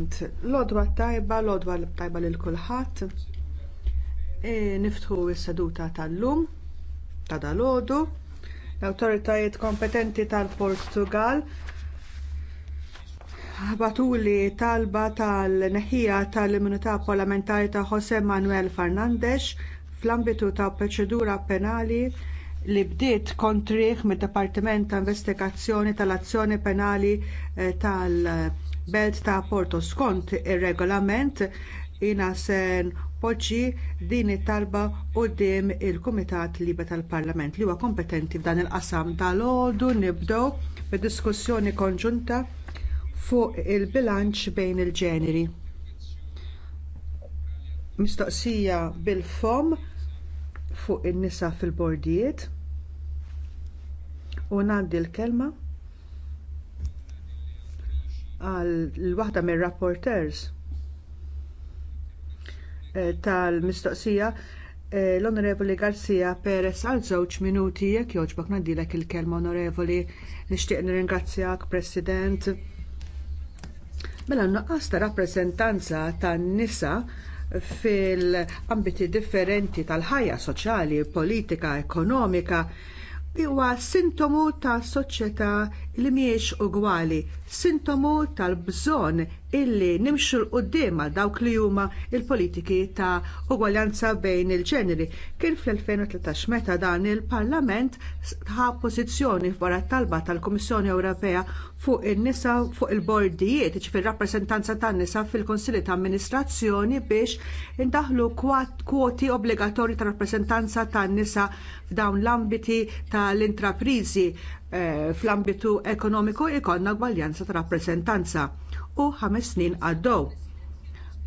l-odwa tajba, lodwa tajba lil kulħadd. E, niftħu s-seduta tal-lum, ta' dalodu. L-autoritajiet kompetenti tal-Portugal batuli talba tal-neħija tal-immunità parlamentari ta' José Manuel Fernandez fl-ambitu ta' proċedura penali li bdiet kontrih mid-Dipartiment ta' Investigazzjoni tal-Azzjoni Penali eh, tal-Portugal belt ta' Porto skont ir-regolament jiena se poġġi din it-talba quddiem il-Kumitat Liba tal-Parlament li huwa kompetenti f'dan il-qasam dalgħodu nibdew bid-diskussjoni konġunta fuq il-bilanċ bejn il-ġeneri. Mistoqsija bil-fom fuq in-nisa fil-bordijiet u ngħaddi l-kelma għal l-waħda mir rapporters eh, tal-mistoqsija eh, l-Onorevoli Garcia Perez għal żewġ minuti jekk jogħġbok nadilek il-kelma Onorevoli nixtieq nirringrazzjak President. Mela nuqqas ta' rappreżentanza tan-nisa fil-ambiti differenti tal-ħajja soċjali, politika, ekonomika, huwa sintomu ta' soċjetà li mhijiex ugwali, sintomu tal-bżonn illi nimxu l-qoddim dawk li huma l politiki ta' ugwaljanza bejn il-ġeneri. Kien fl-2013 meta dan il-Parlament ta' pożizzjoni wara talba tal-Kummissjoni Ewropea fuq in-nisa fuq il-bordijiet, ġifir rappreżentanza tan-nisa fil-Konsili ta' Amministrazzjoni biex indaħlu kwoti obbligatorji ta' rappreżentanza tan-nisa f'dawn l-ambiti tal-intraprizi eh, fl-ambitu ekonomiku ikonna gwaljanza ta' rappreżentanza u ħames snin għaddew.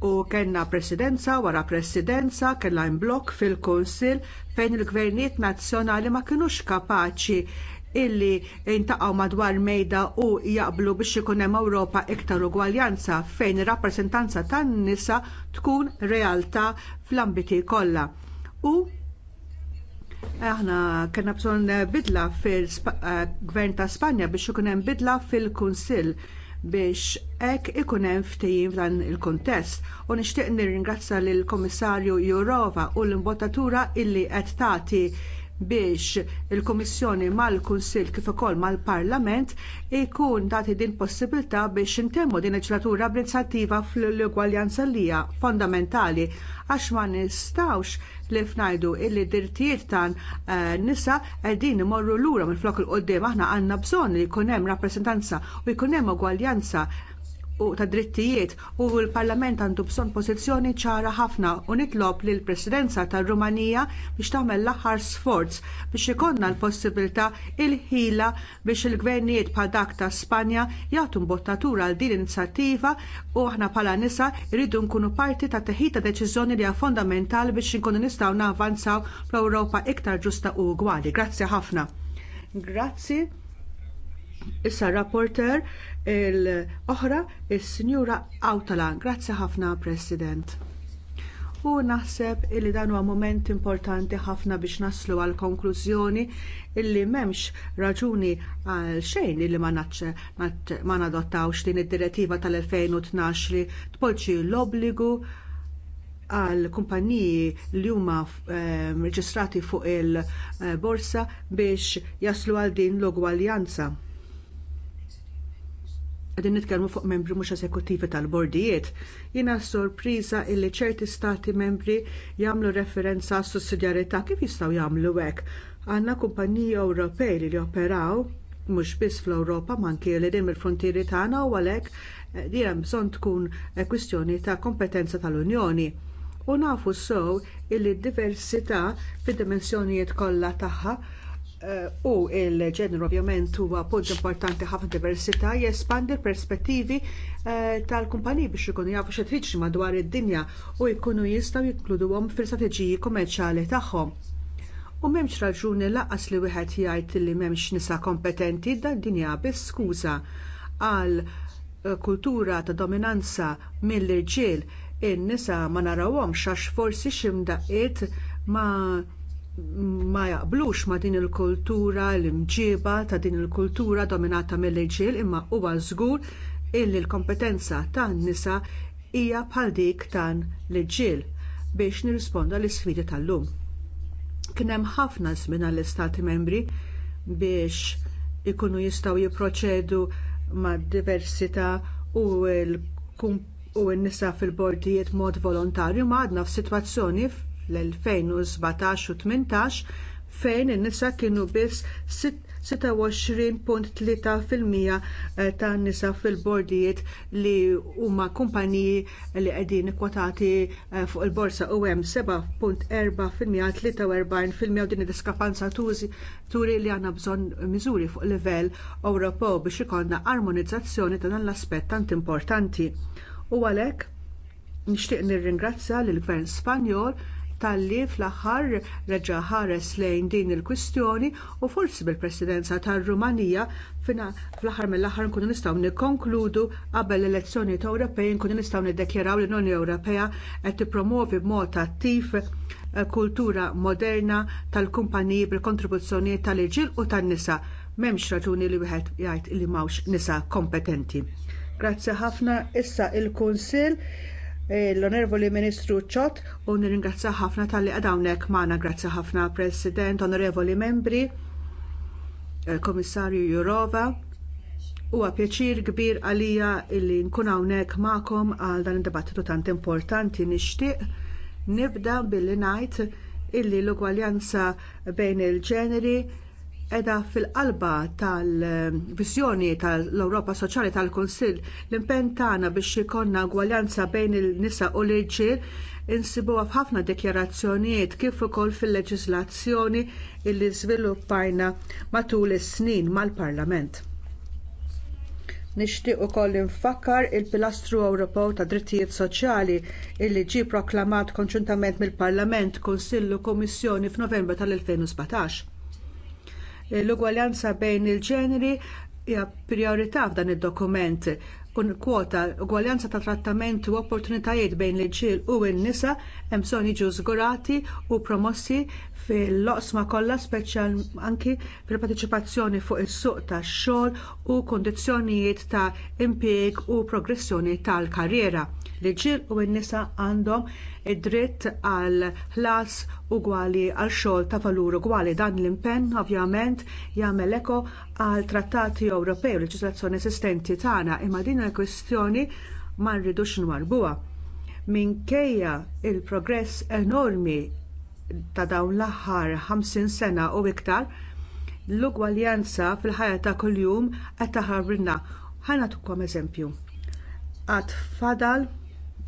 U kellna presidenza wara presidenza kellha imblokk fil-Kunsill fejn il-gvernijiet nazzjonali ma kinux kapaċi illi jintaqgħu madwar mejda u jaqblu biex ikun hemm Ewropa iktar ugwaljanza fejn ir-rappreżentanza tan-nisa tkun realtà fl-ambiti kollha. U aħna kellna bżonn bidla fil-Gvern eh, ta' Spanja biex ikun hemm bidla fil-Kunsill biex hekk ikun hemm ftehim f'dan il-kuntest u nixtieq nirringrazzja lill komissarju Jurova u l-imbottatura illi qed tagħti biex il-Kummissjoni mal-Kunsill kif ukoll mal-Parlament ikun tagħti din possibilità biex intemmu din il-ġlatura b'inizjattiva fl-ugwaljanza li hija fondamentali għax ma nistgħux li fnajdu illi dirtijiet ta' nisa qegħdin imorru lura minflok il-qoddim aħna għandna bżonn li jkun hemm rappreżentanza u jkun hemm ugwaljanza u ta' drittijiet u l-Parlament għandu bżonn pożizzjoni ċara ħafna u nitlob lill presidenza tar Rumanija biex tagħmel l-aħħar sforz biex ikollna l-possibilità il-ħila biex il-gvernijiet bħal dak ta' Spanja jagħtu mbottatura għal din inizjattiva u aħna bħala nisa rridu nkunu parti ta' teħita deċiżjoni li hija fondamentali biex inkunu nistgħu navvanzaw fl-Ewropa iktar ġusta u gwali. Grazzi ħafna. Grazzi. Issa rapporter il-oħra il-Sinjura Awtala. Grazzi ħafna, President. U naħseb li dan huwa mument importanti ħafna biex naslu għal konklużjoni illi m'hemmx raġuni għal xejn illi ma nadottawx din id-direttiva tal-2012 li tpoġġi l-obbligu għal kumpaniji li huma ehm, reġistrati fuq il-borsa eh, biex jaslu għal din l-ugwaljanza Għadin nitkellmu fuq membri mhux eżekuttivi tal-bordijiet, jiena sorpriża illi ċerti stati membri jagħmlu referenza għas sussidjarjetà kif jistgħu jagħmlu hekk. Għandna kumpaniji Ewropej li joperaw mhux biss fl-Ewropa ma anke li din mill-frontieri tagħna u għalhekk eh, dejjem bżonn tkun eh, kwistjoni ta' kompetenza tal-Unjoni. U nafu sew illi d-diversità fid-dimensjonijiet kollha tagħha Eh, u il-ġenru ovvjament huwa punt importanti ħafna diversità jespandi l-perspettivi eh, tal-kumpaniji biex ikunu jafu xi tħiġri madwar id-dinja u jkunu jistgħu jinkluduhom fil-strateġiji kummerċjali tagħhom. U m'hemmx raġuni lanqas li wieħed jgħid li m'hemmx nisa kompetenti dan dinja biss skuża għal eh, kultura ta' dominanza mill-irġiel in-nisa ma narawhomx għax forsi xi mdaqqiet ma' ma jaqblux ma din il-kultura l-imġiba ta' din il-kultura dominata mill-irġiel imma huwa żgur illi l-kompetenza tan-nisa hija bħal dik tan l-irġiel biex nirrisponda l isfidi tal-lum. Kien hemm ħafna żmien għall-Istati membri biex ikunu jistgħu jipproċedu mad diversità u l-nisa fil-bordijiet mod volontarju ma għadna f'sitwazzjoni l-2017 u 18 fejn in-nisa kienu biss 26.3% eh, tan nisa fil-bordijiet li huma kumpaniji li qegħdin kwotati eh, fuq il-borsa u hemm 7.4% 43% din id-diskrepanza turi li għandna bżonn miżuri fuq livell Ewropew biex ikollna armonizzazzjoni ta' dan l-aspett tant importanti. U għalhekk nixtieq nirringrazzja lill-Gvern Spanjol talli fl-aħħar reġa' ħares lejn din il-kwistjoni u forsi bil-Presidenza tar-Rumanija fl-aħħar mill-aħħar nkunu nistgħu nikkonkludu qabel l-elezzjonijiet Ewropej nkunu nistgħu niddekjaraw li l-Unjoni Ewropea qed tippromovi b'mod attiv eh, kultura moderna tal-kumpaniji bil-kontribuzzjonijiet tal-irġiel u tan-nisa m'hemmx raġuni li wieħed jgħid li m'hawnx nisa kompetenti. Grazzi ħafna issa il-Kunsill l-Onorevoli Ministru Ċot u nirringrazzja ħafna tal-li għadawnek maħna grazzi ħafna President, Onorevoli Membri, eh, Komissarju Jurova. Huwa pjaċir kbir għalija illi nkun hawnhekk magħkom għal dan id-dibattitu tant importanti nixtieq nibda billi ngħid illi l-ugwaljanza bejn il-ġeneri edha fil-qalba tal-visjoni tal-Europa Soċjali tal-Kunsill l-impenn tagħna biex ikonna gwaljanza bejn il-nisa u l-irġiel insibuha f'ħafna dikjarazzjonijiet kif ukoll fil-leġiżlazzjoni li żviluppajna matul is-snin mal-Parlament. Nixtieq ukoll infakkar il-Pilastru Ewropew ta' Drittijiet Soċjali illi ġie pproklamat konġuntament mill-Parlament, Kunsill u Kummissjoni f'Novembru tal-2017 L-ugwaljanza bejn il-ġeneri hija priorità f'dan id-dokument Kun kwota ugwaljanza ta' trattament u opportunitajiet bejn l-ġil u n-nisa hemm bżonn jiġu żgurati u promossi fil-loqsma kollha speċjal anki fil-partiċipazzjoni fuq is-suq tax-xogħol u kundizzjonijiet ta' impjieg u progressjoni tal-karriera. L-ġil u n-nisa għandhom id-dritt għal ħlas ugwali għal xogħol ta' valur ugwali. Dan l-impenn ovvjament jagħmel eko għal trattati Ewropej u leġiżlazzjoni esistenti tagħna imma din il-kwestjoni ma rridux nwarbuha. Minkejja l progress enormi ta' dawn l-aħħar 50 sena u iktar, l-ugwaljanza fil-ħajja ta' kuljum qed taħarbilna. Ħa nagħtukom eżempju. Għad fadal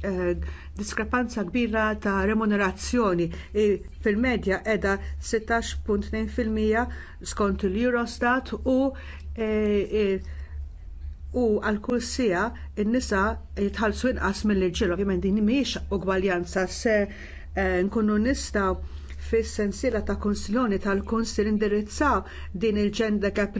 Eh, diskrepanza kbira ta' remunerazzjoni fil-medja qiegħda 16.2% skont l-Eurostat u e, e, u għal kull n-nisa jitħallsu inqas mill-irġiel, ovvjament din mhijiex ugwaljanza se eh, nkunu nistgħu fis-sensiela ta' konsiloni tal kunsill indirizzaw din il-ġenda gap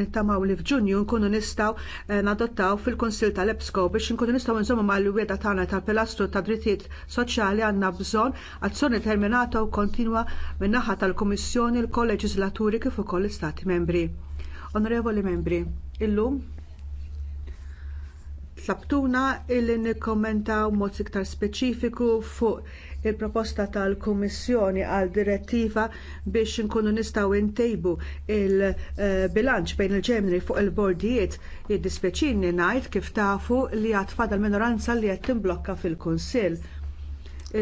nittamaw li f'Ġunju nkunu nistgħu eh, nadottaw fil-Kunsil tal-EBSCO biex nkunu nistgħu nżommu mal-wieda tagħna tal-pilastru ta' drittijiet soċjali għandna bżonn azzjoni terminata u kontinwa min-naħa tal-Kummissjoni l-Kolleġislaturi kif ukoll l-Istati membri. Onorevoli membri, illum tlabtuna illi nikkommentaw mod iktar speċifiku fuq il-proposta tal-Kummissjoni għal direttiva biex inkunu nistgħu ntejbu il-bilanċ bejn il-ġenri fuq il-bordijiet jiddispjaċini ngħid kif tafu li għad fadal minoranza li qed timblokka fil-Kunsill.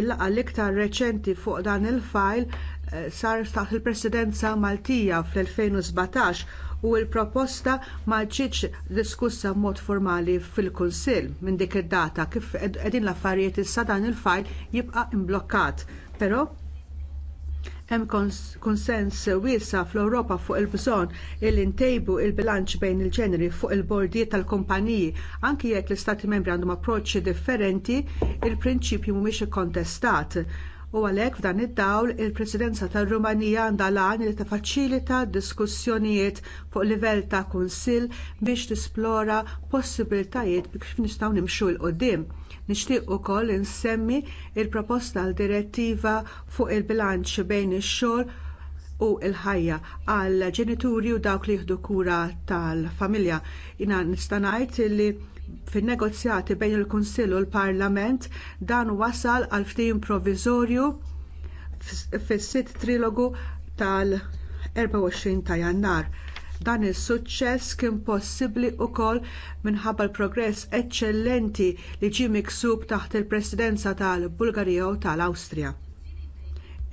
il laqgħa l-iktar reċenti fuq dan il-fajl eh, sar taħt il-presidenza Maltija fl-2017 u l-proposta ma ġietx diskussa b'mod formali fil-Kunsill minn dik id-data kif qegħdin l-affarijiet issa dan il-fajl jibqa' imblokkat. Però hemm konsens wiesa fl-Ewropa fuq il-bżonn li ntejbu l bilanċ bejn il-ġeneri fuq il-bordijiet tal-kumpaniji anki jekk l-istati membri għandhom approċċi differenti, il-prinċipju mhumiex ikkontestat u għalhekk f'dan id-dawl il-Presidenza tar-Rumanija għandha lan li tiffaċilita diskussjonijiet fuq livell ta' kunsill biex tisplora possibbiltajiet biex kif nistgħu nimxu l qudiem Nixtieq ukoll insemmi l proposta għal direttiva fuq il-bilanċ bejn ix-xogħol u l-ħajja għal ġenituri u dawk li jieħdu kura tal-familja. Jina nista' ngħid li fin-negozjati bejn il-Kunsill u l-Parlament dan wasal għal ftehim proviżorju fis-sitt trilogu tal-24 ta' Jannar. Dan is-suċċess kien possibbli wkoll minħabba l-progress eċċellenti li ġie miksub taħt il-Presidenza tal-Bulgarija u tal-Awstrija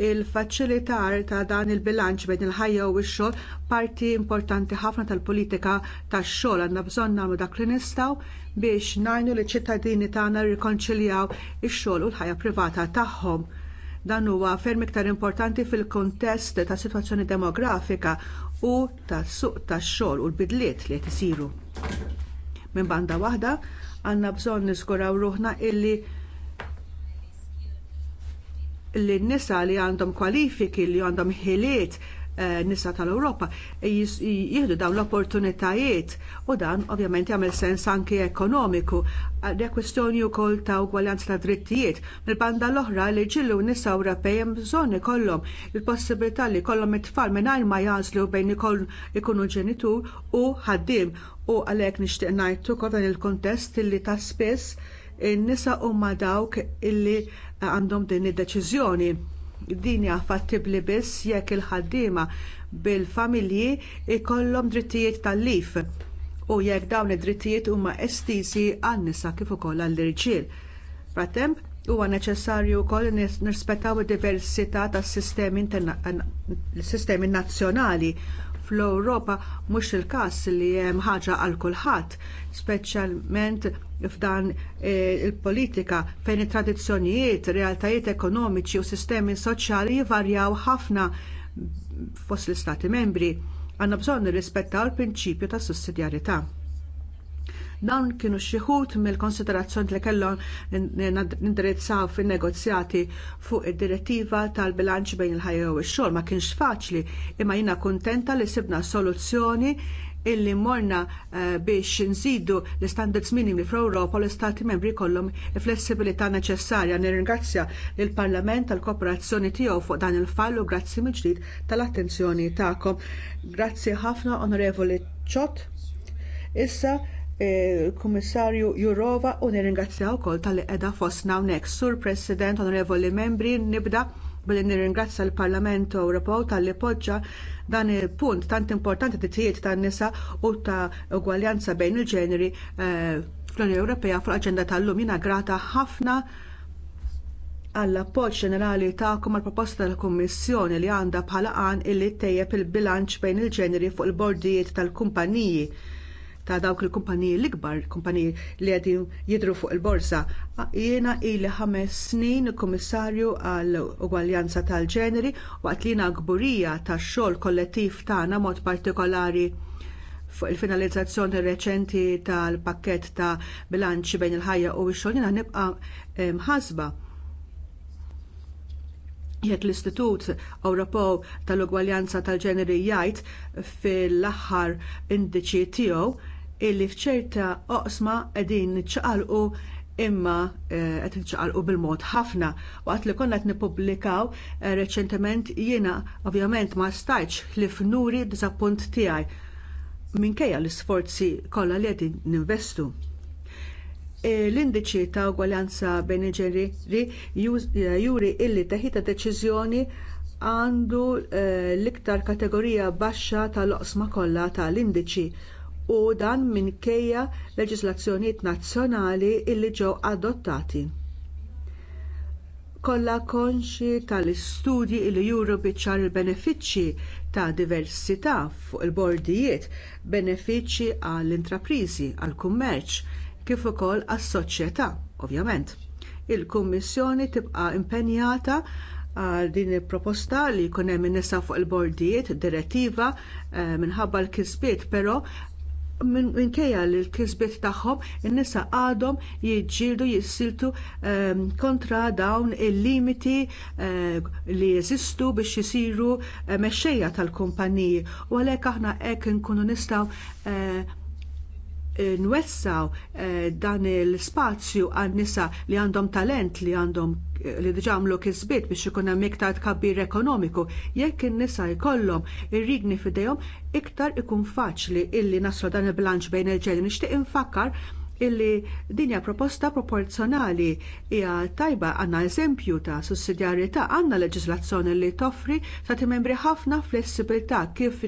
il-faċilitar ta' dan il-bilanċ bejn il-ħajja u x-xogħol parti importanti ħafna tal-politika tax-xogħol għandna bżonn nagħmlu dak li nistgħu biex ngħinu liċ ċittadini tagħna jirrikonċiljaw ix-xogħol u l-ħajja privata tagħhom. Dan huwa ferm iktar importanti fil-kuntest ta' sitwazzjoni demografika u tas suq tax-xogħol u l-bidliet li qed isiru. Minn banda waħda għandna bżonn niżguraw ruħna illi n nisa li għandhom kwalifiki li għandhom ħiliet eh, nisa tal-Ewropa eh, jieħdu dawn l-opportunitajiet u dan ovvjament jagħmel sens anki ekonomiku. Għadja eh, kwestjoni wkoll ta' ugwaljanza ta' drittijiet. Mill-banda l-oħra li ġillu nisa Ewropej hemm bżonn ikollhom il-possibilità li jkollhom it-tfal mingħajr ma jazlu bejn ikunu ġenitur u ħaddim u għalhekk nixtieq ngħid ukoll dan il kontest illi ta' spiss in-nisa huma dawk illi għandhom din id-deċiżjoni. Din hija fattibli biss jekk il-ħaddiema bil-familji ikollhom drittijiet tal-lif u jekk dawn id-drittijiet huma estisi għan-nisa kif ukoll għall-irġiel. Pratemp, huwa neċessarju wkoll nirrispettaw id-diversità tas-sistemi sistemi nazzjonali fl-Ewropa mhux il-każ li hemm ħaġa għal kulħadd, speċjalment f'dan eh, il-politika fejn it-tradizzjonijiet, realtajiet ekonomiċi u sistemi soċjali jvarjaw ħafna fost l-Istati membri għandna bżonn nirrispettaw il-prinċipju ta' sussidjarjetà. Dawn kienu xi wħud mill-konsiderazzjoni li kellhom nindirizzaw fin-negozjati fuq id-direttiva tal-bilanċ bejn il-ħajja u x-xogħol ma kienx faċli imma jiena kuntenta li sibna soluzzjoni illi morna eh, biex nżidu l istandards minimi fl-Ewropa u l-Istati membri jkollhom il-flessibilità neċessarja. Nirringrazzja lill parlament tal-kooperazzjoni tiegħu fuq dan il-fall u grazzi mill-ġdid tal-attenzjoni tagħkom. Grazzi ħafna Onorevoli Ċot. Issa il-Kummissarju eh, Jurova u nirringrazzja wkoll tal qiegħda fostna hawnhekk. Sur President, Onorevoli Membri, nibda billi nirringrazzja l-Parlament Ewropew tal-li poġġa dan il-punt tant importanti tijiet tan nisa u ta' ugwaljanza bejn il-ġeneri eh, fl-Unjoni Ewropea fl-aġenda tal-lum jina grata ħafna għall appoġġ ġenerali tagħkom għall proposta tal-Kummissjoni li għandha bħala għan illi tejjeb il-bilanċ bejn il-ġeneri fuq il-bordijiet tal-kumpaniji ta' dawk il-kumpaniji l-ikbar, kumpaniji li qegħdin jidru fuq il-borsa. Jiena li ħames snin kummissarju għall ugwaljanza tal-ġeneri waqt li gburija tax-xogħol kollettiv tagħna mod partikolari fuq il-finalizzazzjoni reċenti tal-pakket ta' bilanċi bejn il-ħajja u x-xogħol jiena nibqa' mħazba jekk l-Istitut Ewropew tal-Ugwaljanza tal-Ġeneri jgħid fil-aħħar indiċi tiegħu illi fċerta oqsma qegħdin niċċaqalqu imma eh, qed niċċaqalqu bil-mod ħafna. Waqt li konna qed nippubblikaw eh, reċentement jiena ovvjament ma stajtx li fnuri d-disappunt tiegħi minkejja l-isforzi kollha li qegħdin ninvestu. Eh, l-indiċi ta' ugwaljanza bejn il-ġeneri juri illi teħita deċiżjoni għandu l-iktar kategorija baxxa tal-oqsma kollha tal-indiċi u dan minkejja leġiżlazzjonijiet nazzjonali li ġew adottati. Kollha konxi tal-istudji li juru biċar il-benefiċċji ta' diversità fuq il-bordijiet, benefiċċji għall-intrapriżi, għall-kummerċ, kif ukoll għas-soċjetà, ovvjament. Il-Kummissjoni tibqa' impenjata għal din il-proposta li jkun hemm nisa fuq il-bordijiet direttiva eh, minħabba l-kisbiet, però minkejja li l-kisbiet tagħhom in-nisa għadhom jiġġieldu jissiltu ehm, kontra dawn il-limiti eh, li jeżistu biex isiru eh, mexxejja tal-kumpaniji u għalhekk aħna hekk inkunu nistgħu eh, nwessaw eh, dan il-spazju għan nisa li għandhom talent li għandhom eh, li diġamlu kisbiet biex ikun hemm iktar tkabbir ekonomiku, jekk in-nisa jkollhom ir-rigni f'idejhom iktar ikun faċli illi naslu dan il-bilanċ bejn il-ġeni. Nixtieq infakkar illi dinja proposta proporzjonali hija tajba għandna eżempju ta' sussidjarjetà għandna leġiżlazzjoni li toffri sa' membri ħafna flessibilità kif,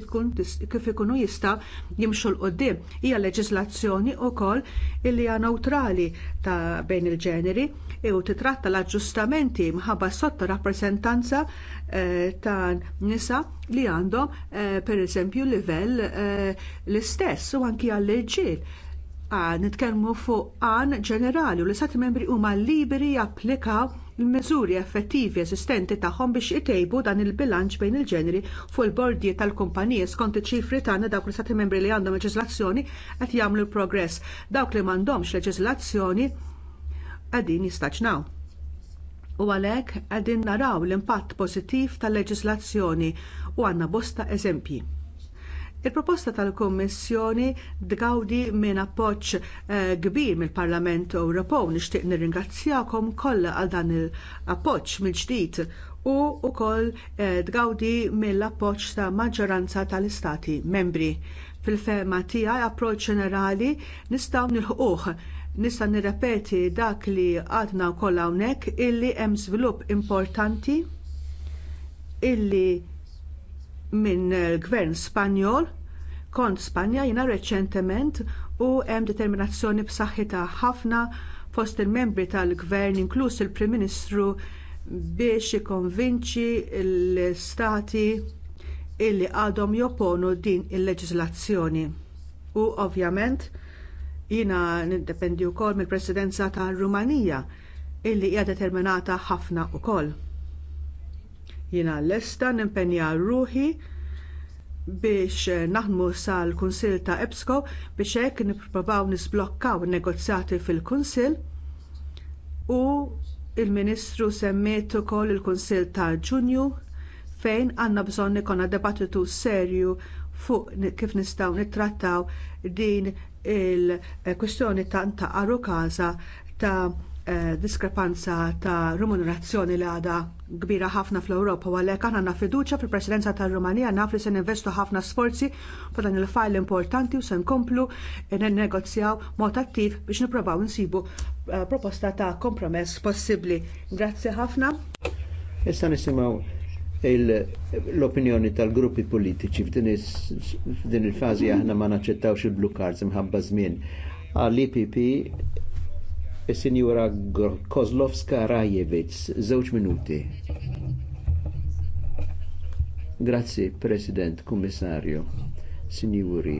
ikunu jista' jimxu l qoddim Hija leġiżlazzjoni wkoll illi hija neutrali ta' bejn il-ġeneri e u titratta l-aġġustamenti mħabba sotto rappreżentanza eh, ta' nisa li għandhom eh, per pereżempju livell eh, l-istess u anki għall-irġiel nitkellmu fuq għan ġenerali u li stati membri huma liberi japplikaw il-miżuri effettivi eżistenti tagħhom biex itejbu dan il-bilanċ bejn il-ġeneri fuq il bordijiet tal-kumpaniji skont iċ-ċifri tagħna dawk l-istati membri li għandhom leġiżlazzjoni qed jagħmlu progress. Dawk li m'għandhomx leġiżlazzjoni qegħdin jistaġnaw. U għalhekk qegħdin naraw l-impatt pożittiv tal-leġiżlazzjoni u għandna bosta eżempji Il-proposta tal-Kummissjoni dgawdi minn appoġġ eh, kbir mill-Parlament Ewropew nixtieq nirringrazzjakom kollha għal dan il-appoġġ mill-ġdid u wkoll tgawdi eh, mill-appoġġ ta' maġġoranza tal-istati membri. Fil-fema tiegħi approċċ ġenerali nistgħu nilħquh nista' nirrepeti dak li għadna wkoll hawnhekk illi hemm żvilupp importanti illi minn eh, gvern Spanjol kont Spanja jiena reċentement u hemm determinazzjoni b'saħħitha ħafna fost il-membri tal-gvern inkluż il-Prim Ministru biex ikkonvinċi l-istati illi għadhom jopponu din il-leġiżlazzjoni. U ovvjament jiena nindependi wkoll mill-Presidenza tar-Rumanija illi hija determinata ħafna wkoll. Jiena lesta nimpenja ruħi biex naħdmu sal-Kunsil ta' EBSCO biex hekk nippruvaw nisblokkaw in negozjati fil-Kunsil u l ministru semmejt ukoll il-Kunsil ta' Ġunju fejn għandna bżonn ikonna debattitu serju fuq kif nistgħu nittrattaw din il-kwistjoni ta' ta' Arukasa ta' Eh, diskrepanza ta' remunerazzjoni li għadha kbira ħafna fl-Ewropa u għalhekk aħna fiduċja fil-Presidenza tar-Rumanija naf li se ninvestu ħafna sforzi f'dan il-fajl importanti u se nkomplu nennegozjaw mod attiv biex nippruvaw insibu eh, proposta ta' kompromess possibbli. Grazzi ħafna. Issa nisimgħu l-opinjoni tal-gruppi politiċi f'din il-fażi aħna ma naċċettawx il-blue cards imħabba żmien. Għall-IPP Is-Sinjura Kozlovska Rajevic, żewġ minuti. Grazzi, President, Kummissarju, Sinjuri.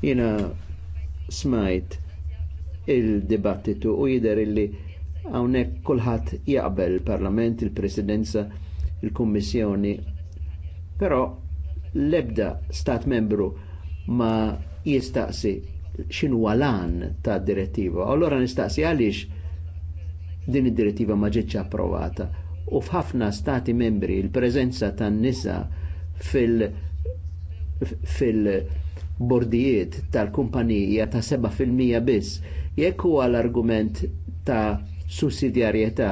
Jena smajt il-dibattitu u jider illi għawnek kullħat jaqbel il-Parlament, il-Presidenza, il-Kommissjoni, però l-ebda stat membru ma jistaqsi xinu għalan ta' direttiva. Allora nistaqsi għalix din id-direttiva ma ġietx approvata. U f'ħafna stati membri il-preżenza tan nisa fil- fil-bordijiet tal-kumpanija ta' 7% biss. Jekk huwa l-argument ta' sussidjarjetà,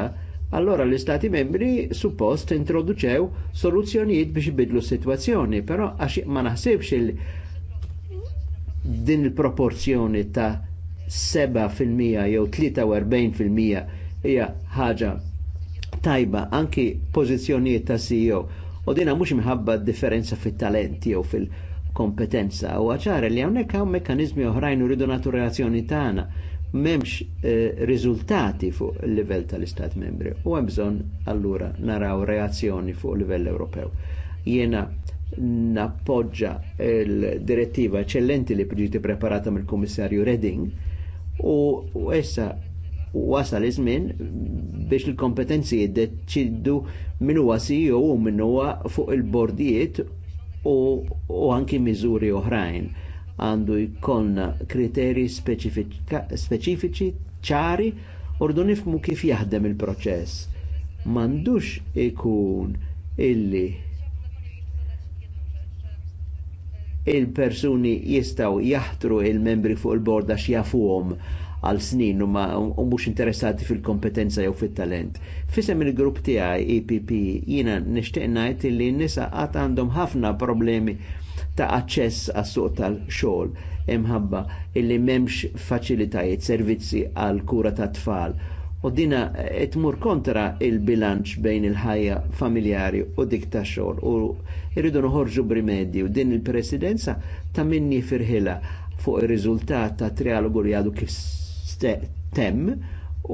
allora l-istati membri suppost introduċew soluzzjonijiet biex ibidlu s-sitwazzjoni, però għax ma naħsibx din il-proporzjoni ta' 7% jew 43% hija ħaġa tajba anki pożizzjonijiet ta' CEO u dinha mhux imħabba differenza fit-talenti jew fil-kompetenza u ċara li hawnhekk hawn mekkaniżmi oħrajn uridu nagħtu relazzjoni tagħna memx eh, riżultati fuq il-livell tal-Istat membri u hemm bżonn allura naraw reazzjoni fuq il livell Ewropew. Jiena nappoġġa il-direttiva eccellenti li ġieti preparata mill-Kummissarju Redding u issa wasal iż-żmien biex il-kompetenzi jiddeċiddu min huwa CEO u min huwa fuq il-bordijiet u, anki miżuri oħrajn għandu jkollna kriteri speċifiċi ċari ordu nifmu kif jaħdem il-proċess. Mandux ikun illi il-persuni jistaw jaħtru il-membri fuq il-bord għax jafuhom għal snin u mhux interessati fil-kompetenza jew fit-talent. Fisem il-grupp tiegħi EPP jiena nixtieq ngħid li n-nisa qatt għandhom ħafna problemi ta' aċċess għas-suq tal-xogħol imħabba illi m'hemmx faċilitajiet servizzi għal kura tat tfal u dina etmur eh, kontra il-bilanċ bejn il-ħajja familjari u dik ta' xogħol u irridu noħorġu b'rimedji u din il-presidenza ta' minni firħila fuq ir-riżultat ta' trialogu li għadu kif tem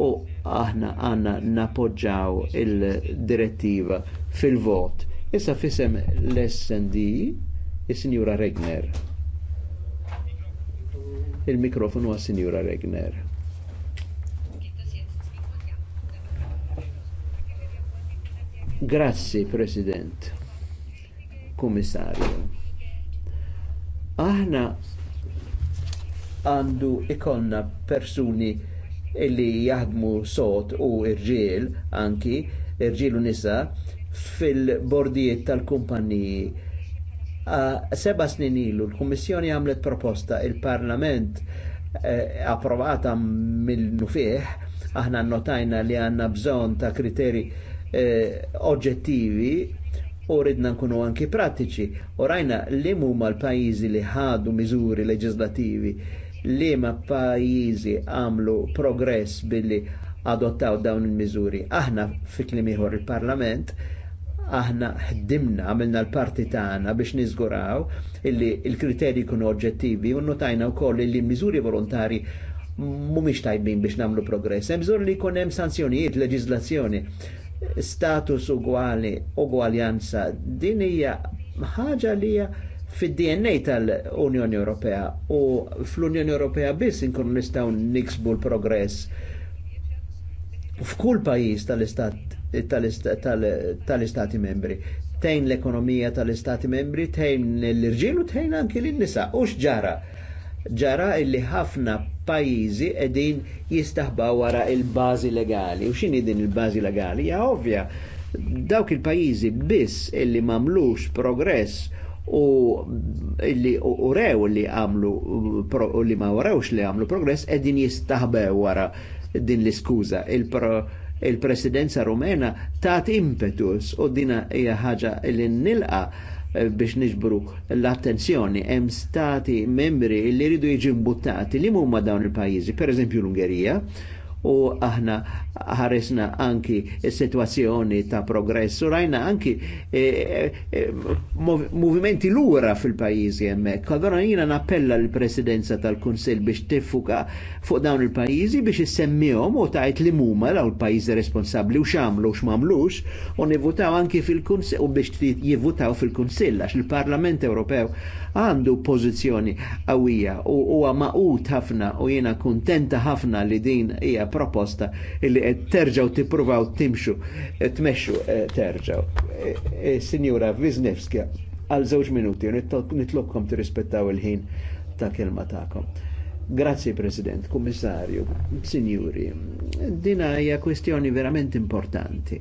u aħna għanna napoġġaw il-direttiva fil-vot. Issa fisem l-SND, il Signora Regner. Il-mikrofonu għas signora Regner. Grazzi, President, Kummissarju. Aħna għandu ikonna persuni li jaħdmu sot u irġiel anki, irġiel u nisa, fil-bordijiet tal-kumpaniji. Seba snin ilu l-Kummissjoni għamlet proposta il-Parlament eh, approvata mill-nufieħ, aħna notajna li għanna bżon ta' kriteri Eh, oġġettivi u ridna nkunu anki pratiċi. U rajna li huma l-pajjiżi li ħadu miżuri leġislativi li ma pajjiżi għamlu progress billi adottaw dawn il-miżuri. Aħna fi klim ieħor il-Parlament aħna ħdimna għamilna l-parti tagħna biex niżguraw illi l-kriterji il jkunu oġġettivi u notajna wkoll li miżuri volontari mhumiex tajbin biex nagħmlu progress. Hemm bżonn li jkun hemm sanzjonijiet, leġislazzjoni status ugwali, ugwaljanza, din hija ħaġa li hija fid-DNA tal-Unjoni Ewropea u fl-Unjoni Ewropea biss inkunu nistgħu niksbu l-progress f'kull pajjiż tal-istati membri tejn l-ekonomija tal-istati membri, tejn l-irġilu, tejn anki l-nisa. U xġara? Ġara illi ħafna pajjiżi qegħdin jistaħbaw wara il-bażi legali. U x'inhi din il-bażi legali? Ja ovvja, dawk il-pajjiżi biss illi mamlux progress u li u rew li għamlu u li ma warewx li għamlu progress edin jistaħbew wara din l-iskuza il-presidenza rumena tat impetus u dina hija ħaġa li nilqa' Eh, biex niġbru l-attenzjoni hemm stati membri li rridu jiġi mbuttati li huma dawn il-pajjiżi, pereżempju l-Ungerija, u aħna ħaresna anki situazzjoni ta' progress u rajna anki eh, eh, movimenti lura fil-pajjiżi hemmhekk. Allora jina nappella l-Presidenza tal-Kunsill biex tiffuka fuq dawn il-pajjiżi biex issemmihom u tajt li muma l pajizi responsabbli u xamlu u x'mamlux u nivutaw anki fil-Kunsill u biex jivvutaw fil-Kunsill għax il-Parlament Ewropew għandu pożizzjoni qawwija u huwa maqut ħafna u jiena kuntenta ħafna li din hija proposta li Eh, terġaw tippruvaw timxu, eh, tmexxu eh, terġaw. Sinjura Wisniewska, għal żewġ minuti, nitlobkom tirrispettaw il-ħin ta' kelma ta'kom. Grazie President, Kummissarju, Sinjuri, dina hija kwestjoni verament importanti.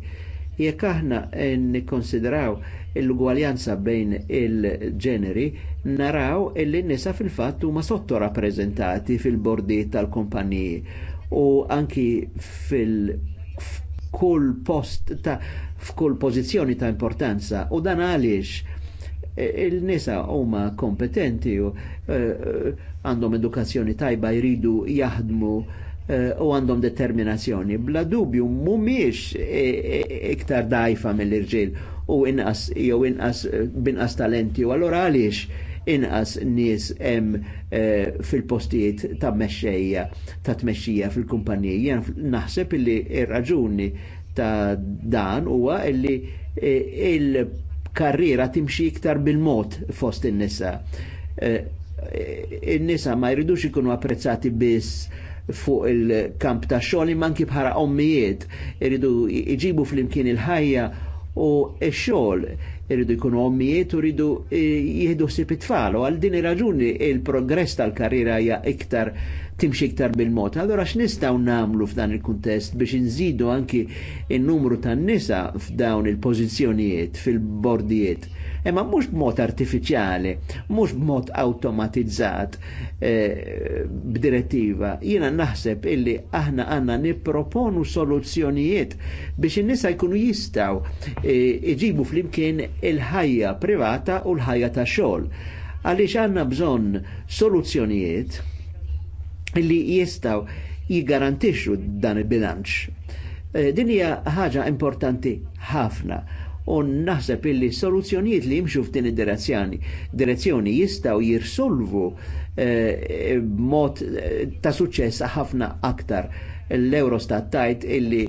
Jekk aħna nikkonsidraw l-ugwaljanza bejn il-ġeneri, naraw illi nisa fil-fatt huma sottorappreżentati fil bordi tal-kumpaniji u anki fil kull post ta' f'kull pożizzjoni ta' importanza u dan għaliex e, il-nisa huma kompetenti u e, għandhom edukazzjoni tajba jridu jaħdmu e, u għandhom determinazzjoni. Bla dubju mumiex iktar dajfa mill-irġiel u inqas jew inqas binqas talenti u allura għaliex inqas nies hemm eh, fil-postijiet ta' mexxejja ta' tmexxija fil-kumpanija. Naħseb illi ir-raġuni ta' dan huwa illi eh, il-karriera timxi iktar bil-mod fost in-nisa. Eh, in-nisa ma jridux ikunu apprezzati biss fuq il-kamp ta' xogħol imma anki bħala ommijiet iridu iġibu fl-imkien il-ħajja u x-xogħol irridu jkunu ommijiet u rridu eh, jihdu sib it-tfal u għal din raġuni il-progress tal-karriera hija iktar timxi iktar bil-mod. Allora x'nistgħu nagħmlu f'dan il-kuntest biex inżidu anki in-numru tan-nisa f'dawn il-pożizzjonijiet fil-bordijiet imma mhux b'mod artifiċjali, mhux b'mod automatizzat e, eh, b'direttiva. Jiena naħseb illi aħna għandna nipproponu soluzzjonijiet biex in-nisa jkunu jistgħu eh, iġibu e, flimkien il-ħajja privata u l-ħajja ta' xogħol. Għaliex għandna bżonn soluzzjonijiet illi jistaw jigarantixu dan il-bilanċ. Eh, din hija ħaġa importanti ħafna u naħseb illi soluzzjonijiet li jimxu f'din id-direzzjoni direzzjoni jistaw jirsolvu eh, mod eh, ta' suċċess ħafna aktar l-Eurostat tajt illi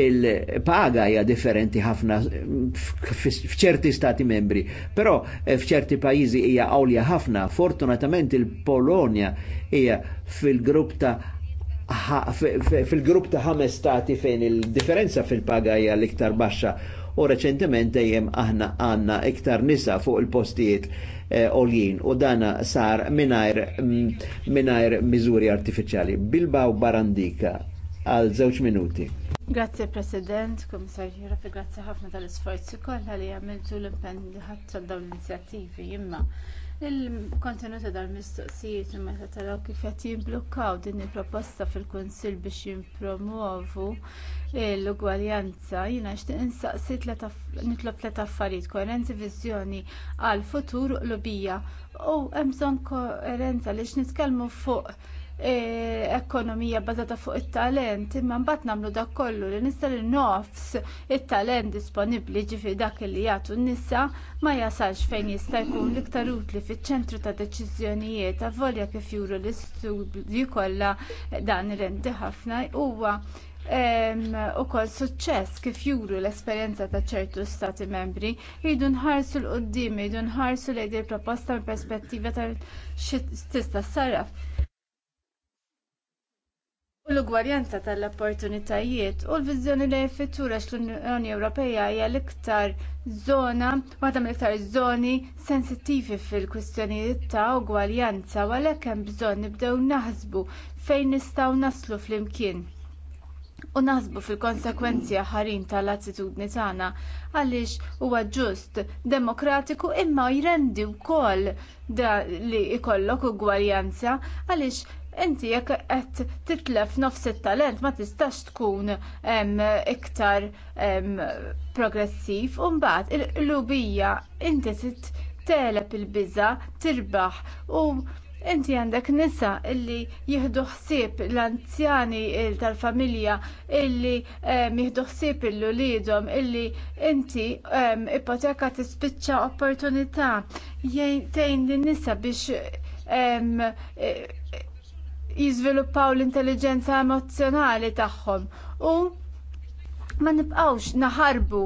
il-paga hija differenti ħafna eh, f'ċerti stati membri, però f'ċerti pajjiżi hija għawlja ħafna. Fortunatament il-Polonja hija fil-grupp ta' fil-grupp ta' ħames stati fejn il-differenza fil-paga hija l-iktar baxxa u reċentement dejjem aħna għanna iktar nisa fuq il-postijiet eh, oljien u dana sar minajr minajr mm, miżuri artificiali. Bilbaw Barandika għal żewġ minuti. Grazie President, Komissarju Rafi, grazie ħafna tal-isforzi kollha li għamiltu l-impenn li ħadd dawn l-inizjattivi imma Il-kontenuti tal-mistoqsijiet meta taraw kif qed jimblukkaw din il-proposta fil-Kunsill biex jippromuovu l-ugwaljanza jiena nixtieq insaqsi nitlob tliet affarijiet koerenzi viżjoni għall futur lobija u hemm bżonn koerenza biex nitkellmu fuq E, ekonomija bazata fuq it-talent, imma mbagħad nagħmlu dak kollu li nista' li nofs it-talent disponibbli ġifi dak li jagħtu n-nisa ma jasalx fejn jista' jkun l-iktar utli fiċ-ċentru ta' deċiżjonijiet avolja kif juru l-istudju kollha dan rendi ħafna huwa kol suċċess kif juru l-esperjenza ta' ċertu stati membri jridu nħarsu l-qoddim, jridu nħarsu l il proposta minn perspettiva ta' xi tista' sarraf u l gwarjanza tal-opportunitajiet u l-viżjoni li fittura l-Unjoni Ewropea hija l-iktar żona waħda mill-iktar żoni sensittivi fil-kwistjonijiet ta' ugwarjanza u għalhekk hemm bżonn nibdew naħsbu fejn nistgħu naslu flimkien u naħsbu fil-konsekwenzi ħarin tal-attitudni tagħna għaliex huwa ġust demokratiku imma jrendi wkoll da li jkollok ugwarjanza għaliex inti jekk qed titlef nofs it-talent ma tistax tkun iktar progressiv u mbagħad il-qlubija inti telep il-biża tirbaħ u inti għandek nisa illi jieħdu ħsieb l-anzjani tal-familja illi jieħdu ħsieb il-lulidom illi inti ipoteka tispiċċa opportunità jgħin tgħin lin nisa biex jiżviluppaw l-intelligenza emozjonali tagħhom u ma nibqgħux naħarbu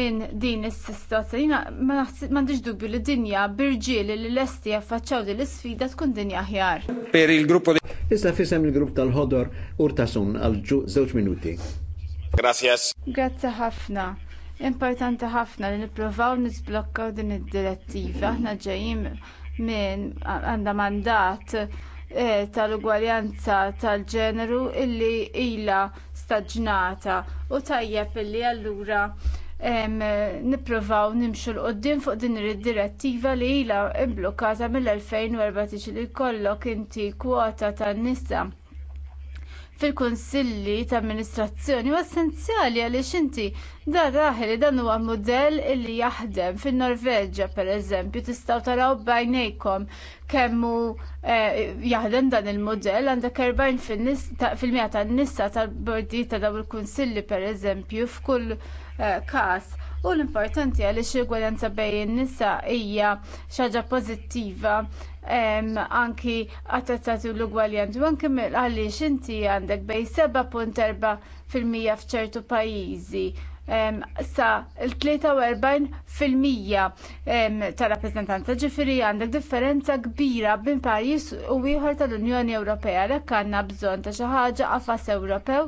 minn din is sitwazzjoni Ma m'għandix dubju li dinja birġiel li lesti jaffaċċaw din l-isfida tkun dinja aħjar. Per il-gruppo Issa fisem il-grupp tal-ħodor rtasun għal żewġ minuti. Grazzjas. Grazzi ħafna. Importanti ħafna li nippruvaw nisblokkaw din id-direttiva. Aħna ġejjin minn għandha mandat Eh, tal-ugwaljanza tal-ġeneru illi ilha staġnata u tajjeb illi allura nippruvaw nimxu l qoddim fuq din id-direttiva li ilha mblukkata mill-2014 li jkollok inti kwota tan-nisa fil-kunsilli ta' amministrazzjoni u essenzjali għaliex inti da li dan huwa mudell illi jaħdem fin-Norveġġja pereżempju tistgħu taraw bajnejkom kemm hu eh, jaħdem dan il-mudell għandek 40 fil-mija tan-nisa tal-bordi ta' dawn il-kunsilli pereżempju f'kull eh, każ. U l-importanti għaliex il-gwalenza bejn in-nisa hija xi ħaġa pożittiva anki għattattati l-ugwaljanti u anki għalli inti għandek bej 7.4 fil-mija fċertu pajizi sa il-43% ta' rappresentanza ġifiri għandek differenza kbira bin pajis u ieħor tal-Unjoni Ewropea għalhekk għandna bżonn ta' xi ħaġa qafas Ewropew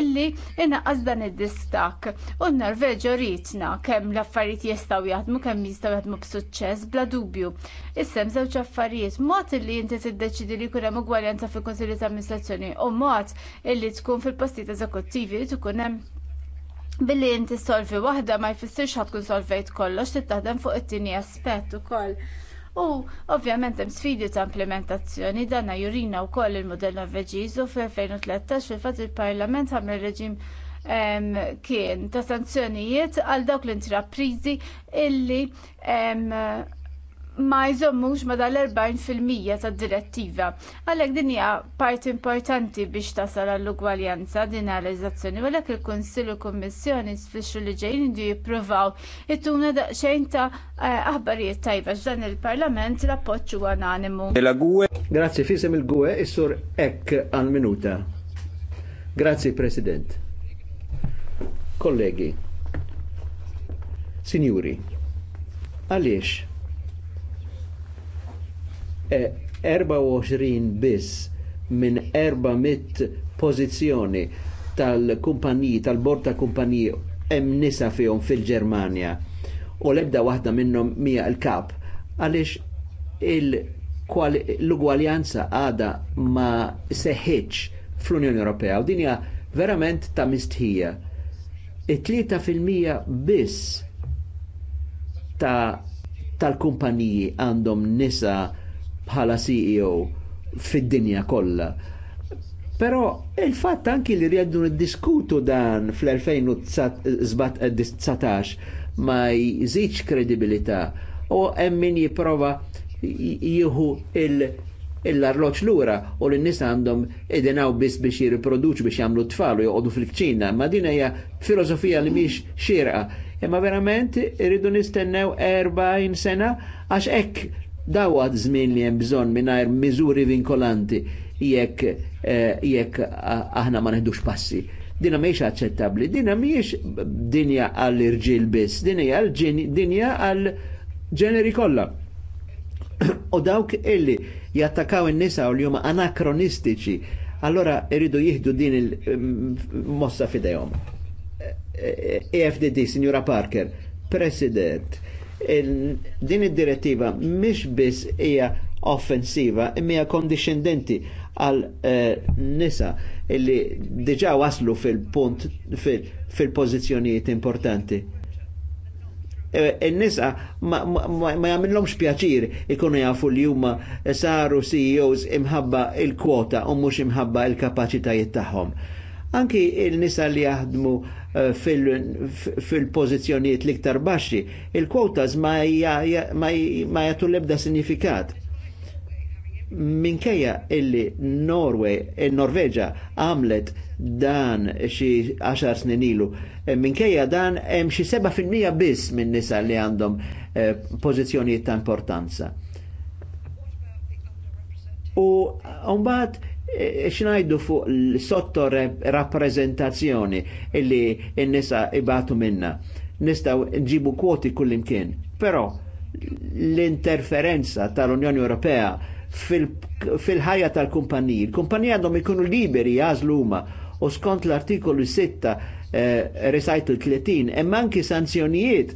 illi inqas dan id-distak. U n-Norveġa ritna kemm l-affarijiet jistgħu jaħdmu kemm jistgħu jaħdmu b'suċċess bla dubju. Issem żewġ affarijiet mod illi inti tiddeċidi li jkun hemm ugwaljanza fil-Kunsilli ta' Amministrazzjoni u mod illi tkun fil-postijiet eżekuttivi tkun hemm billi inti solvi waħda ma jfissirx ħatkun solvejt kollox tittaħdem fuq it-tieni aspett ukoll. U ovvjament hemm sfidi ta' implementazzjoni danna jurina wkoll il-modell Norveġiż u fl-2013 fil-fatt il-Parlament ħamel reġim kien ta' sanzjonijiet għal dawk l-intraprizi illi ma jżommux ma dal-40% tad direttiva. Għalhekk din hija parti importanti biex tasal għall-ugwaljanza din għal-eżazzjoni, u il-Kunsill u Kommissjoni sfixxu li ġejn indu jippruvaw ituna xejn ta' eh, aħbarijiet tajba x'dan il-Parlament l-appoġġ huwa Grazie fisem il-gwe is-sur ek għal minuta. Grazzi President. Kollegi. Signori. Għaliex? 24 eh, biss minn 400 pożizzjoni tal-kumpaniji, tal-bord ta' kumpaniji hemm nisa fihom fil-Ġermanja u l-ebda waħda minnhom mija l-kap għaliex l-ugwaljanza għada ma seħħitx fl-Unjoni Ewropea u dinja verament ta' mistħija. It-tlieta fil-mija biss ta' tal-kumpaniji għandhom nisa' bħala CEO fid-dinja kollha. Però il-fatt anki li rieddu niddiskutu dan fl-2019 ma jżidx kredibilità u hemm min jipprova jieħu il- l-arloċ lura u l-nis għandhom edinaw biss biex jirriproduċu biex jamlu tfal u joqodu fil-kċina, ma din hija filosofija li miex xirqa. Imma verament irridu nistennew 40 sena għax hekk Daw għad żmien li hemm bżonn mingħajr miżuri vinkolanti jekk eh, jekk aħna ma neħdux passi. Dina mhijiex aċċettabbli, dina mhijiex dinja għall-irġiel biss, din hija dinja għall-ġeneri kollha. U dawk illi jattakaw in-nisa u l huma anakronistiċi, allora iridu jieħdu din il-mossa mm, fidejhom. EFDD, e- e Signora Parker, President, din id-direttiva mhix biss hija offensiva imma hija kondixxendenti għal eh, nisa illi diġà waslu fil-punt fil-pożizzjonijiet importanti eh, il-nisa ma, jagħmilhomx jamillomx pjaċir ikunu jafu li huma saru CEOs imħabba il-kwota u mhux imħabba il-kapaċitajiet tagħhom. Anki il-nisa li jaħdmu eh, fil pozizjoniet fil liktar baxxi, il-kwotas ma, jgħatu l lebda sinifikat. Minkejja illi Norway, il-Norveġa eh, għamlet dan xi 10 snin ilu. Eh, minkejja dan hemm xi 7% biss minn nisa li għandhom eh, pożizzjonijiet ta' importanza. U mbagħad Eh, xnajdu fuq l-sotto rappresentazzjoni illi n-nisa ibatu minna. Nistaw nġibu kwoti kullimkien. Però l-interferenza tal-Unjoni Ewropea fil-ħajja tal-kumpaniji. Il-kumpaniji għandhom ikunu liberi jazlu huma u skont l-artikolu 6 eh, recital 30 hemm anki sanzjonijiet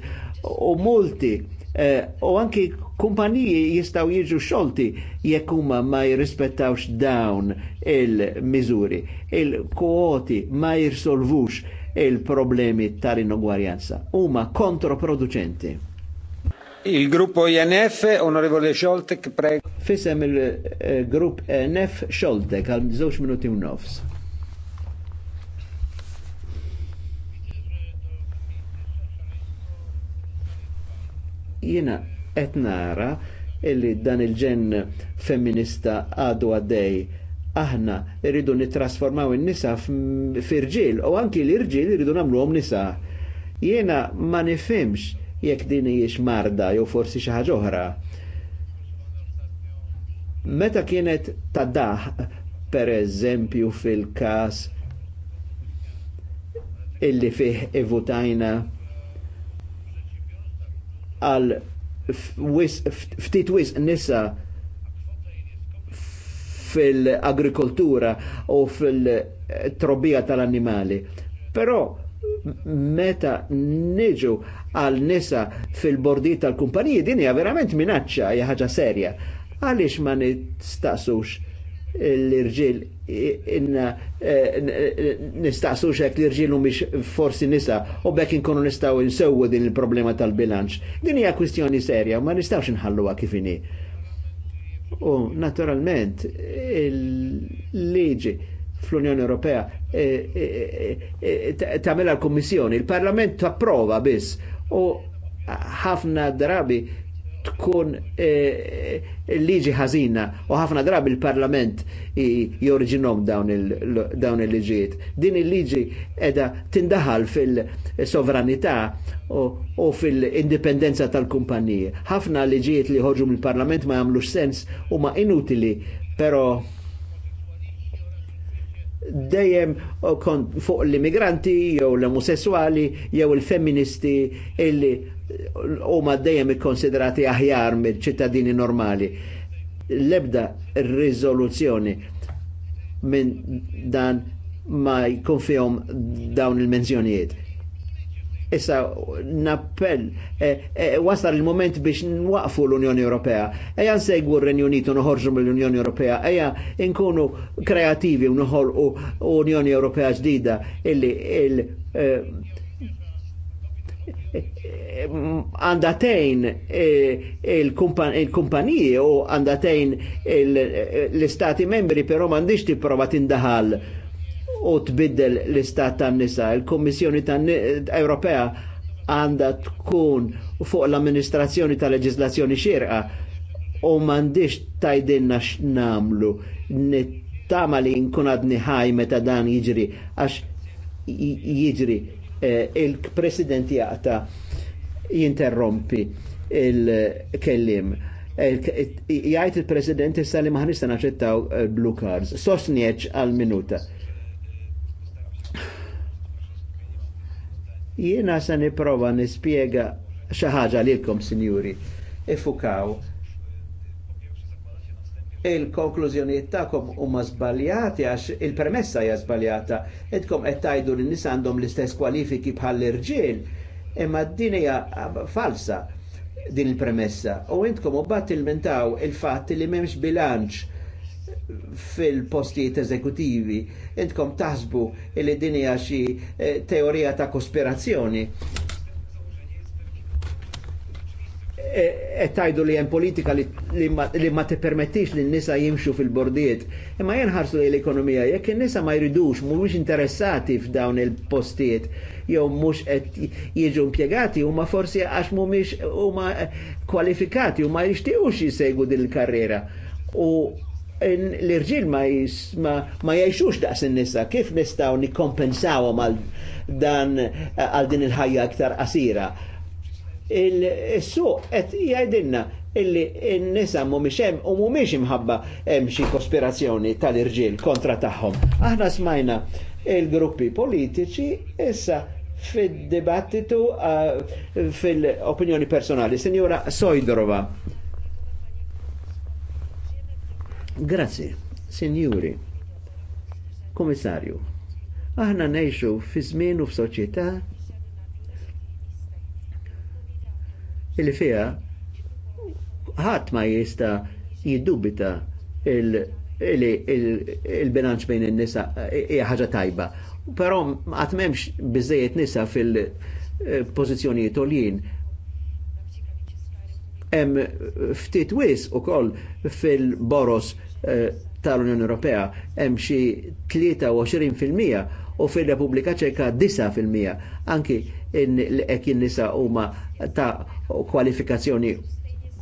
u multi Eh, u anki kumpaniji jistaw jiġu xolti jekk ma jirrispettawx dawn il mizuri il kuoti ma jirsolvux il-problemi tal-inugwarjanza. Huma kontroproducenti. Il-gruppo INF, onorevole Scholtek, prego. Fisem il-grupp eh, INF e Scholtek, għal żewġ minuti u nofs. Jiena qed nara illi dan il-ġen femminista għadu għaddej aħna irridu nittrasformaw in-nisa f'irġiel u anki l-irġiel irridu nagħmluhom nisa. Jiena ma nifhimx jekk din hijiex marda jew forsi xi ħaġa oħra. Meta kienet tadaħ, per eżempju fil-każ illi fih evutajna għal ftit wisq nisa fil-agrikoltura u fil trobija tal-annimali. Però meta neġu għal nisa fil-bordi tal-kumpaniji din hija verament minaċċa hija serja. Għaliex ma nistaqsux l-irġil inna eh, nistaqsu xek l-irġil u miex forsi nisa u bekk inkonu nistaw nsewu din il-problema tal-bilanċ. Din hija kwistjoni serja, ma nistawx nħalluha kifini. U naturalment il-liġi fl-Unjoni Ewropea mela l-Kummissjoni, il-Parlament tapprova biss u ħafna drabi tkun eh, eh, liġi ħażina u ħafna drabi il-Parlament jorġinom dawn il-liġijiet. Din il-liġi edha tindaħal fil-sovranità u fil-indipendenza tal-kumpanije. Ħafna liġijiet li ħorġu mill-Parlament ma jagħmlux sens u ma inutili, pero dejjem fuq l-immigranti jew l-omosessuali jew il feministi illi huma dejjem ikkonsiderati aħjar mill-ċittadini normali. L-ebda riżoluzzjoni minn dan ma jkun fihom dawn il-menzjonijiet. Issa nappell, e, il-moment biex nwaqfu l-Unjoni Ewropea. Eja nsegwu r-Renju Unitu mill-Unjoni Ewropea. Eja nkunu kreativi u noħolqu Unjoni Ewropea ġdida illi il eh, għandatejn il-kumpaniji u għandatejn l-istati membri, pero mandiċ ti prova tindaħal u tbiddel l-istat tan-nisa. Il-Kommissjoni Ewropea għandha tkun fuq l-amministrazzjoni tal-leġislazzjoni xirqa u m'għandix tajdinna x'namlu. Nittama li nkun għadni ħaj meta dan jiġri għax jiġri eh, il-president jaqta jinterrompi il-kellim eh, jgħajt il-president issa li maħnista naċċettaw eh, blue cards. Sosnieċ għal-minuta. Jiena se nipprova nispjega xi ħaġa lilkom, sinjuri, ifukaw il-konklużjonijiet tagħkom huma żbaljati għax il-premessa hija żbaljata. Idkom qed tgħidu li nisa għandhom l-istess kwalifiki bħall irġiel imma din hija falsa din il-premessa. U intkom u bat il-mentaw il-fatt li m'hemmx bilanċ fil-postijiet eżekutivi. Intkom taħsbu li dinja xi eh, teorija ta' kospirazzjoni. Et eh, eh, tajdu li hemm politika li, ma ma permettix li n-nisa jimxu fil-bordiet. Imma e jenħarsu li l-ekonomija, jekk n nisa ma jridux, mhumiex interessati f'dawn il-postijiet, jew mhux qed jiġu impjegati, huma forsi għax mhumiex huma kwalifikati u ma jixtiequx jisegwu din il-karriera. U l-irġil ma, ma, ma jajxux daqs n-nisa, kif nistaw nikompensawhom għal dan għal din il-ħajja aktar qasira. Il-suq qed jgħidilna illi n-nisa mhumiex hemm u mhumiex imħabba hemm xi kospirazzjoni tal-irġiel kontra tagħhom. Aħna smajna il-gruppi politiċi issa fid-dibattitu uh, fil-opinjoni personali. Senjora Sojdrova. Grazzi, Sinjuri, Komissarju. Aħna nejxu fi żmien u f'soċjetà illi fiha ħadd ma jista' jiddubita il-bilanċ bejn in-nisa hija ħaġa tajba. Però qatt m'hemmx biżejjed nisa fil-pożizzjonijiet eh, għolien hemm ftit wis ukoll fil-boros eh, tal-Unjoni Ewropea hemm xi 23% u fil-Repubblika Ċeka 9%. Anki hekk in-nisa huma ta' kwalifikazzjoni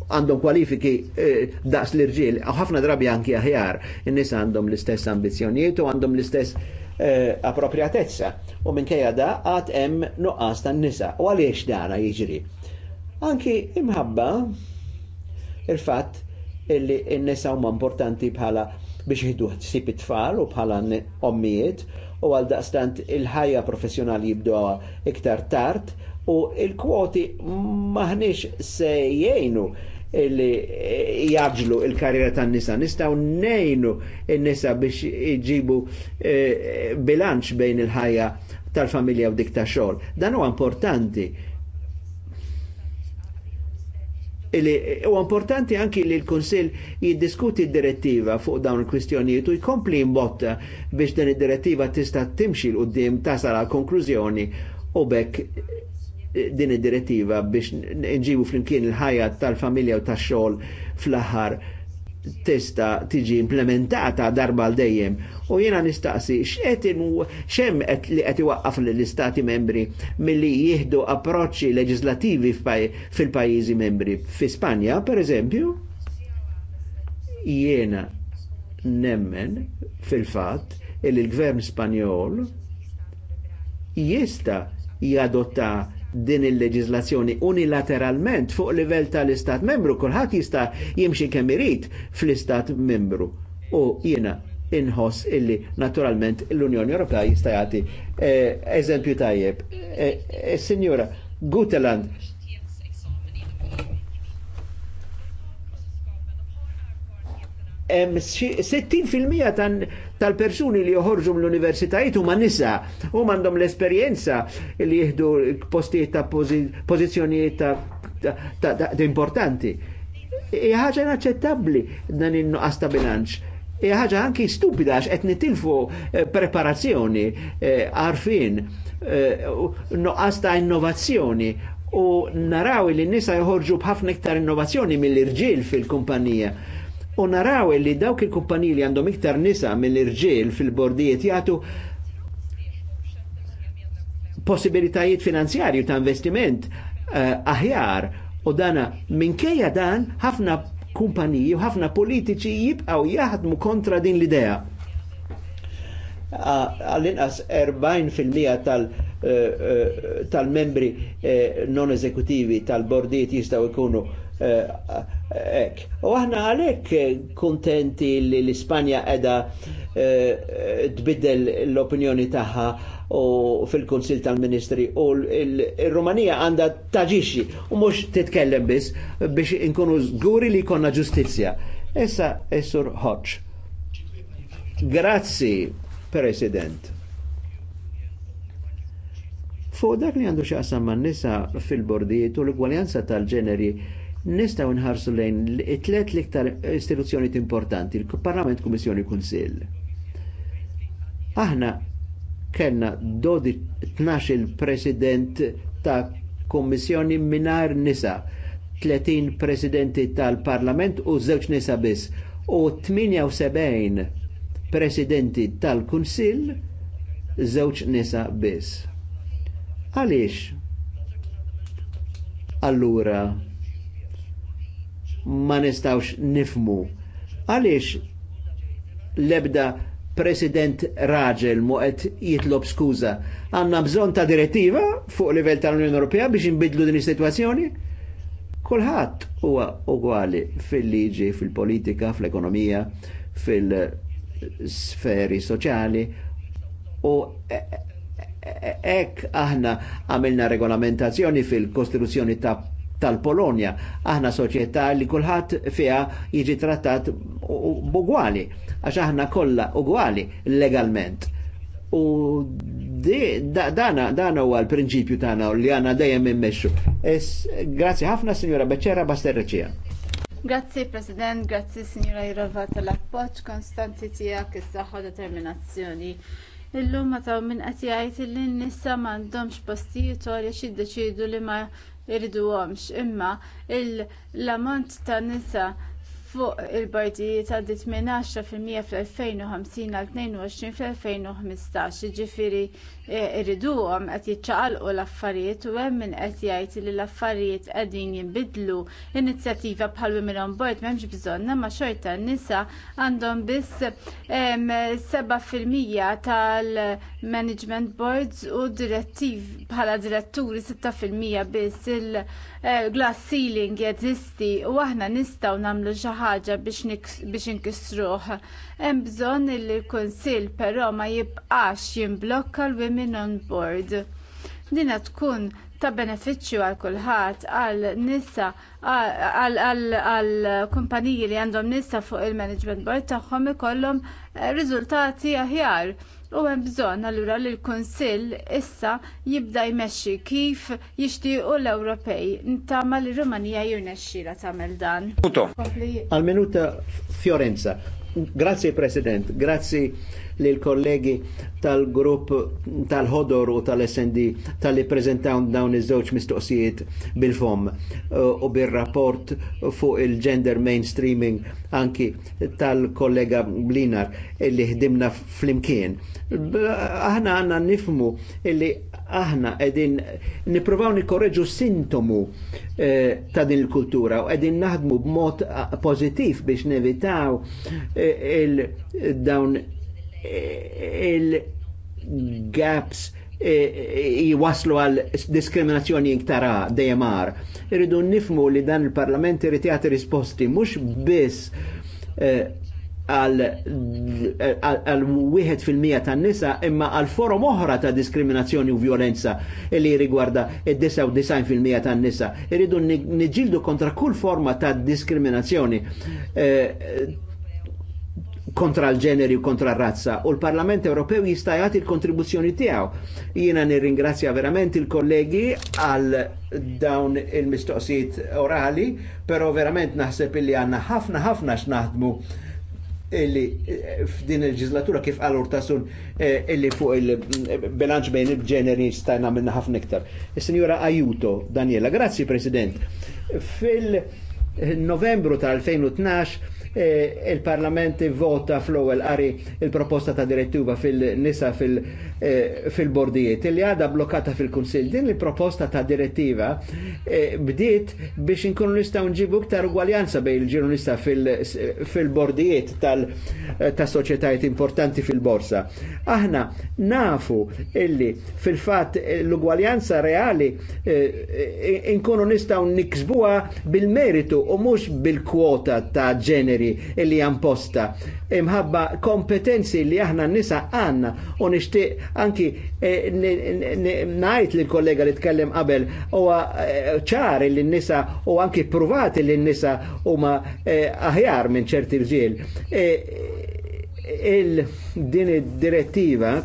għandhom kwalifiki eh, daqs l-irġiel, ħafna drabi anki aħjar, in-nisa għandhom l-istess ambizjonijiet u għandhom l-istess eh, appropriatezza. U minkejja da għad hemm nuqqas tan-nisa. U għaliex dana jiġri? Anki imħabba il-fatt illi n-nisa huma importanti bħala biex jihdu ħsib it-tfal u bħala ommijiet u għal daqstant il-ħajja professjonali jibdu iktar tard u il-kwoti maħniex se jgħinu illi jaġlu il-karriera tan nisa nistaw nejnu il-nisa biex iġibu e, bilanċ bejn il-ħajja tal-familja u dik ta' xogħol. Dan huwa importanti U importanti anki li l-Konsil jiddiskuti d-direttiva fuq dawn il-kwistjonijiet u jkompli mbotta biex dan id-direttiva tista' timxi l-qoddim tasal għal konklużjoni u bekk eh, din id-direttiva biex nġibu flimkien il-ħajja tal-familja u tax-xogħol fl-aħħar testa tiġi implementata darba l dejjem u jena nistaqsi xem li qed iwaqqaf l-istati membri milli jihdu approċċi leġislativi fil-pajjiżi membri. Fi Spanja, per eżempju, jiena nemmen fil-fatt il l-gvern Spanjol jista jadotta din il-leġizlazzjoni unilateralment fuq livell tal-Istat membru, kulħadd jista' jimxi kemm irid fl-Istat membru. U jiena inħoss illi naturalment l-Unjoni Ewropea jista' jagħti eh, eżempju tajjeb. Eh, eh, signora Guteland, Em, 60% tan tal-persuni li joħorġu mill-universitajiet huma nisa u mandom l esperienza li jihdu postijiet ta' pożizzjonijiet ta' importanti. Hija ħaġa inaċċettabbli dan in-nuqqas ta' bilanċ ħaġa anki stupida għax qed nitilfu eh, preparazzjoni, eh, għarfin, eh, nuqqas ta' innovazzjoni u naraw li n-nisa joħorġu b'ħafna iktar innovazzjoni mill-irġiel fil-kumpanija u naraw li dawk il-kumpaniji li għandhom iktar nisa mill-irġiel fil-bordijiet jagħtu possibilitajiet finanzjarju ta' investiment uh, aħjar u dana minkejja dan ħafna kumpaniji u ħafna politiċi jibqaw jaħdmu kontra din l-idea. Għall-inqas 40% tal- uh, tal-membri non eżekutivi tal bordijiet jistgħu jkunu. Eh, eh, ek. U aħna għalek kontenti li l-Ispanja edha eh, tbiddel l-opinjoni taħħa u fil-Konsil tal-Ministri u l-Rumanija għanda taġiċi u mux titkellem bis biex inkunu zguri li konna ġustizja. Issa, Essur Hoċ. Grazzi, President. Fu dak li għandu xaqsam man nisa fil-bordijiet u l-gwaljanza tal-ġeneri Nistaw nħarsu lejn it-tlet liktar istituzzjoni importanti, il-Parlament, Kummissjoni, Kunsill. Aħna kellna dodi 12 president ta' kommissjoni minar nisa, 30 presidenti tal-Parlament u żewġ nisa biss u 78 presidenti tal-Kunsill żewġ nisa biss. Għaliex? Allura, ma nistawx nifmu. Għaliex lebda president raġel mu għed jitlob skuża. Għandna bżonn ta' direttiva fuq livell tal-Unjoni Ewropea biex inbidlu din is-sitwazzjoni? Kulħadd huwa ugwali fil-liġi, fil-politika, fl-ekonomija, fil-sferi soċjali u ek aħna għamilna regolamentazzjoni fil-Kostituzzjoni ta' tal-Polonja. Aħna soċjetà li kulħadd fiha jiġi trattat b'ugwali, għax aħna kollha ugwali legalment. U di, da, dana, dana huwa l-prinċipju tagħna li għana dejjem immexxu. Grazzi ħafna Sinjora Beċera Basterreċija. Grazzi President, grazzi Sinjora Jirova tal-appoġġ konstanti tiegħek is-saħħa determinazzjoni. Illum ma taw minn qed jgħid li n-nisa m'għandhomx postijiet għaliex jiddeċidu li ma irriduhomx imma l-ammont ta' nisa fuq il-bordijiet għaddit minn 10% fl-2050 għal 22 fl-2015, ġifiri eh, irriduhom qed jiċċaqalqu l-affarijiet u hemm min qed jgħid li l-affarijiet qegħdin jinbidlu. Inizjattiva bħal minn on Board m'hemmx bżonn ma' xorta n-nisa għandhom biss 7% tal-management boards u direttiv bħala diretturi 6% biss il-glass eh, ceiling jeżisti u aħna nistgħu nagħmlu xi ħaġa biex inkissruh. Hemm bżonn li l-Kunsill però ma jibqax jimblokka l-Women on Board. Dina tkun ta' benefiċċju għal kulħadd għal nisa għal kumpaniji li għandhom nisa fuq il-management board tagħhom ikollhom eh, riżultati aħjar. U hemm bżonn allura li l-Kunsill issa jibda jmexxi kif jixtiequ l-Ewropej. ntama li Rumanija jirnexxira tagħmel dan. Għal minuta Fjorenza, Grazie, President, grazzi lil kollegi tal-grupp tal-ħodor u tal-SND tal-li prezentaw dawn iż-żewġ mistoqsijiet bil-fom eh, u bil-rapport fuq il-gender mainstreaming anki tal-kollega Blinar illi ħdimna fl-imkien. Aħna għanna nifmu illi aħna edin niprovaw nikorreġu sintomu eh, ta' din il-kultura u edin naħdmu b'mod pozittiv biex nevitaw eh, il-dawn eh, il-gaps waslu għal diskriminazzjoni iktara DMR. Irridu nifmu li dan il-parlament irrit jagħti risposti mhux biss għal wieħed fil-mija tan-nisa imma għal forom oħra ta' diskriminazzjoni u violenza li rigwarda id-99 fil-mija tan-nisa. Irridu niġildu kontra kull forma ta' diskriminazzjoni eh, kontra l-ġeneri u kontra r-razza u l-Parlament Ewropew jista' jagħti l-kontribuzzjoni tiegħu. Jiena nirringrazzja verament il-kollegi għal dawn il-mistoqsijiet orali, però verament naħseb illi għandna ħafna ħafna x'naħdmu illi eh, f'din il-ġizlatura kif għal urtasun eh, illi fuq il-bilanċ bejn il-ġeneri stajna minna ħafna iktar. Eh, Signora sinjora Ajuto, Daniela, grazzi President. Fil-Novembru tal-2012 Eh, il-Parlament vota fl-ewwel qari il-proposta ta' direttiva fil-nisa eh, fil-bordijiet li għadha blokkata fil-Kunsill. Din il-proposta ta' direttiva eh, bdiet biex inkunu nistgħu nġibu iktar ugwaljanza bejn il-ġurnista fil-bordijiet ta' soċjetajiet importanti fil-borsa. Aħna nafu illi fil-fatt l-ugwaljanza reali inkunu nistgħu Niksbua bil-meritu u mhux bil-kwota ta' ġeneri misteri li jamposta. Imħabba kompetenzi li aħna nisa għanna u nishtiq anki eh, najt li l-kollega li tkellem qabel u eh, ċar li nisa u anki provat li nisa u ma eh, aħjar minn ċerti rġiel. Il-din id-direttiva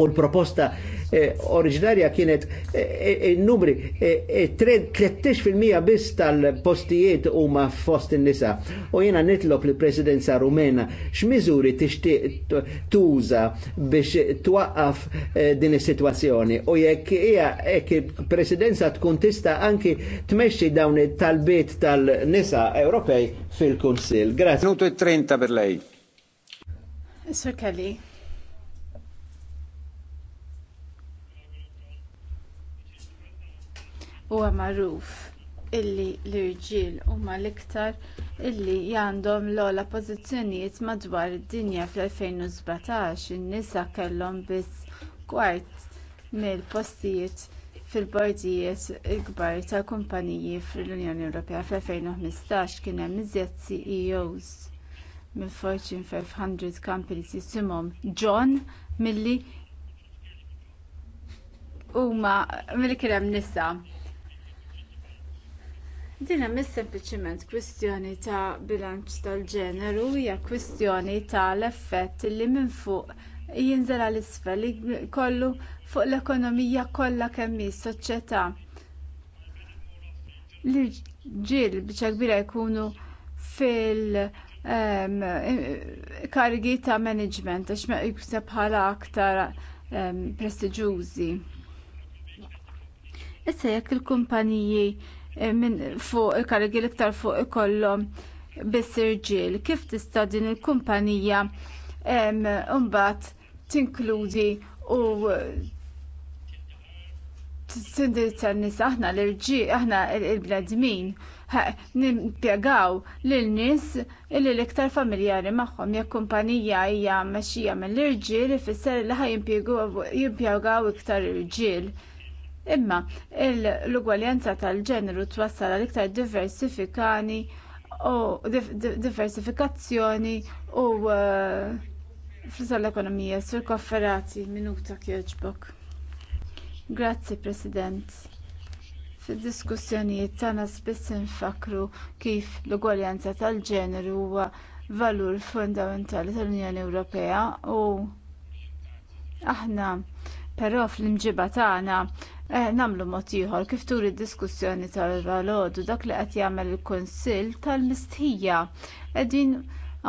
U l-proposta eh, oriġinarja kienet il-numri eh, 13% eh, eh, eh, biss tal-postijiet huma fost in-nisa. U jena nitlop li presidenza rumena x'miżuri tixtieq tuża biex twaqqaf eh, din is-sitwazzjoni. U jekk hija jekk presidenza tkun tista' anki tmexxi dawn it bit tal-nisa Ewropej fil-Kunsill. Grazie. Minuto e 30 per lei. Sir Kelly. huwa magħruf illi l-irġiel huma l-iktar illi għandhom l-ogħla pożizzjonijiet madwar id-dinja fl-2017 in-nisa kellhom biss kwart mill-postijiet fil-bordijiet il-kbar tal-kumpaniji fl-unjoni ewropea fl-2015 kien hemm iżjed ceos mill-fortune 500 companies isimhom john milli huma milli kien hemm nisa Dina mis sempliċiment kwistjoni ta' bilanċ tal-ġeneru hija kwistjoni l effett li minn fuq jinżel għal isfel li kollu fuq l-ekonomija kollha kemm hi soċjetà. L-ġil biċa kbira jkunu fil ehm, kargi ta' management għax ma jkun bħala aktar ehm, prestiġjużi. Issa jekk il-kumpaniji Eh, minn fuq il-karigi l-iktar fuq ikollhom biss irġiel. Kif tista' din il-kumpanija mbagħad tinkludi u tindirizza n-nies aħna l-irġiel aħna l-bnedmin nimpjegaw lil nies illi l-iktar familjari magħhom jekk kumpanija hija mexxija mill-irġiel ifisser li ħaj jimpjegaw iktar irġiel. Imma l-ugwaljanza tal-ġeneru twassal għal iktar diversifikani u diversifikazzjoni u eh, fl l-ekonomija sur kofferati minuta kjoġbok. Grazzi President. Fid-diskussjonijiet tagħna spiss infakru kif l-ugwaljanza tal-ġeneru huwa valur fundamentali tal-Unjoni Ewropea u aħna Però fl-imġiba tagħna eh, nagħmlu mod ieħor kif turi d-diskussjoni tal-valodu dak li qed jagħmel il-Kunsill tal-mistħija. Qegħdin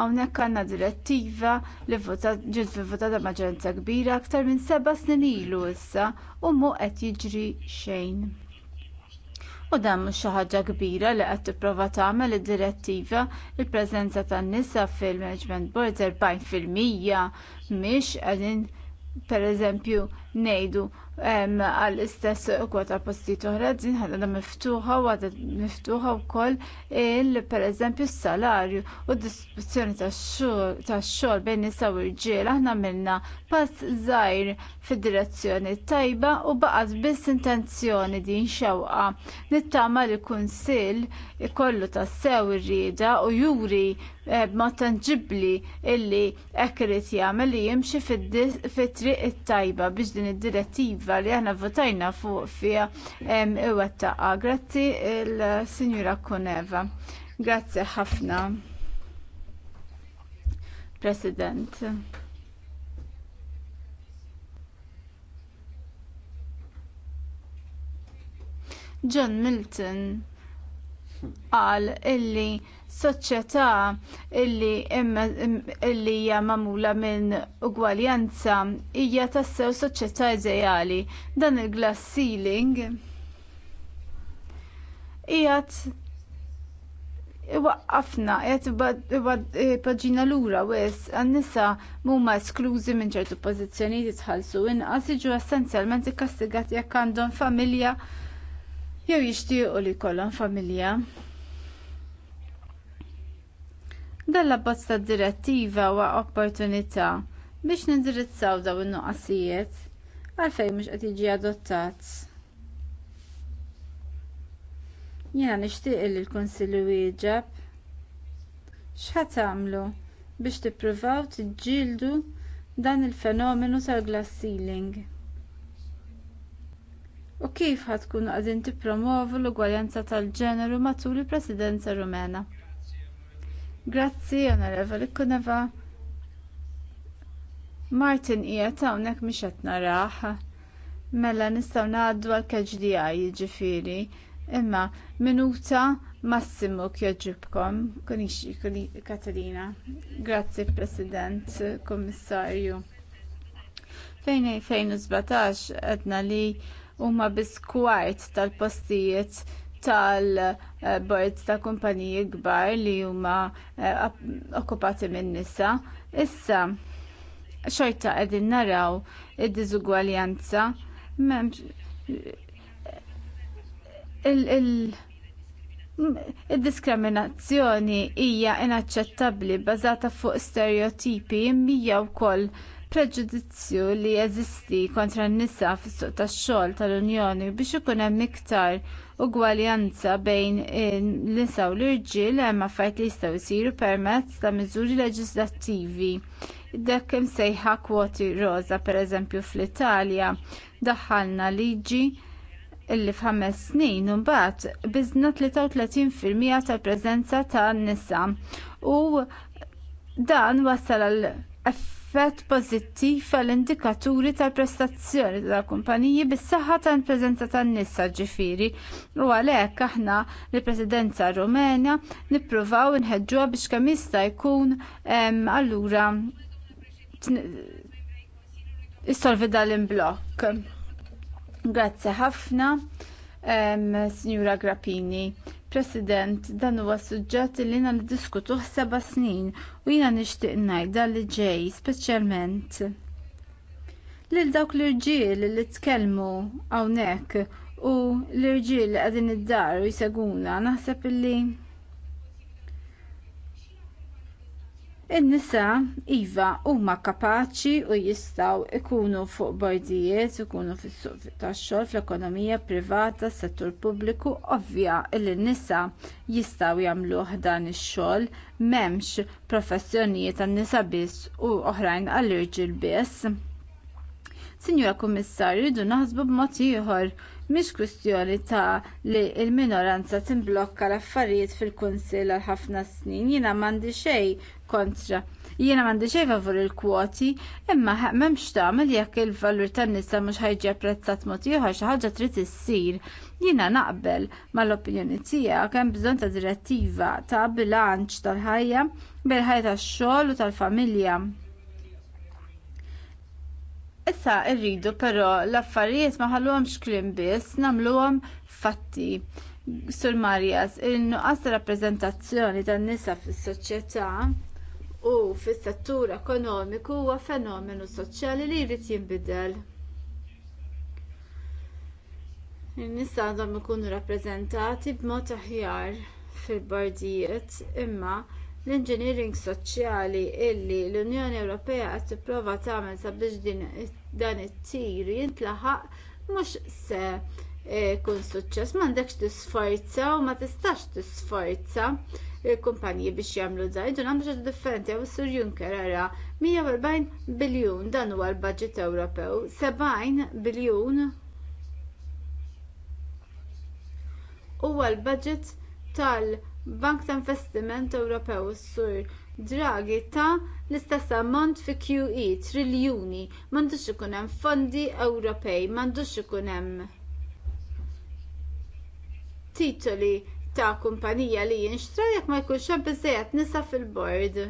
hawnhekk għandna direttiva li ġiet vivutata maġġoranza kbira aktar minn seba' snin ilu issa u mhu qed jiġri xejn. U dan mhux xi ħaġa kbira li qed tipprova tagħmel id-direttiva il-preżenza tan-nisa fil-management board 40% mhix qegħdin pereżempju ngħidu għall istess kwota postijiet oħra din ħadda miftuħa u għadha miftuħa wkoll il pereżempju s-salarju u d ta' tax-xogħol bejn nisa u rġiel aħna minna pass żgħir fid-direzzjoni tajba u baqgħet biss intenzjoni din xewqa. Nittama li kunsill ikollu tassew sew rrida u juri eh, ma' tanġibli illi ekkrit irid jagħmel li jimxi fit-triq it-tajba biex din din id-direttiva li aħna votajna fuq fiha iwettaqa. Grazzi il-Sinjura Kuneva. Grazzi ħafna. President. John Milton qal illi soċjetà illi illi hija magħmula minn ugwaljanza hija tassew soċjetà ideali. Dan il-glass ceiling qiegħed Iwaqqafna, jgħet paġina lura ura wis, nisa huma esklużi minn ċertu pożizzjonijiet jitħalsu inqas iġu essenzjalment ikkastigati jekk għandhom familja jew jixtiequ li jkollhom familja. Dan l-abbozz tad direttiva huwa opportunità biex nindirizzaw daw in-nuqqasijiet għalfejn mhux qed jiġi adottat. Jiena nixtieq li l-Kunsilli wieġeb x'ħadd tagħmlu biex tippruvaw tiġġieldu dan il-fenomenu tal-glass ceiling. U kif ħadd tkunu qegħdin tippromovu l-ugwaljanza tal-ġeneru matul il-Presidenza Rumena? Grazzi, onorevoli Kuneva. Martin qiegħed hawnhekk mhix qed narah. Mela nistgħu ngħaddu għal KGDI jiġifieri, imma minuta Massimo kjoġibkom, kunixi Katalina. Grazzi President, Kommissarju. Fejn fejn 2017 għedna li huma biskwajt tal-postijiet tal-boards ta' kumpaniji kbar li huma eh, okkupati minn nisa. Issa xorta qegħdin naraw id-diżugwaljanza Id-diskriminazzjoni hija inaċċettabbli bbażata fuq stereotipi mija wkoll preġudizzju li jeżisti kontra n-nisa fis-suq tax-xogħol tal-Unjoni biex ikun hemm iktar ugwaljanza bejn in nisa u l-irġiel hemm affarijiet li jistgħu jsiru permezz ta' miżuri leġislattivi. Dak hemm sejħa kwoti rosa pereżempju fl-Italja daħħalna liġi illi f'ħames snin u mbagħad biżna 33% tal-preżenza tan-nisa u dan wassal għal effett pożittiv għall-indikaturi tal-prestazzjoni tal-kumpaniji bis-saħħa tal-preżenza tan-nisa ġifieri u għalhekk aħna lill-Presidenza Rumena nippruvaw inħeġġuha biex kemm jista' jkun allura issolvi dal-imblokk. Grazzi ħafna, Signora Grappini. President, dan huwa suġġett li jiena niddiskutuh seba' snin u jiena nixtieq ngħid dan li ġej speċjalment lil dawk l-irġiel li tkellmu hawnhekk u l-irġiel qegħdin id-dar u jseguna naħseb illi In-nisa iva huma kapaċi u jistgħu jkunu fuq bordijiet, ikunu fis-suq tax-xogħol fl-ekonomija privata, settur pubbliku, ovvja li n-nisa jistgħu jagħmluh dan ix-xogħol m'hemmx professjonijiet tan-nisa biss u oħrajn għall-irġiel biss. Sinjura Kummissarju, rridu naħsbu b'mod ieħor mhix kwistjoni ta' li l-minoranza timblokka l-affarijiet fil-kunsill għal ħafna snin jiena m'għandi xejn kontra jiena m'għandi xej favur il-kwoti imma m'hemmx tagħmel jekk il-valur tan-nisa mhux ħajġi apprezzat mod ieħor xi ħaġa trid issir. Jiena naqbel mal-opinjoni tiegħek hemm bżonn ta' direttiva ta' bilanċ tal-ħajja bil-ħajja tax-xogħol u tal-familja. Issa rridu però l-affarijiet ma ħalluhomx kliem biss, nagħmluhom fatti. Sur Marjas, il-nuqqas ta' rappreżentazzjoni tan-nisa fis-soċjetà u fis-settur ekonomiku huwa fenomenu soċjali li jrid jinbidel. In-nisa għandhom ikunu rappreżentati b'mod aħjar fil-bordijiet imma l-engineering soċjali illi l-unjoni ewropea qed tipprova tagħmel sabiex dan it-tir jintlaħaq mhux se jkun e, suċċess m'għandekx tisforza u ma tistax tisforza il-kumpanji biex jagħmlu dan idu għandu ġodda differenti għaw sur Juncker ara 140 biljun dan huwa l-budget Ewropew, 70 biljun huwa l-budget tal- Bank ta' Investiment Ewropew is sur Draghi ta' l-istess ammont fi QE triljuni m'għandux ikun hemm fondi Ewropej, m'għandux ikun hemm titoli ta' kumpanija li jinxtra jekk ma jkunx hemm biżżejjed nisa fil-bord.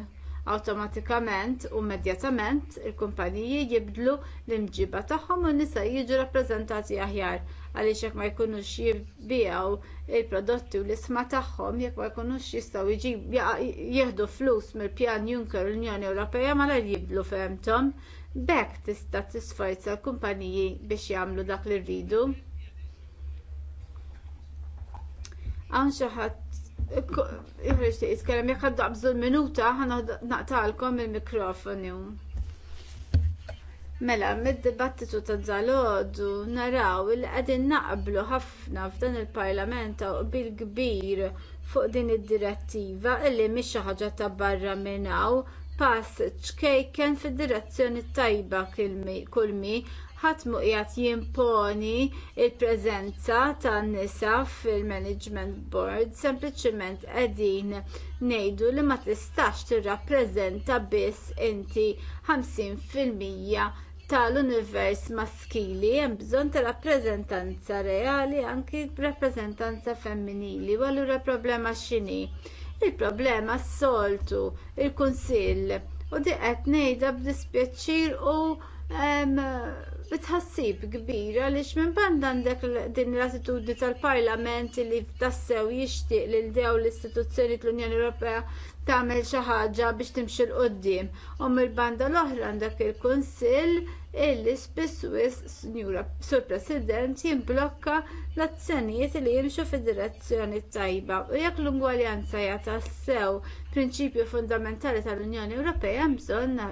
Awtomatikament u immedjatament il-kumpaniji jibdlu l-imġiba tagħhom u nisa jiġu rappreżentati aħjar għaliex jekk ma jkunux jibbijaw il-prodotti u l-isma tagħhom jekk ma jkunux jistgħu jieħdu flus mill-pjan Juncker l-Unjoni Ewropea mala jibdlu fehmthom. B'hekk tista' tisforza l-kumpaniji biex jagħmlu dak li rridu. Hawn xi ħadd iħreġ tiqis jekk ħaddu minuta ħa naqtalkom il-mikrofonu. Mela, mid-dibattitu ta' Zalodu naraw li qegħdin naqblu ħafna f'dan il-parlament ta' bil kbir fuq din id-direttiva illi mhix xi ħaġa ta' barra minn hawn pass ċkejken fid-direzzjoni tajba kulmi ħadd mu qiegħed jimponi l preżenza tan nisa fil-management board sempliċement qegħdin ngħidu li ma tistax tirrappreżenta biss inti 50% tal-univers maskili hemm bżonn ta' rappreżentanza reali anki rappreżentanza femminili u allura problema x'inhi? Il-problema s-soltu, il-kunsill u di qed ngħidha b'dispjaċir u bitħassib kbira għaliex minn band għandek din l-attitudni tal-Parlament li tassew jixtieq lil dew l-istituzzjoni tal-Unjoni Ewropea tagħmel xi ħaġa biex timxi l qudiem u mill-banda l-oħra dak il-kunsill illi spiss wisq sur President jimblokka l-azzjonijiet li jimxu fid-direzzjoni tajba u jekk l-ungwaljanza jagħta sew prinċipju fundamentali tal-Unjoni Ewropea hemm bżonn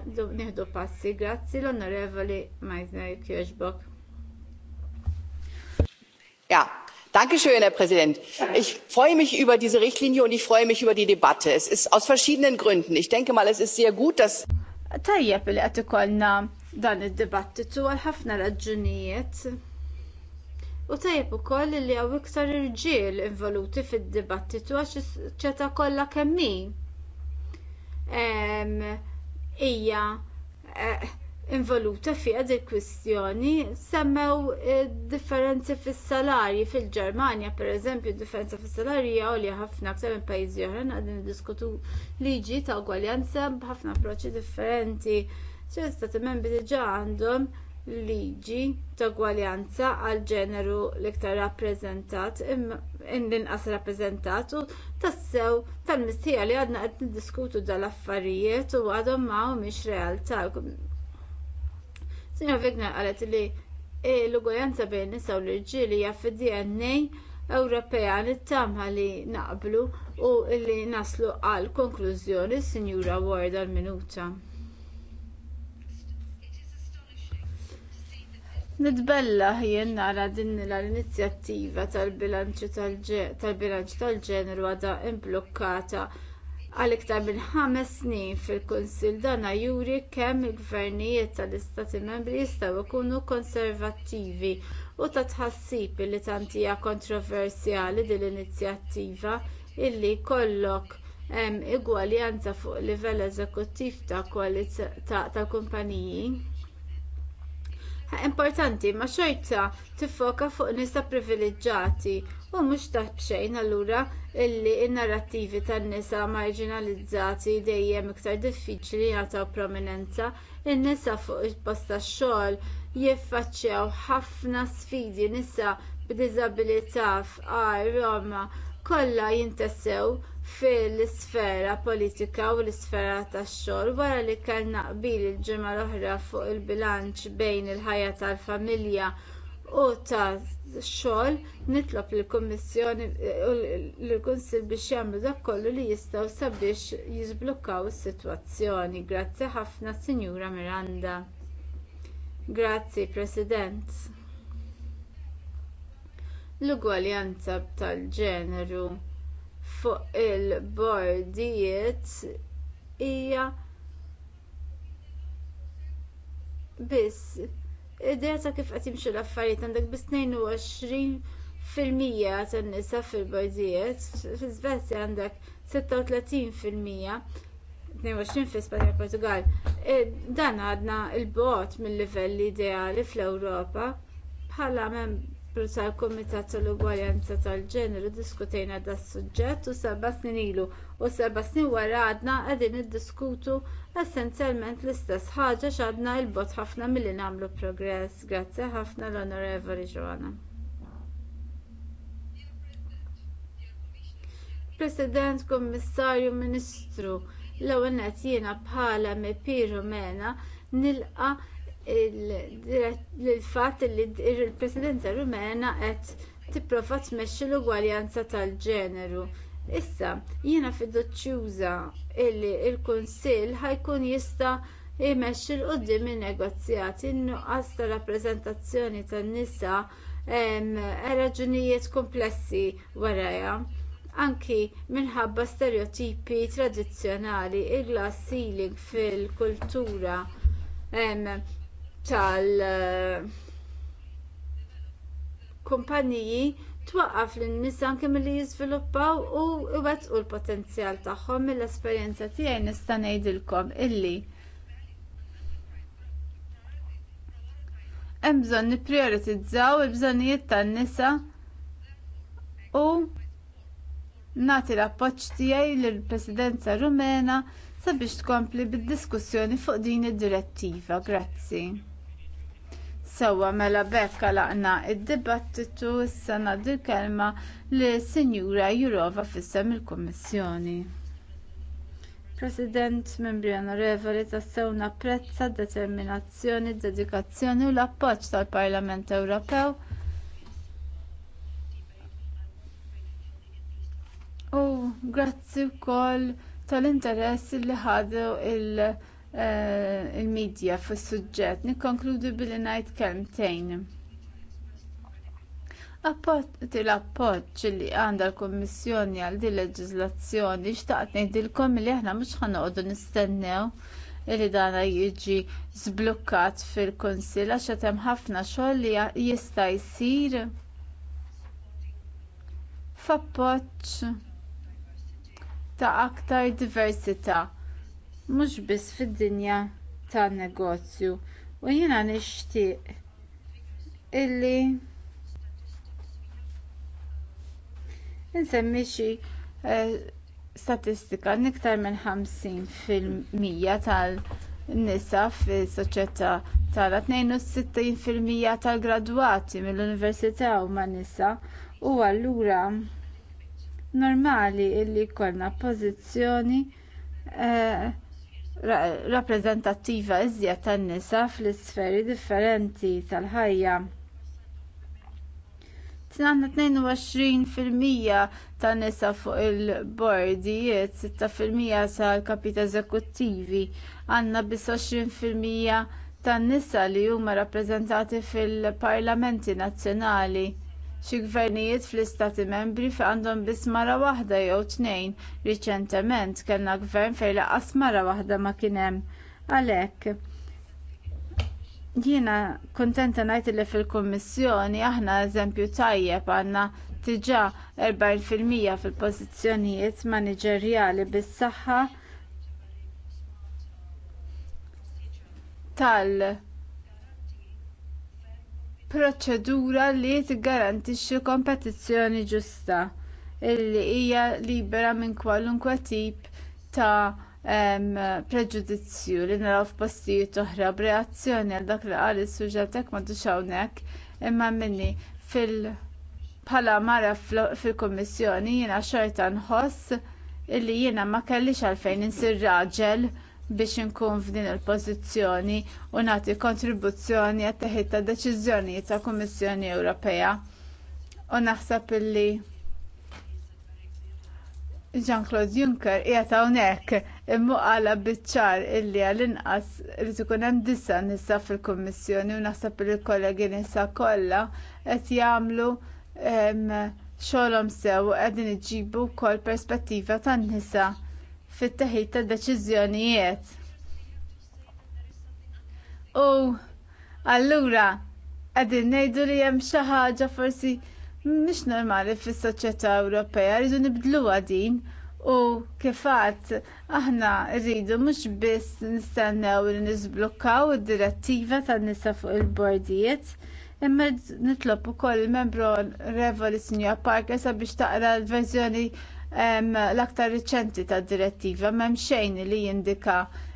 nieħdu passi grazzi l-Onorevoli Meisner Kirchbock. Ja, Dankeschön, Herr Präsident. Ich freue mich über diese Richtlinie und ich freue mich über die Debatte. Es ist aus verschiedenen Gründen. Ich denke mal, es ist sehr gut, dass. Tajjeb li qed ikollna dan id-dibattitu għal ħafna raġunijiet. U tajjeb ukoll li hawn iktar irġiel involuti fid-dibattitu għax iċ-ċeta kollha kemm hija eh, involuta fiha il kwistjoni semmew eh, differenzi fis-salarji fil-Ġermanja pereżempju differenza fis-salarji hija għolja ħafna aktar minn pajjiżi oħra qegħdin diskutu liġi ta' ugwaljanza b'ħafna approċċi differenti. Ċe stati membri diġà għandhom liġi ta' ugwaljanza għal ġeneru l-iktar rappreżentat inqas rappreżentat u tassew tal-mistija li għadna qed niddiskutu dal-affarijiet u għadhom ma' mhix realtà Sinja Wegner qalet li l-ugwaljanza bejn nisa u l-irġiel hija fid-DNA Ewropea nittama li naqblu u li naslu għal konklużjoni Sinjura Ward għal minuta. Nitbella jien nara din l-inizjattiva tal-bilanċ tal-ġeneru għadha mblukkata għal iktar minn ħames snin fil-kunsill dan juri kemm il-gvernijiet tal-istati membri jistgħu jkunu konservattivi u ta' tħassib li tant hija kontroversjali din l-inizjattiva illi jkollok hemm igwaljanza fuq livell eżekuttiv ta' kumpaniji importanti ma xorta tiffoka fuq nisa privileġġjati u mhux taħt xejn allura illi n-narrattivi tan-nisa marginalizzati dejjem iktar diffiċli jagħtaw prominenza in-nisa fuq il-post tax-xogħol jiffaċċjaw ħafna sfidi nisa b'diżabilità fqar roma kollha jintessew fil-isfera politika u l-isfera tax-xogħol wara li kellna qbil il-ġimgħa l-oħra fuq il-bilanċ bejn il-ħajja tal-familja u tax-xogħol nitlob lill-Kummissjoni u lill-Kunsill biex jagħmlu dak kollu li jistgħu sabiex jiżblukkaw is-sitwazzjoni. Grazzi ħafna Sinjura Miranda. Grazzi President. L-ugwaljanza tal-ġeneru fuq il-bordijiet hija biss id-dea ta' kif qed jimxu l-affarijiet għandek biss 22 fil-mija tan-nisa fil-bordijiet, fil-Svezja għandek 36 fil-mija, 22 fil-Spanja Portugal. E, dan għadna l bot mill-livell ideali fl-Ewropa bħala mem tal-Kumitat tal-Ugwaljanza tal-Ġeneru ddiskutejna das suġġett u seba' snin ilu u seba' snin wara għadna qegħdin niddiskutu essenzjalment l-istess ħaġa x'għadna l bogħod ħafna milli nagħmlu progress. Grazzi ħafna l-Onorevoli Joana. President, Kummissarju, Ministru, l-ewwel jiena bħala MP Rumena nilqa' il-fatt li il-Presidenza Rumena qed tipprova tmexxi l-ugwaljanza tal-ġeneru. Issa, jiena fiduċjuża li l-Kunsill ħajkun jista' jmexxi l qudiem in-negozjati n-nuqqas ta' rappreżentazzjoni tan-nisa e raġunijiet komplessi warajha anki minħabba stereotipi tradizzjonali il-glass ceiling fil-kultura tal eh, kumpaniji twaqqaf lin nisa anke li jiżviluppaw u iwettqu l-potenzjal tagħhom mill-esperjenza tiegħi nista' ngħidilkom illi hemm bżonn nipprioritizzaw il-bżonnijiet tan-nisa u nagħti l-appoġġ tiegħi lill-Presidenza Rumena sabiex tkompli bid-diskussjoni fuq din id-direttiva. Grazzi. Sewwa mela bekk għalaqna d dibattitu issa ngħaddi l-kelma lis Sinjura Jurova fissem il-Kummissjoni. President, membri onorevoli, tassew napprezza determinazzjoni, d dedikazzjoni u l-appoġġ tal-Parlament Ewropew u grazzi wkoll tal-interess li ħadu il- Eh, il-medja fis-suġġett. Nikkonkludi billi ngħid kelmtejn. Appoġġ l-appoġġ li għandha l-Kummissjoni għal din leġiżlazzjoni xtaqt ngħidilkom li aħna mhux noqogħdu nistennew li dan jiġi żblukkat fil-Kunsill għax qed hemm ħafna xogħol li jista' jsir f'appoġġ ta' aktar diversità mhux biss fid-dinja tan-negozju u jiena nixtieq illi insemmi xi eh, statistika iktar minn 50% fil-mija tal-nisa fis-soċjetà tara 62% tal-gradwati mill-università huma nisa u allura normali li jkollna pożizzjoni eh, rappreżentattiva iżjed tan-nisa fl-isferi differenti tal-ħajja. Tnanna 22% tan-nisa fuq il-bordijiet, 6% tal-kapita eżekuttivi, għandna biss 20% tan-nisa li huma rappreżentati fil-parlamenti nazzjonali Xi gvernijiet fl-istati membri fi għandhom biss mara waħda jew tnejn. Riċentement kellna gvern fejn lanqas mara waħda ma kien hemm. Għalhekk jiena kuntenta ngħid li fil-Kummissjoni aħna eżempju tajjeb għandna diġà 40% fil-pożizzjonijiet maniġerjali bis-saħħa tal- proċedura li tiggarantixxi kompetizzjoni ġusta illi hija libera minn kwalunkwe tip ta' preġudizzju li naraw f'postijiet oħra b'reazzjoni għal dak li qal is-suġġett hekk m'għadux hawnhekk imma minni fil- bħala mara fil-kummissjoni jiena xorta nħoss illi jiena ma kellix għalfejn insir raġel biex inkun f'din il-pożizzjoni u nagħti kontribuzzjoni għat teħid ta' deċiżjonijiet ta' Kummissjoni Ewropea. U naħseb illi Jean-Claude Juncker qiegħed hawnhekk imma qala biċ-ċar illi għall-inqas irid ikun hemm disa nisa fil-Kummissjoni u naħseb li l-kollegi nisa kollha qed jagħmlu ehm, xogħolhom sew u qegħdin iġibu wkoll perspettiva tan-nisa fit-teħid ta' deċiżjonijiet. U allura qegħdin ngħidu li hemm xi ħaġa forsi mhix normali fis-soċjetà Ewropea rridu nibdluha din u kif kifat aħna rridu mhux biss nistennew li nisblukkaw id-direttiva tan-nisa fuq il-bordijiet imma nitlob ukoll il-membru Revoli Sinja Parker sabiex taqra l-verżjoni l-aktar riċenti tad direttiva m'hemm xejn li jindika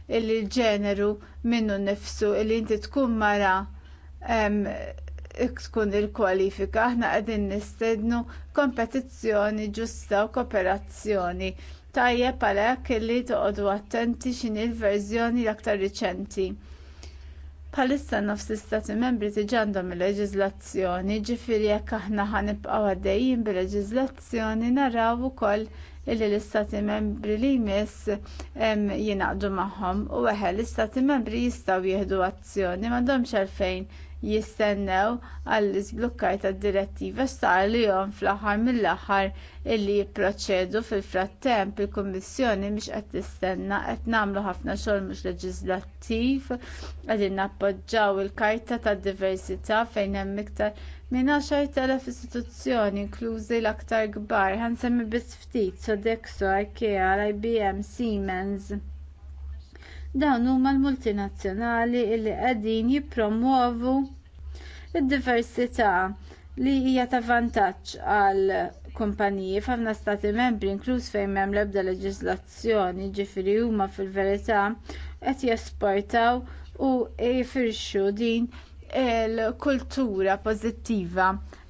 li l-ġeneru minnu nnifsu li inti tkun mara tkun il-kwalifika aħna qegħdin nistednu kompetizzjoni ġusta u kooperazzjoni tajjeb għalhekk li toqgħodu attenti x'inhi l-verżjoni l-aktar riċenti. Bħalissa nofs istati membri għandhom il-leġizlazzjoni, ġifiri jekk aħna ħanibqgħu għaddejjin bil-leġizlazzjoni naraw ukoll illi l-istati membri li jmiss jingħaqdu magħhom u eħe l-istati membri jistgħu jieħdu azzjoni m'għandhomx għalfejn jistennew għall-iżblukkar tad-direttiva sar-għalihom fl-aħħar mill-aħħar illi jipproċedu fil-frattemp il-kummissjoni mhix qed tistenna qed nagħmlu ħafna xogħol mhux leġislattiv qegħdin nappoġġjaw il-karta tad-diversità fejn hemm iktar minn għaxar telef istituzzjoni inklużi l-aktar kbar ħansemmi biss ftit sodexo ikea ibm siemens Dawn huma l-multinazzjonali li qegħdin jippromuovu id-diversità li hija ta' vantaġġ għal kumpaniji f'ħafna stati membri inkluż fejn hemm l-ebda leġiżlazzjoni ġifieri huma fil-verità qed jesportaw u jfirxu din il-kultura pożittiva.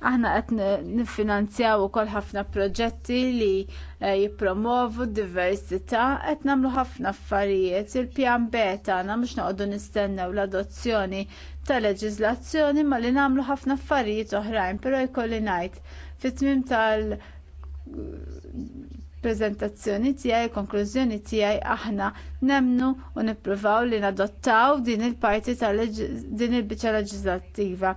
Aħna qed niffinanzjaw ukoll ħafna proġetti li eh, jippromovu d-diversità, qed nagħmlu ħafna affarijiet. Il-pjan B tagħna mhux noqogħdu nistennew l-adozzjoni ta' leġiżlazzjoni ma li nagħmlu ħafna affarijiet oħrajn, però jkolli ngħid fit-tmiem tal- fil-prezentazzjoni tiegħi, konklużjoni tiegħi aħna nemnu u nippruvaw li nadottaw din il-parti tal din il-biċċa leġislattiva.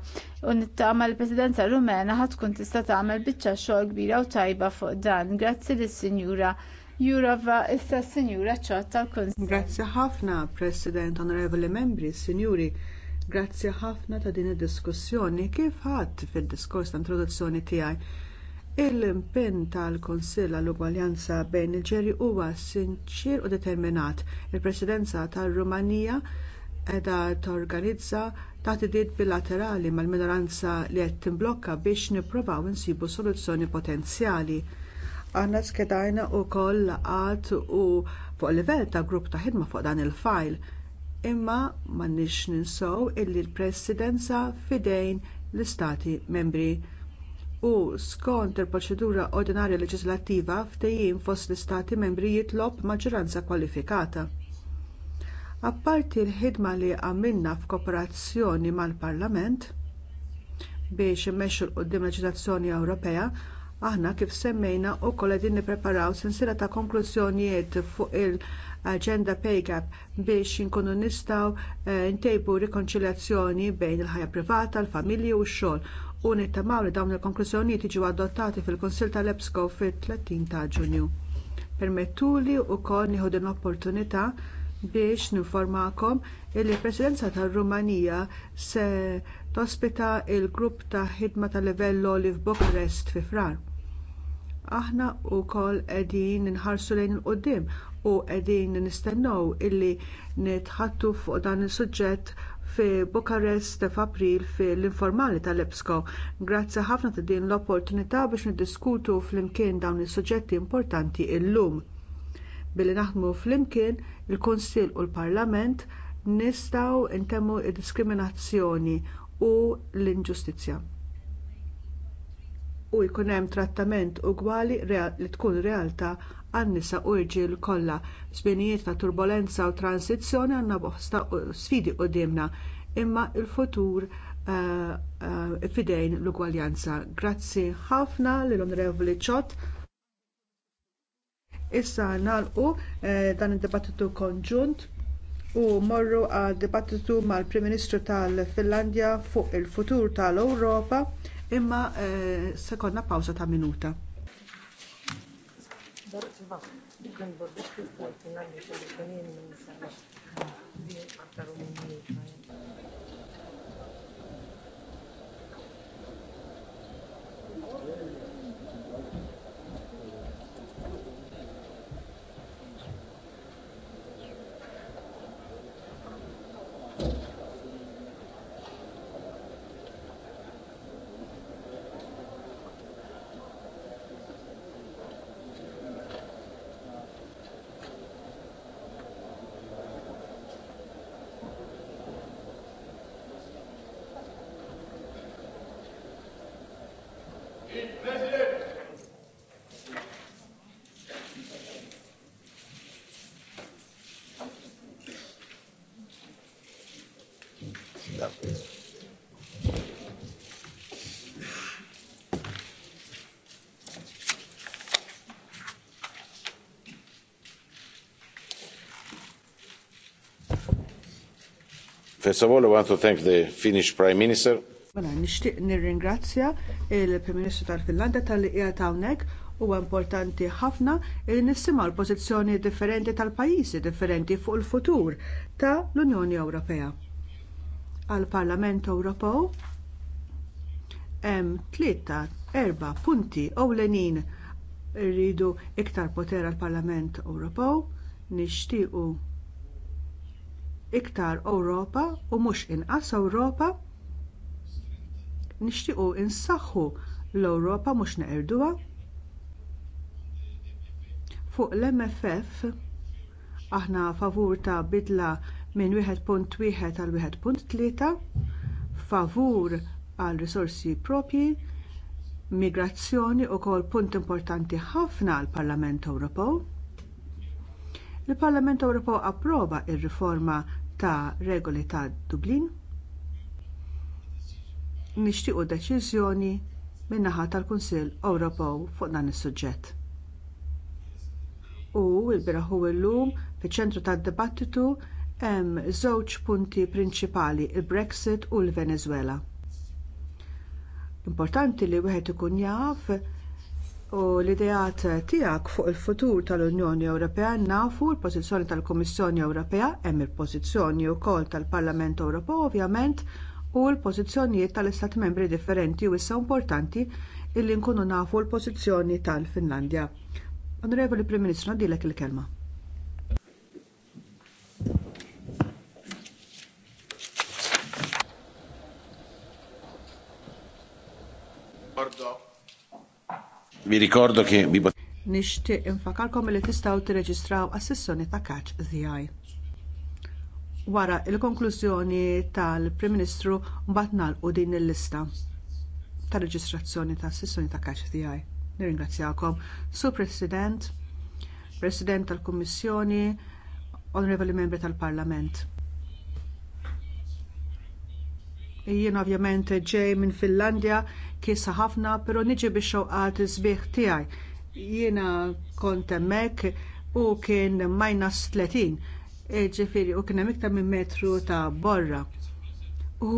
U nittama l-Presidenza Rumena ħad tkun tista' tagħmel biċċa xogħol kbira u tajba fuq dan. Grazzi lis-Sinjura Jurova, issa Sinjura ċott tal-Kunsill. Grazzi ħafna, President, Onorevoli Membri, Sinjuri. Grazzi ħafna ta' din id-diskussjoni kif ħadd fid-diskors ta' introduzzjoni tiegħi Il-impenn tal-Kunsill għall-ugwaljanza bejn il-ġeri huwa sinċir u determinat. Il-Presidenza tar-Rumanija qiegħda torganizza taħdidiet bilaterali mal-minoranza li qed timblokka biex nippruvaw insibu soluzzjoni potenzjali. Aħna skedajna wkoll għad u fuq livell ta' grupp ta' ħidma fuq dan il file imma m'għandniex ninsew illi l-Presidenza fidejn l-Istati membri u skont il-proċedura ordinarja leġislattiva ftehim fost l-istati membri jitlob maġġoranza kwalifikata. Apparti l-ħidma li għamilna f'kooperazzjoni mal-Parlament biex immexxu l qudiem leġislazzjoni Ewropea, aħna kif semmejna wkoll qegħdin nippreparaw sensiela ta' konklużjonijiet fuq il-Agenda Pay Gap biex inkunu nistgħu eh, ntejbu rikonċiljazzjoni bejn il-ħajja privata, l-familji u x-xogħol u nittamaw li dawn il-konklużjonijiet jiġu adottati fil-Kunsill tal-EBSCO fit-30 ta' Ġunju. Permettuli wkoll nieħu din l-opportunità biex ninformakom li l-Presidenza tar-Rumanija se tospita l grupp ta' ħidma tal livell li Bucharest fi frar. Aħna wkoll qegħdin inħarsu lejn il-qudiem u qegħdin nistennew illi nitħattu fuq dan is-suġġett fi Bukarest f'April fil-informali tal-EBSCO. Grazzi ħafna ta' din l-opportunità biex niddiskutu flimkien dawn is-suġġetti importanti llum. Billi naħdmu flimkien il-Kunsill u l-Parlament nistgħu ntemmu d diskriminazzjoni u l-inġustizzja u jkun hemm trattament ugwali li tkun realtà għan-nisa u rġiel kollha. Żminijiet ta' turbolenza u transizzjoni għandna boħsta sfidi qudiemna, imma l futur eh, eh, fidejn l-ugwaljanza. Grazzi ħafna lill onorevoli Ċott. Issa nagħlqu eh, dan id-dibattitu konġunt u mmorru għad dibattitu mal-Prim Ministru tal-Finlandja fuq il-futur tal-Ewropa imma eh, sekonna pawza ta' minuta. Thank you. First of all, I want to thank the Finnish Prime Minister. Mela, nixtieq nirringrazzja il-Prim Ministru tal-Finlandja tal-li qiegħed hawnhekk huwa importanti ħafna li nisimgħu l-pożizzjoni differenti tal-pajjiżi differenti fuq il-futur ta' l-Unjoni Ewropea. Għal-Parlament Ewropew hemm tlieta erba punti ewlenin rridu iktar poter għall-Parlament Ewropew nixtiequ iktar Ewropa u mhux inqas Ewropa. Nixtiequ insaħħu l-Ewropa mhux neqerduha. Fuq l-MFF aħna favur ta' bidla minn 1.1 għal 1.3 favur għal risorsi propji migrazzjoni wkoll punt importanti ħafna għall parlament Ewropew. Il-Parlament Ewropew approva r riforma ta' regoli ta' Dublin nixtiequ deċiżjoni min-naħa tal-Kunsill Ewropew fuq dan is-suġġett. U l-biraħu llum fiċ-ċentru tad-dibattitu hemm żewġ punti prinċipali il-Brexit u l-Venezwela. Importanti li wieħed ikun jaf u l-idejat tiegħek fuq il-futur tal-Unjoni Ewropea nafu l-pożizzjoni tal-Kummissjoni Ewropea hemm il-pożizzjoni wkoll tal-Parlament Ewropew ovvjament u l-pożizzjonijiet tal-Istat membri differenti u issa importanti illi nkunu nafu l-pożizzjoni tal-Finlandja. Onorevoli Prim Ministru, il-kelma. Mi ricordo che mi potete. Nixtieq infakalkom li tistgħu tirreġistraw għas-sessjoni ta' kaċ zijaj. Wara l konklużjoni tal-Prim Ministru mbagħad nagħlqu din il-lista tar reġistrazzjoni tas sessjoni ta' kaċ zijaj. Nirringrazzjakom. Su President, President tal-Kummissjoni, Onorevoli Membri tal-Parlament. Jien ovvjament ġej minn Finlandja, kisa ħafna, pero niġi biex xoqqat sbieħ tiegħi. Jiena kont hemmhekk u kien minus 30, ġifieri u kien hemm iktar minn metru ta' borra. U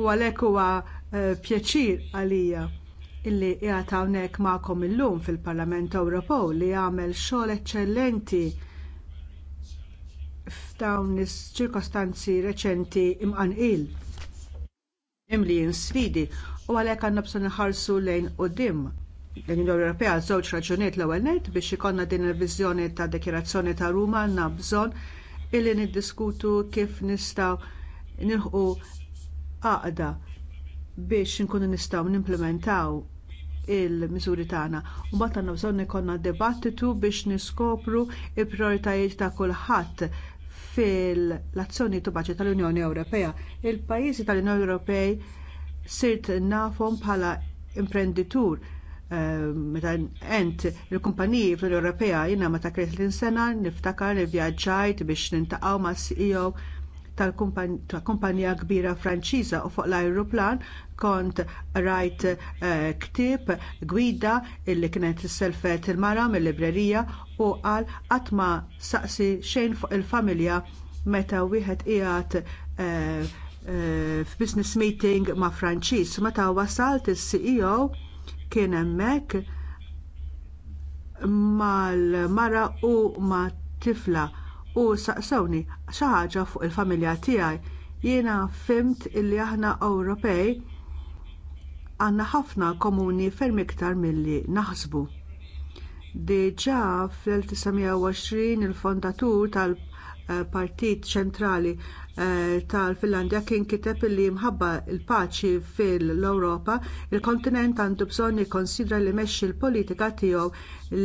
u għalhekk huwa eh, pjaċir għalija illi qiegħed hawnhekk magħkom illum fil-Parlament Ewropew li għamel xogħol eċċellenti f'dawn is-ċirkostanzi reċenti imqanqil imlijin sfidi u għalhekk għandna bżonn nħarsu lejn quddiem l-Unjoni Ewropea żewġ raġunijiet l-ewwel nett biex ikollna din ir-viżjoni tad dekirazzjoni ta' Ruma għandna bżonn illi niddiskutu kif nistgħu nilħqu għaqda biex inkunu nistgħu nimplementaw il-miżuri tagħna. U mbagħad għandna bżonn ikollna dibattitu biex niskopru l prijoritajiet ta' kulħadd fil-azzjoni tubaċi tal-Unjoni Ewropea. Il-pajjiżi tal-Unjoni Ewropej sirt nafhom bħala imprenditur eh, meta ent il-kumpaniji fl-Ewropea jiena meta krejt l-insena niftakar li vjaġġajt biex nintaqgħu ma' CEO tal-kumpanija kbira Franċiża u fuq l-ajruplan kont rajt eh, ktieb gwida illi kienet selfet il-mara mill-librerija u qal qatt ma saqsi xejn fuq il-familja meta wieħed qiegħed eh, eh, f'business meeting ma' Franċiż meta wasalt is-CEO kien hemmhekk mal-mara u mat tifla u saqsewni xi ħaġa fuq il-familja tiegħi. Jiena fimt illi aħna Ewropej għandna ħafna komuni ferm iktar milli naħsbu. Diġà fl-1920 il-fondatur tal partit Ċentrali eh, tal-Finlandja kien kiteb li mħabba l paċi fil-Ewropa, il-kontinent għandu bżonn jikkonsidra li mexxi l-politika tiegħu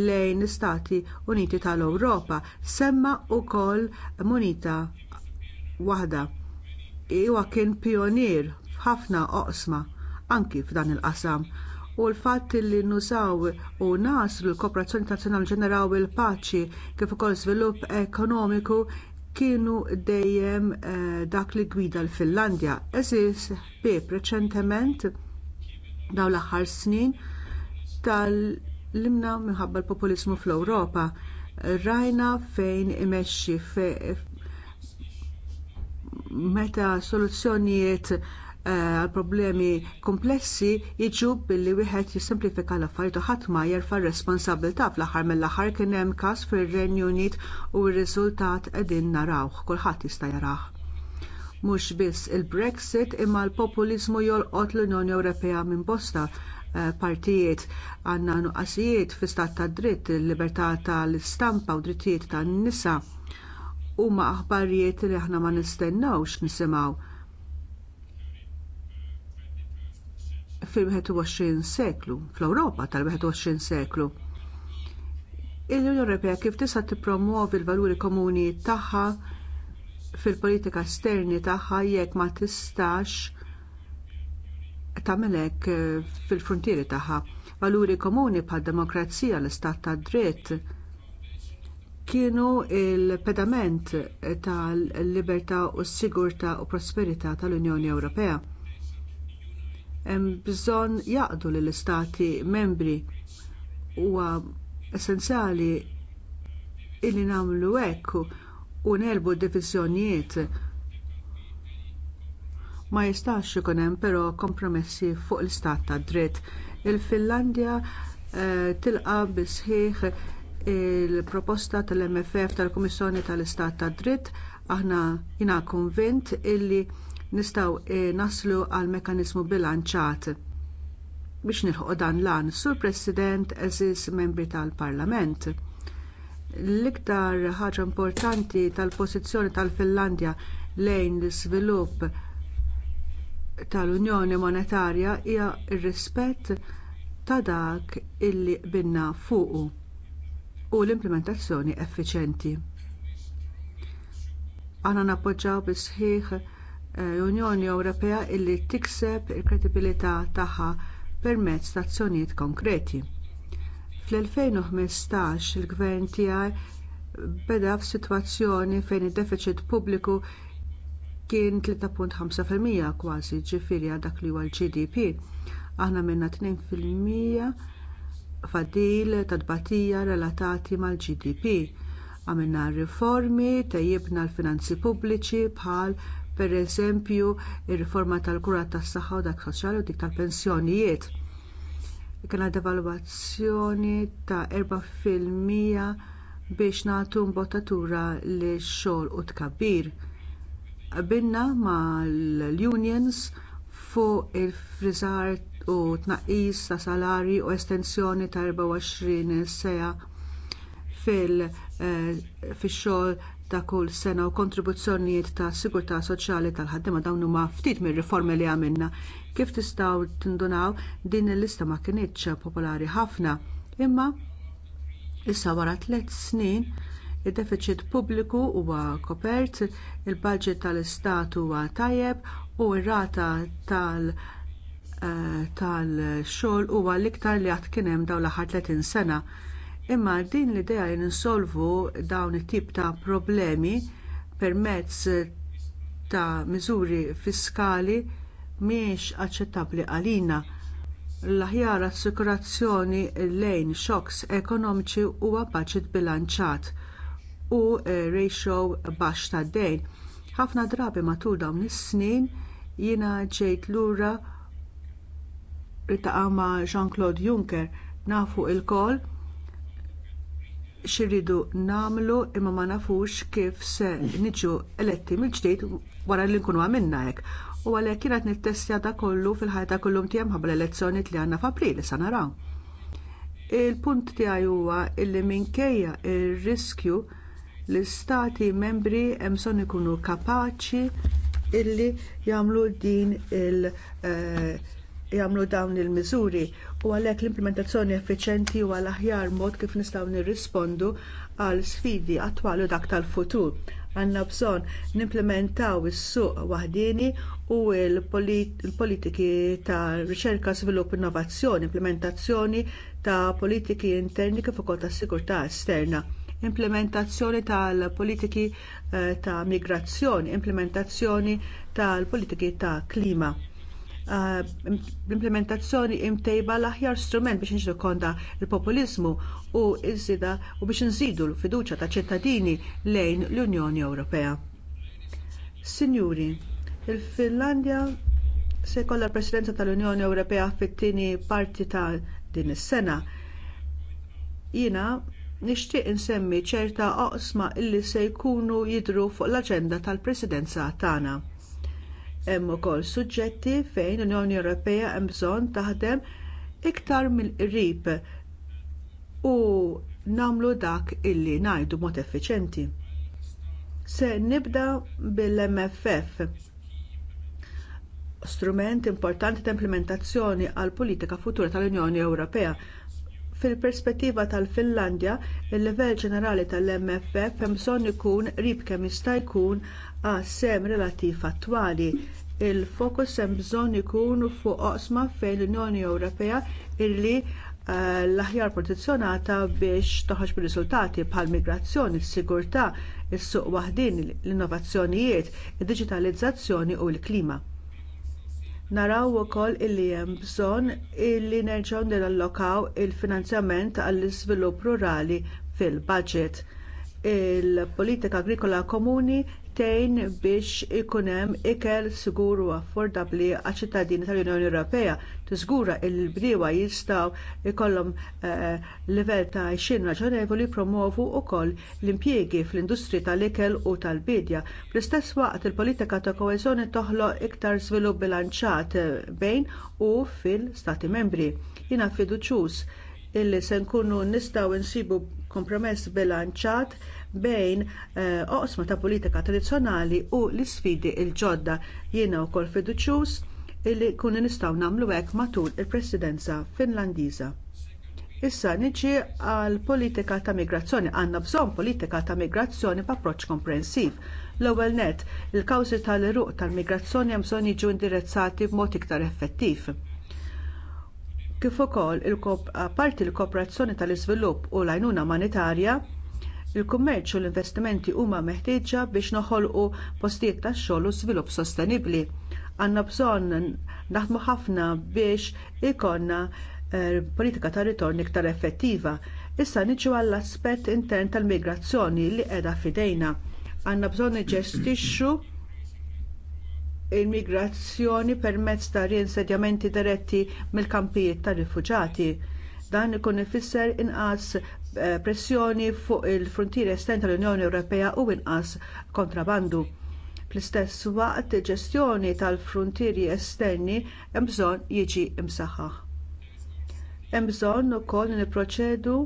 lejn l istati Uniti tal-Ewropa. Semma wkoll munita waħda. Iwa kien pionier f'ħafna oqsma anki f'dan il-qasam u l-fatt li nużaw u naslu l-kooperazzjoni internazzjonali ġeneraw il-paċi kif ukoll żvilupp ekonomiku kienu dejjem eh, dak li gwida l-Finlandja. Eżis bib reċentement dawn l-aħħar snin tal-limna minħabba l-populiżmu fl-Ewropa. Rajna fejn imexxi meta soluzzjonijiet Eh, għal problemi komplessi jiġu billi wieħed jissimplifika l-affarijiet u ħadd ma jerfa' r-responsabilità fl-aħħar mill-aħħar kien hemm każ fir-Renju Unit u r-riżultat qegħdin narawh, kulħadd jista' jarah. Mhux biss il-Brexit imma l-populiżmu jolqot l-Unjoni Ewropea minn bosta eh, partijiet għandna nuqqasijiet fi stat tad dritt, il-libertà tal-istampa u drittijiet tan-nisa huma aħbarijiet li aħna ma nistennawx nisimgħu fil-21 seklu, fl-Ewropa tal-21 seklu. Il-Unjoni Ewropea kif tista' tippromuovi l-valuri komuni tagħha fil-politika esterni tagħha jekk ma tistax tagħmel hekk eh, fil-frontieri tagħha. Valuri komuni bħad-demokrazija, l-istat tad dritt, kienu l pedament tal-libertà u s-sigurtà u prosperità tal-Unjoni Ewropea hemm bżonn jaqdu lill istati membri huwa essenzjali illi nagħmlu hekk u nerbu d-diviżjonijiet ma jistax ikun hemm però kompromessi fuq l-istat tad dritt. Il-Finlandja tilqa' eh, tilqa bisħiħ il-proposta tal-MFF tal-Kummissjoni tal-Istat tad Dritt aħna jina konvint illi nistgħu eh, naslu għal mekkaniżmu bilanċat biex nilħu dan lan. Sur President, eżis membri tal-Parlament. L-iktar ħaġa importanti tal-pożizzjoni tal-Finlandja lejn l-iżvilupp tal-Unjoni Monetarja hija r-rispett ta' dak illi binna fuqu u l-implementazzjoni effiċjenti. Aħna nappoġġaw bi sħiħ Eh, Unjoni Ewropea illi tikseb il-kredibilità tagħha permezz ta' azzjonijiet konkreti. Fl-2015 il-gvern tiegħi beda f'sitwazzjoni fejn id-deficit pubbliku kien 3.5% kważi ġifieri għal dak li huwa l-GDP. Aħna minna 2% fadil ta' tbatija relatati mal-GDP. Għamilna riformi, tejjibna l-finanzi pubbliċi bħal pereżempju r-riforma tal-kura tas-saħħa u dak soċjali u dik tal-pensjonijiet. Kena devalwazzjoni ta' 4% biex nagħtu mbottatura lix xogħol u tkabbir. Binna mal-unions fuq il-friżar u tnaqqis ta' salari u estensjoni ta' 24 sena fil-xogħol eh, ta' kull sena u kontribuzzjonijiet ta' sigurtà soċjali tal-ħaddima dawn huma ftit mir-riformi li għamilna. Kif tistgħu tindunaw din il-lista ma kinitx popolari ħafna, imma issa wara tliet snin id-deficit pubbliku huwa kopert, il-budget tal-istat huwa tajjeb u r-rata tal- eh, tal-xogħol huwa l-iktar li qatt kien hemm dawn l-aħħar 30 sena. Imma din l-idea li ninsolvu dawn it-tip ta' problemi permezz ta' miżuri fiskali mhijiex aċċettabbli għalina. L-aħjar assikurazzjoni lejn xoks ekonomiċi huwa baġit bilanċat u eh, ratio baxx tad dejn. Ħafna drabi matul dawn is-snin jiena ġejt lura ritaqa' ma' Jean-Claude Juncker nafu lkoll xirridu nagħmlu imma ma nafux kif se niġu eletti mill-ġdid wara li nkunu għamilna hekk. U għalhekk kienet nittestja da kollu fil-ħajta kullum tiegħi minħabba l-elezzjoni li għandna f'April sa naraw. Il-punt tiegħi huwa li minkejja r riskju l-istati membri hemm bżonn ikunu kapaċi illi jagħmlu din il- uh, jagħmlu dawn il-miżuri u għalhekk l-implementazzjoni effiċjenti u għall aħjar mod kif nistgħu nirrispondu għal sfidi attwali u dak tal-futur. Għandna bżonn nimplementaw is-suq waħdini u l-politiki ta' riċerka, svilupp, innovazzjoni, implementazzjoni ta' politiki interni kif ukoll tas-sigurtà esterna implementazzjoni tal-politiki eh, ta' migrazzjoni, implementazzjoni tal-politiki ta' klima l-implementazzjoni eh, imtejba l-aħjar strument biex nġidu konda l-populizmu u iżida u biex nżidu l fiduċja ta' ċittadini lejn l-Unjoni Ewropea. Sinjuri, il-Finlandja se jkollha l-Presidenza tal-Unjoni Ewropea fit-tieni parti ta' din is-sena. Jiena nixtieq insemmi ċerta oqsma illi se jkunu jidhru fuq l-aġenda tal-Presidenza tagħna. Hemm ukoll suġġetti fejn l-Unjoni Ewropea hemm bżonn taħdem iktar mill-qrib u nagħmlu dak illi ngħidu mod effiċjenti. Se nibda bil-MFF strument importanti ta' implementazzjoni għall politika futura tal-Unjoni Ewropea. Fil-perspettiva tal-Finlandja, il livell ġenerali tal-MFF hemm bżonn ikun qrib kemm jista' jkun għas sem relattiv attwali il-fokus hemm bżonn ikun fuq oqsma fejn l-Unjoni Ewropea illi eh, l-aħjar protezzjonata biex toħroġ bir-riżultati bħal migrazzjoni, s-sigurtà, is-suq waħdin, l-innovazzjonijiet, id-diġitalizzazzjoni u l-klima. Naraw ukoll illi hemm bżonn illi nerġgħu nirallokaw il-finanzjament għall-iżvilupp rurali fil-budget il-politika agrikola komuni tgħin biex ikun hemm ikel sigur u affordabbli għaċ-ċittadini tal-Unjoni Ewropea tiżgura li l-bdiewa jistgħu jkollhom eh, livell ta' għajxin raġonevoli promovu wkoll l-impjiegi fl-industri tal-ikel u tal-bidja. Fl-istess waqt il-politika ta' koeżjoni toħloq iktar żvilupp bilanċat bejn u fil-Stati membri. Jiena fiduċjuż illi se nkunu nistgħu nsibu kompromess bilanċat bejn eh, oqsma ta' politika tradizzjonali u l-isfidi il-ġodda jiena wkoll fiduċjuż illi kunu nistgħu nagħmlu hekk matul il-Presidenza Finlandiża. Issa niġi għal politika ta' migrazzjoni għandna bżonn politika ta' migrazzjoni b'approċċ komprensiv. L-ewwel nett, il-kawżi tal-iruq tal-migrazzjoni hemm bżonn jiġu indirizzati b'mod iktar effettiv kif ukoll parti l-kooperazzjoni tal-iżvilupp u l-għajnuna humanitarja. Il-kummerċ u l-investimenti huma meħtieġa biex noħolqu postijiet tax xogħol u żvilupp sostenibbli. Għandna bżonn naħdmu ħafna biex ikonna eh, politika ta' ritorn iktar effettiva. Issa niġu għall-aspett intern tal-migrazzjoni li qiegħda fidejna. Għandna bżonn niġestixxu l migrazzjoni permezz ta' reinsedjamenti diretti mill-kampijiet tar rifuġati dan ikun ifisser inqas Eh, pressjoni fuq il-frontieri estern tal-Unjoni Ewropea u inqas kontrabandu. Fl-istess waqt ġestjoni tal-frontieri esterni hemm bżonn jiġi msaħħaħ. Hemm bżonn ukoll nipproċedu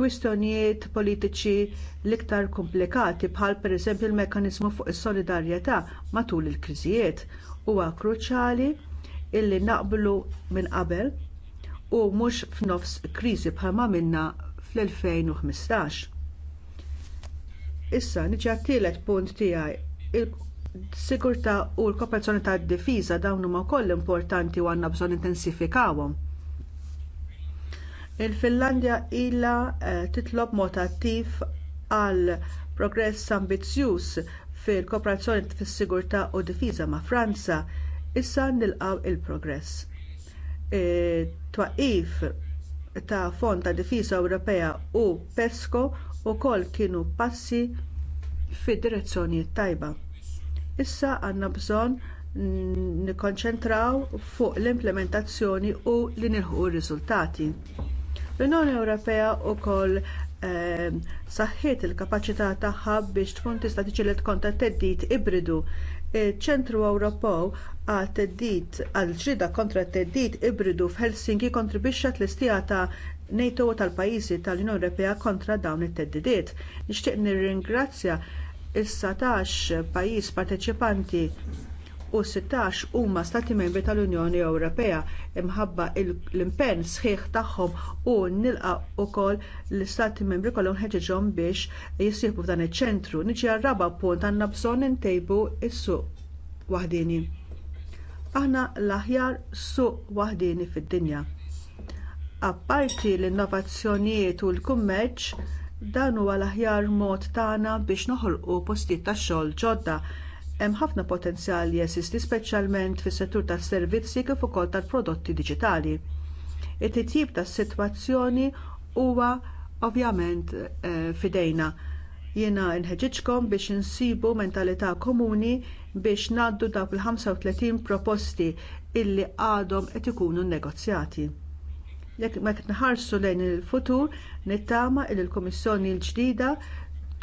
kwistjonijiet politiċi l-iktar komplikati bħal pereżempju l-mekkaniżmu fuq is-solidarjetà matul il-kriżijiet huwa kruċjali illi naqblu minn qabel u mhux f'nofs kriżi bħalma minna fl-2015. Issa niġi għattilet tielet punt tiegħi il-sigurtà u l-kooperazzjoni tad-difiża dawn huma wkoll importanti u għandna bżonn intensifikawhom. Il-Finlandja ilha eh, titlob mod attiv għal progress ambizzjuż fil-kooperazzjoni fis-sigurtà u d difiża ma' Franza, issa nilqgħu l progress twaqif ta' Fond ta' Difiża Ewropea u PESCO wkoll kienu passi fid-direzzjoni tajba. Issa għandna bżonn nikkonċentraw fuq l-implementazzjoni u li nilħu r-riżultati. L-Unjoni Ewropea wkoll ehm, saħħiet il kapaċità tagħha biex tkun tista' tiġilet kontra t-teddid ibridu iċ ċentru Ewropew għal teddid għal ġrida kontra t teddid ibridu f'Helsinki kontribwixxa tl-istija ta' NATO tal-pajjiżi tal-Unjoni Ewropea kontra dawn it-teddidiet. Nixtieq nirringrazzja is-satax pajjiż parteċipanti u 16 huma stati membri tal-Unjoni Ewropea imħabba l-impenn sħiħ tagħhom u nilqa wkoll l-istati membri kollhom ħeġġhom biex jissieħbu f'dan iċ-ċentru. Niġi għar punt għandna bżonn intejbu s-suq waħdini. Aħna l-aħjar suq waħdini fid-dinja. Apparti l-innovazzjonijiet u l-kummerċ, dan huwa l-aħjar mod tagħna biex noħolqu postijiet tax-xogħol ġodda hemm ħafna potenzjal li jeżisti speċjalment fis-settur tas-servizzi kif ukoll tal-prodotti diġitali. It-titjib tas-sitwazzjoni huwa ovvjament eh, fidejna jiena nħeġġitkom biex insibu mentalità komuni biex ngħaddu dawk il-35 proposti illi għadhom qed ikunu nnegozjati. Jekk ma nħarsu lejn il-futur, nittama il l kummissjoni l-ġdida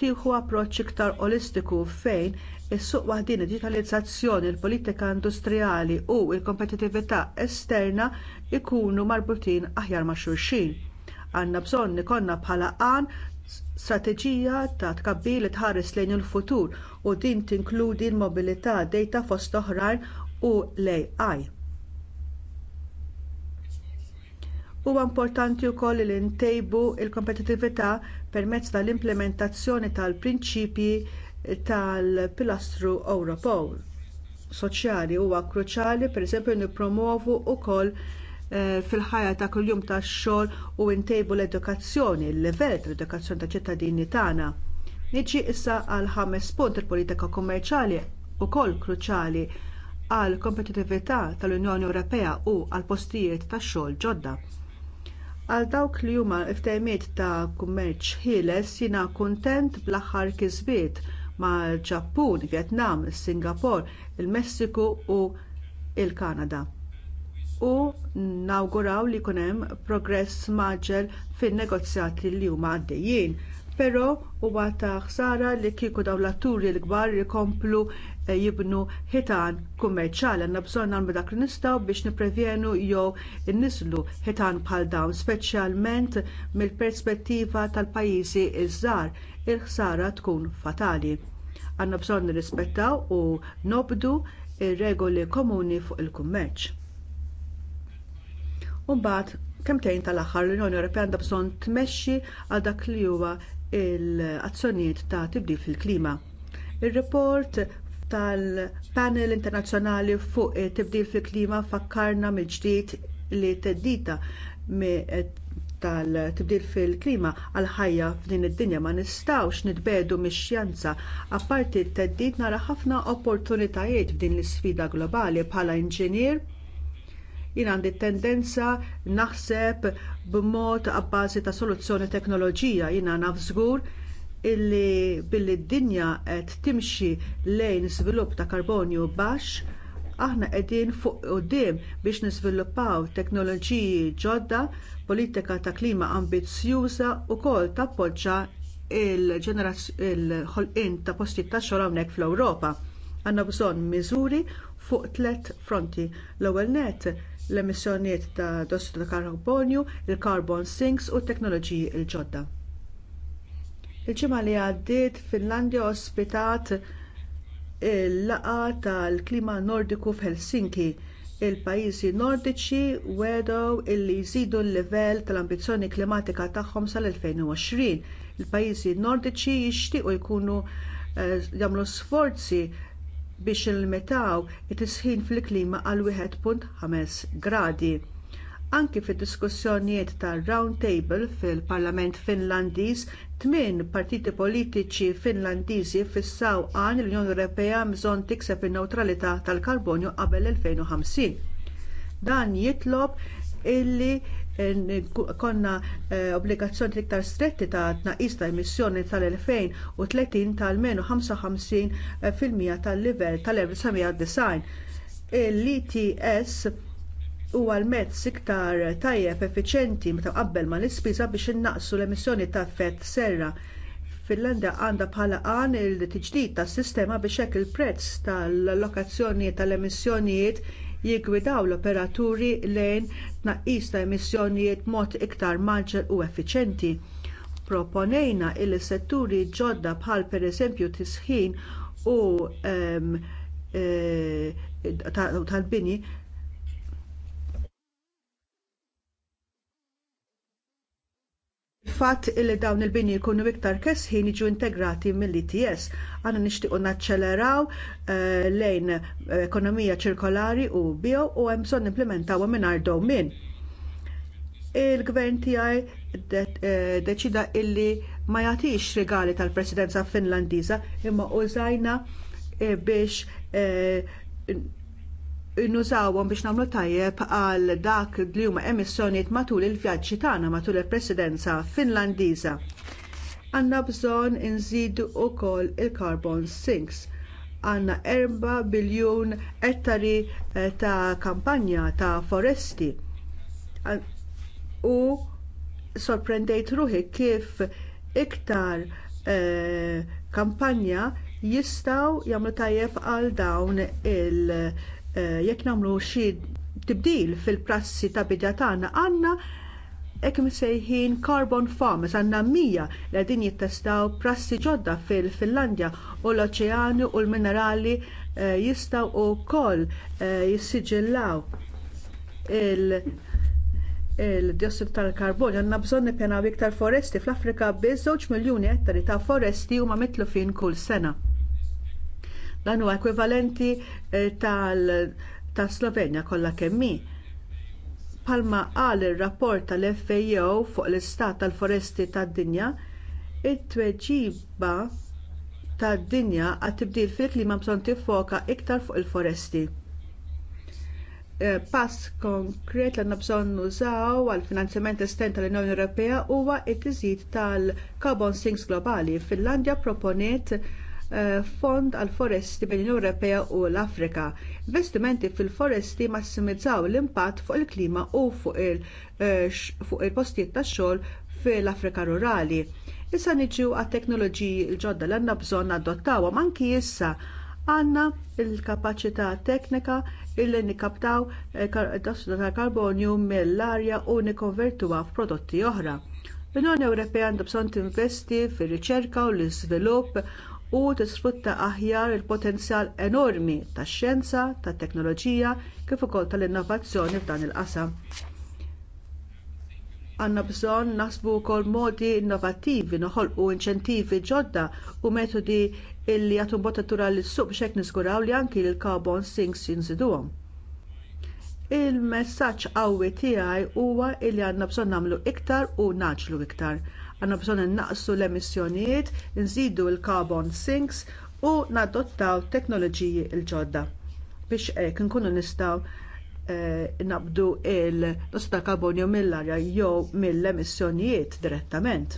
tieħu approċċ iktar olistiku fejn is-suq waħdin id-diġitalizzazzjoni il-politika industrijali u l kompetitività esterna jkunu marbutin aħjar ma' xulxin. Għandna bżonn ikollna bħala għan strateġija ta' tkabbi li tħares lejn il-futur u din tinkludi l-mobilità dejta fost oħrajn u l-AI. Huwa importanti wkoll li ntejbu l kompetitività permezz tal-implementazzjoni tal-prinċipji tal-pilastru Ewropew soċjali huwa kruċjali pereżempju nippromovu wkoll eh, fil-ħajja ta' kuljum tax-xogħol u ntejbu l-edukazzjoni, il-livell tal-edukazzjoni taċ ċittadini tagħna. Niġi issa għal ħames punt il-politika kummerċjali wkoll kruċjali għall kompetitività tal-Unjoni Ewropea u għall postijiet tax-xogħol ġodda. Għal dawk li huma ftehmiet ta' kummerċ ħieles jiena kuntent bl-aħħar kisbiet mal-Ġappun, Vjetnam, Singapore, il-Messiku u l il kanada U nawguraw li jkun hemm progress maġġel fin-negozjati li huma għaddejjin però huwa ta' ħsara li kieku dawn l-atturi l-kbar jkomplu eh, jibnu ħitan kummerċjali għandna bżonn nagħmlu dak li nistgħu biex nipprevenu jew innislu ħitan bħal dawn speċjalment mill-perspettiva tal-pajjiżi iż-żgħar il-ħsara tkun fatali. Għandna bżonn nirrispettaw u nobdu r regoli komuni fuq il-kummerċ. Umbagħad tgħin tal-aħħar l-Unjoni Ewropea għandha bżonn tmexxi għal dak li huwa l-azzjonijiet ta' tibdil fil-klima. Ir-report tal-Panel Internazzjonali fuq it tibdil fil-klima fakkarna mill-ġdid li teddita tal-tibdil fil-klima għal ħajja f'din id-dinja ma nistgħux nitbedu mix-xjenza apparti t-teddid nara ħafna opportunitajiet f'din l-isfida globali bħala inġinier jien għandi t tendenza naħseb b'mod abbażi ta' soluzzjoni teknoloġija jiena naf żgur illi billi d-dinja qed timxi lejn żvilupp ta' karbonju baxx aħna qegħdin fuq quddiem biex niżviluppaw teknoloġiji ġodda, politika ta' klima ambizzjuża wkoll tappoġġa l ħolqien ta' postijiet ta' xogħol hawnhekk fl-Ewropa. Għandna bżonn miżuri fuq tliet fronti. L-ewwel nett l-emissjonijiet ta' dossu ta' karbonju, il-carbon sinks u t teknoloġiji l ġodda il-ġimgħa li għaddiet Finlandja ospitat il laqgħa tal-klima nordiku f'Helsinki. Il-pajjiżi nordiċi wedew illi jżidu l-livell tal-ambizzjoni klimatika tagħhom sal-2020. Il-pajjiżi nordiċi jixtiequ jkunu eh, jagħmlu sforzi biex ilmetaw it-tisħin fil-klima għal 1.5 gradi. Anki fid-diskussjonijiet tar-round table fil-Parlament Finlandiż, tmien partiti politiċi Finlandiżi fissaw għan l-Unjoni Ewropea bżonn tikseb in-newtralità tal-karbonju qabel 2050. Dan jitlob illi eh, konna eh, obbligazzjoni iktar stretti ta' tnaqqis ta' emissjoni tal-2030 ta' almenu 55% fil-mija tal-livell tal-1990. Il-ETS huwa l-mezz iktar tajjeb effiċjenti meta qabbel mal ispiża biex innaqsu l-emissjoni ta' effett serra. Finlandja għandha bħala għan il-tiġdid tas-sistema biex hekk il-prezz tal-allokazzjoni tal-emissjonijiet jiggwidaw l-operaturi lejn tnaqqis ta' emissjonijiet mod iktar maġġel u effiċjenti. Proponejna li setturi ġodda bħal pereżempju tisħin u ehm, eh, tal-bini fatt li dawn il-bini jkunu iktar kesħin jiġu integrati mill-ITS. Għanna nixtiequ naċċeleraw eh, lejn eh, ekonomija ċirkolari u bio u hemm bżonn implementaw mingħajr dowmin. Il-gvern tiegħi eh, deċida illi ma jagħtix regali tal-Presidenza Finlandiża imma użajna biex nużawhom biex nagħmlu tajjeb għal dak li huma emissjonijiet matul il-vjaġġi tagħna matul il-Presidenza Finlandiża. Għandna bżonn inżidu wkoll il-carbon sinks. Għandna 4 biljun ettari eh, ta' kampanja ta' foresti. U sorprendejt ruħi kif iktar eh, kampanja jistgħu jagħmlu tajjeb għal dawn il- Eh, jekk nagħmlu xi tibdil fil-prassi ta' bidja tagħna għandna hekk imsejħin carbon farms għandna mija li qegħdin jittestaw prassi ġodda fil-Finlandja u l-oċeani u l-minerali eh, jistgħu wkoll eh, jissiġillaw il-diossid tal-karbon għandna bżonn nippjanaw iktar foresti fl-Afrika biż żewġ miljuni ettari ta' foresti huma mitlufin kull sena. Dan huwa ekwivalenti eh, tal Slovenja kollha kemm hi. Palma qal ir-rapport tal-FAO fuq l-istat tal-foresti tad-dinja, it-tweġiba tad-dinja għat-tibdil fil-klima bżonn tiffoka iktar fuq il-foresti. Eh, pass konkret li għandna bżonn nużaw għall finanzjament estern tal-Unjoni Ewropea huwa t tiżid tal-carbon sinks globali. Finlandja proponiet Eh, fond għall foresti bejn l Ewropea u l-Afrika. Investimenti fil-foresti massimizzaw l-impatt fuq il-klima u fuq eh, il-postijiet tax-xogħol fil-Afrika rurali. Issa niġu għat teknoloġiji l-ġodda l għandna bżonn adottawhom anki issa għandna l-kapaċità teknika illi nikkaptaw eh, diossidu tal-karbonju mill-arja u nikkonvertuha f'prodotti oħra. L-Unjoni Ewropea għandha bżonn tinvesti fir-riċerka u l-iżvilupp u tisfrutta aħjar il-potenzjal enormi tax-xjenza, tat-teknoloġija kif ukoll tal-innovazzjoni f'dan il-qasam. Għandna bżonn naħsbu wkoll modi innovattivi noħolqu inċentivi ġodda u metodi li jagħtu mbottatura lis suq biex hekk niżguraw li anki l-carbon sinks jinżiduhom. Il-messaġġ qawwi tiegħi huwa li għandna bżonn nagħmlu iktar u naġlu iktar Għandna bżonn innaqqsu l-emissjonijiet, nżidu l-carbon sinks u nadottaw teknoloġiji l-ġodda biex hekk inkunu nistgħu eh, nabdu l-ossidu ta' karbonju mill-arja jew mill-emissjonijiet direttament.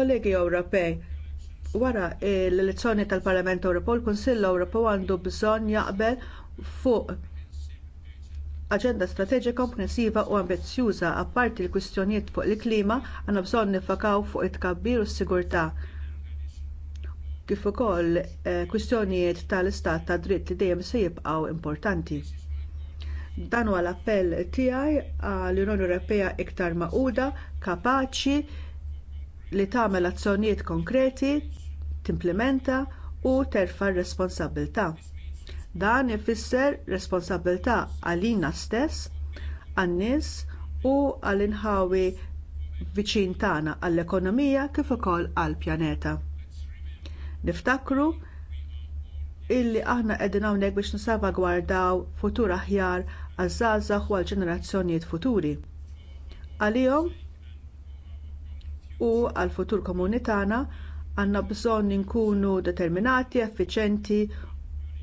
Kollegi Ewropej, wara l-elezzjoni tal-Parlament Ewropew, il-Kunsill Ewropew għandu bżonn jaqbel fuq aġenda strateġika komprensiva u ambizzjuża apparti l-kwistjonijiet fuq il-klima għandna bżonn nifakaw fuq it-tkabbir u s-sigurtà. Kif ukoll eh, kwistjonijiet tal-istat ta' dritt li dejjem se jibqgħu importanti. Dan huwa l-appell tiegħi għall unjoni Ewropea iktar maquda, kapaċi li tagħmel azzjonijiet konkreti, timplementa u terfa' r-responsabbiltà. Dan ifisser responsabbiltà għalina stess, għan-nies u għall-inħawi viċin tagħna għall-ekonomija kif ukoll għall-pjaneta. Niftakru illi aħna qegħdin hawnhekk biex nissalvagwardaw futur aħjar għaż-żgħażagħ u għall-ġenerazzjonijiet futuri. Għalihom u għall futur komuni tagħna għandna bżonn inkunu determinati, effiċenti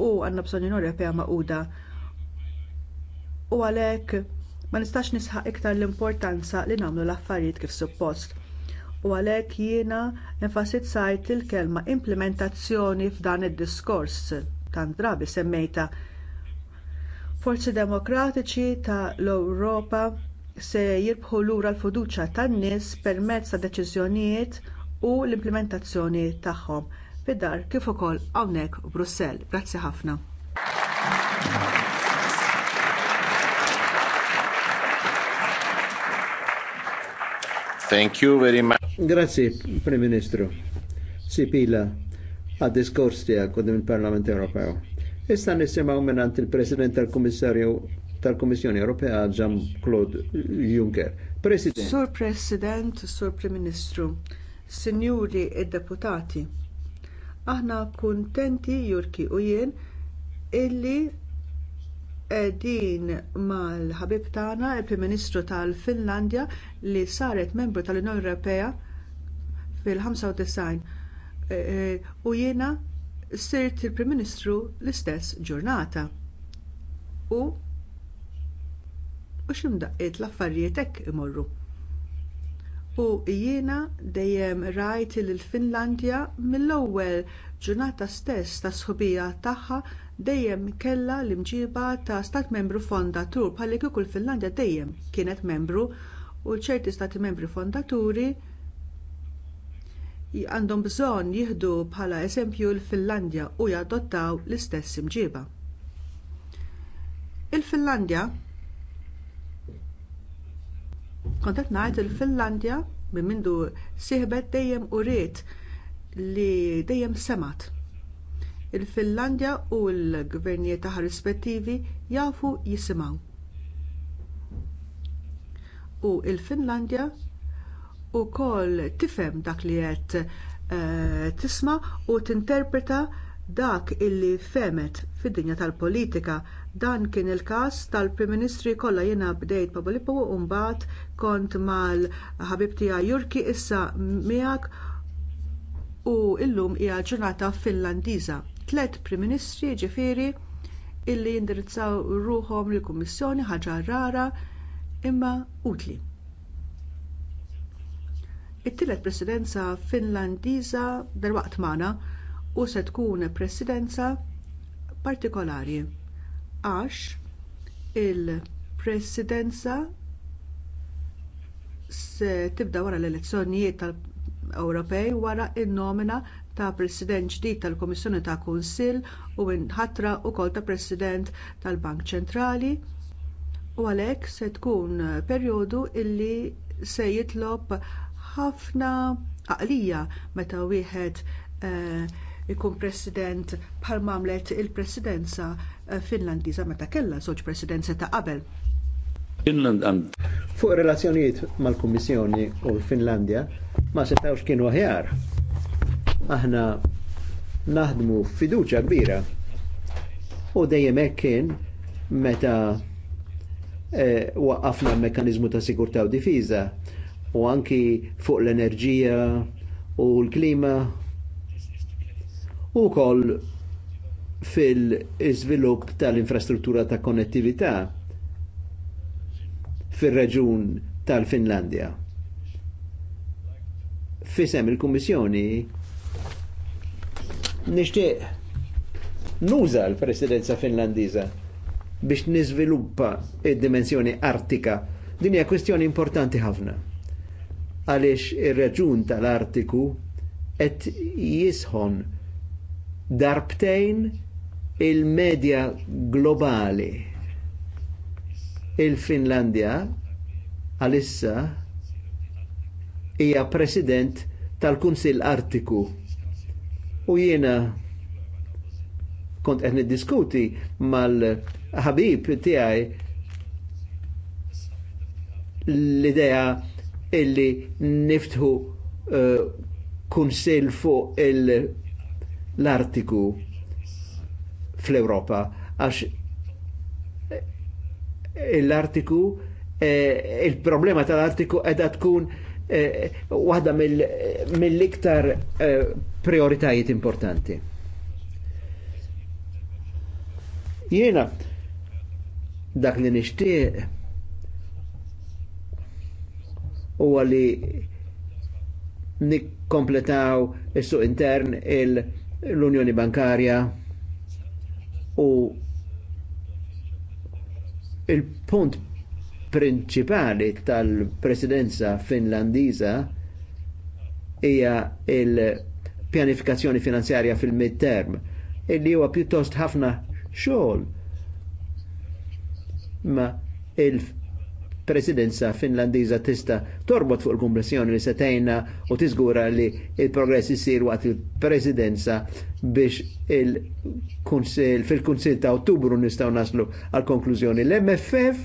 u għandna bżonn Unjoni Ewropea maquda. U għalhekk ma nistax nisħaq iktar l-importanza li nagħmlu l-affarijiet kif suppost u għalhekk jiena enfasizzajt il-kelma implementazzjoni f'dan id-diskors tant drabi semmejta. Forzi demokratiċi ta' l-Ewropa se jirbħu lura l-fiduċja tan-nies permezz ta' deċiżjonijiet u l-implementazzjoni tagħhom fid-dar kif ukoll hawnhekk Brussell. Grazzi ħafna. Thank you very much. Grazzi, Prim Ministru. Sipila, għad diskors tiegħek quddiem il-Parlament Ewropew. Issa nisimgħu minnant il-President tal-Kummissarju tal-Kommissjoni Ewropea Jean Claude Juncker. President. Sur President, Sur Prim Ministru, Sinjuri id-Deputati, Aħna kuntenti Jurki u jien illi edin mal-ħabib tagħna il-Prim Ministru tal-Finlandja li saret membru tal-Unjoni Ewropea fil-95 e, e, u jiena sirt il-Prim Ministru l-istess ġurnata. U u x'imdaqqiet l-affarijiet hekk imorru u jiena dejjem rajt li finlandja mill-ewwel ġurnata stess ta' sħubija tagħha dejjem kellha l-imġiba ta' stat membru fondatur bħalli kieku l-Finlandja dejjem kienet membru u ċerti stati membri fondaturi għandhom bżonn jieħdu bħala eżempju l-Finlandja u jadottaw l-istess imġiba. Il-Finlandja Kont qed ngħid il-Finlandja minn mindu sieħbet dejjem u ried li dejjem semat. Il-Finlandja u l-gvernijiet tagħha rispettivi jafu jisimgħu. U l finlandja wkoll tifhem dak li qed eh, tisma' u tinterpreta dak illi femet fid-dinja tal-politika Dan kien il-każ tal-Prim Ministri kollha jiena bdejt Papolipo u mbagħad kont mal-ħabib tiegħi Jurki issa miegħek u llum hija ġurnata Finlandiża. Tliet Prim Ministri ġifieri illi jindirizzaw ruħom lill kummissjoni ħaġa rara imma utli. It-tielet presidenza Finlandiża darwaqt magħna u se tkun presidenza partikolari għax il-presidenza se tibda wara l-elezzjonijiet tal-Ewropej wara n-nomina ta' President ġdid tal-Komissjoni ta' Kunsill u nħatra wkoll ta' President tal-Bank Ċentrali u għalhekk se tkun perjodu illi se jitlob ħafna għaqlija meta wieħed eh, ikun president bħal mamlet il-presidenza eh, Finlandiża meta kellha żewġ presidenza ta' qabel. Finland and... Fuq relazzjonijiet mal-Kummissjoni u l-Finlandja ma setawx kienu aħjar. Aħna naħdmu fiduċa kbira u dejjem hekk kien meta eh, waqqafna l ta' sigurtà u difiża u anki fuq l-enerġija u l-klima u koll fil izvilup tal-infrastruttura ta' konnettività fil-reġun tal finlandia Fisem il-Kummissjoni nishtiq nuża l-Presidenza Finlandiża biex niżviluppa id-dimensjoni artika. Din hija kwestjoni importanti ħafna. Għaliex ir-reġun tal-Artiku qed jisħon darbtejn il-medja globali. Il-Finlandja għalissa hija president tal-Kunsill Artiku. U jiena kont qed diskuti mal-ħabib tiegħi l-idea illi niftħu uh, kunsill fuq il- l-Artiku fl-Europa għax eh, l-Artiku eh, il-problema tal-Artiku edha tkun eh, waħda mill-iktar prioritajiet importanti. Jena, dak li nixtieq u għalli nikkompletaw il suq intern il- l-Unjoni Bankarja u il-punt prinċipali tal-presidenza finlandiza hija il-pjanifikazzjoni finanzjarja fil-midterm illi huwa piuttost ħafna xogħol ma il presidenza finlandiza tista torbot fuq il-kumpressjoni li setajna u tiżgura li il-progress jisir waqt il-presidenza biex il fil-kunsil ta' ottubru nistaw naslu għal konklużjoni l-MFF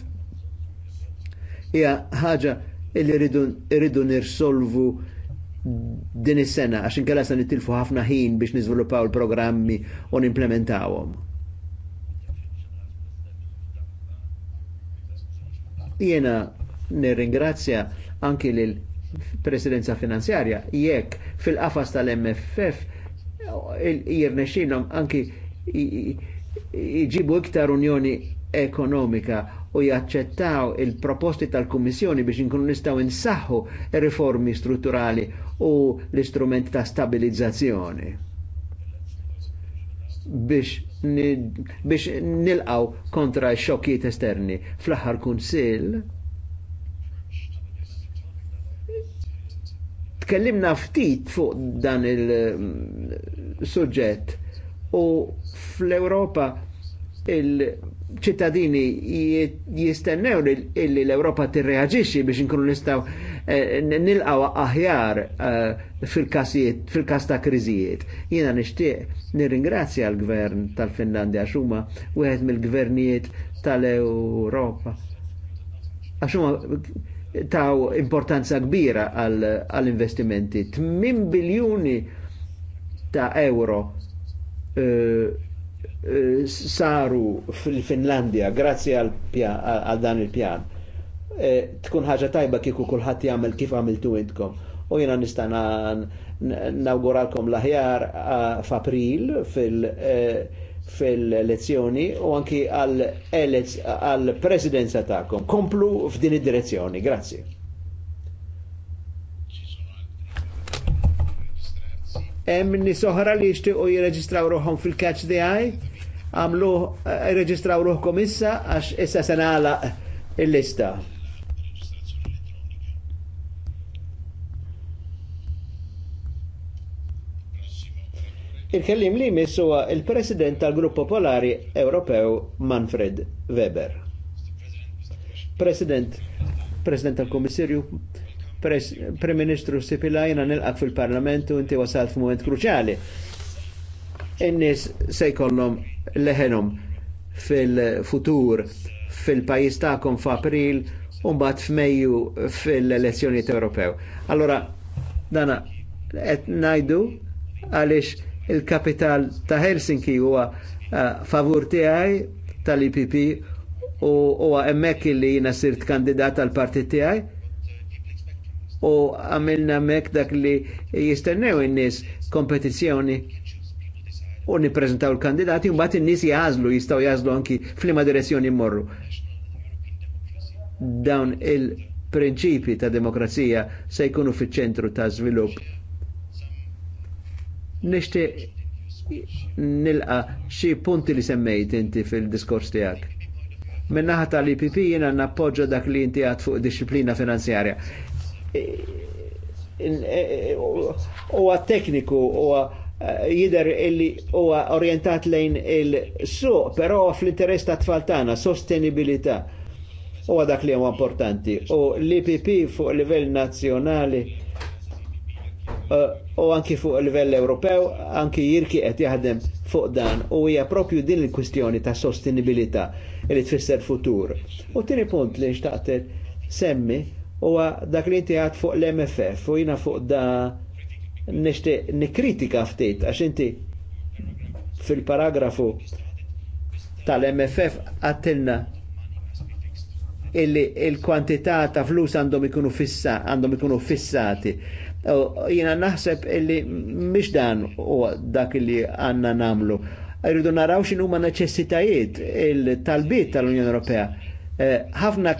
hija ħaġa li rridu nirsolvu din is-sena għax inkella se nitilfu ħafna ħin biex niżviluppaw il-programmi u nimplementawhom. Jena nirringrazzja anki lil presidenza finanzjarja jekk fil-qafas tal-MFF jirnexxinhom anki jġibu iktar unjoni ekonomika u jaċċettaw il-proposti tal-Kummissjoni biex inkunu nistgħu insaħħu riformi strutturali u l-istrument ta' stabilizzazzjoni biex, biex nilqaw kontra xokkiet esterni. Fl-aħħar kunsil tkellimna ftit fuq dan il-suġġett mm, u fl-Europa il-ċittadini jistennew li l-Europa tirreagġixxi biex inkunu nistgħu Eh, nilqaw aħjar eh, fil-kasijiet, fil-kas ta' kriżijiet. Jiena nixtieq nirringrazzja l-gvern tal-Finlandja għax huma wieħed mill-gvernijiet tal-Ewropa. Għax huma taw importanza kbira għall-investimenti. 8 biljuni ta' euro eh, saru fil-Finlandja grazzi għal dan il-pjan. Eh, tkun ħaġa tajba kieku kulħadd jagħmel kif għamiltu intkom. U jiena nista' nawguralkom l-aħjar f'April eh, fil-elezzjoni u anki għal-presidenza tagħkom. Komplu f'din id-direzzjoni. Grazzi. Hemm nies oħra li jixtiequ jirreġistraw ruħhom fil-catch the eye, għamlu jirreġistraw eh, ruħkom issa għax issa se nagħlaq il-lista. Il-kellim li jmiss huwa il-President tal-Grupp Popolari Ewropew Manfred Weber. President, President tal komissirju Prim Ministru Sipila jena nilqak fil parlamentu inti wasalt f'mument kruċali. In-nies se jkollhom leħenhom fil-futur fil-pajis tagħkom f'April u mbagħad f'Mejju fil-elezzjonijiet Ewropew. Allora, dana qed ngħidu għaliex il-kapital ta' Helsinki huwa eh, favur tiegħi tal-IPP u huwa hemmhekk illi jiena sirt kandidat tal-partit tiegħi u għamilna mek dak li jistennew in-nies kompetizzjoni u nippreżentaw il-kandidati u mbagħad in-nies jażlu jistgħu jażlu anki f'liema direzzjoni mmorru. Dawn il-prinċipi ta' demokrazija se jkunu fiċ-ċentru ta' żvilupp Nishti nilqa xi punti li semmejt inti fil-diskors tiegħek. Minnaħa tal-IPP jiena nappoġġa dak li inti għad fuq disciplina finanzjarja. E, e, huwa tekniku, huwa e, jider illi huwa orientat lejn il-suq, però fl-interess ta' tfal tagħna, sostenibilità. Huwa dak li huwa importanti. U l-IPP fuq livell nazzjonali Eh, u anki fuq livell Ewropew anki jirki qed jaħdem fuq dan u hija propju din il-kwistjoni ta' sostenibilità li tfisser futur. U tieni punt li xtaqt semmi huwa dak li inti għad fuq l-MFF u jina fuq da nishti nikritika ftit għax inti fil-paragrafu tal-MFF għattilna il-kwantità ta' flus għandhom ikunu fissa, għandhom ikunu fissati. Jina naħseb illi mish dan u dak li għanna namlu. Rridu naraw xinu ma neċessitajiet il-talbiet tal-Unjoni Ewropea. Eh, ħafna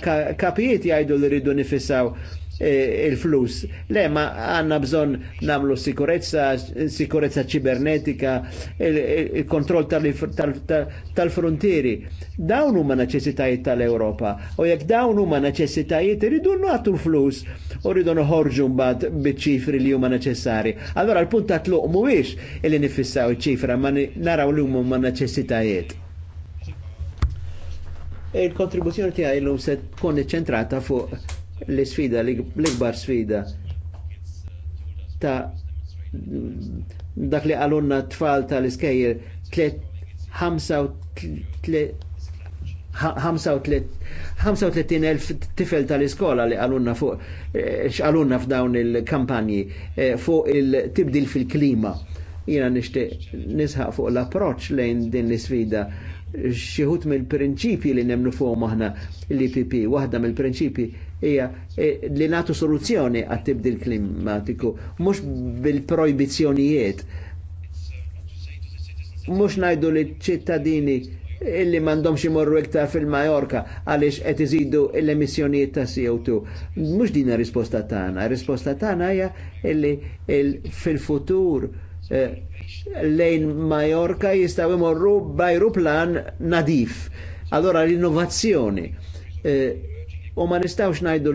kapijiet jgħidu li rridu nifissaw Eh, il-flus. Le, ma għanna bżon namlu sikurezza, sikurezza ċibernetika, il-kontroll tal-frontieri. Dawn huma neċessitajiet tal-Europa. U jekk dawn huma neċessitajiet, irridu nagħtu l-flus u rridu noħorġu mbagħad biċ-ċifri li huma neċessari. Allora l-punt ta' tluq mhuwiex illi nifissaw iċ-ċifra ma naraw li huma neċessitajiet il-kontribuzzjoni tiegħi llum se tkun iċċentrata fuq l-sfida, l-ikbar sfida ta' dak li għalunna tfal tal-iskejjer 35.000 tifel tal-iskola li għalunna fuq, eh, x'għalunna f'dawn il-kampanji eh, fuq il-tibdil fil-klima. Jina nishtiq nisħaq fuq l-approċ lejn din l-sfida xieħut mill-prinċipji li nemnu fuq maħna l-IPP, waħda mill-prinċipji hija e, li natu soluzzjoni għat-tibdil klimatiku, mux bil-projbizzjonijiet. Mux najdu li ċittadini illi mandom mandomx morru iktar fil-Majorka għaliex qed iżidu l-emissjonijiet ta' CO2. Mhux din risposta tagħna, risposta tagħna hija illi fil-futur e, lejn Majorka jistgħu imorru bajru plan nadif. Allora l-innovazzjoni e, u ma nistawx najdu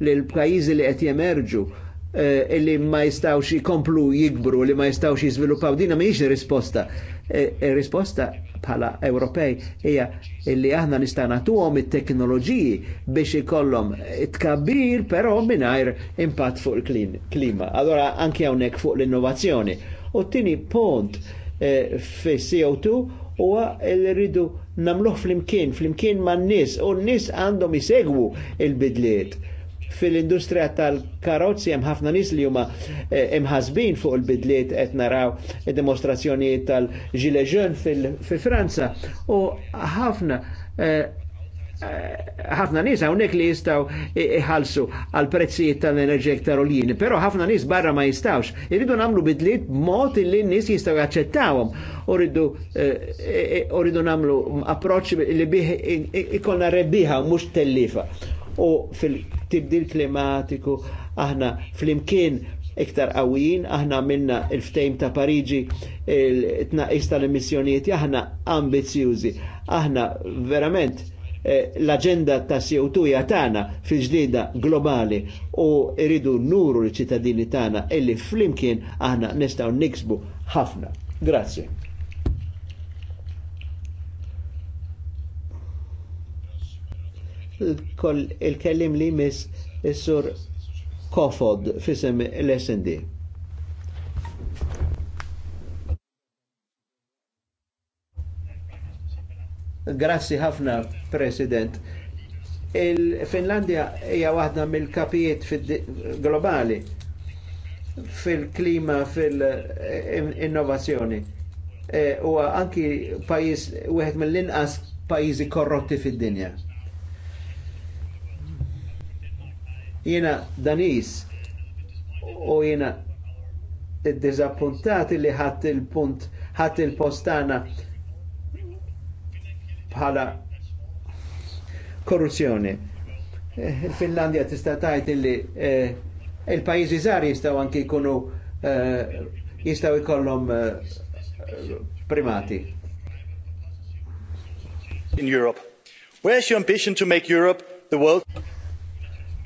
l-pajizi li qed jemerġu eh, li ma jistawx jikomplu jikbru, li ma jistawx jizviluppaw. Dina mhijiex risposta. Eh, risposta bħala Ewropej hija li aħna nista' nagħtuhom it-teknoloġiji biex ikollhom tkabbir però mingħajr impatt fuq il-klima. Allora anke hawnhekk fuq l-innovazzjoni. U t pont fis fi CO2 huwa li rridu nagħmluh flimkien, flimkien man-nies u n-nies għandhom isegwu il-bidliet fil-industrija tal-karozzi hemm ħafna nies li huma eh, imħasbin fuq il-bidliet qed naraw id dimostrazzjonijiet tal-Gilets fil-Franza u ħafna eh, ħafna nies hawnhekk li jistgħu iħallsu għal prezzijiet tal-enerġija iktar olijin, però ħafna nies barra ma jistgħux. Irridu nagħmlu bidliet b'mod li n-nies jistgħu jaċċettawhom. Uridu eh, eh, eh, nagħmlu approċċ li bih ikolna rebbieħa mhux tellifa. U fil-tibdil klimatiku aħna fl-imkien iktar qawwijin, aħna minna il-ftejm ta' Pariġi il-tnaqis tal-emissjonijiet, aħna ambizjużi, aħna verament Eh, l-agenda ta' CO2 jatana fil-ġdida globali u iridu nuru l-ċittadini tana illi flimkien aħna nistaw niksbu ħafna. Grazie. il-kellim li mis is-sur Kofod fisem l-SND. Grassi ħafna, President. Il-Finlandja hija waħda mill-kapijiet globali fil-klima, fil-innovazzjoni. E, u anki pajis, wieħed mill-inqas pajizi korrotti fid-dinja. Jena danis u jena id-dizappuntati li ħadd il-punt ħat il-postana bħala korruzzjoni. Eh, Il-Finlandja tista' tajt illi eh, il-pajjiżi żgħar jistgħu anki jkunu eh, jistgħu jkollhom primati. In Europe. Where's your ambition to make Europe the world?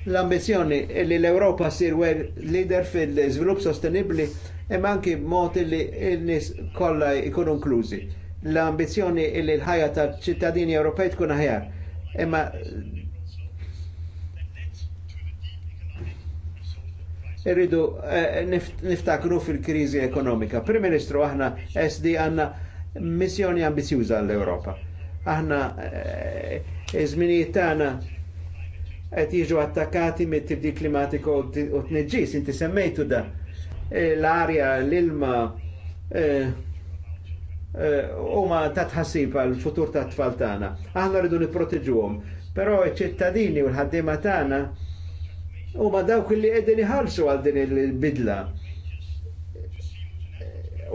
L-ambizjoni li l-Europa sir wer leader fil-żvilupp sostenibbli imma anki mod li n-nies kollha jkunu inklużi l-ambizjoni li l-ħajja tal-ċittadini Ewropej tkun aħjar. Imma irridu eh, niftakru fil-kriżi ekonomika. Prim Ministru aħna SD għandna missjoni ambizjuża għall-Ewropa. Aħna eh, iż-żminijiet tagħna qed jiġu attakkati mit-tibdil klimatiku u t-tneġġis, inti semmejtu da. Eh, l-arja, l-ilma, eh, Eh, huma ta' tħassib għal futur ta' tfal tagħna. Aħna rridu nipproteġuhom, però iċ ċittadini u l-ħaddiema tagħna huma dawk li qegħdin iħallsu għal din il-bidla.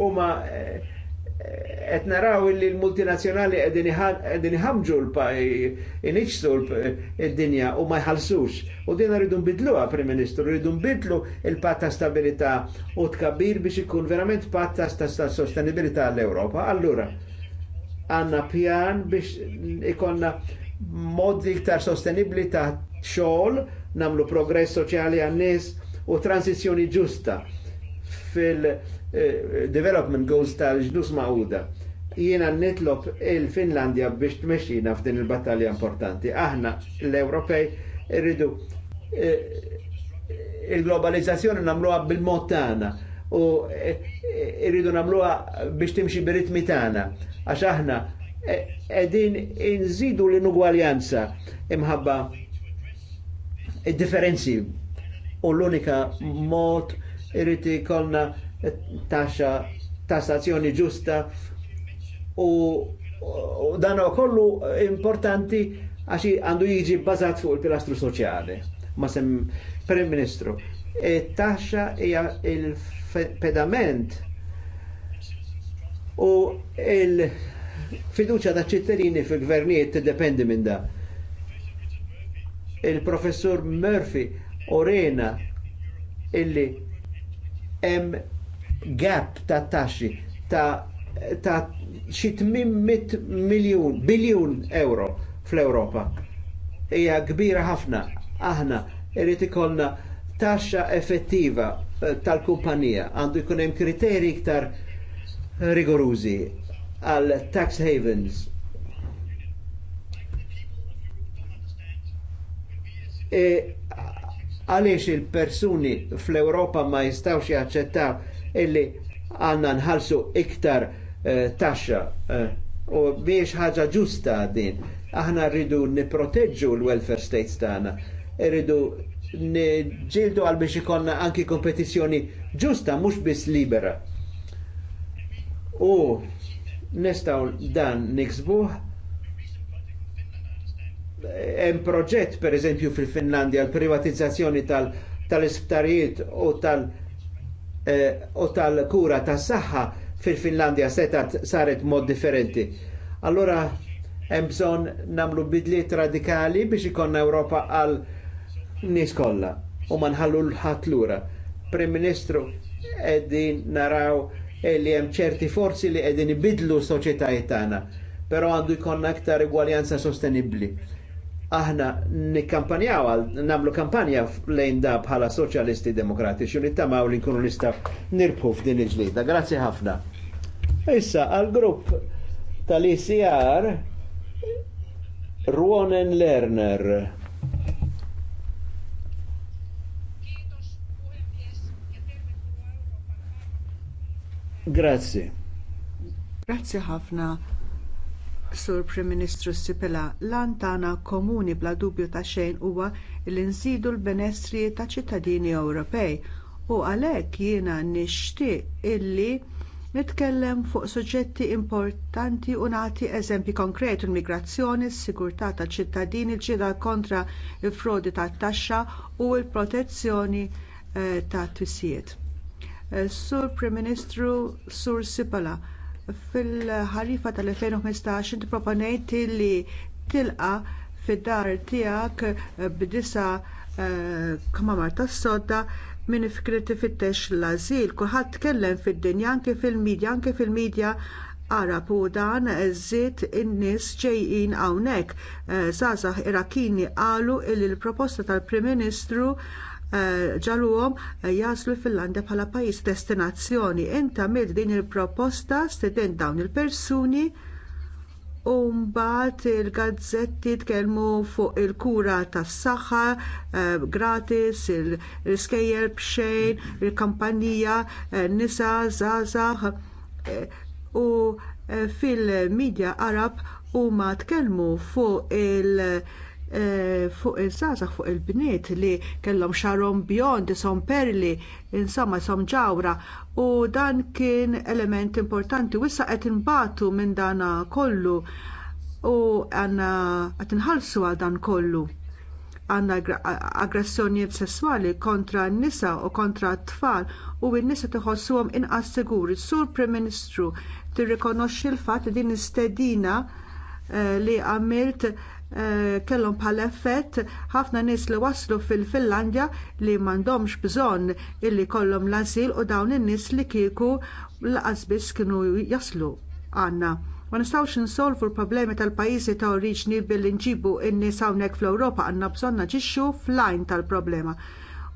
Huma eh, qed naraw li l-multinazzjonali qegħdin iħamġu l-iniċtu l-dinja u ma jħalsux. U din rridu nbidluha Prim Ministru, rridu nbidlu il-patt ta' stabilità u tkabbir biex ikun verament patt ta' sostenibilità l-Ewropa. Allura, għanna pjan biex ikonna modi iktar sostenibli ta' xogħol, namlu progress soċjali għan-nies u transizjoni ġusta fil-development goals tal-ġnus maħuda. Jiena nitlob il-Finlandja biex tmexxina f'din il-battalja importanti. Aħna l-Ewropej rridu eh, il-globalizzazzjoni namluha bil-mod tagħna u eh, rridu namluha biex timxi bir-ritmi tagħna għax aħna eh, qegħdin inżidu l-inugwaljanza imħabba id-differenzi u l-unika mod irrid ikollna taxxa tassazzjoni ġusta u, u dan kollu importanti għax għandu jiġi bbażat fuq il-pilastru soċjali. Ma sem Prim Ministru, it-taxxa e hija il-pedament u il-fiduċa ta' ċittadini fil-gvernijiet tiddependi minn da. Il-professur Murphy orena illi hemm gap ta' taxxi ta' ta' xi 800 miljun biljun euro fl-Ewropa. Hija kbira ħafna. Aħna irid ikollna taxxa effettiva eh, tal-kumpanija għandu jkun hemm kriteri iktar rigorużi għal tax havens. E, għaliex il-persuni fl-Europa ma jistawx jaċċettaw illi għanna nħalsu iktar eh, taxxa eh, u biex ħaġa ġusta din. Aħna rridu niproteġġu l-welfare states tagħna, rridu niġġieldu għal biex ikonna anki kompetizzjoni ġusta mhux biss libera. U nistgħu dan niksbuh hemm proġett per fil-Finlandja l-privatizzazzjoni tal-isptarijiet u tal- eh, u tal-kura tas saħħa fil-Finlandja setat saret mod differenti. Allora hemm bżonn nagħmlu bidliet radikali biex ikonna Ewropa għal nies kollha u ma nħallu l-ħadd lura. Prim Ministru qegħdin naraw li hemm ċerti forzi li qegħdin ibidlu s-soċjetajiet tagħna, però għandu jkollna aktar igwaljanza sostenibbli aħna nikkampanjaw għal namlu kampanja lejn da bħala soċjalisti demokratiċi u nittamaw li nkunu nistaw nirbħu f'din il-ġlida. Grazie ħafna. Issa għal grupp tal-ICR Ruonen Lerner. Grazie. Grazie ħafna Sur Prim Ministru Sipela, lan tagħna komuni bla dubju ta' xejn huwa li nżidu l-benessri ta' ċittadini Ewropej u għalhekk jiena nixtieq illi nitkellem fuq suġġetti importanti u nagħti eżempji konkret il-migrazzjoni, s-sigurtà taċ ċittadini, l ġida kontra l frodi tat-taxxa u l-protezzjoni eh, tat-twissijiet. Eh, Sur Prim Ministru Sur Sipala, fil-ħarifa tal-2015 proponejt li tilqa fid-dar tiegħek b'disa eh, kmamar tas-sodda min ifkrit tifittex l-azil. Kulħadd tkellem fid-dinja anke fil-medja anke fil-medja Arab u dan żied in-nies ġejjin hawnhekk. Żgħażagħ eh, Irakini qalu li l-proposta tal-Prim Ministru Eh, ġalluhom eh, jaslu l-Finlandja bħala pajjiż destinazzjoni. Inta mill din il-proposta stident dawn il-persuni u mbagħad il-gazzetti tkellmu fuq il-kura tas-saħħa eh, gratis, il-skejjer b'xejn, il-kampanija, nisa, żgħażagħ u fil-medja Arab huma tkellmu fuq il- E, fuq iż-żgħażagħ fuq il-bniet li kellhom xarom bjond, isom perli, insomma isom ġawra u dan kien element importanti wissa qed inbatu minn dan kollu u għanna qed inħallsu għal dan kollu għandna aggressjonijiet sesswali kontra n-nisa u kontra t-tfal u n-nisa tħossuhom inqas siguri. Sur Prim Ministru tirrikonoxxi l-fatt li din istedina e, li għamilt Eh, kellhom bħal effett ħafna nies li waslu fil-Finlandja li m'għandhomx bżonn illi jkollhom l-asil u dawn in-nies li kieku laqas biss kienu jaslu għandna. Ma nistgħux insolvu l-problemi tal-pajjiżi ta' oriġni billi nġibu n-nies hawnhekk fl-Ewropa għandna bżonn naġixxu fl-għajn tal-problema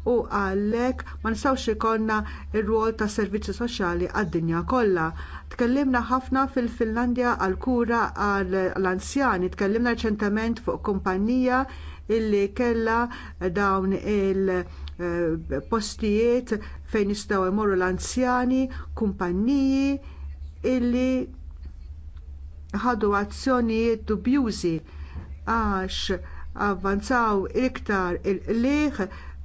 u għalhekk ma nistgħux ikollna r-rwol tas servizzi soċjali għad-dinja kollha. Tkellimna ħafna fil-Finlandja għall kura għall-anzjani, tkellimna reċentement fuq kumpanija illi kellha dawn il-postijiet eh, fejn jistgħu jmorru l-anzjani, kumpanniji illi ħadu azzjonijiet dubjużi għax avvanzaw iktar il-liħ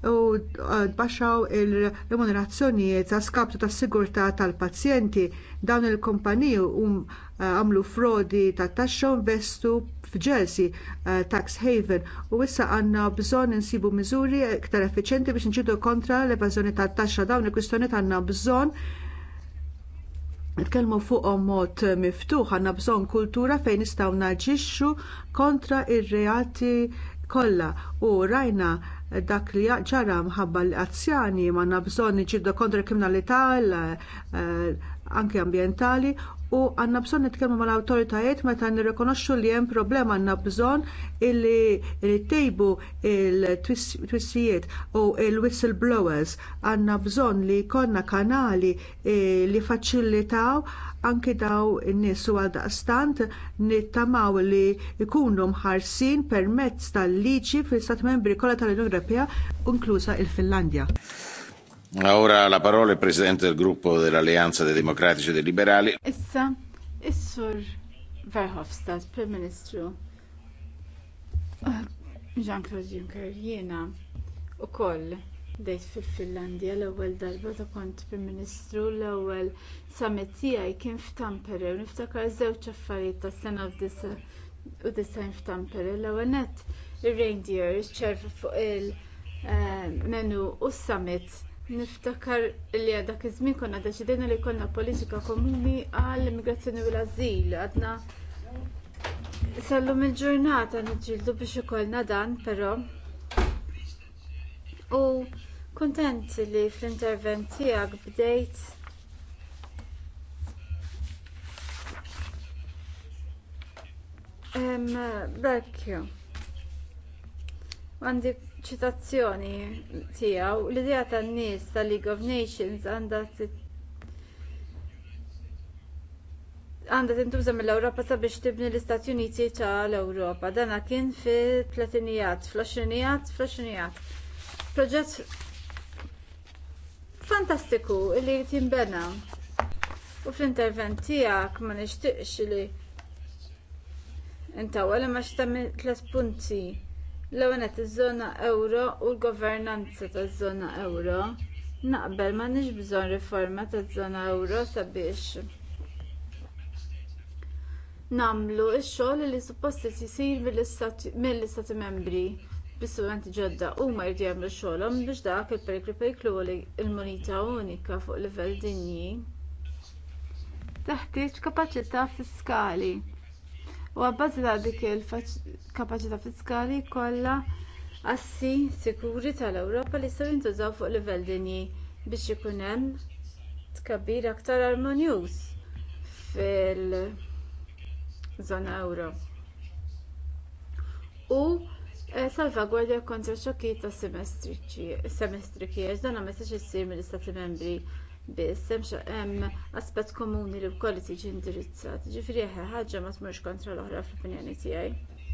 u uh, baxxaw il-remunerazzjonijiet ta' skabtu tas sigurtà tal-pazjenti. Dawn il-kumpaniji uh, għamlu frodi tat taxxa u investu f'Jersey uh, tax haven u issa għandna bżonn insibu miżuri iktar effiċjenti biex nġidu kontra l-evażjoni tat taxxa. Dawn il-kwistjonijiet għandna bżonn Nitkellmu fuqhom mod miftuħ għandna bżonn kultura fejn nistgħu naġixxu kontra ir-reati kollha u rajna dak li ġara mħabba l-azzjani ma nabżon ġiddu kontra kriminalità eh, anke ambjentali u għandna bżonn nitkellmu mal awtoritajiet meta nirrikonoxxu li hemm problema għandna bżonn illi tejbu il-twissijiet u l whistleblowers għandna bżonn li jkollna kanali eh, li faċilitaw anki daw in-nies u għaldaqstant nittamaw li jkunu mħarsin permezz tal-liġi fil-Stat Membri kollha tal-Unjoni Ewropea, inkluża l finlandja Ora la parola il Presidente del Gruppo dell'Alleanza dei Democratici e dei Liberali. Issa, Issur Verhofstadt, Prim Ministru. Ah, Jean-Claude Juncker, jiena u koll bdejt fil-Finlandja l-ewwel darba ta' kont Prim Ministru l-ewwel summit tiegħi kien f'Tampere u niftakar żewġ affarijiet tas-sena u disajn f'Tampere l-ewwel nett ir-reindeer iċċervu fuq il-menu eh, u s-summit niftakar li dak iż-żmien konna deċidejna li jkollna politika komuni għall-immigrazzjoni u l-ażil sal-lum il-ġurnata niġġieldu biex ikollna dan, però u kuntent li fl-intervent tiegħek bdejt Bekkju. Għandi ċitazzjoni tiegħu l-idea tan-nies tal League of Nations għandha tintuża mill-Ewropa sabiex tibni l-Istati Uniti tal-Ewropa. Dana kien fi tletinijat, fl-20 fl Proġett fantastiku li jrid jinbena. U fl-intervent tiegħek ma nixtieqx li intawel imma xtamil tliet punti l-ewwel iż-żona ewro u l-governanza taż-żona ewro. Naqbel m'għandniex bżonn riforma taż-żona ewro sabiex nagħmlu x-xogħol li suppost isir mill-istati membri bl-istrumenti ġodda huma jridu jagħmlu xogħolhom biex dak il-periklu periklużi l-munita unika fuq livell dinji teħtieġ kapaċità fiskali u għabbażi ta' dik il-kapaċità fiskali jkollha assi sikuri tal-ewropa li jistgħu jintużaw fuq livell dinji biex ikun hemm tkabbir aktar armonjuż fil-żona ewro u Eh, salvagwardja kontra xokkijiet ta' semestriki għax dan ma jistax issir mill-istati membri biss hemm aspett komuni li wkoll tiġi indirizzat ġifieri ħaġa ma tmurx kontra l-oħra fl-opinjoni tiegħi.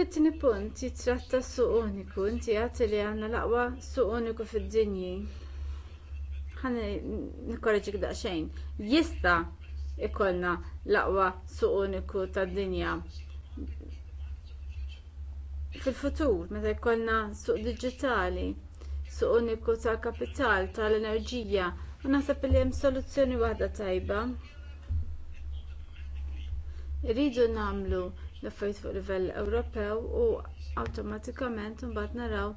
Fit-tieni punt jitratta suq uniku, inti għati li għandna l-aqwa suq uniku fid-dinji. Ħani nikkorreġik daqsxejn. Jista' ikollna l-aqwa suq uniku tad-dinja fil-futur meta jkollna suq diġitali suq uniku tal-kapital tal-enerġija u naħseb li hemm soluzzjoni waħda tajba irridu nagħmlu l-affarijiet fuq livell Ewropew u awtomatikament imbagħad naraw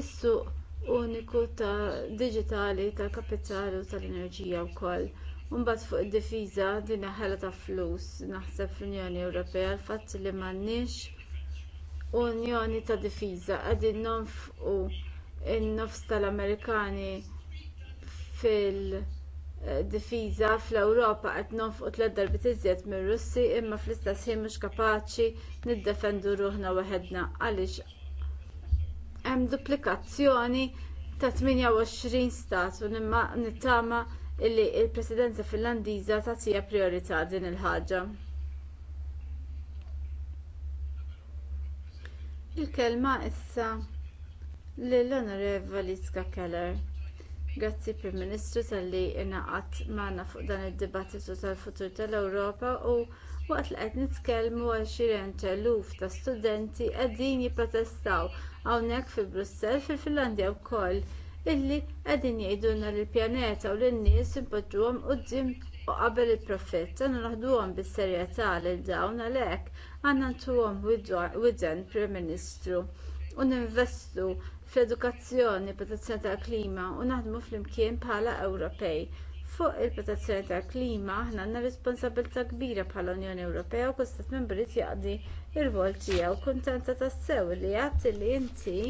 is-suq uniku ta' diġitali tal-kapital u tal-enerġija wkoll. Imbagħad fuq id-difiża din ħela ta' flus naħseb fl-Unjoni Ewropea l-fatt li m'għandniex Unjoni ta' Difiża qegħdin nonfqu n-nofs tal-Amerikani fil-difiża fl-Ewropa qed nonfqu tliet darbiet iżjed mir-Russi imma fl-istess ħin mhux kapaċi niddefendu ruħna waħedna għaliex hemm duplikazzjoni ta' 28 stat u nittama li l presidenza Finlandiża tagħtiha prijorità din il-ħaġa. Il-kelma issa lill-Onorevoli Ska Keller. Grazzi Prim Ministru talli ingħaqad magħna fuq dan id-dibattitu tal-futur tal-Ewropa u waqt li qed nitkellmu għal xi eluf ta' studenti qegħdin jipprotestaw hawnhekk fi Brussell fil-Finlandja wkoll illi qegħdin jgħidulna li l-pjaneta u lin-nies impoġġuhom quddiem u qabel il-profitt għandna naħduhom bis-serjetà lil dawn għalhekk għandna ntuhom widen Prim Ministru u ninvestu fl-edukazzjoni, protezzjoni tal-klima u naħdmu flimkien bħala Ewropej. Fuq il-protezzjoni tal-klima aħna għandna responsabilità kbira bħala Unjoni Ewropea u kull stat membri jaqdi r rwol tiegħu kuntenta tassew li għadt li inti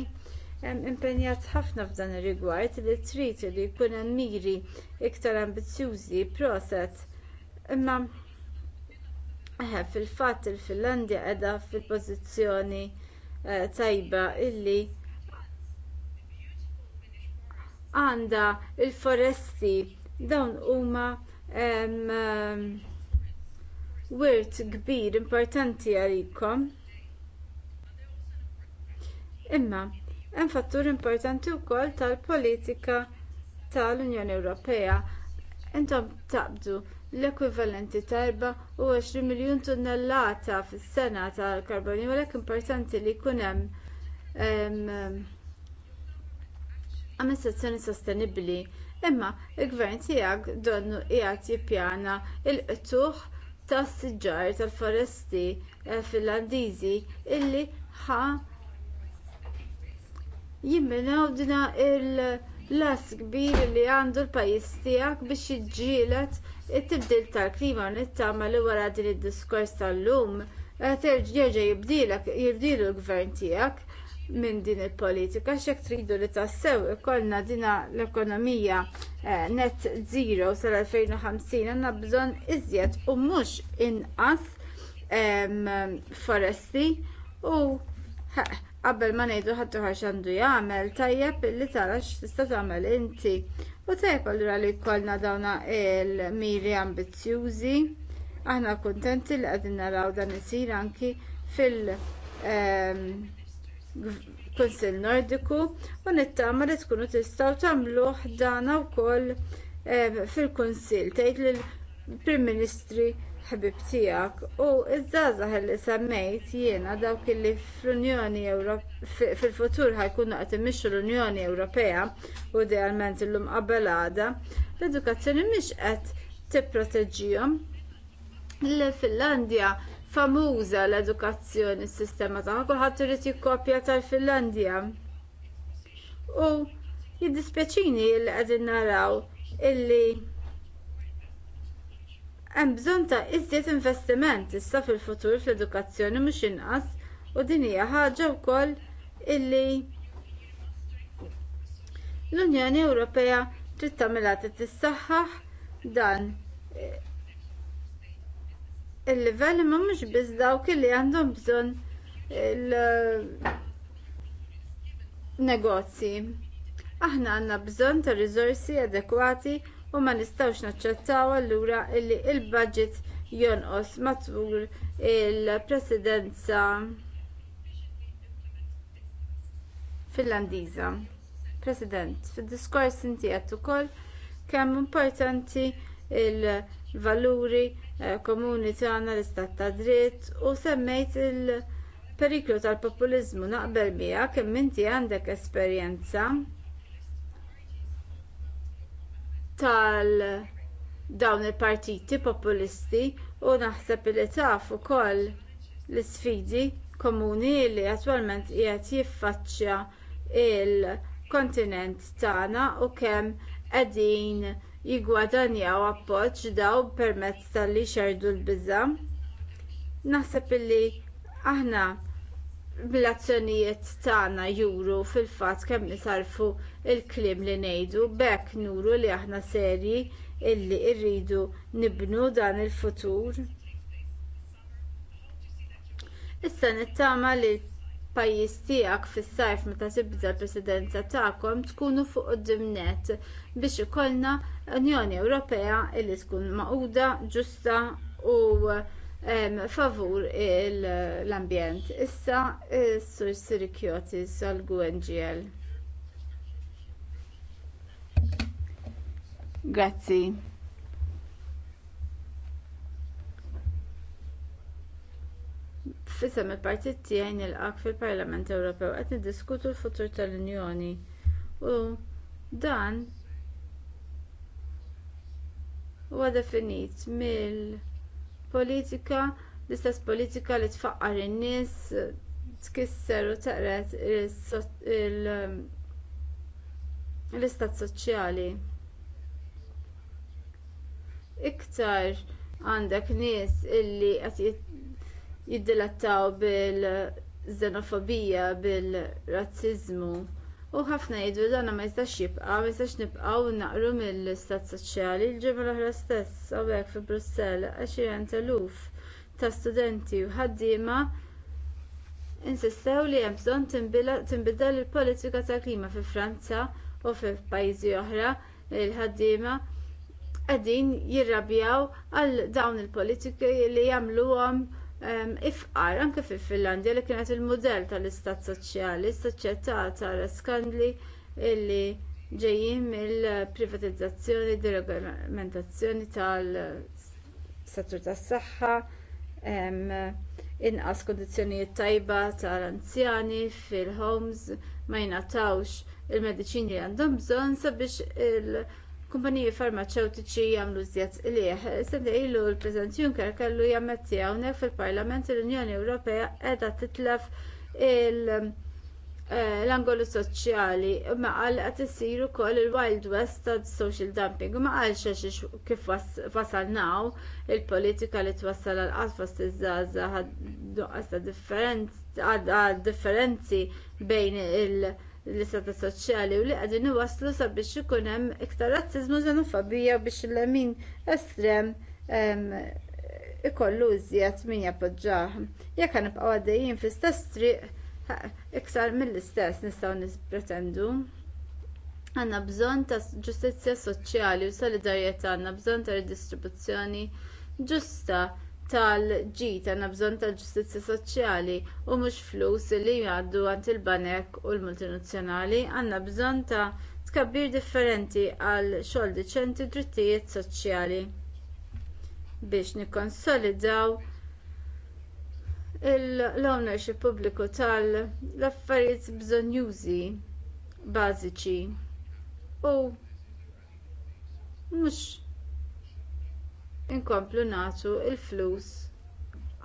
hemm impenjat ħafna f'dan ir-rigward li trid li jkun hemm miri iktar ambizzjużi proset imma eħe fil-fatt il-Finlandja qiegħda fil-pożizzjoni eh, tajba illi għandha l foresti dawn huma wirt kbir importanti għalikom. Imma, Hemm fattur importanti wkoll tal-politika tal-Unjoni Ewropea. Intom taqbdu l-ekwivalenti ta' 24 miljun tunnellata fis-sena tal-karbonju għalhekk importanti li jkun hemm amministrazzjoni sostenibbli. Imma l gvern tiegħek donnu qiegħed jippjana l qtuħ tas-siġar tal-foresti eh, Finlandiżi illi ħa jimminaw dina il-las kbir li għandu l-pajis tiegħek biex jiġġielet it-tibdil tal-klima nittama li wara din id-diskors tal-lum terġa' jibdilek jibdilu l-gvern tiegħek minn din il-politika x'hekk tridu li tassew ikollna dina l-ekonomija eh, net zero sal-2050 għandna bżonn iżjed u mhux inqas foresti u qabel ma ngħidu ħadd ħax għandu jagħmel tajjeb li tara x'tista' tagħmel inti. U tajjeb allura li jkollna dawna il-miri ambizzjużi. Aħna kuntenti li qegħdin naraw dan isir anki fil- ehm, Kunsill Nordiku u nittama li tkunu tistgħu tagħmluh dana wkoll eh, fil-Kunsill tgħid lill-Prim Ministri ħbib tiegħek u iż-żgħażagħ li semmejt jiena dawk li fl-Unjoni fil-futur ħajkunu qed imixxu l-Unjoni Ewropea u idealment illum qabel għada, l-edukazzjoni mhix qed tipproteġġihom. li finlandja famuża l-edukazzjoni s-sistema tagħha kulħadd irid jikkopja tal-Finlandja. U jiddispjaċini li qegħdin naraw illi hemm bżonn ta' iżjed investiment issa fil-futur fl-edukazzjoni mhux inqas u din hija ħaġa wkoll illi l-Unjoni Ewropea trid tagħmilha tissaħħaħ dan eh, il-livell imma mhux biss dawk li għandhom bżonn il-negozji. Aħna għandna bżonn ta' riżorsi adekwati u ma nistgħux naċċettaw allura li l budget jonqos matul il-presidenza Finlandiża. President, fid-diskors inti ukoll kemm importanti l valuri eh, komuni tagħna l-istat ta' dritt u semmejt il-periklu tal populiżmu naqbel miegħek kemm inti għandek esperjenza tal dawn il-partiti populisti u naħseb li taf ukoll l-isfidi komuni li attwalment qiegħed jiffaċċja l kontinent tagħna u kemm qegħdin jiggwadanjaw appoġġ daw permezz talli xardu l-biża'. Naħseb li aħna bl-azzjonijiet tagħna juru fil-fatt kemm nisarfu il-kliem li ngħidu b'hekk nuru li aħna serji illi rridu nibnu dan il-futur. Issa nittama li pajjiż tiegħek fis-sajf meta tibda l-presidenza tagħkom tkunu fuq dimnet biex ikollna Unjoni Ewropea li tkun maquda ġusta u em, favur l-ambjent. Issa s-sur eh, sal għal-GUNGL. Grazzi. Fisem il-partit tiegħi nilqak fil-Parlament Ewropew qed niddiskutu l-futur tal-Unjoni u dan huwa definit mill-politika l-istess politika li tfaqqar in-nies tkisser u taqret l-istat soċjali iktar għandek nies illi qed jiddilattaw bil-xenofobija, bil-razziżmu. U ħafna li dana ma jistax jibqa, ma jistax nibqgħu naqru mill-istat soċjali l-ġimgħa l-oħra stess hawnhekk fi Brussell għaxiren eluf ta' studenti u ħaddiema insistew li hemm bżonn tinbidel il-politika tal klima fi Franza u fi pajjiżi oħra il-ħaddiema qegħdin jirrabjaw għal dawn il-politiki li jagħmluhom ehm, ifqar anke fil Finlandja li kienet il-mudell tal-istat soċjali soċjetà tara skandli li ġejjin mill-privatizzazzjoni, deregolamentazzjoni tal-settur tas-saħħa, ehm, inqas kundizzjonijiet tajba tal-anzjani fil-homes ma jingħatawx il-mediċini li għandhom bżonn sabiex il- kumpaniji farmaceutiċi jagħmlu żjed ilih. Sende ilu l-President Juncker kellu jammetti hawnhekk fil-Parlament l-Unjoni Ewropea qiegħda titlef eh, l-angolu soċjali ma qal qed isir ukoll il-Wild West ta' social dumping ma qalx għax kif wasalnaw il-politika li twassal għal qatt fost iż-żgħażagħ għad differenzi bejn il- l-istata soċjali u li qegħdin iwasslu sabiex ikun hemm iktar razzizmu xenofobija biex l-lemin estrem ikollu iżjed min jappoġġjah. Jekk ħanibqgħu għaddejjin fi stess triq iktar mill-istess nistgħu nispretendu. Għanna bżonn ta' ġustizzja soċjali u solidarjetà, għandna bżonn ta' ridistribuzzjoni ġusta tal-ġid għandna bżonn ta' ġustizzja soċjali u mhux flus li jgħaddu għand il-banek u l-multinazzjonali għandna bżonn ta' tkabbir differenti għal xogħol diċenti u drittijiet soċjali biex nikkonsolidaw l-ownership pubbliku tal-affarijiet bżonjużi bażiċi u mhux inkomplu nagħtu l flus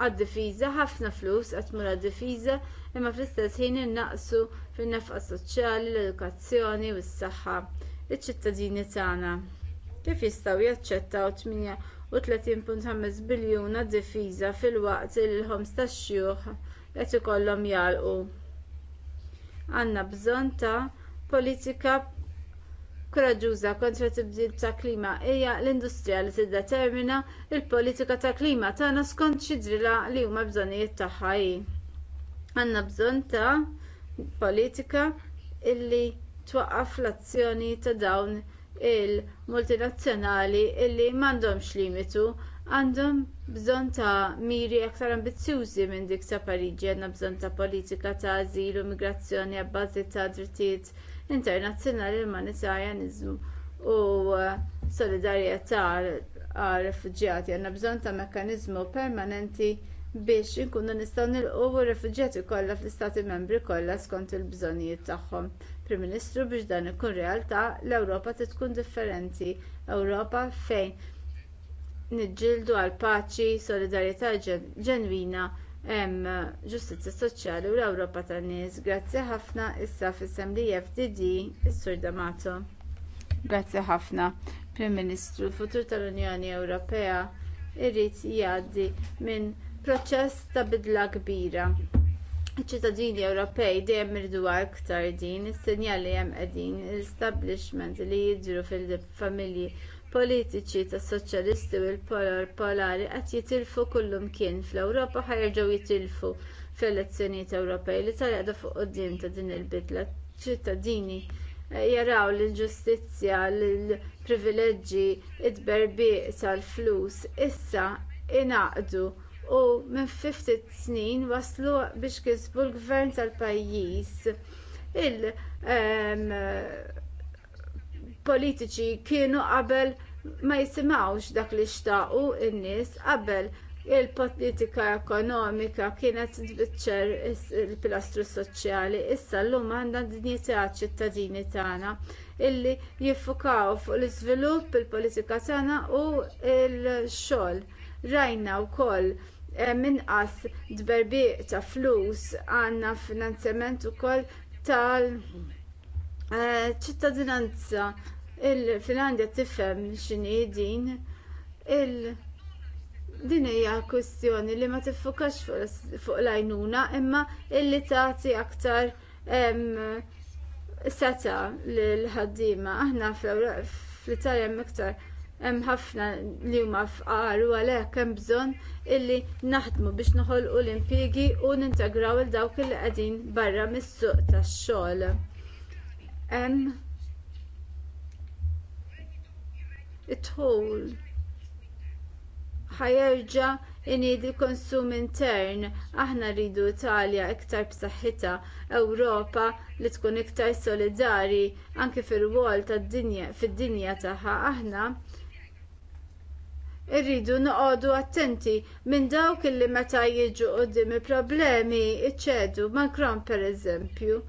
għad-difiża ħafna flus qed mur għad-difiża imma fl-istess ħin innaqsu fin-nefqa soċjali, l-edukazzjoni u s-saħħa iċ-ċittadini tagħna. Kif jistgħu jaċċettaw 38.5 biljun għad-difiża fil-waqt li l-ħoms tax-xjuħ qed ikollhom jgħalqu. Għandna bżonn ta' politika koraġuża kontra tibdil ta' klima hija l-industrija li tiddetermina l politika ta' klima tagħna skont xi ġrila li huma bżonnijiet tagħha hi. Għandna bżonn ta' politika illi twaqqaf l-azzjoni ta' dawn il-multinazzjonali illi m'għandhomx limitu għandhom bżonn ta' miri aktar ambizzjużi minn dik ta' Pariġi għandna bżonn ta' politika ta' azil u migrazzjoni għabbażi ta' drittijiet internazzjonali l-umanitarjaniżmu u uh, solidarjetà għar-refuġjati għandna bżonn ta' mekkaniżmu permanenti biex inkunu nistgħu nilqu r-refuġjati kollha fl-istati membri kollha skont il-bżonnijiet tagħhom. Prim Ministru biex dan ikun realtà l-Ewropa trid tkun differenti, Ewropa fejn niġġieldu għal paċi, solidarjetà ġenwina hemm ġustizzja soċjali u l-Ewropa tan-nies. Grazzi ħafna issa fissem li FDD is-Sur Damato. Grazzi ħafna. Prim Ministru, l-futur tal-Unjoni Ewropea irrid jgħaddi minn proċess ta' bidla kbira. Iċ-ċittadini Ewropej dejjem irdu aktar din is-sinjali hemm qegħdin l-establishment li jidhru fil-familji politiċi tas-soċjalisti u l-polari polar qed jitilfu kien fl-ewropa u jitilfu fl-elezzjonijiet ewropej li tarqda fuq quddiem ta' din il-bidla ċittadini eh, jaraw l-ġustizzja l-privileġġi it tberbiq tal-flus issa ingħaqdu u minn ftit snin waslu biex kisbu l-gvern tal-pajjiż ehm, politiċi kienu qabel ma jisimgħux dak li xtaqu in-nies qabel il-politika ekonomika kienet tbiċċer il-pilastru soċjali issa llum għandna dinjità ċittadini tagħna illi jiffukaw fuq l-iżvilupp il-politika tagħna u l-xogħol. Rajna wkoll eh, minqas dberbiq ta' flus għandna finanzjament ukoll tal eh, ċittadinanza il-Finlandja tifhem x'inhi din il- din hija kwistjoni li ma tiffukax fuq l-għajnuna imma illi tagħti aktar seta l-ħaddiema. Aħna fl-Italja hemm iktar hemm ħafna li huma fqar u għalhekk hemm bżonn illi naħdmu biex noħolqu l-impjiegi u nintegraw il dawk li qegħdin barra mis-suq tax-xogħol. Hemm it tħul ħajerġa' inid konsum intern aħna rridu Italja iktar b'saħħitha Ewropa li tkun iktar solidari anke fir-rwol tad-dinja fid-dinja tagħha aħna irridu noqogħdu attenti minn dawk illi meta jiġu quddiem il-problemi iċċedu Macron pereżempju.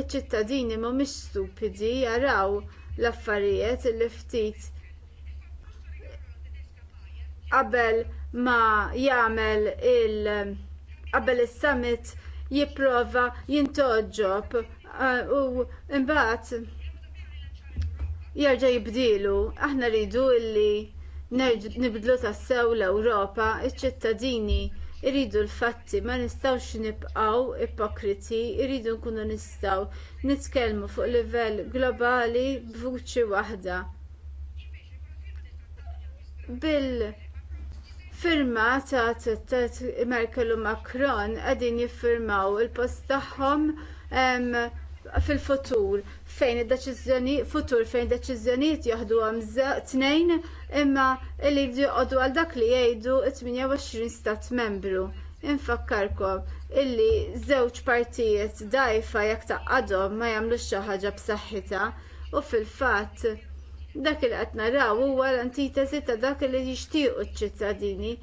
Iċ-ċittadini mhumiex stupidi jaraw l-affarijiet li ftit qabel ma jagħmel il qabel is-summit jipprova jintoġġob eh, u mbagħad jerġa' jibdilu aħna rridu illi nibdlu tassew l-Ewropa, iċ-ċittadini Iridu l-fatti, ma nistgħux nibqgħu ipokriti, iridu nkunu nistgħu nitkellmu fuq livell globali b'vuċi waħda. Bil-firma ta' Trattat Merkel u Macron qegħdin jiffirmaw il-post tagħhom fil-futur fejn id-deċiżjoni futur fejn deċiżjonijiet jaħdu għam tnejn imma li jgħodu għal dak li jgħidu 28 stat membru. Infakkarkom illi żewġ partijiet dajfa jekk taqqadhom ma jagħmlux xi ħaġa b'saħħitha u fil-fatt dak il qed naraw huwa l-antitesi ta' dak li jixtiequ ċ-ċittadini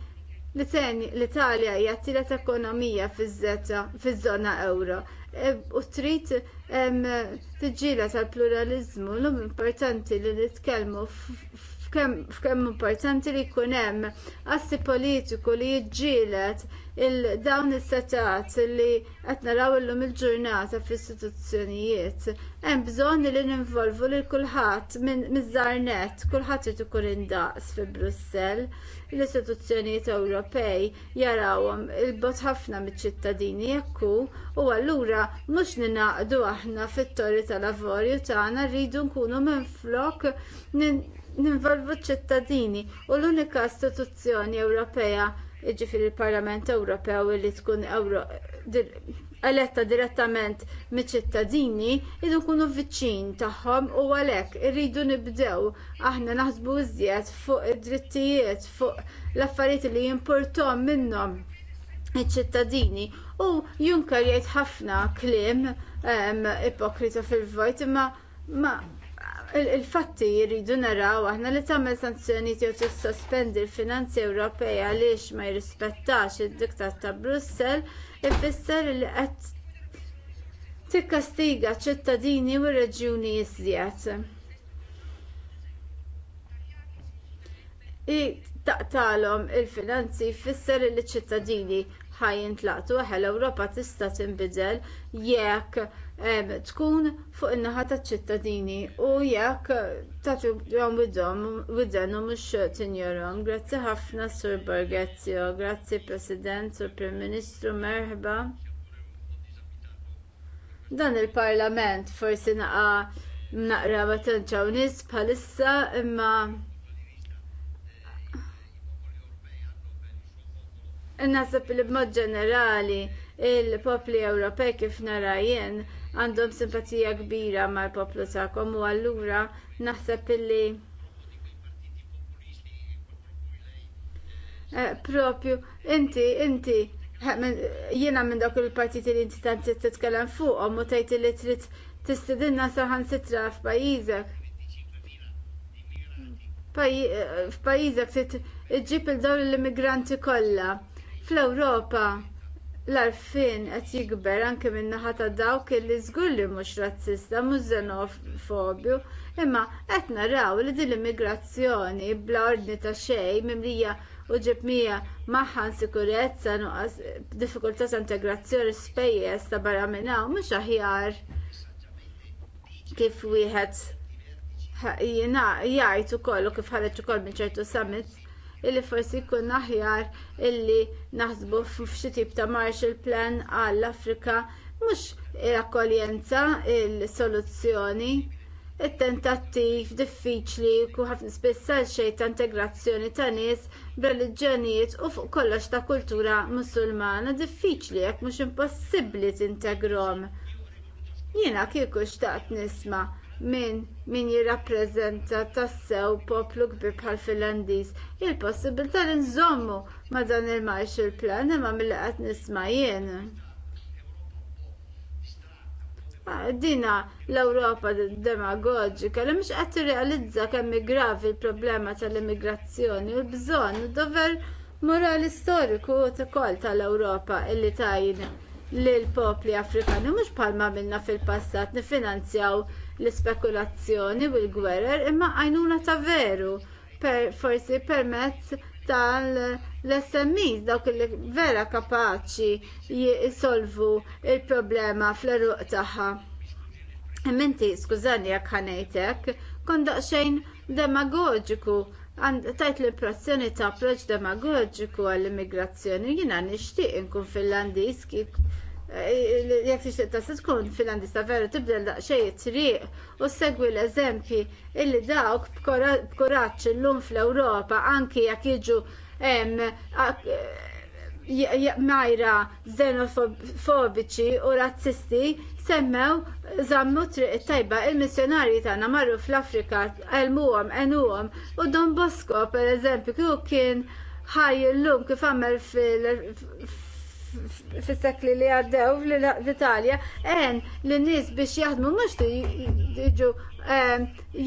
l-Italja hija t-tielet ekonomija fiż-żona ewro Eh, u trid tiġġiela tal-pluralizmu l-lum importanti li nitkellmu f'kemm importanti li jkun hemm assi politiku li jiġġielet il-dawn is-setat li qed naraw illum il-ġurnata fl-istituzzjonijiet. Hemm bżonn li ninvolvu lil kulħadd miż-żgħar nett, kulħadd irid ikun indaqs fi Brussell. L-istituzzjonijiet Ewropej jarawhom il-bot ħafna miċ-ċittadini jekku u allura mhux ninaqdu aħna fit-torri tal-lavorju tagħna rridu nkunu minflok ninvolvu ċittadini u l-unika istituzzjoni Ewropea jiġifieri l parlament Ewropew li tkun eletta direttament miċ-ċittadini idu kunu viċin tagħhom u għalhekk irridu nibdew aħna naħsbu iżjed fuq id-drittijiet fuq l-affarijiet li jimportom minnhom iċ-ċittadini u Juncker jgħid ħafna kliem ipokrita fil-vojt imma ma il-fatti jridu naraw aħna li tagħmel sanzjonijiet jew tissospendi l-finanzi Ewropej għaliex ma jirrispettax id-diktat ta' Brussell ifisser li qed tikkastiga ċ ċittadini u reġjuni iżjed. I taqtalhom il-finanzi jfisser li ċ ċittadini ħajjintlaqtu ħel Ewropa tista' tinbidel jekk tkun fuq in-naħa taċ-ċittadini u jekk tagħtu widhom widhen mhux tinjorhom. Grazzi ħafna Sur Borghezio, grazzi President, Sur Prim Ministru, merħba. Dan il-Parlament forsi naqa' naqra ma tinċaw nies bħalissa imma Nasab li b'mod ġenerali il-popli Ewropej kif nara jien għandhom simpatija kbira mal-poplu tagħkom u allura naħseb illi eh, propju inti inti eh, jiena minn dawk il-partiti li inti tant titkellem fuqhom u tgħid li trid tistidinna saħan sitra f'pajjiżek. Eh, f'pajjiżek trid iġġib il l-immigranti kollha fl-Ewropa l-arfin qed jikber anke min-naħa ta' dawk li żgur li mhux razzista, mhux xenofobju, imma qed naraw li din l-immigrazzjoni bla ordni ta' xejn mimlija u ġibmija magħha sikurezza nuqqas diffikultà ta' integrazzjoni spejjeż ta' barra minn hawn mhux aħjar kif wieħed jgħid ukoll u kif ħareġ ukoll minn ċertu summits illi forsi jkun aħjar illi naħsbu f'xi tip ta' Marshall Plan għall-Afrika mhux l-akkoljenza il-soluzzjoni it-tentattiv diffiċli u ħafna spiss xejn ta' integrazzjoni ta' nies b'reliġjonijiet u fuq kollox ta' kultura musulmana diffiċli jekk mhux impossibbli tintegrom. Jiena kieku xtaqt nisma' minn min jirrappreżenta tassew poplu kbir bħal Finlandiż. Il-possibilità li nżommu ma' dan il il Plan imma milli qed nisma' jien. Ah, dina l-Ewropa demagoġika li mhux qed tirrealizza kemm gravi l-problema tal-immigrazzjoni u l-bżonn dover morali storiku ukoll tal-Ewropa illi tajn lill popli Afrikani mhux bħalma minna fil-passat nifinanzjaw l-ispekulazzjoni u l-gwerer imma għajnuna ta' veru per, forsi permezz tal smis dawk li vera kapaċi jisolvu l problema fl-eruq tagħha. Minti, skużani jekk ħanejtek, kon daqsxejn demagogiku tajt l-impressjoni ta' approċċ demagogiku għall-immigrazzjoni jiena nixtieq inkun Finlandiż kif jekk tixtieq tista' tkun fil-għandista veru tibdel daqsxejn triq u segwi l-eżempji illi dawk b'kuraġġ illum fl-Ewropa anki jekk jiġu majra xenofobiċi u razzisti semmew zammu triq tajba il-missjonarji tagħna marru fl-Afrika għelmuhom għenuhom u Don Bosco pereżempju kieku kien ħaj l-lum kif għamel fil fis-sekli li għaddew l-Italja, en li nies biex jaħdmu mhux jiġu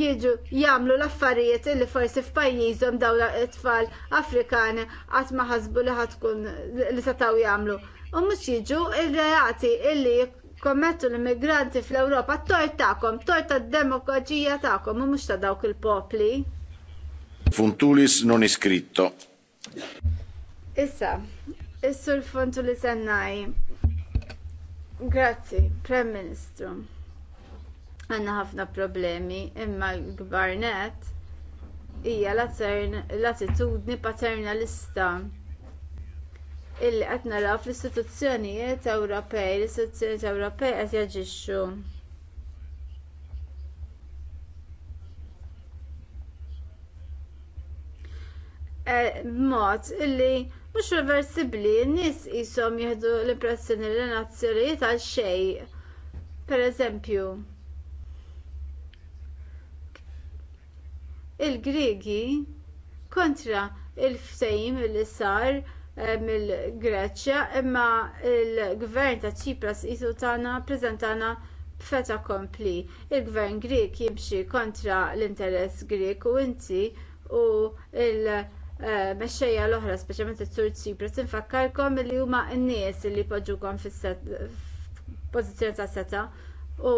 jiġu jagħmlu l-affarijiet li forsi f'pajjiżhom dawn it-tfal Afrikani qatt ma ħasbu li ħatkun li setgħu jagħmlu. U mhux jiġu r reati illi kommettu l-immigranti fl-Ewropa t-tort tagħkom, tort tad-demokraġija tagħkom u mhux ta' dawk il-popli. Funtulis non iskritto. Issa, Is-sur fontu li sennaj. Grazzi, Prem Ministru. Għanna ħafna problemi imma l-gbarnet hija l-attitudni paternalista illi qed naraw fl-istituzzjonijiet Ewropej, l-istituzzjonijiet Ewropej qed jaġixxu. Eh, Mod illi mhux reversibbli, n-nies qishom jieħdu l-impressjoni li nazzjonijiet għal xejn. Pereżempju, il-Griegi kontra il ftejm li sar eh, mill-Greċja imma l gvern ta' Ċipras qisu tagħna ppreżentana b'feta kompli. Il-gvern Grieg jimxi kontra l-interess Grieg u inti u l- Eh, mexxejja l-oħra, speċjalment it-Sur Ċipru, infakkarkom li huma n-nies li poġġukom fis-pożizzjoni ta' seta' u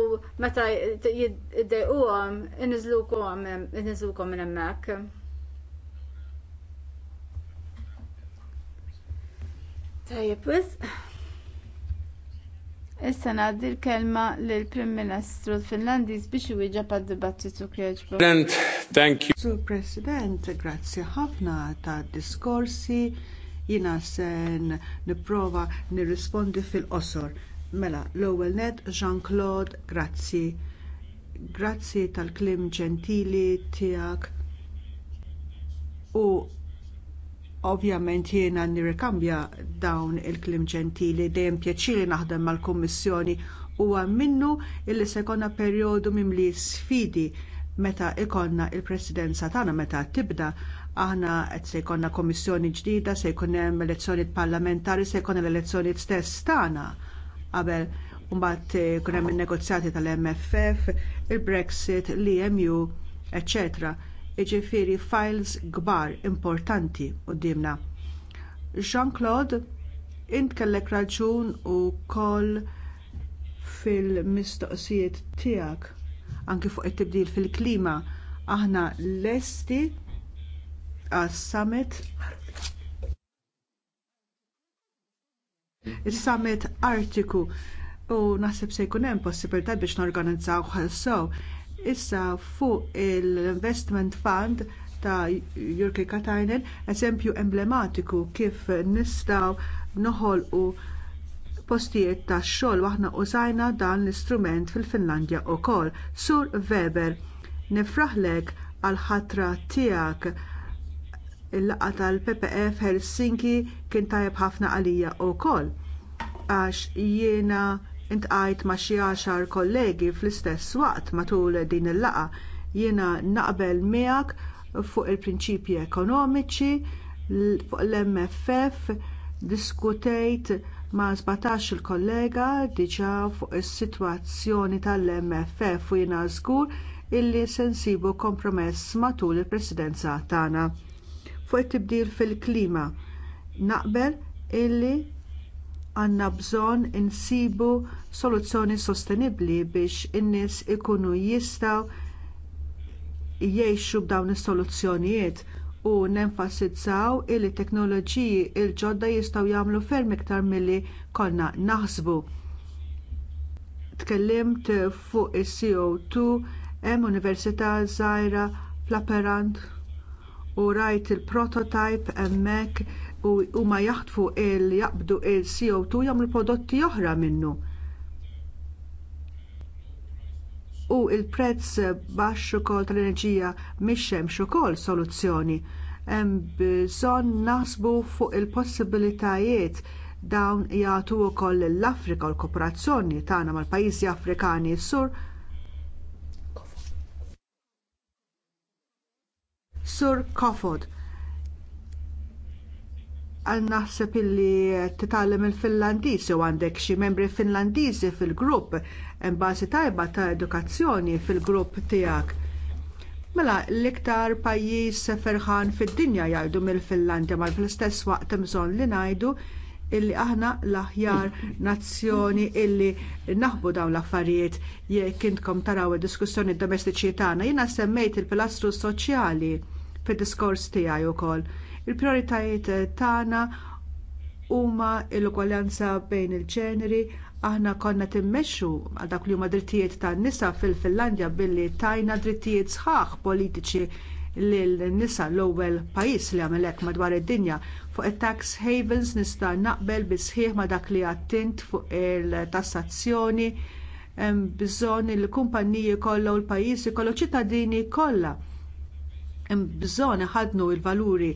meta jiddejquhom inniżlukom minn hemmhekk. Tajjeb, Issa ngħaddi l-kelma lill prim Ministru Finlandiż biex iwieġeb għad-dibattitu kieġbu. President, Sur President, grazzi ħafna tad diskorsi. Jina se nipprova nirrispondi fil-qosor. Mela, l-ewwel net Jean-Claude, grazzi. Grazzi tal-klim ġentili tiegħek u Ovvjament jiena nirrikambja dawn il-klim ġentili dejjem pjaċiri naħdem mal-Kummissjoni huwa minnu illi se jkollna perjodu mimli sfidi meta ikonna l presidenza tagħna meta tibda aħna qed se jkollna kommissjoni ġdida, se jkun hemm elezzjonijiet parlamentari, se jkun l-elezzjonijiet stess tagħna qabel mbagħad ikun eh, hemm in-negozjati tal-MFF, il-Brexit, l-EMU, eċċetera jiġifieri files kbar importanti quddiemna. Jean-Claude, int kellek raġun ukoll fil-mistoqsijiet tiegħek anki fuq it-tibdil fil-klima aħna lesti għas-summit is-summit Artiku u naħseb se jkun hemm possibilità biex norganizzaw ħalsew Issa fuq l-Investment Fund ta' Jurki Katajnen, eżempju emblematiku kif nistgħu noħolqu postijiet tax xogħol aħna użajna dan l-istrument fil-Finlandja wkoll. Sur Weber, nifraħlek għal ħatra tiegħek il laqgħa tal-PPF Helsinki kien tajjeb ħafna għalija wkoll għax jiena intqajt ma' xi għaxar kollegi fl-istess waqt matul din il laqgħa jiena naqbel miegħek fuq il-prinċipji ekonomiċi fuq l-MFF diskutejt ma' 17 il-kollega diġà fuq is-sitwazzjoni tal-MFF u jiena żgur illi se nsibu kompromess matul il-presidenza tagħna. Fuq it-tibdil fil-klima naqbel illi għandna bżonn insibu soluzzjoni sostenibbli biex in-nies ikunu jistgħu jgħixu b'dawn is-soluzzjonijiet u nenfasizzaw il teknoloġiji l ġodda jistgħu jagħmlu ferm iktar milli konna naħsbu. Tkellimt fuq is-CO2 hemm università żgħira fl-Aperant u rajt il-prototype hemmhekk u huma jaħtfu il jaqbdu il-CO2 jagħmlu prodotti oħra minnu. U l prezz baxx ukoll tal-enerġija mix-xemx ukoll soluzzjoni. Hemm bżonn naħsbu fuq il-possibilitajiet dawn jagħtu wkoll l-Afrika u l-kooperazzjoni tagħna mal-pajjiżi Afrikani sur Sur Kofod għal naħseb illi titgħallem il-Finlandiż jew għandek xi membri Finlandiżi fil-grupp hemm bażi tajba ta' edukazzjoni fil-grupp tiegħek. Mela l-iktar pajjiż ferħan fid-dinja jgħidu mill-Finlandja mal fl-istess waqt imżon li ngħidu illi aħna l-aħjar nazzjoni illi naħbu dawn l-affarijiet jekk intkom taraw id-diskussjoni domestiċi tagħna jiena semmejt il-pilastru soċjali fid-diskors tiegħi wkoll Il-prioritajiet tagħna huma l-ugwaljanza bejn il-ġeneri, aħna konna timmexxu għal dak li huma drittijiet tan-nisa fil-Finlandja billi tajna drittijiet sħaħ politiċi lil nisa l-ewwel pajjiż li għamel hekk madwar id-dinja. Fuq it-tax havens nista' naqbel bi sħiħ ma' dak li attint fuq il-tassazzjoni hemm bżonn il kumpaniji kollha u l-pajjiżi kollu ċittadini kollha hemm bżonn ħadnu l-valuri